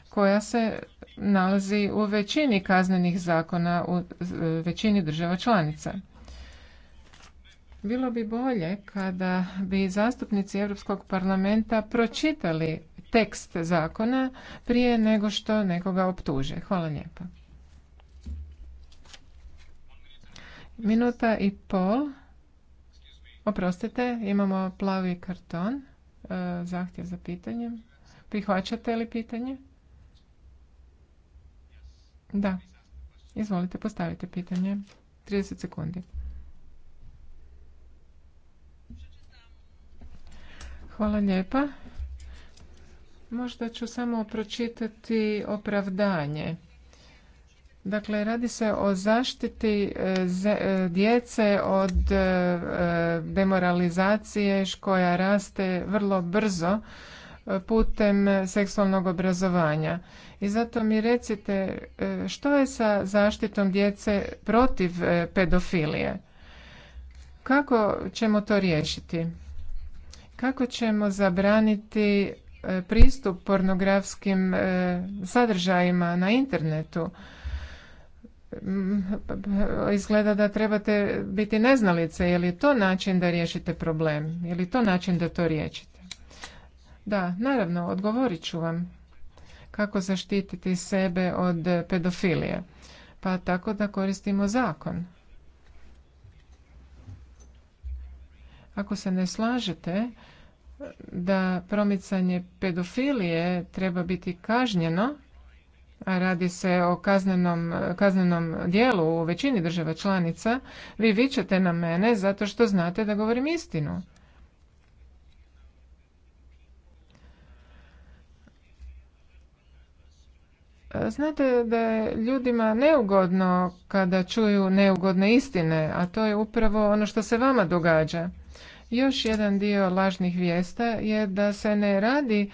koja se nalazi u većini kaznenih zakona u većini država članica. Bilo bi bolje kada bi zastupnici Europskog parlamenta pročitali tekst zakona prije nego što nekoga optuže. Hvala lijepa. Minuta i pol. Oprostite, imamo plavi karton. E, zahtjev za pitanje. Prihvaćate li pitanje? Da. Izvolite, postavite pitanje. 30 sekundi. Hvala lijepa. Možda ću samo pročitati opravdanje. Dakle, radi se o zaštiti e, e, djece od e, demoralizacije koja raste vrlo brzo putem seksualnog obrazovanja. I zato mi recite e, što je sa zaštitom djece protiv e, pedofilije? Kako ćemo to riješiti? Kako ćemo zabraniti e, pristup pornografskim sadržajima na internetu? Mm, izgleda da trebate biti neznalice. Je li to način da riješite problem? Je li to način da to riješite? Da, naravno, odgovorit ću vam kako zaštititi sebe od pedofilije. Pa tako da koristimo zakon. Ako se ne slažete da promicanje pedofilije treba biti kažnjeno, a radi se o kaznenom, kaznenom dijelu u većini država članica, vi vičete na mene zato što znate da govorim istinu. Znate da je ljudima neugodno kada čuju neugodne istine, a to je upravo ono što se vama događa. Još jedan dio lažnih vijesta je da se ne radi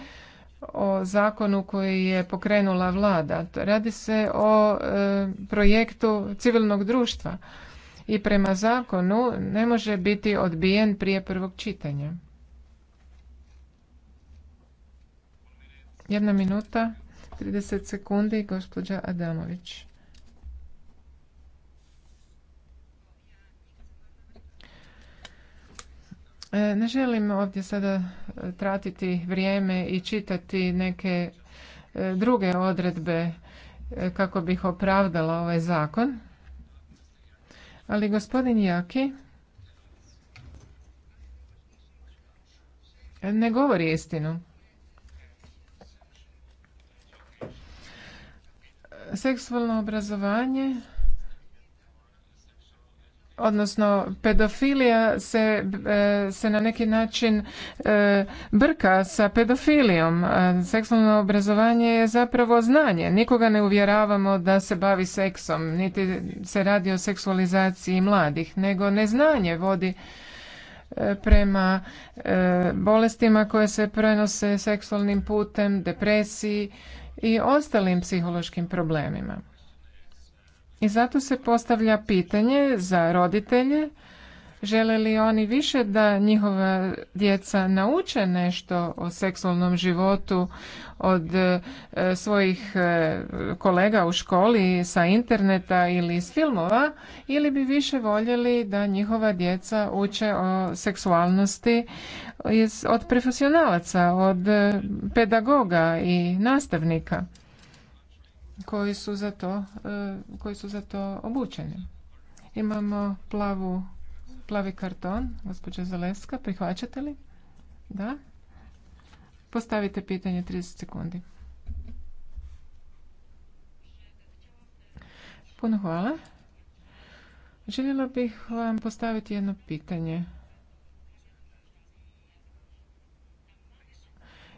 o zakonu koji je pokrenula vlada. Radi se o e, projektu civilnog društva i prema zakonu ne može biti odbijen prije prvog čitanja. Jedna minuta. 30 sekundi, gospođa Adamović. E, ne želim ovdje sada e, tratiti vrijeme i čitati neke e, druge odredbe kako bih opravdala ovaj zakon. Ali gospodin Jaki ne govori istinu. seksualno obrazovanje odnosno pedofilija se, e, se na neki način e, brka sa pedofilijom. E, seksualno obrazovanje je zapravo znanje. Nikoga ne uvjeravamo da se bavi seksom, niti se radi o seksualizaciji mladih, nego neznanje vodi prema bolestima koje se prenose seksualnim putem, depresiji, i ostalim psihološkim problemima. I zato se postavlja pitanje za roditelje Žele li oni više da njihova djeca nauče nešto o seksualnom životu od e, svojih e, kolega u školi sa interneta ili iz filmova ili bi više voljeli da njihova djeca uče o seksualnosti od profesionalaca, od e, pedagoga i nastavnika koji su za to, koji su za to obučeni. Imamo plavu Plavi karton, gospođa Zaleska, prihvaćate li? Da. Postavite pitanje 30 sekundi. Puno hvala. Željela bih vam postaviti jedno pitanje.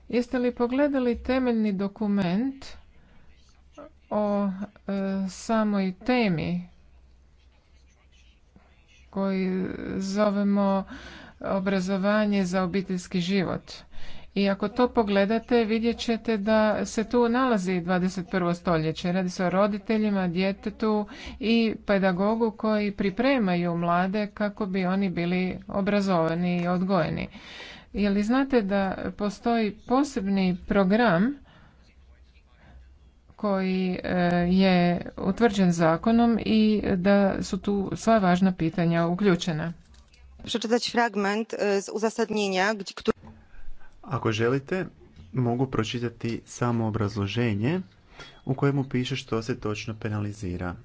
Jeste li pogledali temeljni dokument o e, samoj temi koji zovemo obrazovanje za obiteljski život. I ako to pogledate, vidjet ćete da se tu nalazi 21. stoljeće. Radi se o roditeljima, djetetu i pedagogu koji pripremaju mlade kako bi oni bili obrazovani i odgojeni. Je znate da postoji posebni program koji e, je utvrđen zakonom i da su tu sva važna pitanja uključena. fragment e, Ako želite, mogu pročitati samo obrazloženje u kojemu piše što se točno penalizira.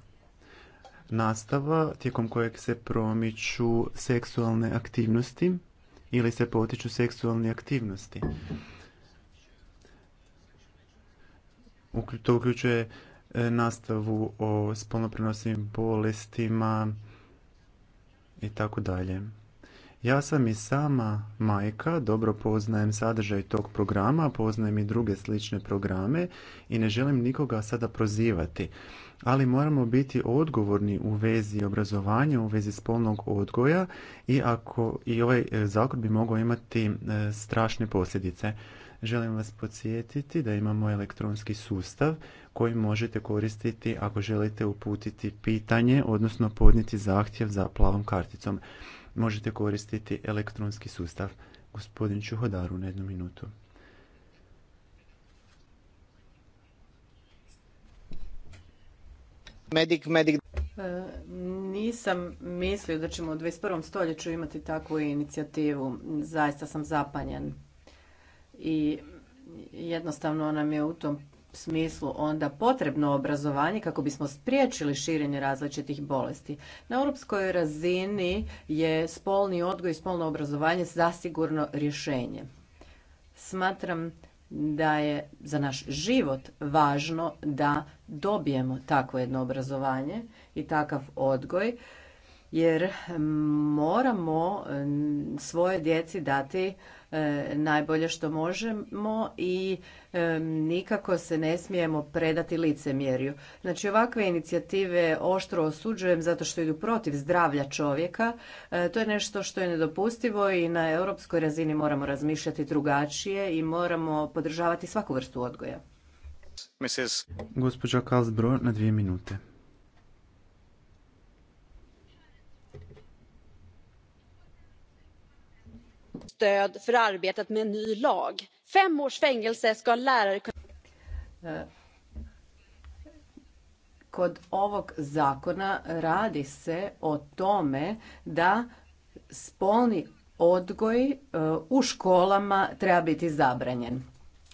Nastava tijekom kojeg se promiču seksualne aktivnosti ili se potiču seksualne aktivnosti. to uključuje e, nastavu o spolnoprenosnim bolestima i tako dalje. Ja sam i sama majka, dobro poznajem sadržaj tog programa, poznajem i druge slične programe i ne želim nikoga sada prozivati. Ali moramo biti odgovorni u vezi obrazovanja, u vezi spolnog odgoja i ako i ovaj e, zakon bi mogao imati e, strašne posljedice. Želim vas podsjetiti da imamo elektronski sustav koji možete koristiti ako želite uputiti pitanje, odnosno podnijeti zahtjev za plavom karticom. Možete koristiti elektronski sustav. Gospodin Čuhodaru na jednu minutu. Medik, e, Nisam mislio da ćemo u 21. stoljeću imati takvu inicijativu. Zaista sam zapanjen i jednostavno nam je u tom smislu onda potrebno obrazovanje kako bismo spriječili širenje različitih bolesti. Na europskoj razini je spolni odgoj i spolno obrazovanje zasigurno rješenje. Smatram da je za naš život važno da dobijemo takvo jedno obrazovanje i takav odgoj jer moramo mm, svoje djeci dati E, najbolje što možemo i e, nikako se ne smijemo predati licemjerju. Znači ovakve inicijative oštro osuđujem zato što idu protiv zdravlja čovjeka. E, to je nešto što je nedopustivo i na europskoj razini moramo razmišljati drugačije i moramo podržavati svaku vrstu odgoja. Mrs. Gospođa Kalsbro na dvije minute. stöd med en ny lag. fem års fängelse ska lärare eh, kod ovog zakona radi se o tome da spolni odgoj eh, u školama treba biti zabranjen.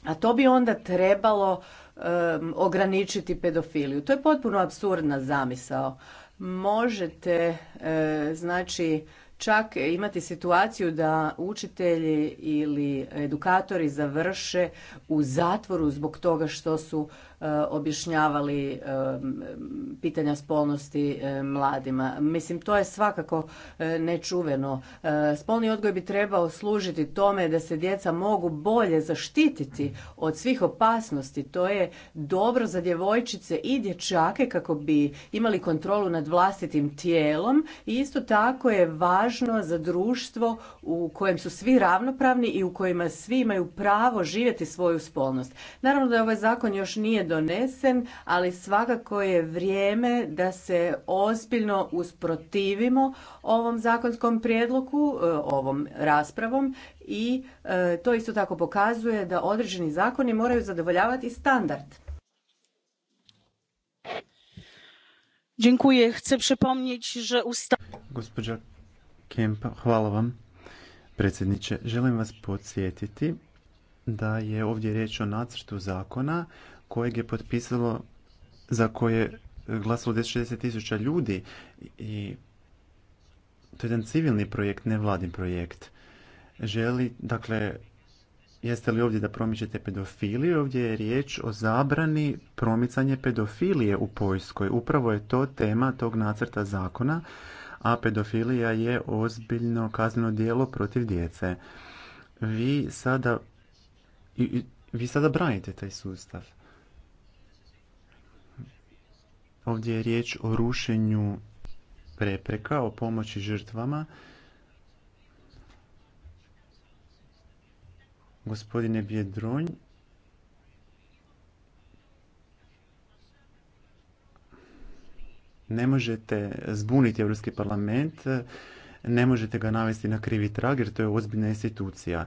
A to bi onda trebalo eh, ograničiti pedofiliju. To je potpuno absurdna zamisao. Možete, znači, čak imati situaciju da učitelji ili edukatori završe u zatvoru zbog toga što su Eh, objašnjavali eh, pitanja spolnosti eh, mladima. Mislim, to je svakako nečuveno. Spolni odgoj bi trebao služiti tome da se djeca mogu bolje zaštititi od svih opasnosti. To je dobro za djevojčice i dječake kako bi imali kontrolu nad vlastitim tijelom i isto tako je važno za društvo u kojem su svi ravnopravni i u kojima svi imaju pravo živjeti svoju spolnost. Naravno da ovaj zakon još nije donesen, ali svakako je vrijeme da se ozbiljno usprotivimo ovom zakonskom prijedlogu, e, ovom raspravom i e, to isto tako pokazuje da određeni zakoni moraju zadovoljavati standard. Dziękuję. Chcę przypomnieć, że usta... Kemp, hvala vam, predsjedniče. Želim vas podsjetiti da je ovdje riječ o nacrtu zakona kojeg je potpisalo za koje je glasalo 260 tisuća ljudi i to je jedan civilni projekt, ne vladin projekt. Želi, dakle, jeste li ovdje da promičete pedofiliju? Ovdje je riječ o zabrani promicanje pedofilije u Poljskoj. Upravo je to tema tog nacrta zakona, a pedofilija je ozbiljno kazneno djelo protiv djece. Vi sada, vi sada branite taj sustav. Ovdje je riječ o rušenju prepreka, o pomoći žrtvama. Gospodine Bjedronj, ne možete zbuniti Europski parlament, ne možete ga navesti na krivi trag jer to je ozbiljna institucija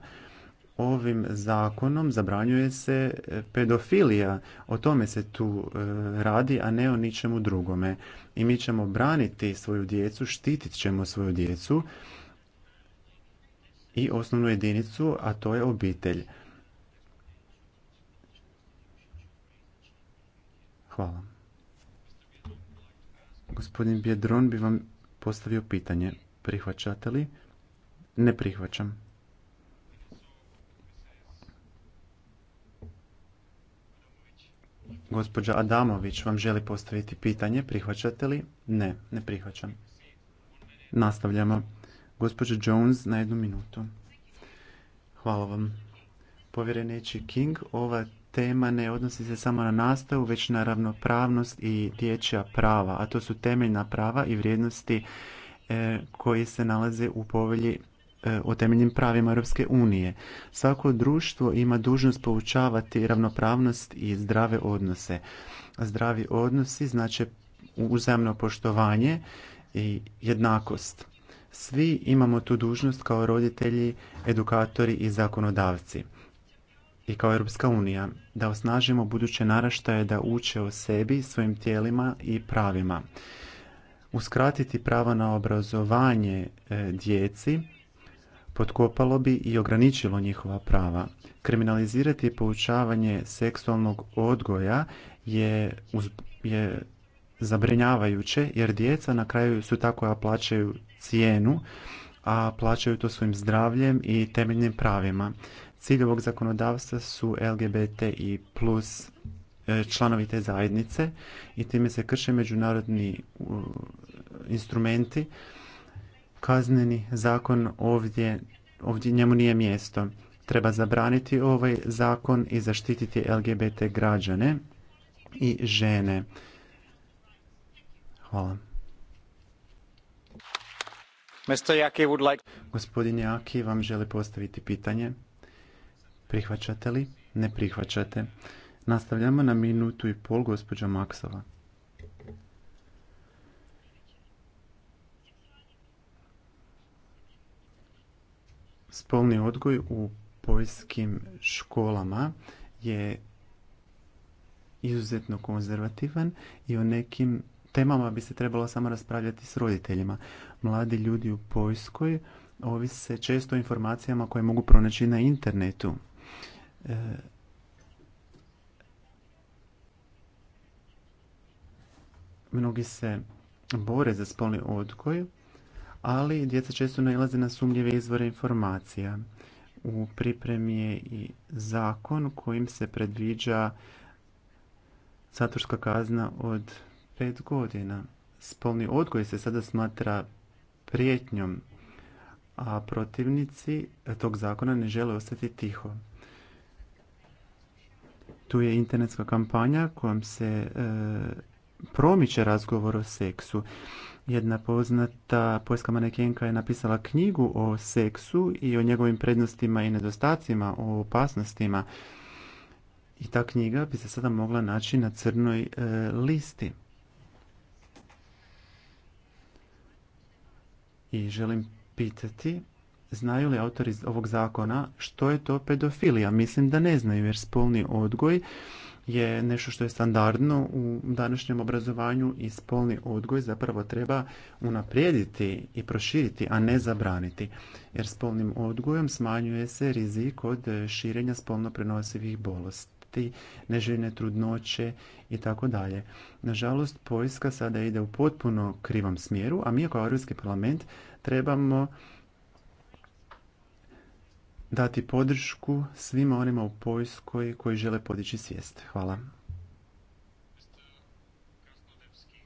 ovim zakonom zabranjuje se e, pedofilija. O tome se tu e, radi, a ne o ničemu drugome. I mi ćemo braniti svoju djecu, štitit ćemo svoju djecu i osnovnu jedinicu, a to je obitelj. Hvala. Gospodin Bjedron bi vam postavio pitanje. Prihvaćate li? Ne prihvaćam. Gospođa Adamović vam želi postaviti pitanje. Prihvaćate li? Ne, ne prihvaćam. Nastavljamo. Gospođa Jones na jednu minutu. Hvala vam. Povjereniči King, ova tema ne odnosi se samo na nastavu, već na ravnopravnost i dječja prava, a to su temeljna prava i vrijednosti eh, koji se nalaze u povelji E, o temeljnim pravima Europske unije. Svako društvo ima dužnost poučavati ravnopravnost i zdrave odnose. Zdravi odnosi znači uzajamno poštovanje i jednakost. Svi imamo tu dužnost kao roditelji, edukatori i zakonodavci i kao Europska unija da osnažimo buduće naraštaje da uče o sebi, svojim tijelima i pravima. Uskratiti pravo na obrazovanje e, djeci potkopalo bi i ograničilo njihova prava. Kriminalizirati poučavanje seksualnog odgoja je, je zabrinjavajuće jer djeca na kraju su tako koja plaćaju cijenu, a plaćaju to svojim zdravljem i temeljnim pravima. Cilj ovog zakonodavstva su LGBT i plus e, članovi te zajednice i time se krše međunarodni instrumenti kazneni zakon ovdje, ovdje njemu nije mjesto. Treba zabraniti ovaj zakon i zaštititi LGBT građane i žene. Hvala. Mr. Jaki would like... Gospodin Jaki vam želi postaviti pitanje. Prihvaćate li? Ne prihvaćate. Nastavljamo na minutu i pol gospođa Maksova. spolni odgoj u poljskim školama je izuzetno konzervativan i o nekim temama bi se trebalo samo raspravljati s roditeljima. Mladi ljudi u Poljskoj ovise često o informacijama koje mogu pronaći na internetu. E, mnogi se bore za spolni odgoj ali djeca često nalaze na sumnjive izvore informacija. U pripremi je i zakon kojim se predviđa zatvorska kazna od pet godina. Spolni odgoj se sada smatra prijetnjom, a protivnici tog zakona ne žele ostati tiho. Tu je internetska kampanja kojom se e, promiče razgovor o seksu. Jedna poznata poljska manekenka je napisala knjigu o seksu i o njegovim prednostima i nedostacima, o opasnostima. I ta knjiga bi se sada mogla naći na crnoj e, listi. I želim pitati, znaju li autori ovog zakona što je to pedofilija? Mislim da ne znaju jer spolni odgoj je nešto što je standardno u današnjem obrazovanju i spolni odgoj zapravo treba unaprijediti i proširiti, a ne zabraniti. Jer spolnim odgojem smanjuje se rizik od širenja spolno prenosivih bolesti neželjene trudnoće i tako dalje. Nažalost, Poljska sada ide u potpuno krivom smjeru, a mi kao Europski parlament trebamo dati podršku svima onima u Poljskoj koji žele podići svijest. Hvala.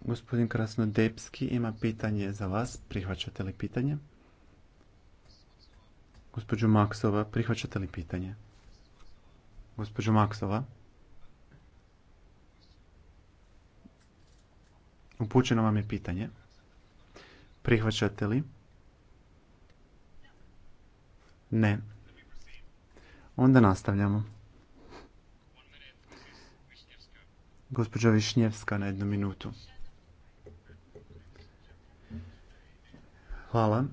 Gospodin Krasnodepski ima pitanje za vas. Prihvaćate li pitanje? Gospođu Maksova, prihvaćate li pitanje? Gospođu Maksova? Upućeno vam je pitanje. Prihvaćate li? Ne. Onda nastavljamo. Gospođa Višnjevska na jednu minutu. Hvala.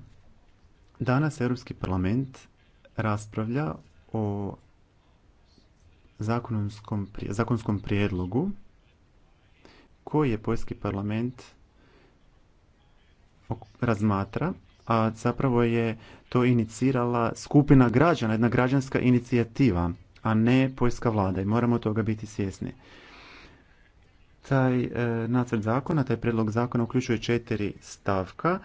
Danas Europski parlament raspravlja o zakonskom prijedlogu koji je Poljski parlament razmatra a zapravo je to inicirala skupina građana, jedna građanska inicijativa, a ne poljska vlada i moramo toga biti svjesni. Taj e, nacrt zakona, taj predlog zakona uključuje četiri stavka.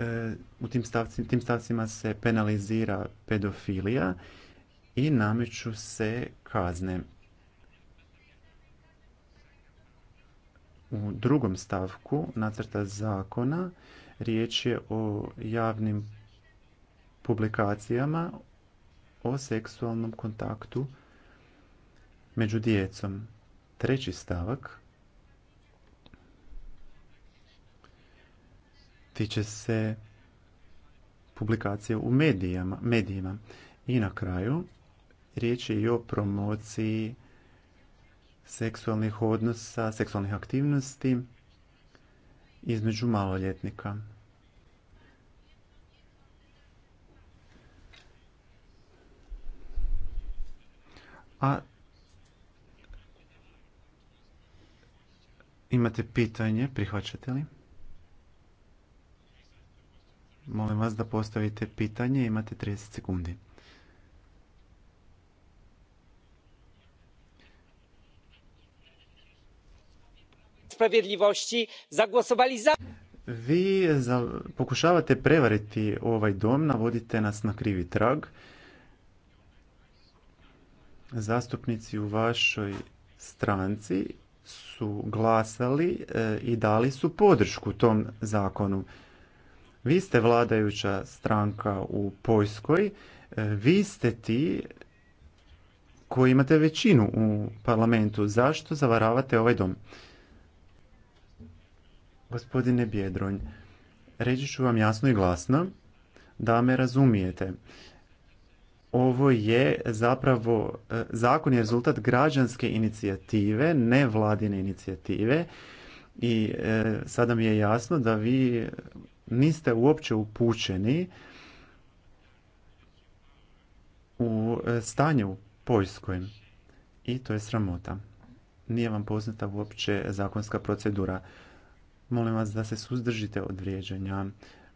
E, u tim, tim stavcima se penalizira pedofilija i nameću se kazne. U drugom stavku nacrta zakona Riječ je o javnim publikacijama o seksualnom kontaktu među djecom. Treći stavak tiče se publikacije u medijima. I na kraju riječ je i o promociji seksualnih odnosa, seksualnih aktivnosti između maloljetnika. A imate pitanje, prihvaćate li? Molim vas da postavite pitanje, imate 30 sekundi. Sprawiedliwości zagłosowali za. Vi pokušavate prevariti ovaj dom, navodite nas na krivi trag. Zastupnici u vašoj stranci su glasali e, i dali su podršku tom zakonu. Vi ste vladajuća stranka u Poljskoj, e, vi ste ti koji imate većinu u parlamentu. Zašto zavaravate ovaj dom? Gospodine Bjedronj, reći ću vam jasno i glasno da me razumijete. Ovo je zapravo, e, zakon je rezultat građanske inicijative, ne vladine inicijative i e, sada mi je jasno da vi niste uopće upućeni u e, stanju u Poljskoj i to je sramota. Nije vam poznata uopće zakonska procedura. Molim vas da se suzdržite od vrijeđanja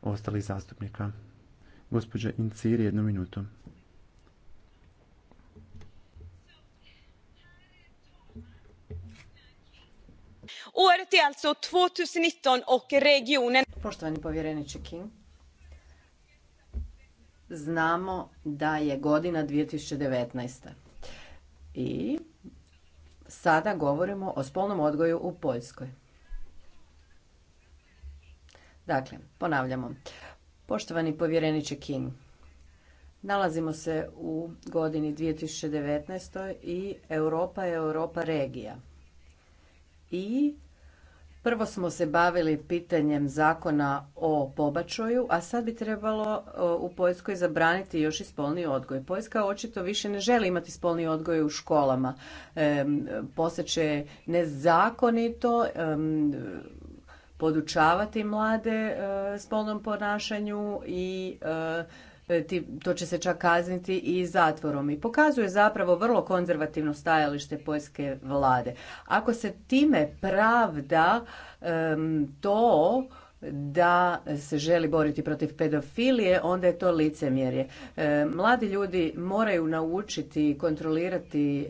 ostalih zastupnika. Gospođa Inciri, jednu minutu. Året je alco 2019 ok regionen... Poštovani povjereniče King, znamo da je godina 2019. I sada govorimo o spolnom odgoju u Poljskoj. Dakle, ponavljamo. Poštovani povjereniče King, nalazimo se u godini 2019. i Europa je Europa regija. I prvo smo se bavili pitanjem zakona o pobačaju, a sad bi trebalo e, u Poljskoj zabraniti još i spolni odgoj. Poljska očito više ne želi imati spolni odgoj u školama. E, nezakonito, podučavati mlade e, spolnom ponašanju i e, e, to će se čak kazniti i zatvorom. I pokazuje zapravo vrlo konzervativno stajalište poljske vlade. Ako se time pravda to da se želi boriti protiv pedofilije, onda je to licemjerje. E, mladi ljudi moraju naučiti kontrolirati, e,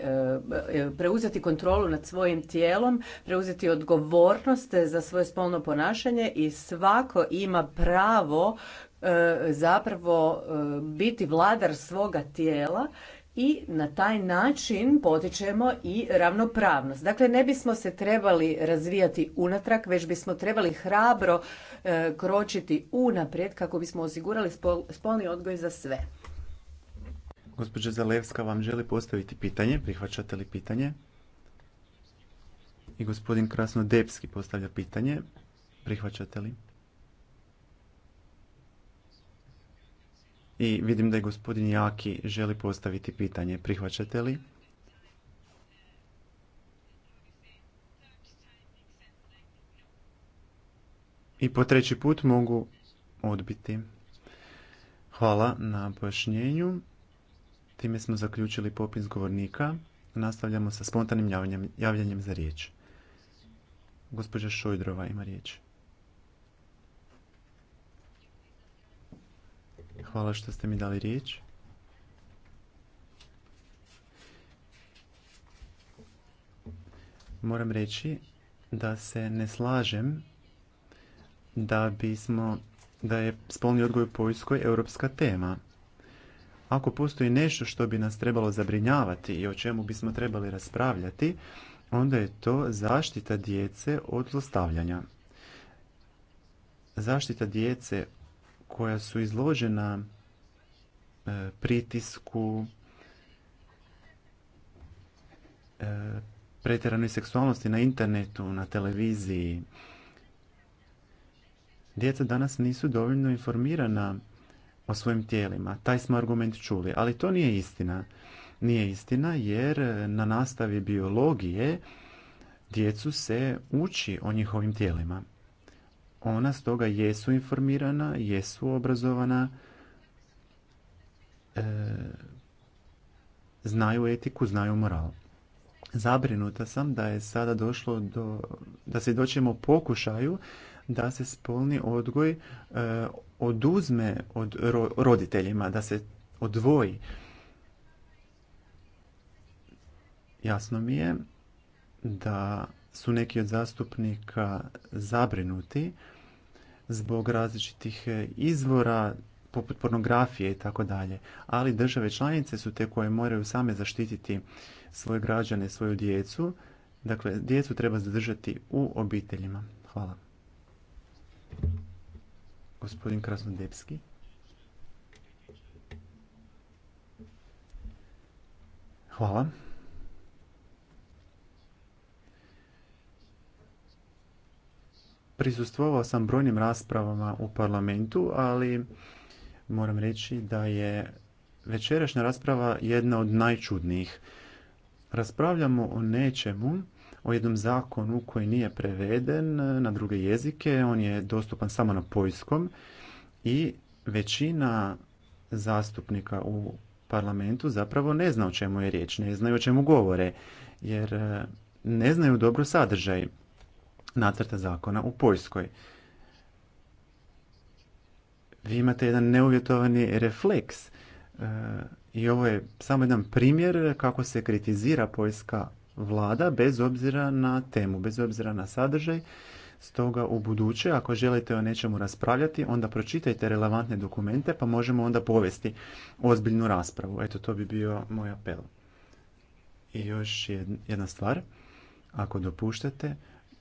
preuzeti kontrolu nad svojim tijelom, preuzeti odgovornost za svoje spolno ponašanje i svako ima pravo e, zapravo biti vladar svoga tijela i na taj način potičemo i ravnopravnost. Dakle, ne bismo se trebali razvijati unatrag, već bismo trebali hrabro e, kročiti unaprijed kako bismo osigurali spol, spolni odgoj za sve. Gospođa Zalevska vam želi postaviti pitanje. Prihvaćate li pitanje? I gospodin Krasnodepski postavlja pitanje. Prihvaćate li? I vidim da je gospodin Jaki želi postaviti pitanje. Prihvaćate li? I po treći put mogu odbiti. Hvala na pojašnjenju. Time smo zaključili popis govornika. Nastavljamo sa spontanim javljanjem, za riječ. Gospođa Šojdrova ima riječ. Hvala što ste mi dali riječ. Moram reći da se ne slažem da bismo da je spolni odgoj u Poljskoj europska tema. Ako postoji nešto što bi nas trebalo zabrinjavati i o čemu bismo trebali raspravljati, onda je to zaštita djece od zlostavljanja. Zaštita djece koja su izložena e, pritisku, e, pretjeranoj seksualnosti na internetu, na televiziji. Djeca danas nisu dovoljno informirana o svojim tijelima. Taj smo argument čuli, ali to nije istina. Nije istina jer na nastavi biologije djecu se uči o njihovim tijelima. Ona stoga jesu informirana, jesu obrazovana, e, znaju etiku, znaju moral. Zabrinuta sam da je sada došlo do, da se doćemo pokušaju da se spolni odgoj e, oduzme od roditeljima, da se odvoji. Jasno mi je da su neki od zastupnika zabrinuti zbog različitih e, izvora poput pornografije i tako dalje. Ali države članice su te koje moraju same zaštititi svoje građane, svoju djecu. Dakle, djecu treba zadržati u obiteljima. Hvala. Gospodin Krasnodepski. Hvala. prisustvovao sam brojnim raspravama u parlamentu, ali moram reći da je večerašnja rasprava jedna od najčudnijih. Raspravljamo o nečemu, o jednom zakonu koji nije preveden na druge jezike, on je dostupan samo na poljskom i većina zastupnika u parlamentu zapravo ne zna o čemu je riječ, ne znaju o čemu govore, jer eh, ne znaju dobro sadržaj nacrta zakona u Poljskoj. Vi imate jedan neuvjetovani refleks e, i ovo je samo jedan primjer kako se kritizira poljska vlada bez obzira na temu, bez obzira na sadržaj. Stoga u buduće, ako želite o nečemu raspravljati, onda pročitajte relevantne dokumente pa možemo onda povesti ozbiljnu raspravu. Eto, to bi bio moj apel. I još jedna stvar, ako dopuštate,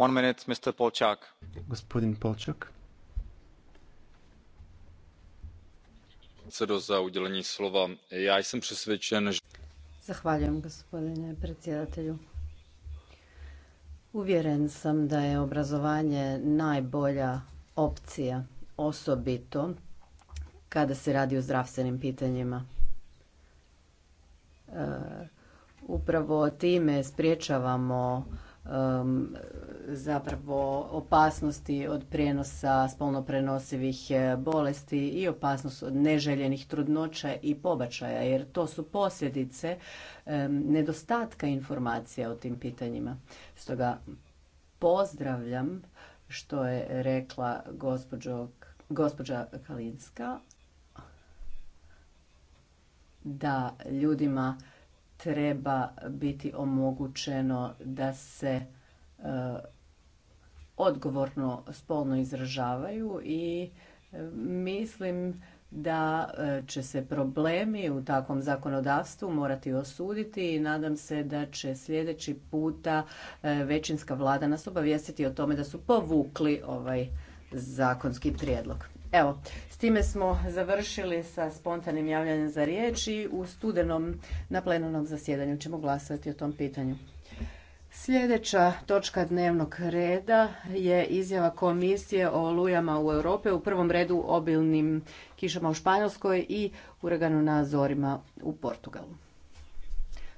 One minute, Mr. Gospodin Polčak. Ja sam Zahvaljujem gospodine predsjedatelju. Uvjeren sam da je obrazovanje najbolja opcija, osobito kada se radi o zdravstvenim pitanjima. E, upravo time spriječavamo Um, zapravo opasnosti od prijenosa spolno prenosivih eh, bolesti i opasnost od neželjenih trudnoća i pobačaja jer to su posljedice nedostatka informacija o tim pitanjima. Stoga pozdravljam što je rekla gospođa Kalinska da ljudima treba biti omogućeno da se e, odgovorno spolno izražavaju i e, mislim da e, će se problemi u takvom zakonodavstvu morati osuditi i nadam se da će sljedeći puta većinska vlada nas obavijestiti o tome da su povukli ovaj zakonski prijedlog. Evo, s time smo završili sa spontanim javljanjem za riječ i u studenom na plenarnom zasjedanju ćemo glasovati o tom pitanju. Sljedeća točka dnevnog reda je izjava komisije o olujama u Europe, u prvom redu obilnim kišama u Španjolskoj i uraganu na Azorima u Portugalu.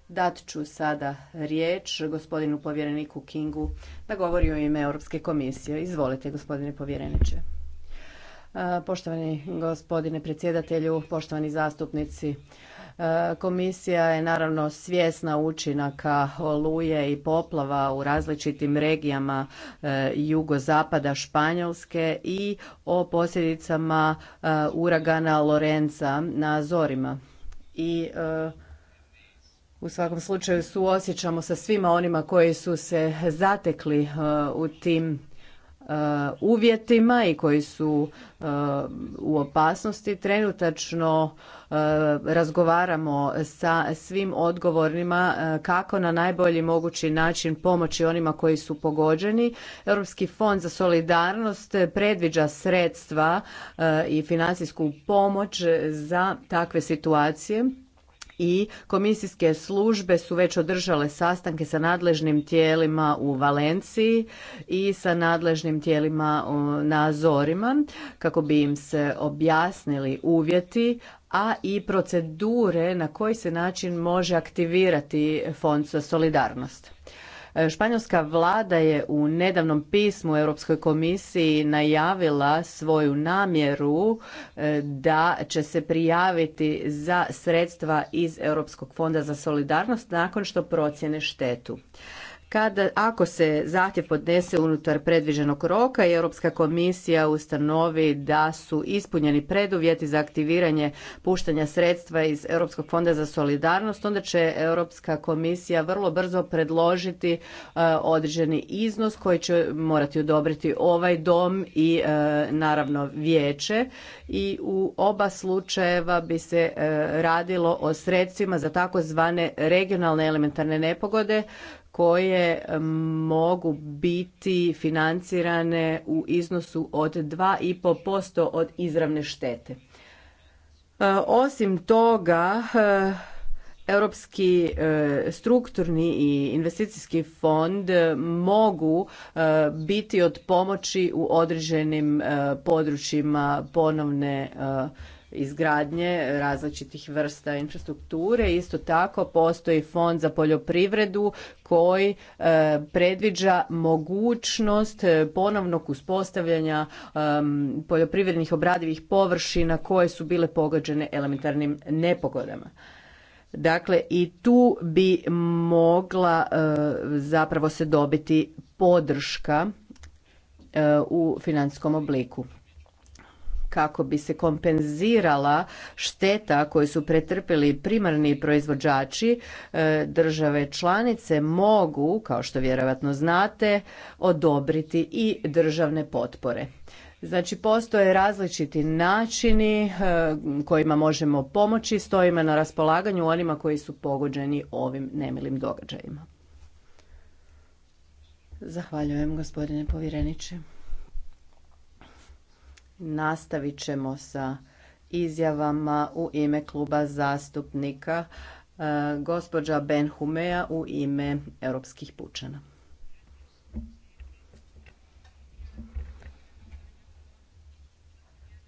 Dat ću sada riječ gospodinu povjereniku Kingu da govori o ime Europske komisije. Izvolite gospodine povjereniče. E, poštovani gospodine predsjedatelju, poštovani zastupnici. E, komisija je naravno svjesna učinaka oluje i poplava u različitim regijama e, jugozapada Španjolske i o posljedicama uragana Lorenza na Azorima. I u svakom slučaju suosjećamo sa svima onima koji su se zatekli u tim E, uvjetima i koji su e, u opasnosti. Trenutačno e, razgovaramo sa svim odgovornima kako na najbolji mogući način pomoći onima koji su pogođeni. Europski fond za solidarnost predviđa sredstva i financijsku pomoć za takve situacije i komisijske službe su već održale sastanke sa nadležnim tijelima u Valenciji i sa nadležnim tijelima na Azorima kako bi im se objasnili uvjeti a i procedure na koji se način može aktivirati fond za solidarnost. E, španjolska vlada je u nedavnom pismu Europskoj komisiji najavila svoju namjeru e, da će se prijaviti za sredstva iz Europskog fonda za solidarnost nakon što procjene štetu. Kada, ako se zahtjev podnese unutar predviđenog roka i Europska komisija ustanovi da su ispunjeni preduvjeti za aktiviranje puštanja sredstva iz Europskog fonda za solidarnost, onda će Europska komisija vrlo brzo predložiti e, određeni iznos koji će morati odobriti ovaj dom i e, naravno vijeće i u oba slučajeva bi se e, radilo o sredstvima za takozvane regionalne elementarne nepogode koje mogu biti financirane u iznosu od 2,5% od izravne štete. E, osim toga, e, Europski e, strukturni i investicijski fond mogu biti od pomoći u određenim područjima ponovne izgradnje različitih vrsta infrastrukture. Isto tako postoji fond za poljoprivredu koji e, predviđa mogućnost e, ponovnog uspostavljanja poljoprivrednih obradivih površina koje su bile pogođene elementarnim nepogodama. Dakle, i tu bi mogla e, zapravo se dobiti podrška u financijskom obliku kako bi se kompenzirala šteta koju su pretrpili primarni proizvođači e, države članice mogu kao što vjerojatno znate odobriti i državne potpore Znači postoje različiti načini e, kojima možemo pomoći, stojimo na raspolaganju onima koji su pogođeni ovim nemilim događajima. Zahvaljujem gospodine povjereniče. Nastavit ćemo sa izjavama u ime kluba zastupnika e, gospođa Ben Humea u ime europskih pučana.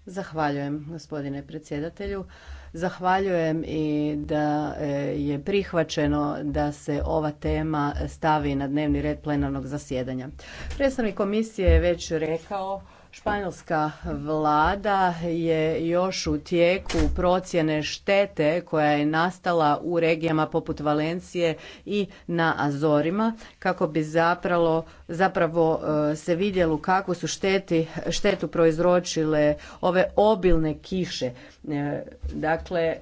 Zahvaljujem gospodine predsjedatelju. Zahvaljujem i da e, je prihvaćeno da se ova tema stavi na dnevni red plenarnog zasjedanja. Predstavnik komisije je već rekao Španjolska vlada je još u tijeku procjene štete koja je nastala u regijama poput Valencije i na Azorima kako bi zapravo, zapravo e, se vidjelo kako su šteti, štetu proizročile ove obilne kiše. E, dakle, e,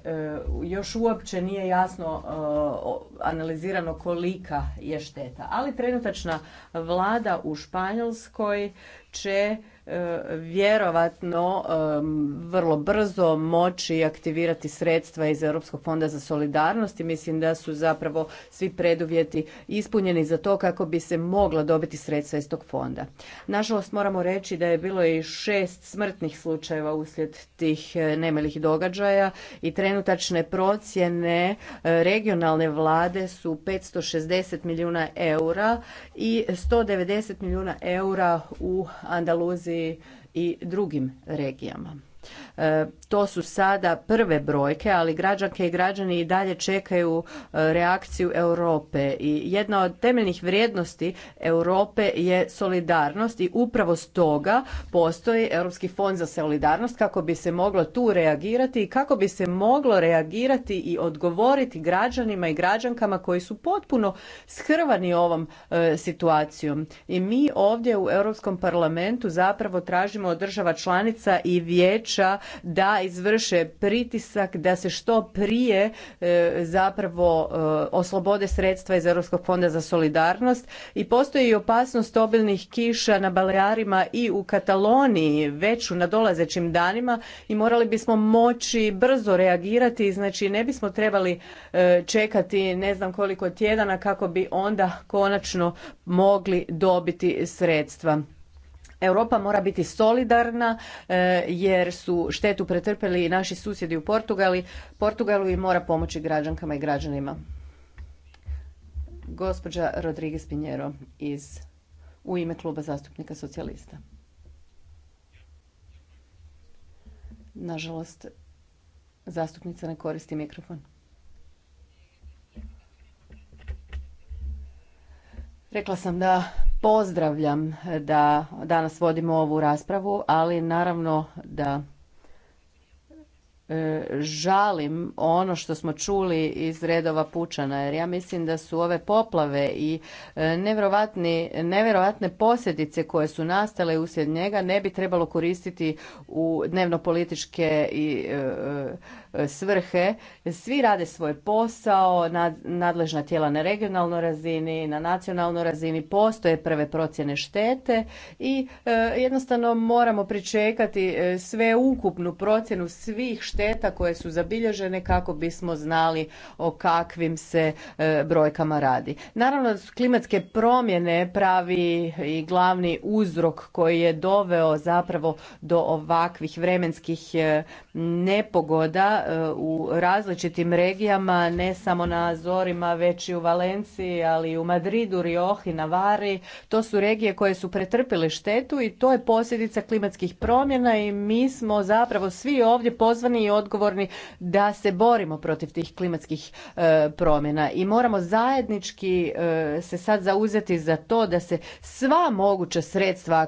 još uopće nije jasno analizirano kolika je šteta. Ali trenutačna vlada u Španjolskoj će vjerovatno vrlo brzo moći aktivirati sredstva iz Europskog fonda za solidarnost i mislim da su zapravo svi preduvjeti ispunjeni za to kako bi se mogla dobiti sredstva iz tog fonda. Nažalost moramo reći da je bilo i šest smrtnih slučajeva uslijed tih e, nemilih događaja i trenutačne procjene e, regionalne vlade su 560 milijuna eura i 190 milijuna eura u Andaluziji i drugim regijama. E, to su sada prve brojke, ali građanke i građani i dalje čekaju e, reakciju Europe i jedna od temeljnih vrijednosti Europe je solidarnost i upravo stoga postoji Europski fond za solidarnost kako bi se moglo tu reagirati i kako bi se moglo reagirati i odgovoriti građanima i građankama koji su potpuno skrvani ovom e, situacijom. I mi ovdje u Europskom parlamentu zapravo tražimo od država članica i vijeća da izvrše pritisak da se što prije e, zapravo e, oslobode sredstva iz Europskog fonda za solidarnost i postoji opasnost obilnih kiša na Balearima i u Kataloniji već u nadolazećim danima i morali bismo moći brzo reagirati, znači ne bismo trebali e, čekati ne znam koliko tjedana kako bi onda konačno mogli dobiti sredstva. Europa mora biti solidarna e, jer su štetu pretrpeli i naši susjedi u Portugali. Portugalu i mora pomoći građankama i građanima. Gospođa Rodriguez Pinjero iz, u ime kluba zastupnika socijalista. Nažalost, zastupnica ne koristi mikrofon. Rekla sam da pozdravljam da danas vodimo ovu raspravu, ali naravno da e, žalim ono što smo čuli iz redova pučana jer ja mislim da su ove poplave i e, nevjerojatne posljedice koje su nastale uslijed njega ne bi trebalo koristiti u dnevno političke i e, E, svrhe. Svi rade svoj posao, nadležna tijela na regionalnoj razini, na nacionalnoj razini, postoje prve procjene štete i e, jednostavno moramo pričekati e, sve ukupnu procjenu svih šteta koje su zabilježene kako bismo znali o kakvim se brojkama radi. Naravno, klimatske promjene pravi i glavni uzrok koji je doveo zapravo do ovakvih vremenskih nepogoda E, u različitim regijama, ne samo na Azorima, već i u Valenciji, ali i u Madridu, Riohi, Navari. To su regije koje su pretrpile štetu i to je posljedica klimatskih promjena i mi smo zapravo svi ovdje pozvani i odgovorni da se borimo protiv tih klimatskih e, promjena i moramo zajednički e, se sad zauzeti za to da se sva moguća sredstva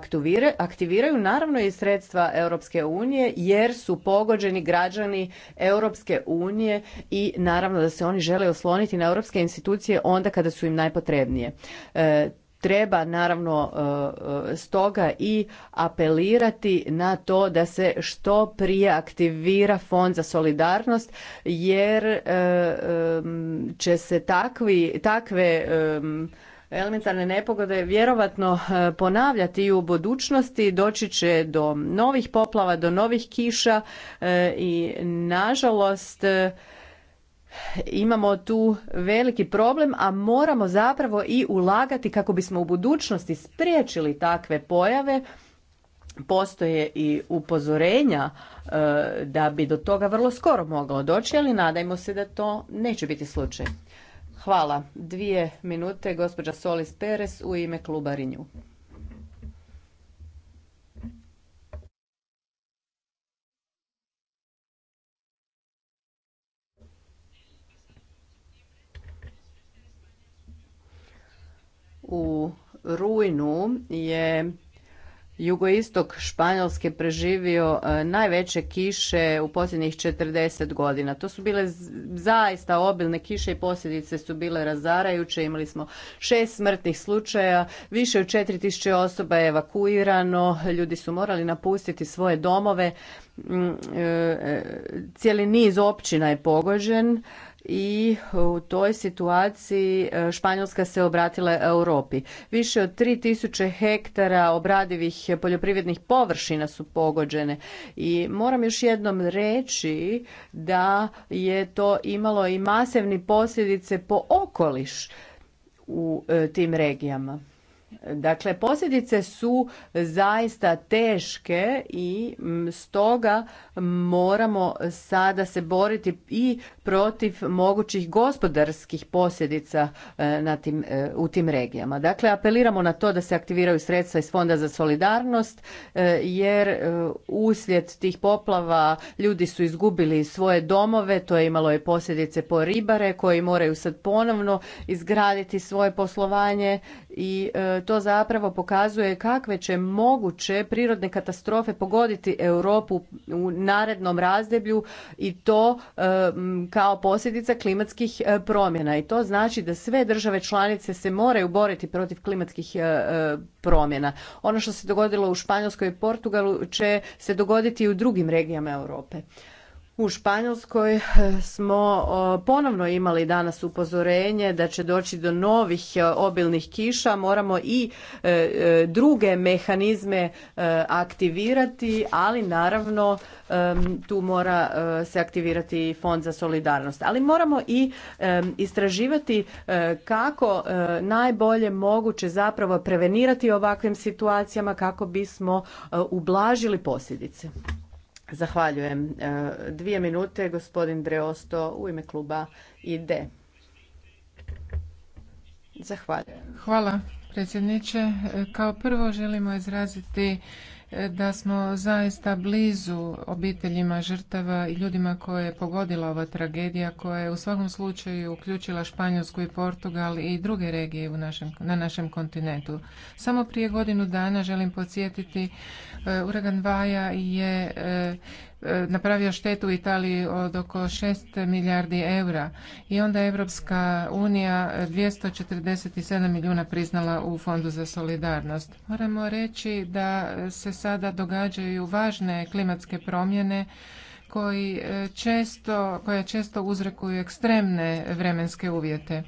aktiviraju, naravno i sredstva Europske unije jer su pogođeni građani Europske unije i naravno da se oni žele osloniti na europske institucije onda kada su im najpotrebnije. E, treba naravno e, e, stoga i apelirati na to da se što prije aktivira fond za solidarnost jer će se takvi, takve elementarne nepogode vjerovatno e, ponavljati i u budućnosti. Doći će do novih poplava, do novih kiša e, i nažalost e, imamo tu veliki problem, a moramo zapravo i ulagati kako bismo u budućnosti spriječili takve pojave. Postoje i upozorenja da bi do toga vrlo skoro moglo doći, ali nadajmo se da to neće biti slučaj. Hvala. Dvije minute, gospođa Solis Peres u ime kluba Rinju. U rujnu je jugoistok Španjolske preživio e, najveće kiše u posljednjih 40 godina. To su bile zaista obilne kiše i posljedice su bile razarajuće. Imali smo šest smrtnih slučaja, više od 4000 osoba je evakuirano, ljudi su morali napustiti svoje domove, mm, e, e, cijeli niz općina je pogođen i u toj situaciji e, Španjolska se obratila Europi. Više od 3000 hektara obradivih poljoprivrednih površina su pogođene i moram još jednom reći da je to imalo i masevni posljedice po okoliš u e, tim regijama. Dakle, posljedice su zaista teške i stoga moramo sada se boriti i protiv mogućih gospodarskih posljedica e, na tim, e, u tim regijama. Dakle, apeliramo na to da se aktiviraju sredstva iz Fonda za solidarnost e, jer uslijed tih poplava ljudi su izgubili svoje domove, to je imalo i posljedice po ribare koji moraju sad ponovno izgraditi svoje poslovanje i to zapravo pokazuje kakve će moguće prirodne katastrofe pogoditi Europu u narednom razdeblju i to e, kao posljedica klimatskih e, promjena. I to znači da sve države članice se moraju boriti protiv klimatskih e, promjena. Ono što se dogodilo u Španjolskoj i Portugalu će se dogoditi i u drugim regijama Europe. U Španjolskoj eh, smo ponovno imali danas upozorenje da će doći do novih eh, obilnih kiša, moramo i eh, druge mehanizme aktivirati, ali naravno tu mora se aktivirati i fond za solidarnost. Ali moramo i istraživati kako najbolje moguće zapravo prevenirati ovakvim situacijama kako bismo ublažili posljedice. Zahvaljujem. E, dvije minute, gospodin Dreosto u ime kluba ID. Zahvaljujem. Hvala predsjedniče. E, kao prvo želimo izraziti da smo zaista blizu obiteljima žrtava i ljudima koje je pogodila ova tragedija koja je u svakom slučaju uključila Španjolsku i Portugal i druge regije u našem, na našem kontinentu. Samo prije godinu dana želim podsjetiti, e, uragan Vaja je e, napravio štetu Italiji od oko 6 milijardi eura i onda je Evropska unija 247 milijuna priznala u Fondu za solidarnost. Moramo reći da se sada događaju važne klimatske promjene koji e, koja često uzrekuju ekstremne vremenske uvjete.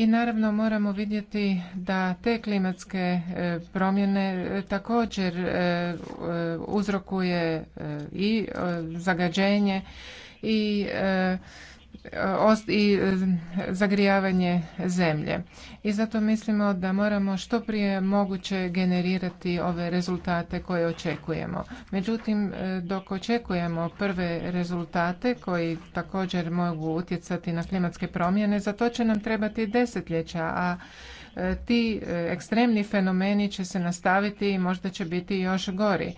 I naravno moramo vidjeti da te klimatske e, promjene e, također e, uzrokuje i zagađenje i i e, zagrijavanje zemlje. I zato mislimo da moramo što prije moguće generirati ove rezultate koje očekujemo. Međutim, e, dok očekujemo prve rezultate koji također mogu utjecati na klimatske promjene, za to će nam trebati desetljeća, a e, ti ekstremni fenomeni će se nastaviti i možda će biti još gori.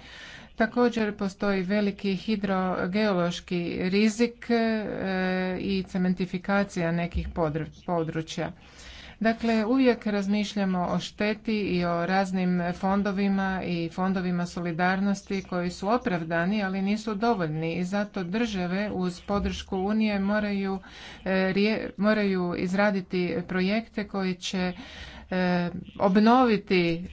Također postoji veliki hidrogeološki rizik e, i cementifikacija nekih područja. Dakle, uvijek razmišljamo o šteti i o raznim fondovima i fondovima solidarnosti koji su opravdani, ali nisu dovoljni i zato države uz podršku Unije moraju, e, moraju izraditi projekte koji će e, obnoviti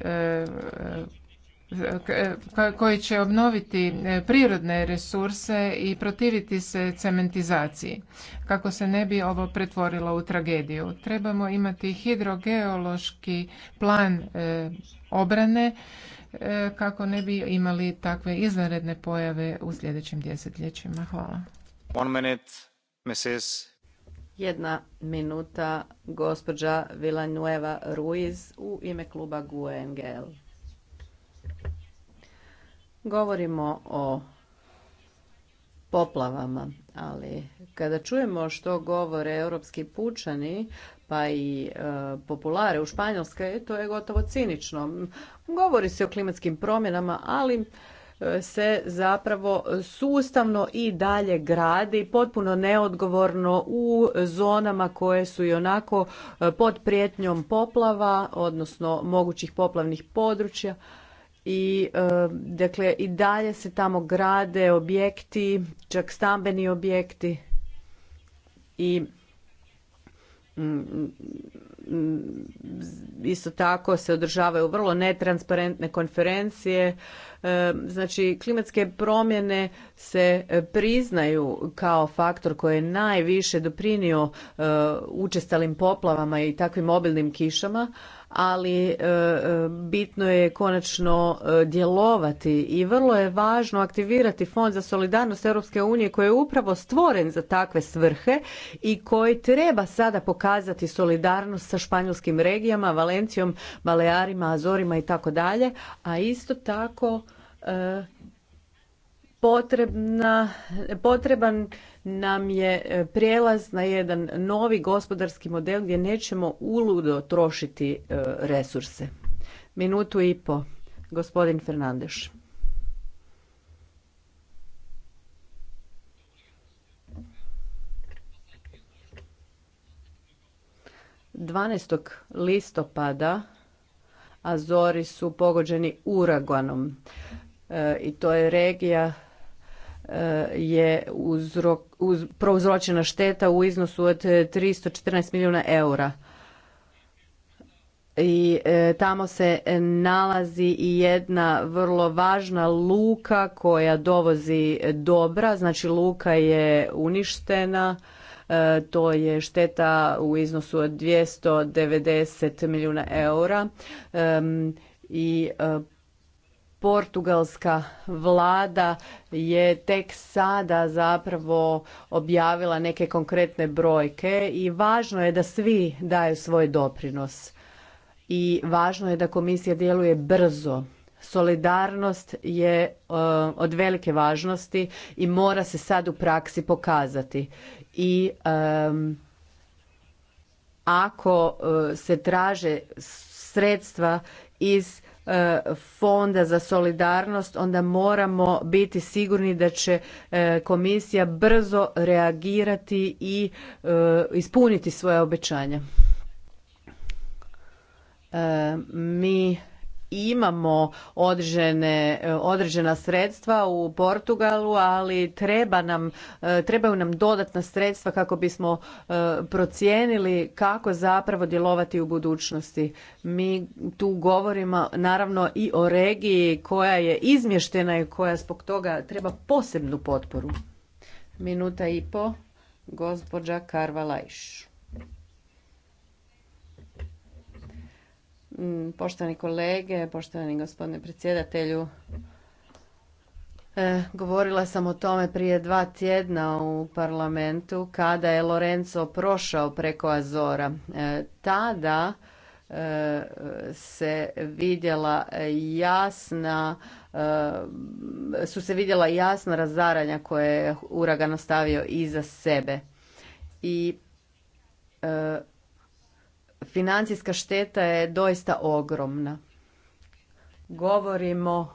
koji će obnoviti e, prirodne resurse i protiviti se cementizaciji kako se ne bi ovo pretvorilo u tragediju. Trebamo imati hidrogeološki plan e, obrane e, kako ne bi imali takve izvanredne pojave u sljedećim desetljećima. Hvala. One Jedna minuta, gospođa Villanueva Ruiz u ime kluba gue Govorimo o poplavama, ali kada čujemo što govore europski pučani, pa i e, populare u Španjolskoj, to je gotovo cinično. Govori se o klimatskim promjenama, ali e, se zapravo sustavno i dalje gradi potpuno neodgovorno u zonama koje su i onako e, pod prijetnjom poplava, odnosno mogućih poplavnih područja i e, dakle i dalje se tamo grade objekti, čak stambeni objekti i mm, mm, isto tako se održavaju vrlo netransparentne konferencije. E, znači, klimatske promjene se priznaju kao faktor koji je najviše doprinio e, učestalim poplavama i takvim obilnim kišama, ali e, e, bitno je konačno e, djelovati i vrlo je važno aktivirati Fond za solidarnost Europske unije koji je upravo stvoren za takve svrhe i koji treba sada pokazati solidarnost sa španjolskim regijama, Valencijom, Balearima, Azorima i tako dalje, a isto tako potreban nam je e, prijelaz na jedan novi gospodarski model gdje nećemo uludo trošiti e, resurse. Minutu i po, gospodin Fernandeš. Dvanaest listopada Azori su pogođeni uraganom e, i to je regija je uzrok, prouzročena šteta u iznosu od 314 e, milijuna eura. I e, tamo se nalazi i jedna vrlo važna luka koja dovozi dobra, znači luka je uništena, e, to je šteta u iznosu od 290 milijuna eura i portugalska vlada je tek sada zapravo objavila neke konkretne brojke i važno je da svi daju svoj doprinos. I važno je da komisija djeluje brzo. Solidarnost je e, od velike važnosti i mora se sad u praksi pokazati. I ako e, se traže sredstva iz E, fonda za solidarnost onda moramo biti sigurni da će e, komisija brzo reagirati i e, ispuniti svoja obećanja. Mi imamo određene, e, određena sredstva u Portugalu, ali treba nam, e, trebaju nam dodatna sredstva kako bismo e, procijenili kako zapravo djelovati u budućnosti. Mi tu govorimo naravno i o regiji koja je izmještena i koja zbog toga treba posebnu potporu. Minuta i po, gospođa Karvalajš. Mm, poštovani kolege, poštovani gospodine predsjedatelju, e, Govorila sam o tome prije dva tjedna u parlamentu kada je Lorenzo prošao preko Azora. E, tada e, se vidjela jasna su se vidjela jasna razaranja koje je uragan ostavio iza sebe. I financijska šteta je doista ogromna. Govorimo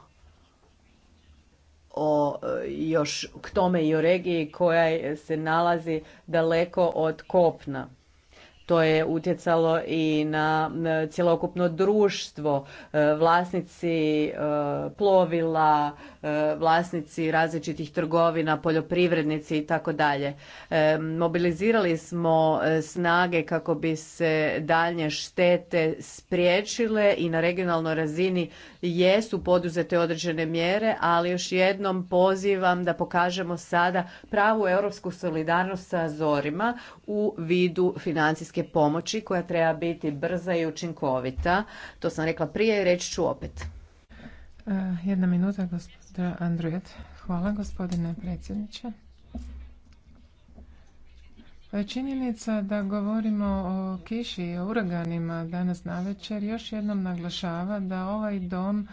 o e, još k tome i o regiji koja se nalazi daleko od kopna. To je utjecalo i na cjelokupno društvo, e, vlasnici e, plovila, E, vlasnici različitih trgovina, poljoprivrednici i tako dalje. E, mobilizirali smo e, snage kako bi se daljnje štete spriječile i na regionalnoj razini jesu poduzete određene mjere, ali još jednom pozivam da pokažemo sada pravu europsku solidarnost sa Azorima u vidu financijske pomoći koja treba biti brza i učinkovita. To sam rekla prije i reći ću opet. E, jedna minuta, gospodin Andrujet. Hvala, gospodine predsjedniče. Pa činjenica da govorimo o kiši i uraganima danas navečer još jednom naglašava da ovaj dom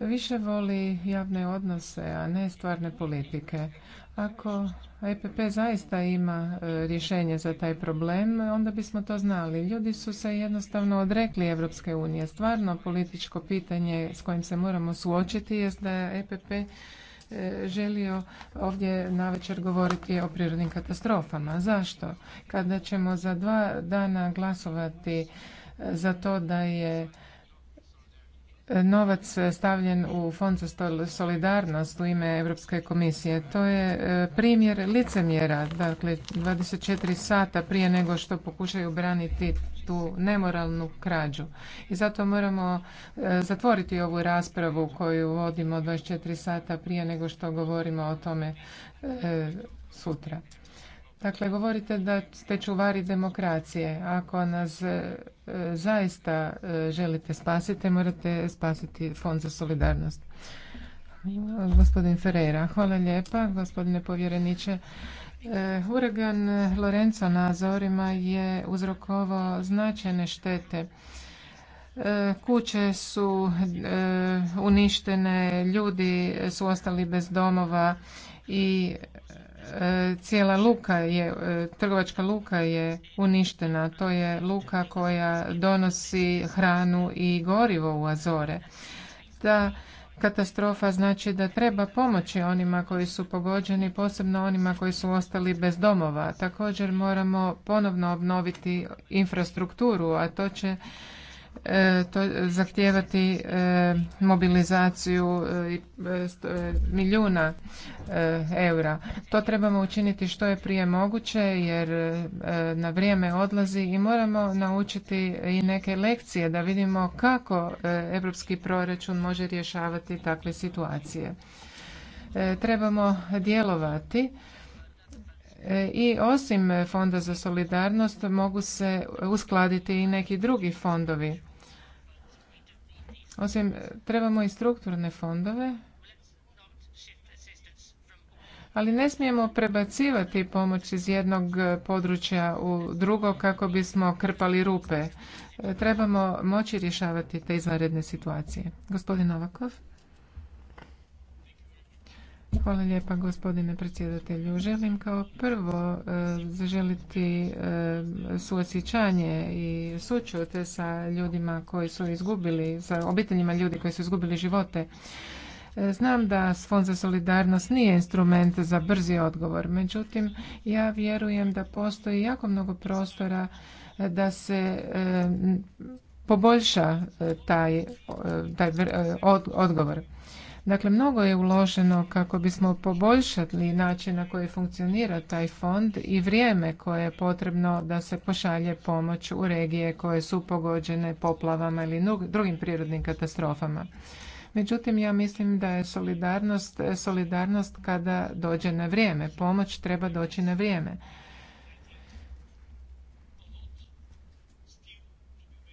više voli javne odnose, a ne stvarne politike. Ako EPP zaista ima e, rješenje za taj problem, onda bismo to znali. Ljudi su se jednostavno odrekli Evropske unije. Stvarno političko pitanje s kojim se moramo suočiti je da je EPP e, želio ovdje večer govoriti o prirodnim katastrofama. Zašto? Kada ćemo za dva dana glasovati za to da je novac e, stavljen u fond za solidarnost u ime Europske komisije. To je e, primjer licemjera, dakle 24 sata prije nego što pokušaju braniti tu nemoralnu krađu. I zato moramo e, zatvoriti ovu raspravu koju vodimo 24 sata prije nego što govorimo o tome sutra. Dakle, govorite da ste čuvari demokracije. Ako nas e, zaista e, želite spasiti, morate spasiti Fond za solidarnost. Gospodin Ferreira, hvala lijepa. Gospodine povjereniče, e, uragan Lorenzo na Azorima je uzrokovao značajne štete. Kuće su uništene, ljudi su ostali bez domova i E, cijela luka je, e, trgovačka luka je uništena. To je luka koja donosi hranu i gorivo u Azore. Ta katastrofa znači da treba pomoći onima koji su pogođeni, posebno onima koji su ostali bez domova. Također moramo ponovno obnoviti infrastrukturu, a to će E, to zahtijevati e, mobilizaciju e, milijuna eura. To trebamo učiniti što je prije moguće jer na vrijeme odlazi i moramo naučiti i neke lekcije da vidimo kako europski proračun može rješavati takve situacije. Trebamo djelovati i osim Fonda za solidarnost mogu se uskladiti i neki drugi fondovi osim, e, trebamo i strukturne fondove, ali ne smijemo prebacivati pomoć iz jednog e, područja u drugo kako bismo krpali rupe. E, trebamo moći rješavati te izvanredne situacije. Gospodin Novakov. Hvala lijepa gospodine predsjedatelju. Želim kao prvo e, zaželiti e, suosjećanje i sučut sa ljudima koji su izgubili, sa obiteljima ljudi koji su izgubili živote. E, znam da Fond za solidarnost nije instrument za brzi odgovor, međutim ja vjerujem da postoji jako mnogo prostora da se poboljša taj, taj odgovor. Dakle, mnogo je uloženo kako bismo poboljšali način na koji funkcionira taj fond i vrijeme koje je potrebno da se pošalje pomoć u regije koje su pogođene poplavama ili drugim prirodnim katastrofama. Međutim, ja mislim da je solidarnost solidarnost kada dođe na vrijeme. Pomoć treba doći na vrijeme.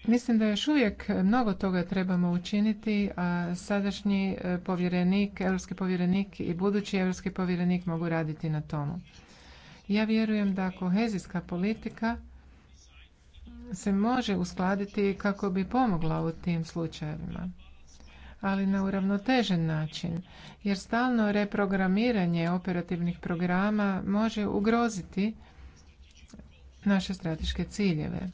Mislim da još uvijek mnogo toga trebamo učiniti, a sadašnji e, povjerenik, europski povjerenik i budući europski povjerenik mogu raditi na tomu. Ja vjerujem da kohezijska politika se može uskladiti kako bi pomogla u tim slučajevima ali na uravnotežen način, jer stalno reprogramiranje operativnih programa može ugroziti naše strateške ciljeve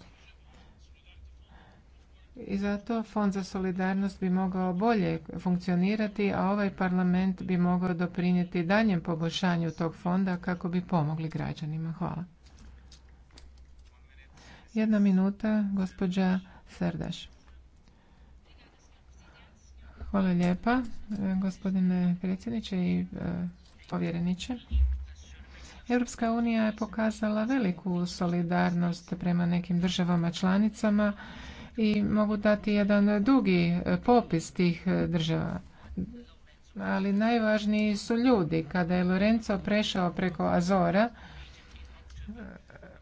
i zato Fond za solidarnost bi mogao bolje funkcionirati, a ovaj parlament bi mogao doprinijeti daljem poboljšanju tog fonda kako bi pomogli građanima. Hvala. Jedna minuta, gospođa Serdaš. Hvala lijepa, gospodine predsjedniče i e, povjereniče. Europska unija je pokazala veliku solidarnost prema nekim državama članicama i mogu dati jedan dugi popis tih e, država. Ali najvažniji su ljudi. Kada je Lorenzo prešao preko Azora, e,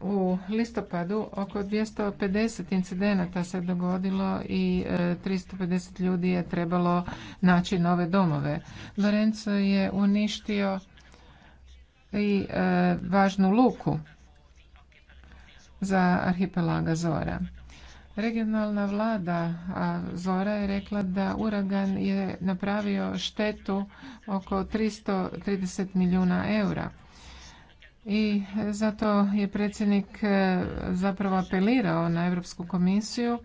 u listopadu oko 250 incidenata se dogodilo i 350 e, ljudi je trebalo naći nove domove. Lorenzo je uništio i važnu luku za arhipelaga Azora. Regionalna vlada Zora je rekla da uragan je napravio štetu oko 330 milijuna eura. I zato je predsjednik e, zapravo apelirao na Europsku komisiju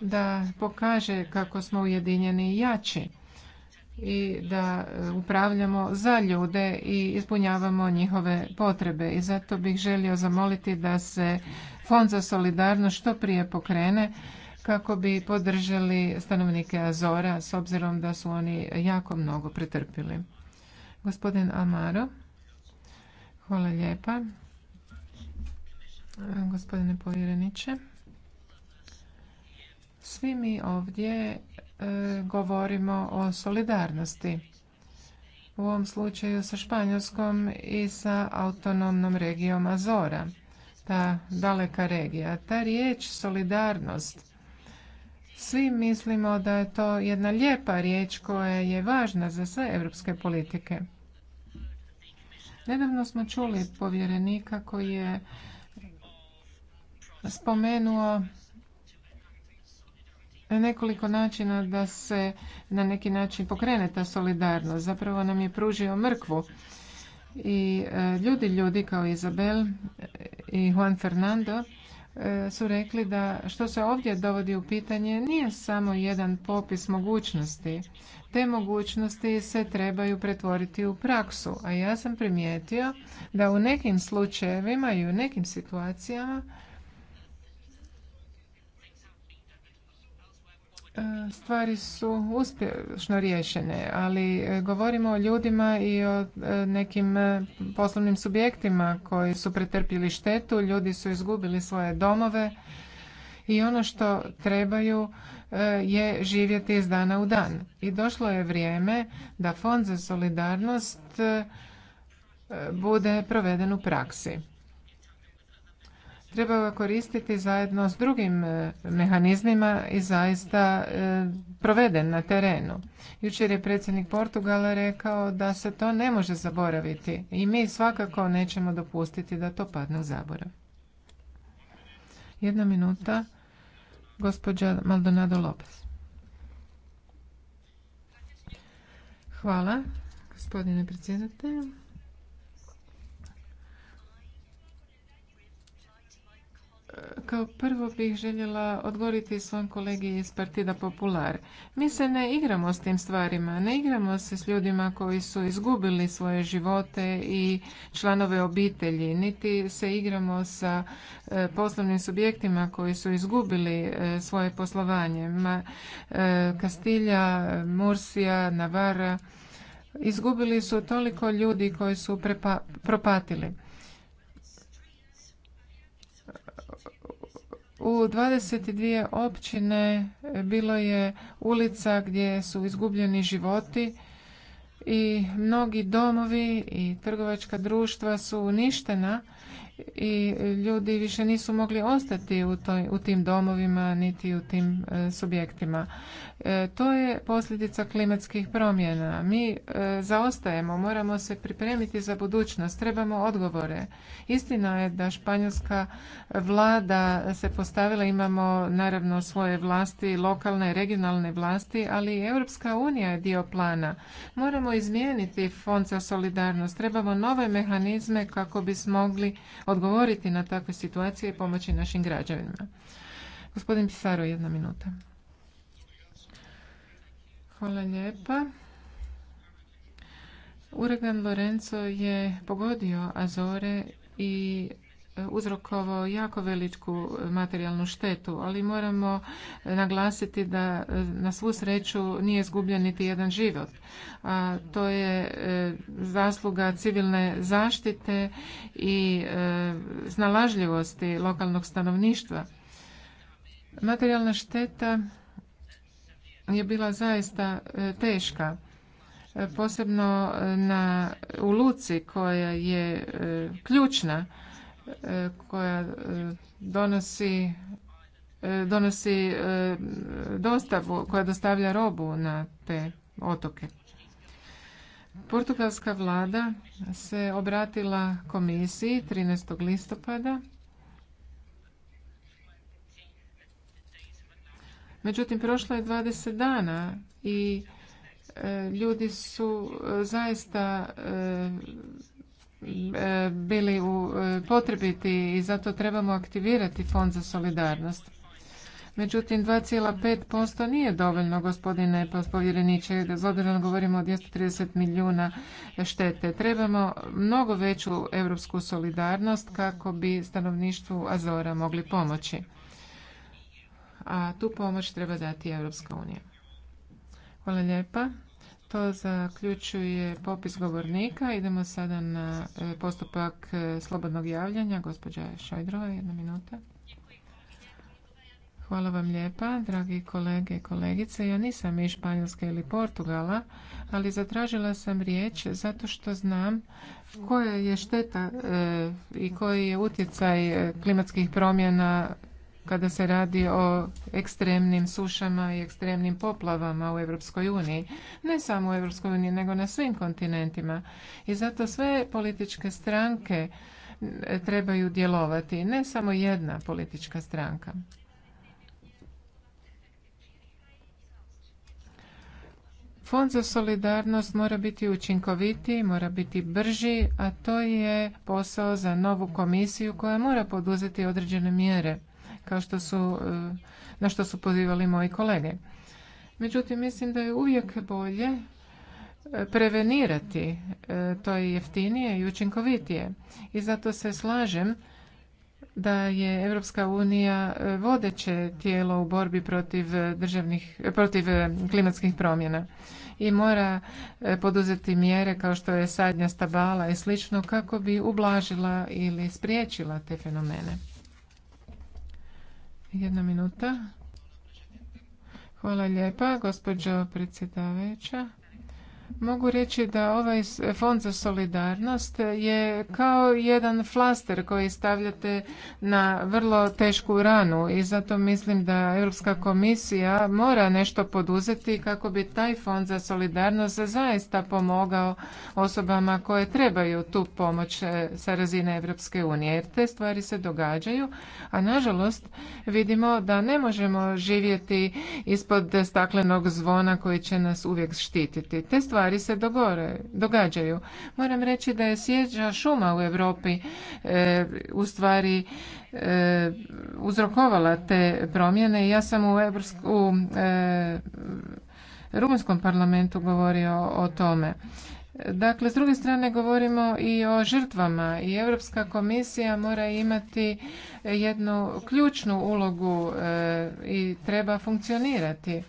da pokaže kako smo ujedinjeni i jači i da e, upravljamo za ljude i ispunjavamo njihove potrebe. I zato bih želio zamoliti da se Fond za solidarnost što prije pokrene kako bi podržali stanovnike Azora s obzirom da su oni jako mnogo pretrpili. Gospodin Amaro. Hvala lijepa. Gospodine povjereniče. Svi mi ovdje e, govorimo o solidarnosti. U ovom slučaju sa Španjolskom i sa autonomnom regijom Azora daleka regija. Ta riječ solidarnost svi mislimo da je to jedna lijepa riječ koja je važna za sve europske politike. Nedavno smo čuli povjerenika koji je spomenuo nekoliko načina da se na neki način pokrene ta solidarnost. Zapravo nam je pružio mrkvu i e, ljudi ljudi kao Izabel e, i Juan Fernando e, su rekli da što se ovdje dovodi u pitanje nije samo jedan popis mogućnosti. Te mogućnosti se trebaju pretvoriti u praksu, a ja sam primijetio da u nekim slučajevima i u nekim situacijama E, stvari su uspješno riješene, ali e, govorimo o ljudima i o e, nekim poslovnim subjektima koji su pretrpjeli štetu, ljudi su izgubili svoje domove i ono što trebaju je živjeti iz dana u dan. I došlo je vrijeme da Fond za solidarnost bude proveden u praksi treba ga koristiti zajedno s drugim e, mehanizmima i zaista e, proveden na terenu. Jučer je predsjednik Portugala rekao da se to ne može zaboraviti i mi svakako nećemo dopustiti da to padne u zaborav. Jedna minuta, gospođa Maldonado Lopez. Hvala, gospodine predsjedatelju. Kao prvo bih željela odgovoriti svom kolegi iz Partida Popular. Mi se ne igramo s tim stvarima, ne igramo se s ljudima koji su izgubili svoje živote i članove obitelji, niti se igramo sa e, poslovnim subjektima koji su izgubili e, svoje poslovanje. Kastilja, e, Mursija, Navara, izgubili su toliko ljudi koji su propatili. U 22 općine e, bilo je ulica gdje su izgubljeni životi i mnogi domovi i trgovačka društva su uništena i ljudi više nisu mogli ostati u, toj, u tim domovima niti u tim e, subjektima. E, to je posljedica klimatskih promjena. Mi e, zaostajemo, moramo se pripremiti za budućnost, trebamo odgovore. Istina je da španjolska vlada se postavila, imamo naravno svoje vlasti, lokalne, regionalne vlasti, ali i Europska unija je dio plana. Moramo izmijeniti fond za solidarnost, trebamo nove mehanizme kako bismo mogli odgovoriti na takve situacije i pomoći našim građanima. Gospodin Pisaro, jedna minuta. Hvala lijepa. Uragan Lorenzo je pogodio Azore i uzrokovao jako veliku materijalnu štetu, ali moramo e, naglasiti da e, na svu sreću nije izgubljen niti jedan život. A to je e, zasluga civilne zaštite i znalažljivosti lokalnog stanovništva. Materijalna šteta je bila zaista teška posebno na u luci koja je ključna E, koja e, donosi e, donosi dostavu koja dostavlja robu na te otoke. Portugalska vlada se obratila komisiji 13. listopada. Međutim, prošlo je 20 dana i ljudi su zaista E, bili u e, potrebiti i zato trebamo aktivirati fond za solidarnost. Međutim, 2,5% nije dovoljno, gospodine povjereniče, zlodržano govorimo o 230 milijuna štete. Trebamo mnogo veću europsku solidarnost kako bi stanovništvu Azora mogli pomoći. A tu pomoć treba dati Europska unija. Hvala lijepa. To zaključuje popis govornika. Idemo sada na e, postupak e, slobodnog javljanja. Gospođa Šajdrova, jedna minuta. Hvala vam lijepa, dragi kolege i kolegice. Ja nisam iz Španjolske ili Portugala, ali zatražila sam riječ zato što znam koja je šteta e, i koji je utjecaj klimatskih promjena kada se radi o ekstremnim sušama i ekstremnim poplavama u Europskoj uniji. Ne samo u Europskoj uniji, nego na svim kontinentima. I zato sve političke stranke e, trebaju djelovati, ne samo jedna politička stranka. Fond za solidarnost mora biti učinkovitiji, mora biti brži, a to je posao za novu komisiju koja mora poduzeti određene mjere kao što su, e, na što su pozivali moji kolege. Međutim, mislim da je uvijek bolje e, prevenirati. E, to je jeftinije i učinkovitije. I zato se slažem da je Europska unija vodeće tijelo u borbi protiv, državnih, protiv klimatskih promjena i mora poduzeti mjere kao što je sadnja stabala i slično kako bi ublažila ili spriječila te fenomene. Jedna minuta. Hvala lijepa, gospođo predsjedavajuća mogu reći da ovaj fond za solidarnost je kao jedan flaster koji stavljate na vrlo tešku ranu i zato mislim da Europska komisija mora nešto poduzeti kako bi taj fond za solidarnost zaista pomogao osobama koje trebaju tu pomoć e, sa razine Europske unije jer te stvari se događaju a nažalost vidimo da ne možemo živjeti ispod staklenog zvona koji će nas uvijek štititi te stvari se događaju. Moram reći da je sjeđa šuma u Europi e, u stvari e, uzrokovala te promjene. Ja sam u, u e, Rumunskom parlamentu govorio o tome. Dakle, s druge strane govorimo i o žrtvama i Europska komisija mora imati jednu ključnu ulogu e, i treba funkcionirati.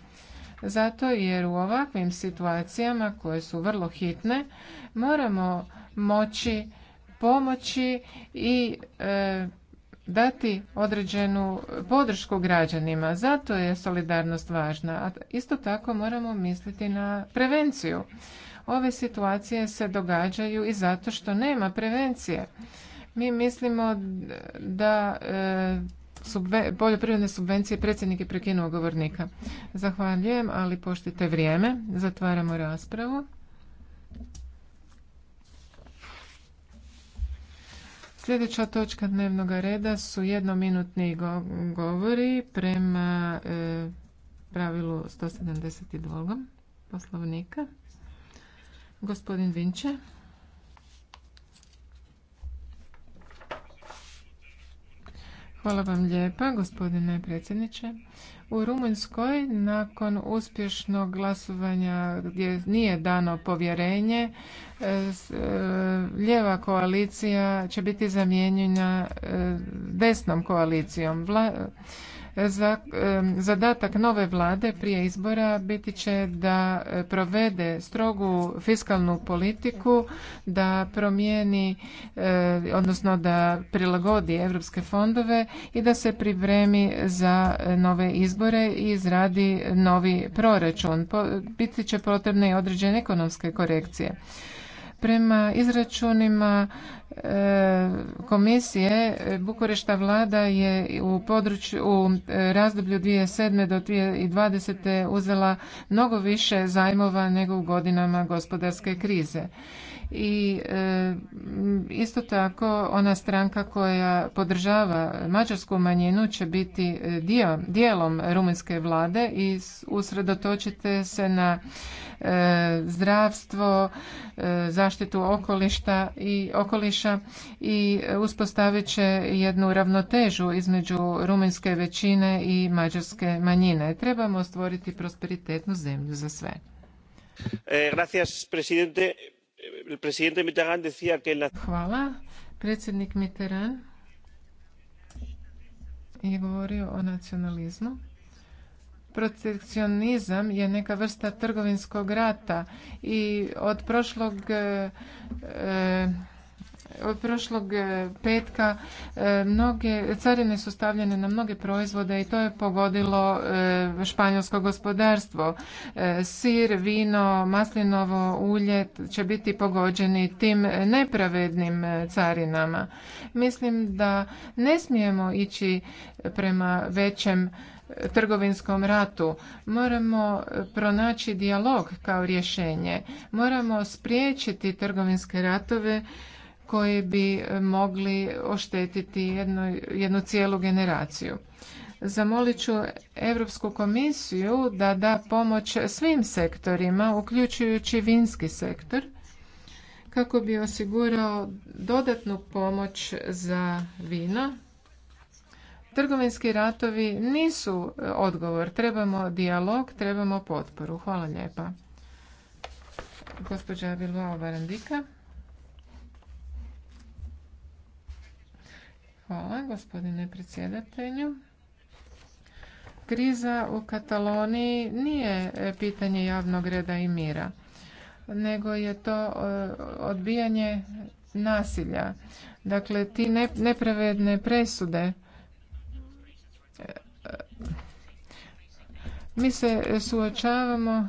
Zato jer u ovakvim situacijama koje su vrlo hitne moramo moći pomoći i e, dati određenu podršku građanima. Zato je solidarnost važna. A isto tako moramo misliti na prevenciju. Ove situacije se događaju i zato što nema prevencije. Mi mislimo da e, poljoprivredne subvencije, predsjednik je prekinuo govornika. Zahvaljujem, ali poštite vrijeme. Zatvaramo raspravu. Sljedeća točka dnevnog reda su jednominutni govori prema e, pravilu 172. poslovnika. Gospodin Vinče. Hvala vam lijepa, gospodine predsjedniče. U Rumunjskoj, nakon uspješnog glasovanja gdje nije dano povjerenje, e, e, lijeva koalicija će biti zamijenjena e, desnom koalicijom zadatak nove vlade prije izbora biti će da e, provede strogu fiskalnu politiku, da promijeni, e, odnosno da prilagodi europske fondove i da se pripremi za nove izbore i izradi novi proračun. Biti će potrebne i određene ekonomske korekcije. Prema izračunima e, komisije Bukurešta vlada je u području u e, razdoblju 2007. do 2020. uzela mnogo više zajmova nego u godinama gospodarske krize i e, isto tako ona stranka koja podržava mađarsku manjinu će biti e, dijelom rumunjske vlade i usredotočite se na e, zdravstvo, zaštitu okolišta i okoliša i uspostavit će jednu ravnotežu između rumunjske većine i mađarske manjine. Trebamo stvoriti prosperitetnu zemlju za sve. Eh, gracias, Hvala. Predsjednik Mitterrand je govorio o nacionalizmu. Protekcionizam je neka vrsta trgovinskog rata i od prošlog eh, eh, od prošlog e, petka e, mnoge carine su stavljene na mnoge proizvode i to je pogodilo e, španjolsko gospodarstvo. Sir, vino, maslinovo ulje će biti pogođeni tim nepravednim carinama. Mislim da ne smijemo ići prema većem trgovinskom ratu. Moramo pronaći dijalog kao rješenje. Moramo spriječiti trgovinske ratove koji bi e, mogli oštetiti jednu, jednu cijelu generaciju. Zamolit ću Europsku komisiju da da pomoć svim sektorima, uključujući vinski sektor, kako bi osigurao dodatnu pomoć za vina. Trgovinski ratovi nisu e, odgovor. Trebamo dijalog, trebamo potporu. Hvala lijepa. Gospođa Barandika. Hvala gospodine predsjedatelju. Kriza u Kataloniji nije pitanje javnog reda i mira, nego je to e, odbijanje nasilja. Dakle, ti nepravedne presude e, e, mi se suočavamo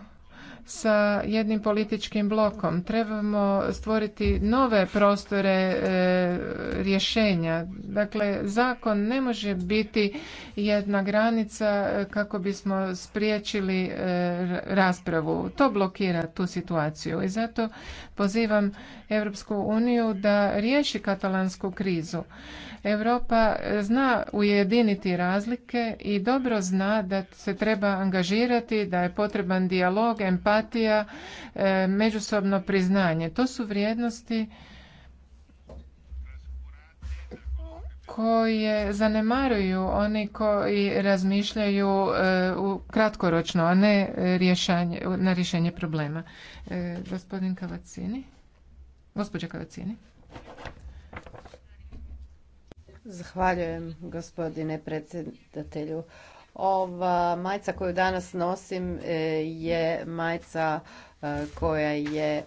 sa jednim političkim blokom. Trebamo stvoriti nove prostore e, rješenja. Dakle, zakon ne može biti jedna granica e, kako bismo spriječili e, raspravu. To blokira tu situaciju i zato pozivam Europsku uniju da riješi katalansku krizu. Europa eh, zna ujediniti razlike i dobro zna da se treba angažirati, da je potreban dijalog, empatija, eh, međusobno priznanje. To su vrijednosti koje zanemaruju oni koji razmišljaju eh, kratkoročno, a ne na rješenje problema. Gospodin Kavacini. Gospođa Kavacini. Zahvaljujem gospodine predsjedatelju. Ova majca koju danas nosim e, je majica E, koja je e,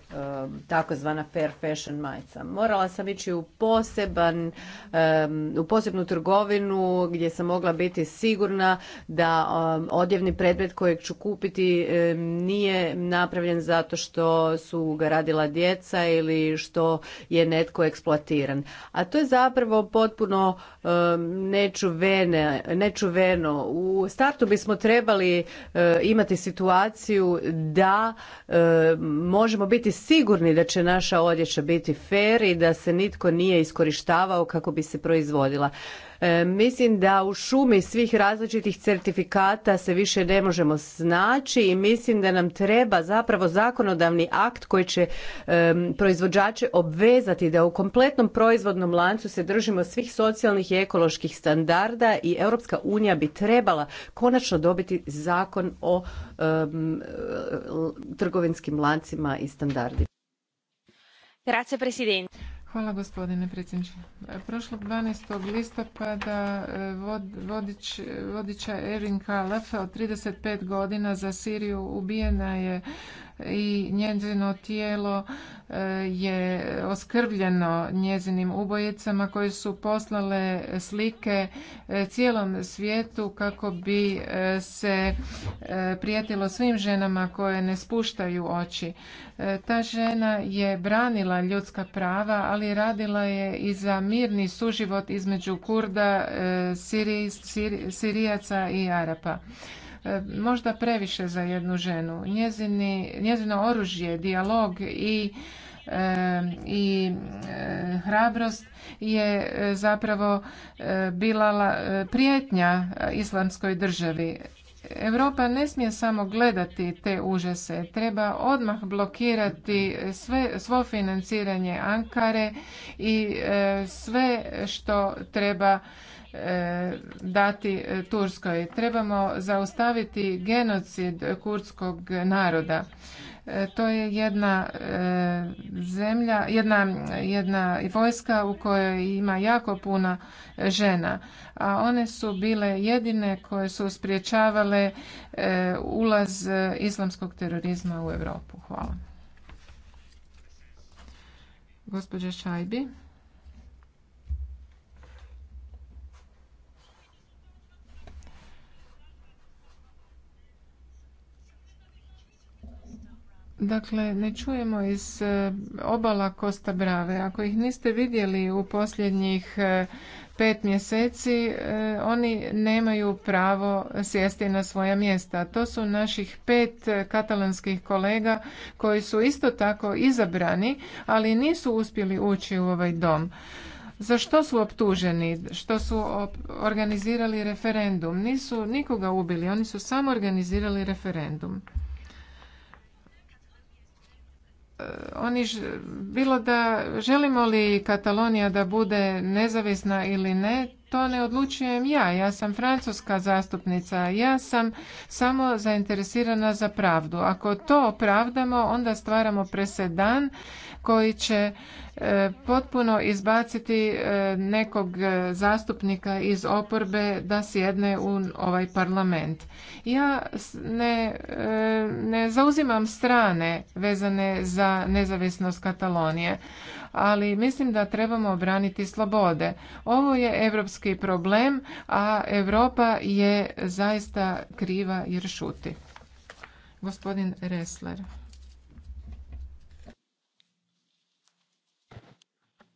takozvana fair fashion majica. Morala sam ići u poseban e, u posebnu trgovinu gdje sam mogla biti sigurna da odjevni predmet kojeg ću kupiti nije napravljen zato što su ga radila djeca ili što je netko eksploatiran. A to je zapravo potpuno nečuveno. U startu bismo trebali imati situaciju da možemo biti sigurni da će naša odjeća biti fer i da se nitko nije iskorištavao kako bi se proizvodila. E, mislim da u šumi svih različitih certifikata se više ne možemo snaći i mislim da nam treba zapravo zakonodavni akt koji će proizvođače obvezati da u kompletnom proizvodnom lancu se držimo svih socijalnih i ekoloških standarda i Europska unija bi trebala konačno dobiti zakon o trgovinskim lancima i standardima. Grazie Hvala gospodine predsjedniče. Prošlog 12. listopada e, vodiča Erin Kalaf od 35 godina za Siriju ubijena je i njezino tijelo e, je oskrvljeno njezinim ubojicama koje su poslale slike e, cijelom svijetu kako bi e, se prijetilo svim ženama koje ne spuštaju oči. Ta žena je branila ljudska prava, ali radila je i za mirni suživot između Kurda, Sirijaca i Arapa. E, možda previše za jednu ženu. njezino oružje, dijalog i e, i e, hrabrost je zapravo bila prijetnja islamskoj državi. Europa ne smije samo gledati te užase, treba odmah blokirati sve, svo financiranje Ankare i sve što treba dati Turskoj. Trebamo zaustaviti genocid kurdskog naroda. E, to je jedna e, zemlja, jedna, jedna vojska u kojoj ima jako puno žena, a one su bile jedine koje su spriječavale e, ulaz islamskog terorizma u Europu. Hvala. Gospođa Šajbi. Dakle, ne čujemo iz e, obala Kosta Brave. Ako ih niste vidjeli u posljednjih e, pet mjeseci, e, oni nemaju pravo sjesti na svoja mjesta. To su naših pet katalanskih kolega koji su isto tako izabrani, ali nisu uspjeli ući u ovaj dom. Za što su optuženi? Što su organizirali referendum? Nisu nikoga ubili, oni su samo organizirali referendum. E, oni bilo da želimo li Katalonija da bude nezavisna ili ne, to ne odlučujem ja. Ja sam francuska zastupnica. Ja sam samo zainteresirana za pravdu. Ako to opravdamo, onda stvaramo presedan koji će e, potpuno izbaciti e, nekog e, zastupnika iz oporbe da sjedne u ovaj parlament. Ja ne, ne zauzimam strane vezane za nezavisnost Katalonije, ali mislim da trebamo obraniti slobode. Ovo je europski problem, a Europa je zaista kriva jer šuti. Gospodin Resler.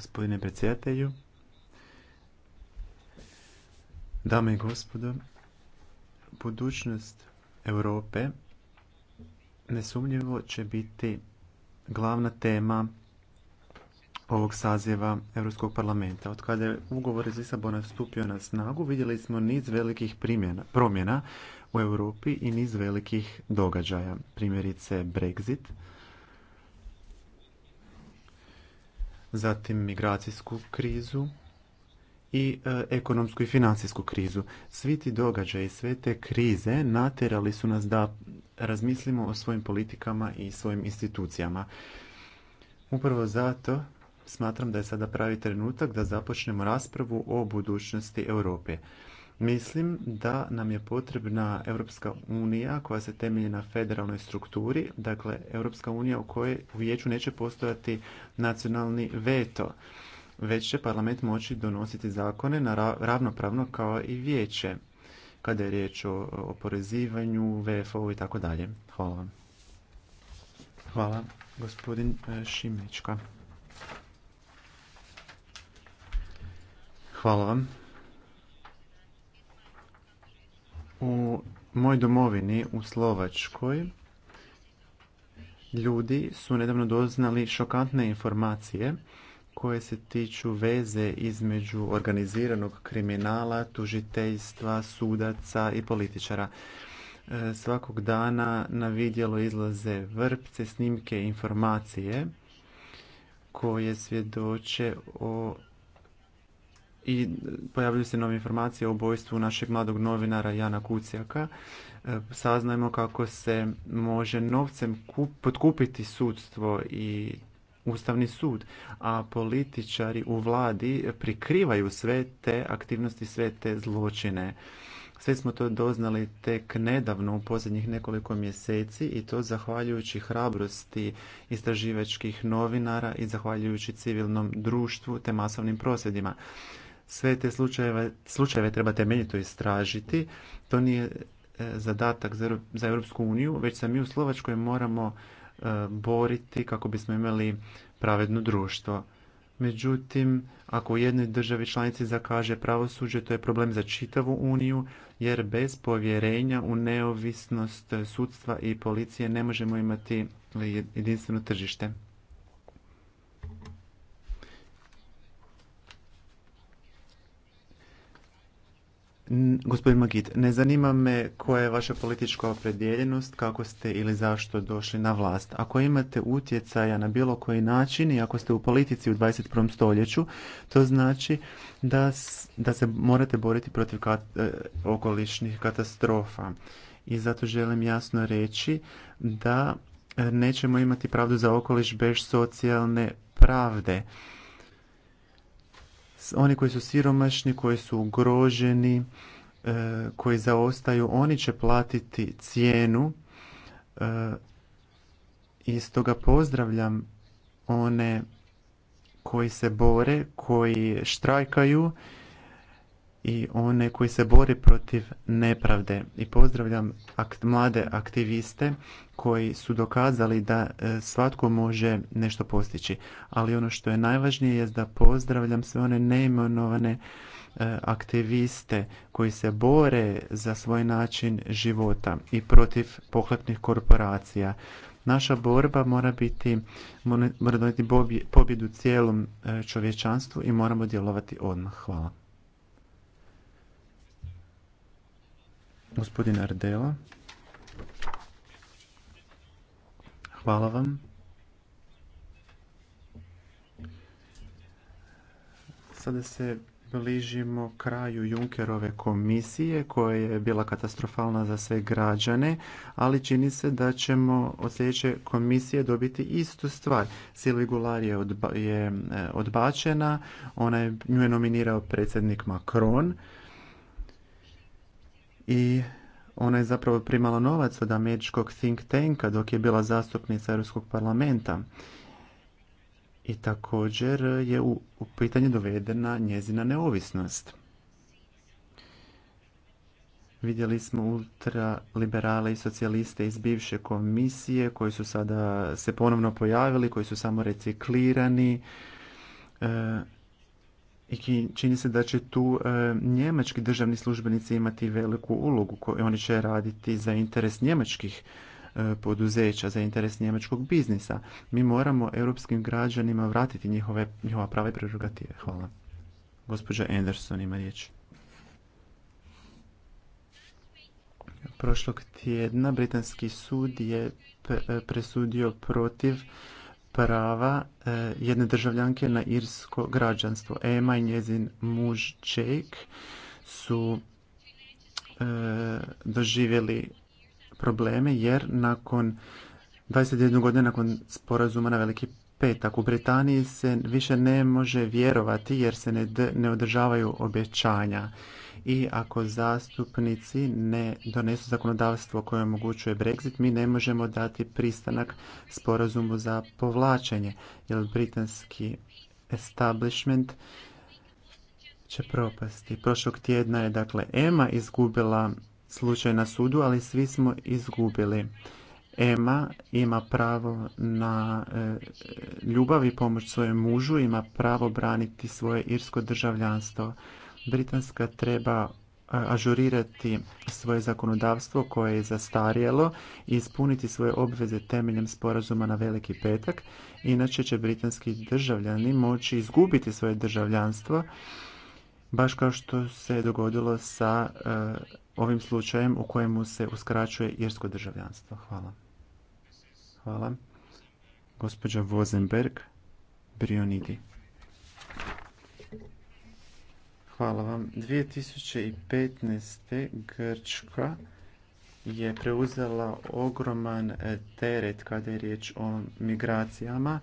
Gospodine predsjedatelju, dame i gospodo, budućnost Europe nesumnjivo će biti glavna tema ovog saziva Europskog parlamenta. Od kada je ugovor iz Lisabona stupio na snagu, vidjeli smo niz velikih primjena, promjena u Europi i niz velikih događaja. Primjerice Brexit, zatim migracijsku krizu i e, ekonomsku i financijsku krizu. Svi ti događaji, sve te krize natjerali su nas da razmislimo o svojim politikama i svojim institucijama. Upravo zato smatram da je sada pravi trenutak da započnemo raspravu o budućnosti Europe. Mislim da nam je potrebna Europska unija koja se temelji na federalnoj strukturi, dakle Europska unija u kojoj u vijeću neće postojati nacionalni veto, već će parlament moći donositi zakone na ravnopravno kao i vijeće kada je riječ o oporezivanju, VFO i tako dalje. Hvala vam. Hvala, gospodin e, Hvala vam. U moj domovini u Slovačkoj ljudi su nedavno doznali šokantne informacije koje se tiču veze između organiziranog kriminala, tužiteljstva, sudaca i političara. E, svakog dana na vidjelo izlaze vrpce, snimke, informacije koje svjedoče o i pojavljuju se nove informacije o ubojstvu našeg mladog novinara Jana Kucijaka. E, Saznajmo kako se može novcem podkupiti sudstvo i Ustavni sud, a političari u vladi prikrivaju sve te aktivnosti, sve te zločine. Sve smo to doznali tek nedavno u posljednjih nekoliko mjeseci i to zahvaljujući hrabrosti istraživačkih novinara i zahvaljujući civilnom društvu te masovnim prosvjedima. Sve te slučajeve, slučajeve treba temeljito istražiti. To nije e, zadatak za Europsku uniju, već se mi u Slovačkoj moramo e, boriti kako bismo imali pravedno društvo. Međutim, ako u jednoj državi članici zakaže pravosuđe, to je problem za čitavu Uniju, jer bez povjerenja u neovisnost sudstva i policije ne možemo imati jedinstveno tržište. Gospodin Magit, ne zanima me koja je vaša politička opredjeljenost, kako ste ili zašto došli na vlast. Ako imate utjecaja na bilo koji način i ako ste u politici u 21. stoljeću, to znači da, da se morate boriti protiv kat, e, okolišnih katastrofa. I zato želim jasno reći da e, nećemo imati pravdu za okoliš bez socijalne pravde oni koji su siromašni, koji su ugroženi, e, koji zaostaju, oni će platiti cijenu. E, I stoga pozdravljam one koji se bore, koji štrajkaju i one koji se bore protiv nepravde i pozdravljam akt, mlade aktiviste koji su dokazali da e, svatko može nešto postići ali ono što je najvažnije je da pozdravljam sve one neimenovane e, aktiviste koji se bore za svoj način života i protiv pohlepnih korporacija naša borba mora biti mora donijeti pobjedu cijelom e, čovječanstvu i moramo djelovati odmah hvala Gospodin Ardela. Hvala vam. Sada se bližimo kraju Junkerove komisije koja je bila katastrofalna za sve građane, ali čini se da ćemo od sljedeće komisije dobiti istu stvar. Silvi Gular je, e, odbačena, ona je, nju je nominirao predsjednik Macron, i ona je zapravo primala novac od američkog think tanka dok je bila zastupnica Europskog parlamenta. I također je u, pitanje dovedena njezina neovisnost. Vidjeli smo ultraliberale i socijaliste iz bivše komisije koji su sada se ponovno pojavili, koji su samo reciklirani. E, i čini se da će tu e, njemački državni službenici imati veliku ulogu koju oni će raditi za interes njemačkih e, poduzeća, za interes njemačkog biznisa. Mi moramo europskim građanima vratiti njihove, njihova prave prerogative. Hvala. Gospođa Anderson ima riječ. Prošlog tjedna britanski sud je presudio protiv prava e, jedne državljanke na irsko građanstvo. Ema i njezin muž Jake su e, doživjeli probleme jer nakon 21 godina nakon sporazuma na veliki petak u Britaniji se više ne može vjerovati jer se ne, ne održavaju obećanja i ako zastupnici ne donesu zakonodavstvo koje omogućuje Brexit, mi ne možemo dati pristanak sporazumu za povlačenje, jer britanski establishment će propasti. Prošlog tjedna je dakle Ema izgubila slučaj na sudu, ali svi smo izgubili. Ema ima pravo na e, ljubav i pomoć svojem mužu, ima pravo braniti svoje irsko državljanstvo. Britanska treba ažurirati svoje zakonodavstvo koje je zastarjelo i ispuniti svoje obveze temeljem sporazuma na Veliki petak. Inače će britanski državljani moći izgubiti svoje državljanstvo, baš kao što se dogodilo sa e, ovim slučajem u kojemu se uskraćuje irsko državljanstvo. Hvala. Hvala. Gospođa Vozenberg, Brionidi. Hvala vam. 2015. Grčka je preuzela ogroman teret kada je riječ o migracijama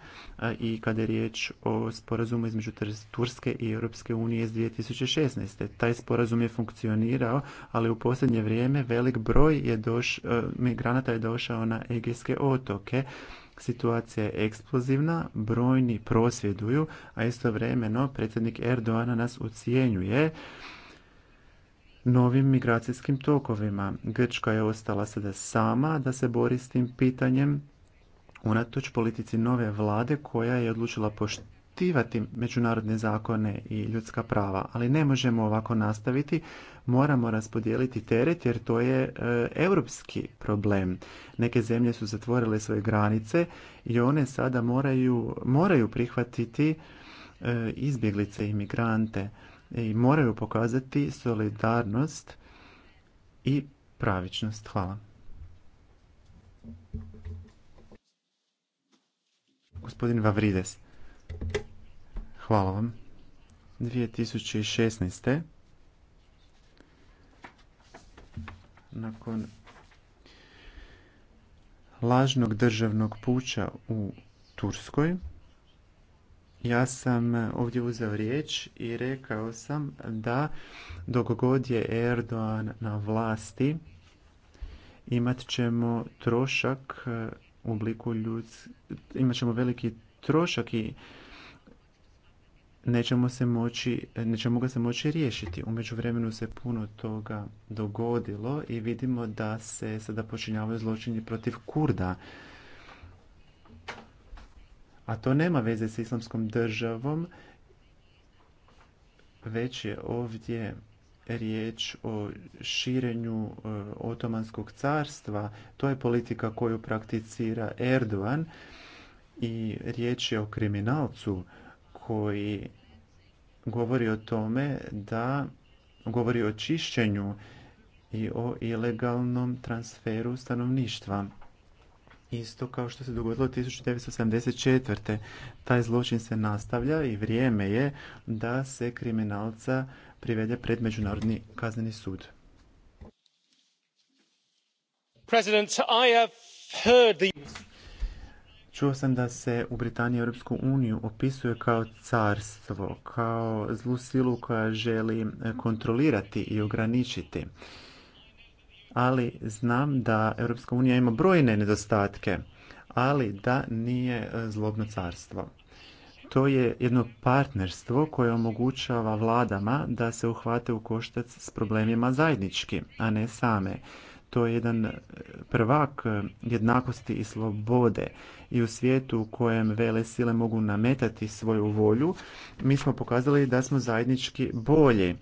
i kada je riječ o sporazumu između Turske i Europske unije iz 2016. Taj sporazum je funkcionirao, ali u posljednje vrijeme velik broj je doš, migranata je došao na Egejske otoke Situacija je eksplozivna, brojni prosvjeduju, a istovremeno predsjednik Erdoana nas ucijenjuje novim migracijskim tokovima. Grčka je ostala sada sama da se bori s tim pitanjem unatoč politici nove vlade koja je odlučila poštivati poštivati međunarodne zakone i ljudska prava, ali ne možemo ovako nastaviti. Moramo raspodijeliti teret jer to je e, europski problem. Neke zemlje su zatvorile svoje granice i one sada moraju, moraju prihvatiti e, izbjeglice i migrante i moraju pokazati solidarnost i pravičnost. Hvala. Gospodin Vavrides. Hvala vam. 2016. Nakon lažnog državnog puća u Turskoj, ja sam ovdje uzeo riječ i rekao sam da dok god je Erdoğan na vlasti imat ćemo trošak u obliku imat ćemo veliki trošak i nećemo, se moći, nećemo ga se moći riješiti. U međuvremenu se puno toga dogodilo i vidimo da se sada počinjavaju zločini protiv Kurda. A to nema veze s islamskom državom, već je ovdje riječ o širenju e, otomanskog carstva. To je politika koju prakticira Erdogan i riječ je o kriminalcu koji govori o tome da govori o čišćenju i o ilegalnom transferu stanovništva. Isto kao što se dogodilo 1974. Taj zločin se nastavlja i vrijeme je da se kriminalca privede pred Međunarodni kazneni sud. President, I have heard the... Čuo sam da se u Britaniji Europsku uniju opisuje kao carstvo, kao zlu silu koja želi e, kontrolirati i ograničiti. Ali znam da Europska unija ima brojne nedostatke, ali da nije e, zlobno carstvo. To je jedno partnerstvo koje omogućava vladama da se uhvate u koštac s problemima zajednički, a ne same to je jedan prvak e, jednakosti i slobode i u svijetu u kojem vele sile mogu nametati svoju volju, mi smo pokazali da smo zajednički bolji.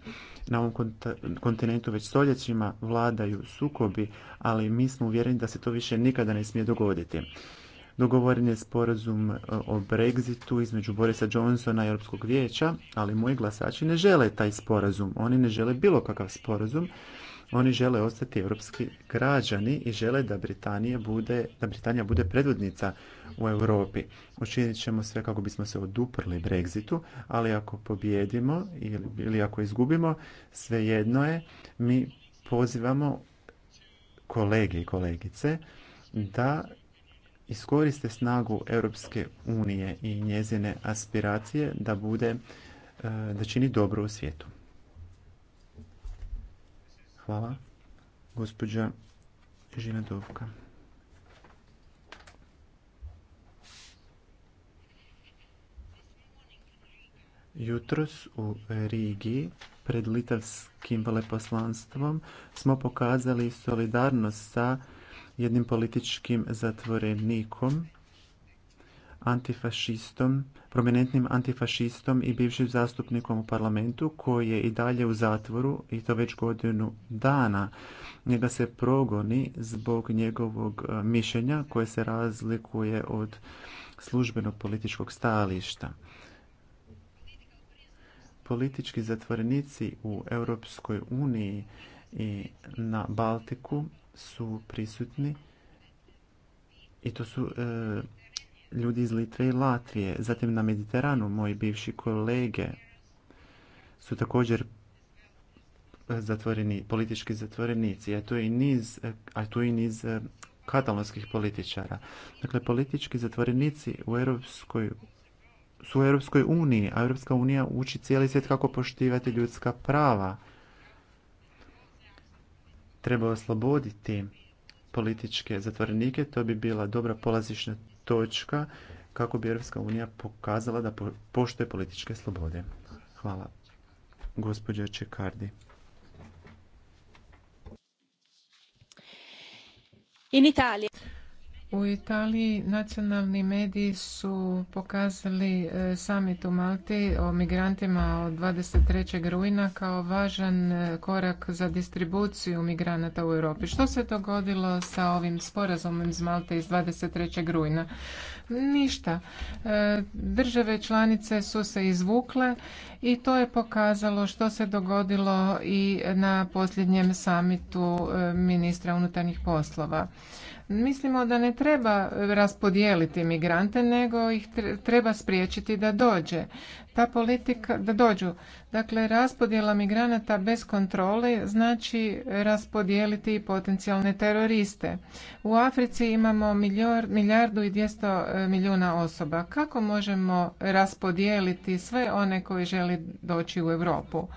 Na ovom kontinentu već stoljećima vladaju sukobi, ali mi smo uvjereni da se to više nikada ne smije dogoditi. Dogovoren je sporazum e, o Brexitu između Borisa Johnsona i Europskog vijeća, ali moji glasači ne žele taj sporazum. Oni ne žele bilo kakav sporazum oni žele ostati europski građani i žele da Britanija bude, da Britanija bude predvodnica u Europi. Učinit ćemo sve kako bismo se oduprli Brexitu, ali ako pobijedimo ili, ili ako izgubimo, svejedno je, mi pozivamo kolege i kolegice da iskoriste snagu Europske unije i njezine aspiracije da bude eh, da čini dobro u svijetu. Hvala. Gospođa Dovka. Jutros u Rigi pred litavskim veleposlanstvom smo pokazali solidarnost sa jednim političkim zatvorenikom, antifašistom prominentnim antifašistom i bivšim zastupnikom u parlamentu koji je i dalje u zatvoru i to već godinu dana. Njega se progoni zbog njegovog e, mišljenja koje se razlikuje od službenog političkog stajališta. Politički zatvorenici u Europskoj uniji i na Baltiku su prisutni i to su e, ljudi iz Litve i Latvije. Zatim na Mediteranu moji bivši kolege su također zatvoreni, politički zatvorenici, a tu je i niz, a tu i niz e, katalonskih političara. Dakle, politički zatvorenici u Europskoj su u Europskoj uniji, a Europska unija uči cijeli svijet kako poštivati ljudska prava. Treba osloboditi političke zatvorenike, to bi bila dobra polazišna točka kako bi Europska unija pokazala da poštuje političke slobode. Hvala. Gospođa Čekardi. In Italia. U Italiji nacionalni mediji su pokazali e, summit u Malti o migrantima od 23. rujna kao važan e, korak za distribuciju migranata u Europi. Što se dogodilo sa ovim sporazumom iz Malte iz 23. rujna? Ništa. E, države članice su se izvukle i to je pokazalo što se dogodilo i na posljednjem samitu ministra unutarnjih poslova. Mislimo da ne treba raspodijeliti migrante, nego ih treba spriječiti da dođe. Ta politika, da dođu. Dakle, raspodjela migranata bez kontrole znači raspodijeliti i potencijalne teroriste. U Africi imamo milijardu i dvjesto e, milijuna osoba. Kako možemo raspodijeliti sve one koji žele doći u Europu?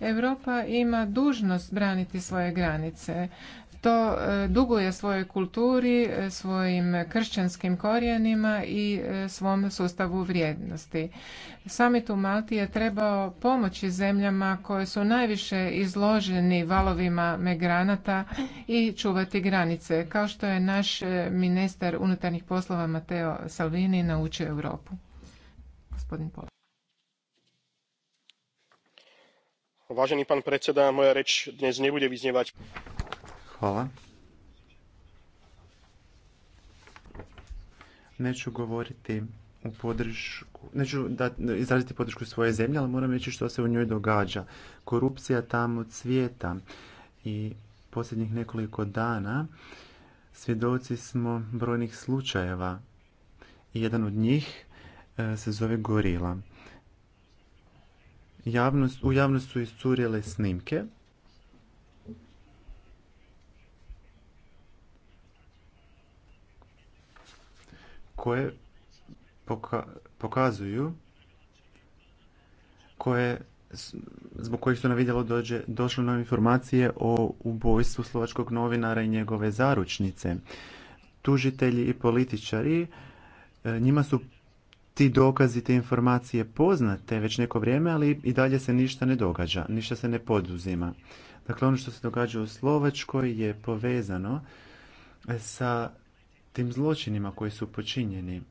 Europa ima dužnost braniti svoje granice to e, duguje svojoj kulturi, e, svojim kršćanskim korijenima i e, svom sustavu vrijednosti. Samit u Malti je trebao pomoći zemljama koje su najviše izloženi valovima migranata i čuvati granice, kao što je naš ministar unutarnjih poslova Mateo Salvini naučio Europu. Gospodin Pol. Vážený pan predseda, moja reč dnes nebude vyznievať Hvala. Neću govoriti u podršku, neću izraziti podršku svoje zemlje, ali moram reći što se u njoj događa. Korupcija tamo cvijeta i posljednjih nekoliko dana svjedoci smo brojnih slučajeva i jedan od njih e, se zove Gorila. u javnost su iscurjele snimke koje pokazuju koje zbog kojih su na vidjelo dođe, došle nove informacije o ubojstvu slovačkog novinara i njegove zaručnice. Tužitelji i političari, e, njima su ti dokazi, te informacije poznate već neko vrijeme, ali i dalje se ništa ne događa, ništa se ne poduzima. Dakle, ono što se događa u Slovačkoj je povezano sa tim zločinima koji su počinjeni.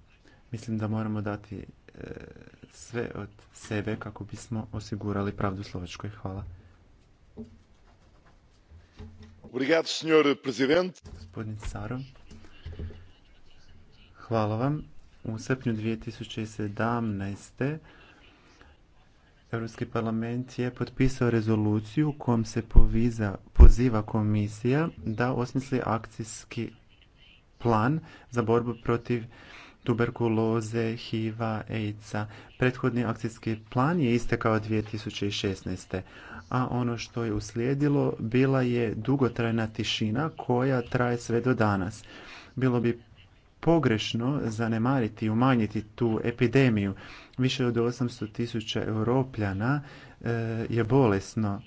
Mislim da moramo dati e, sve od sebe kako bismo osigurali pravdu Slovačkoj. Hvala. Obrigado, senhor presidente. Gospodin Saro, hvala vam. U srpnju 2017. Europski parlament je potpisao rezoluciju u kojom se poviza, poziva komisija da osmisli akcijski plan za borbu protiv tuberkuloze, HIV-a, AIDS-a. Prethodni akcijski plan je istekao 2016. A ono što je uslijedilo bila je dugotrajna tišina koja traje sve do danas. Bilo bi pogrešno zanemariti i umanjiti tu epidemiju. Više od 800.000 europljana e, je bolesno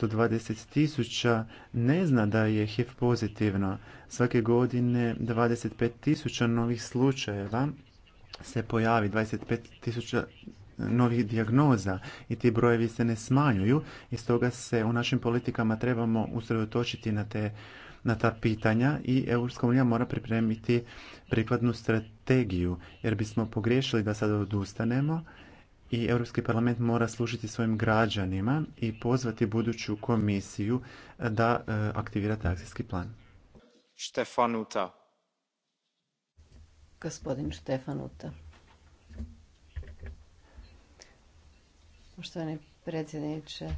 120 tisuća ne zna da je HIV pozitivno. Svake godine 25 tisuća novih slučajeva se pojavi, 25 tisuća novih dijagnoza i ti brojevi se ne smanjuju i stoga se u našim politikama trebamo usredotočiti na te na ta pitanja i Europska unija mora pripremiti prikladnu strategiju jer bismo pogriješili da sada odustanemo i Europski parlament mora služiti svojim građanima i pozvati buduću komisiju eh, da eh, aktivira taj akcijski plan. Štefanuta. Gospodin Štefanuta. Poštovani predsjedniče,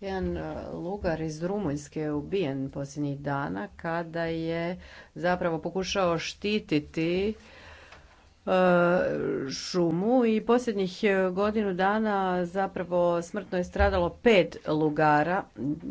jedan eh, lugar iz Rumunjske je ubijen posljednjih dana kada je zapravo pokušao štititi E, šumu i posljednjih e, godinu dana zapravo smrtno je stradalo pet lugara,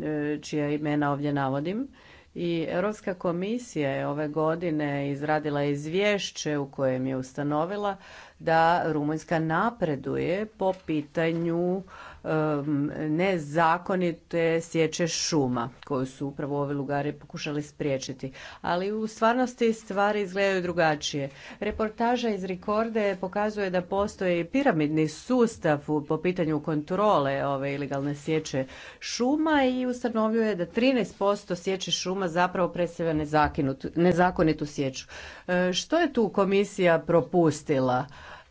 e, čija imena ovdje navodim. I Europska komisija je ove godine izradila izvješće u kojem je ustanovila da Rumunjska napreduje po pitanju Um, nezakonite sječe šuma koju su upravo ovi lugari pokušali spriječiti. Ali u stvarnosti stvari izgledaju drugačije. Reportaža iz Rekorde pokazuje da postoji piramidni sustav po pitanju kontrole ove ilegalne sječe šuma i ustanovljuje da 13% sječe šuma zapravo predstavlja nezakonitu sječu. E, što je tu komisija propustila?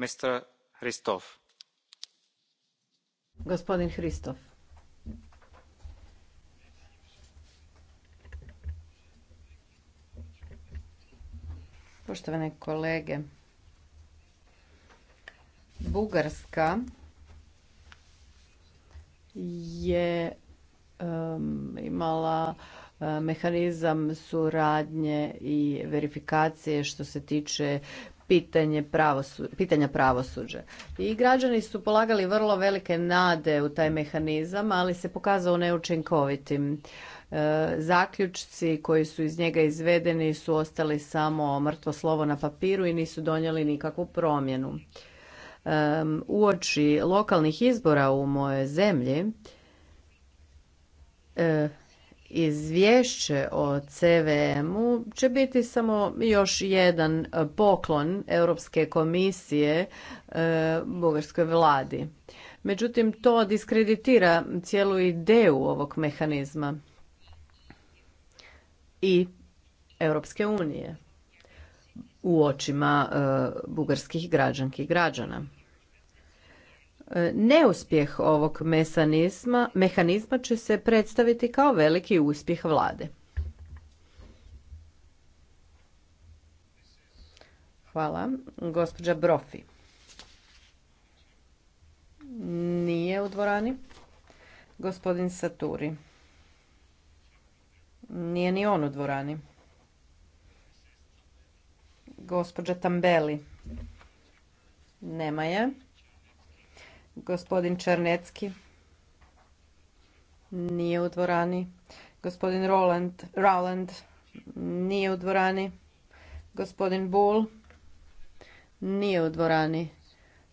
Mr. Hristov. Gospodin Hristov. Poštovane kolege, Bugarska je imala eh, mehanizam suradnje i verifikacije što se tiče pitanje pravosu, pitanja pravosuđa. I građani su polagali vrlo velike nade u taj mehanizam, ali se pokazao neučinkovitim. E, zaključci koji su iz njega izvedeni su ostali samo mrtvo slovo na papiru i nisu donijeli nikakvu promjenu. E, uoči lokalnih izbora u moje zemlji e, izvješće o CVM-u će biti samo još jedan poklon Europske komisije e, bugarskoj vladi. Međutim, to diskreditira cijelu ideju ovog mehanizma i Europske unije u očima e, bugarskih građanki i građana. E, neuspjeh ovog mehanizma, mehanizma će se predstaviti kao veliki uspjeh vlade. Hvala. Gospođa Brofi. Nije u dvorani. Gospodin Saturi. Nije ni on u dvorani. Gospođa Tambeli. Nema je. Gospodin Černecki nije u dvorani. Gospodin Roland, Roland nije u dvorani. Gospodin Bull nije u dvorani.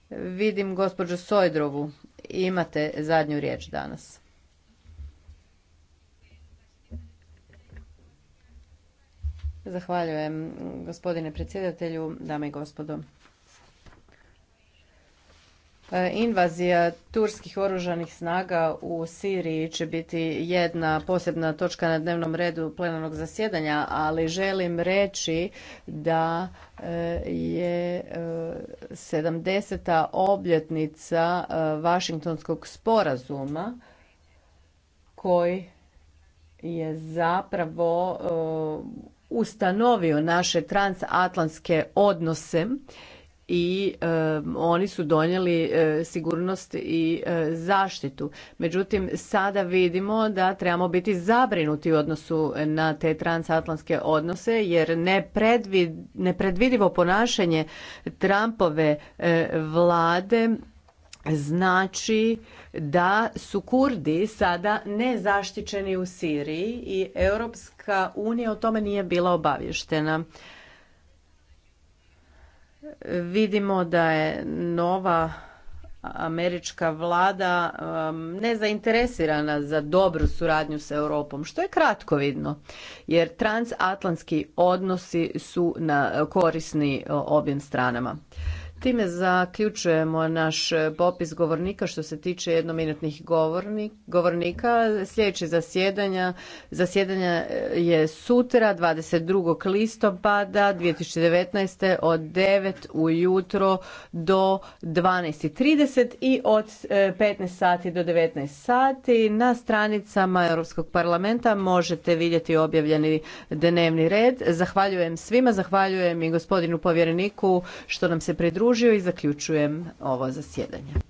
Vidim gospođu Sojdrovu. Imate zadnju riječ danas. Zahvaljujem gospodine predsjedatelju, dame i gospodo. E, invazija turskih oružanih snaga u Siriji će biti jedna posebna točka na dnevnom redu plenarnog zasjedanja, ali želim reći da e, je 70. E, obljetnica Vašingtonskog sporazuma koji je zapravo ustanovio naše transatlantske odnose i eh, oni su donijeli eh, sigurnost i eh, zaštitu. Međutim, sada vidimo da trebamo biti zabrinuti u odnosu na te transatlantske odnose jer nepredvidivo ponašanje Trumpove vlade znači da su Kurdi sada nezaštićeni u Siriji i Europska unija o tome nije bila obavještena vidimo da je nova američka vlada um, nezainteresirana za dobru suradnju s Europom, što je kratko vidno, jer transatlantski odnosi su na korisni uh, obim stranama. Time zaključujemo naš popis govornika što se tiče jednominutnih govornika. Sljedeće zasjedanja, zasjedanja e, je sutra 22. listopada 2019. od 9 ujutro do 12.30 i od 15 e, sati do 19 sati. Na stranicama Europskog parlamenta možete vidjeti objavljeni dnevni red. Zahvaljujem svima, zahvaljujem i gospodinu povjereniku što nam se pridružuje pridružio i zaključujem ovo zasjedanje.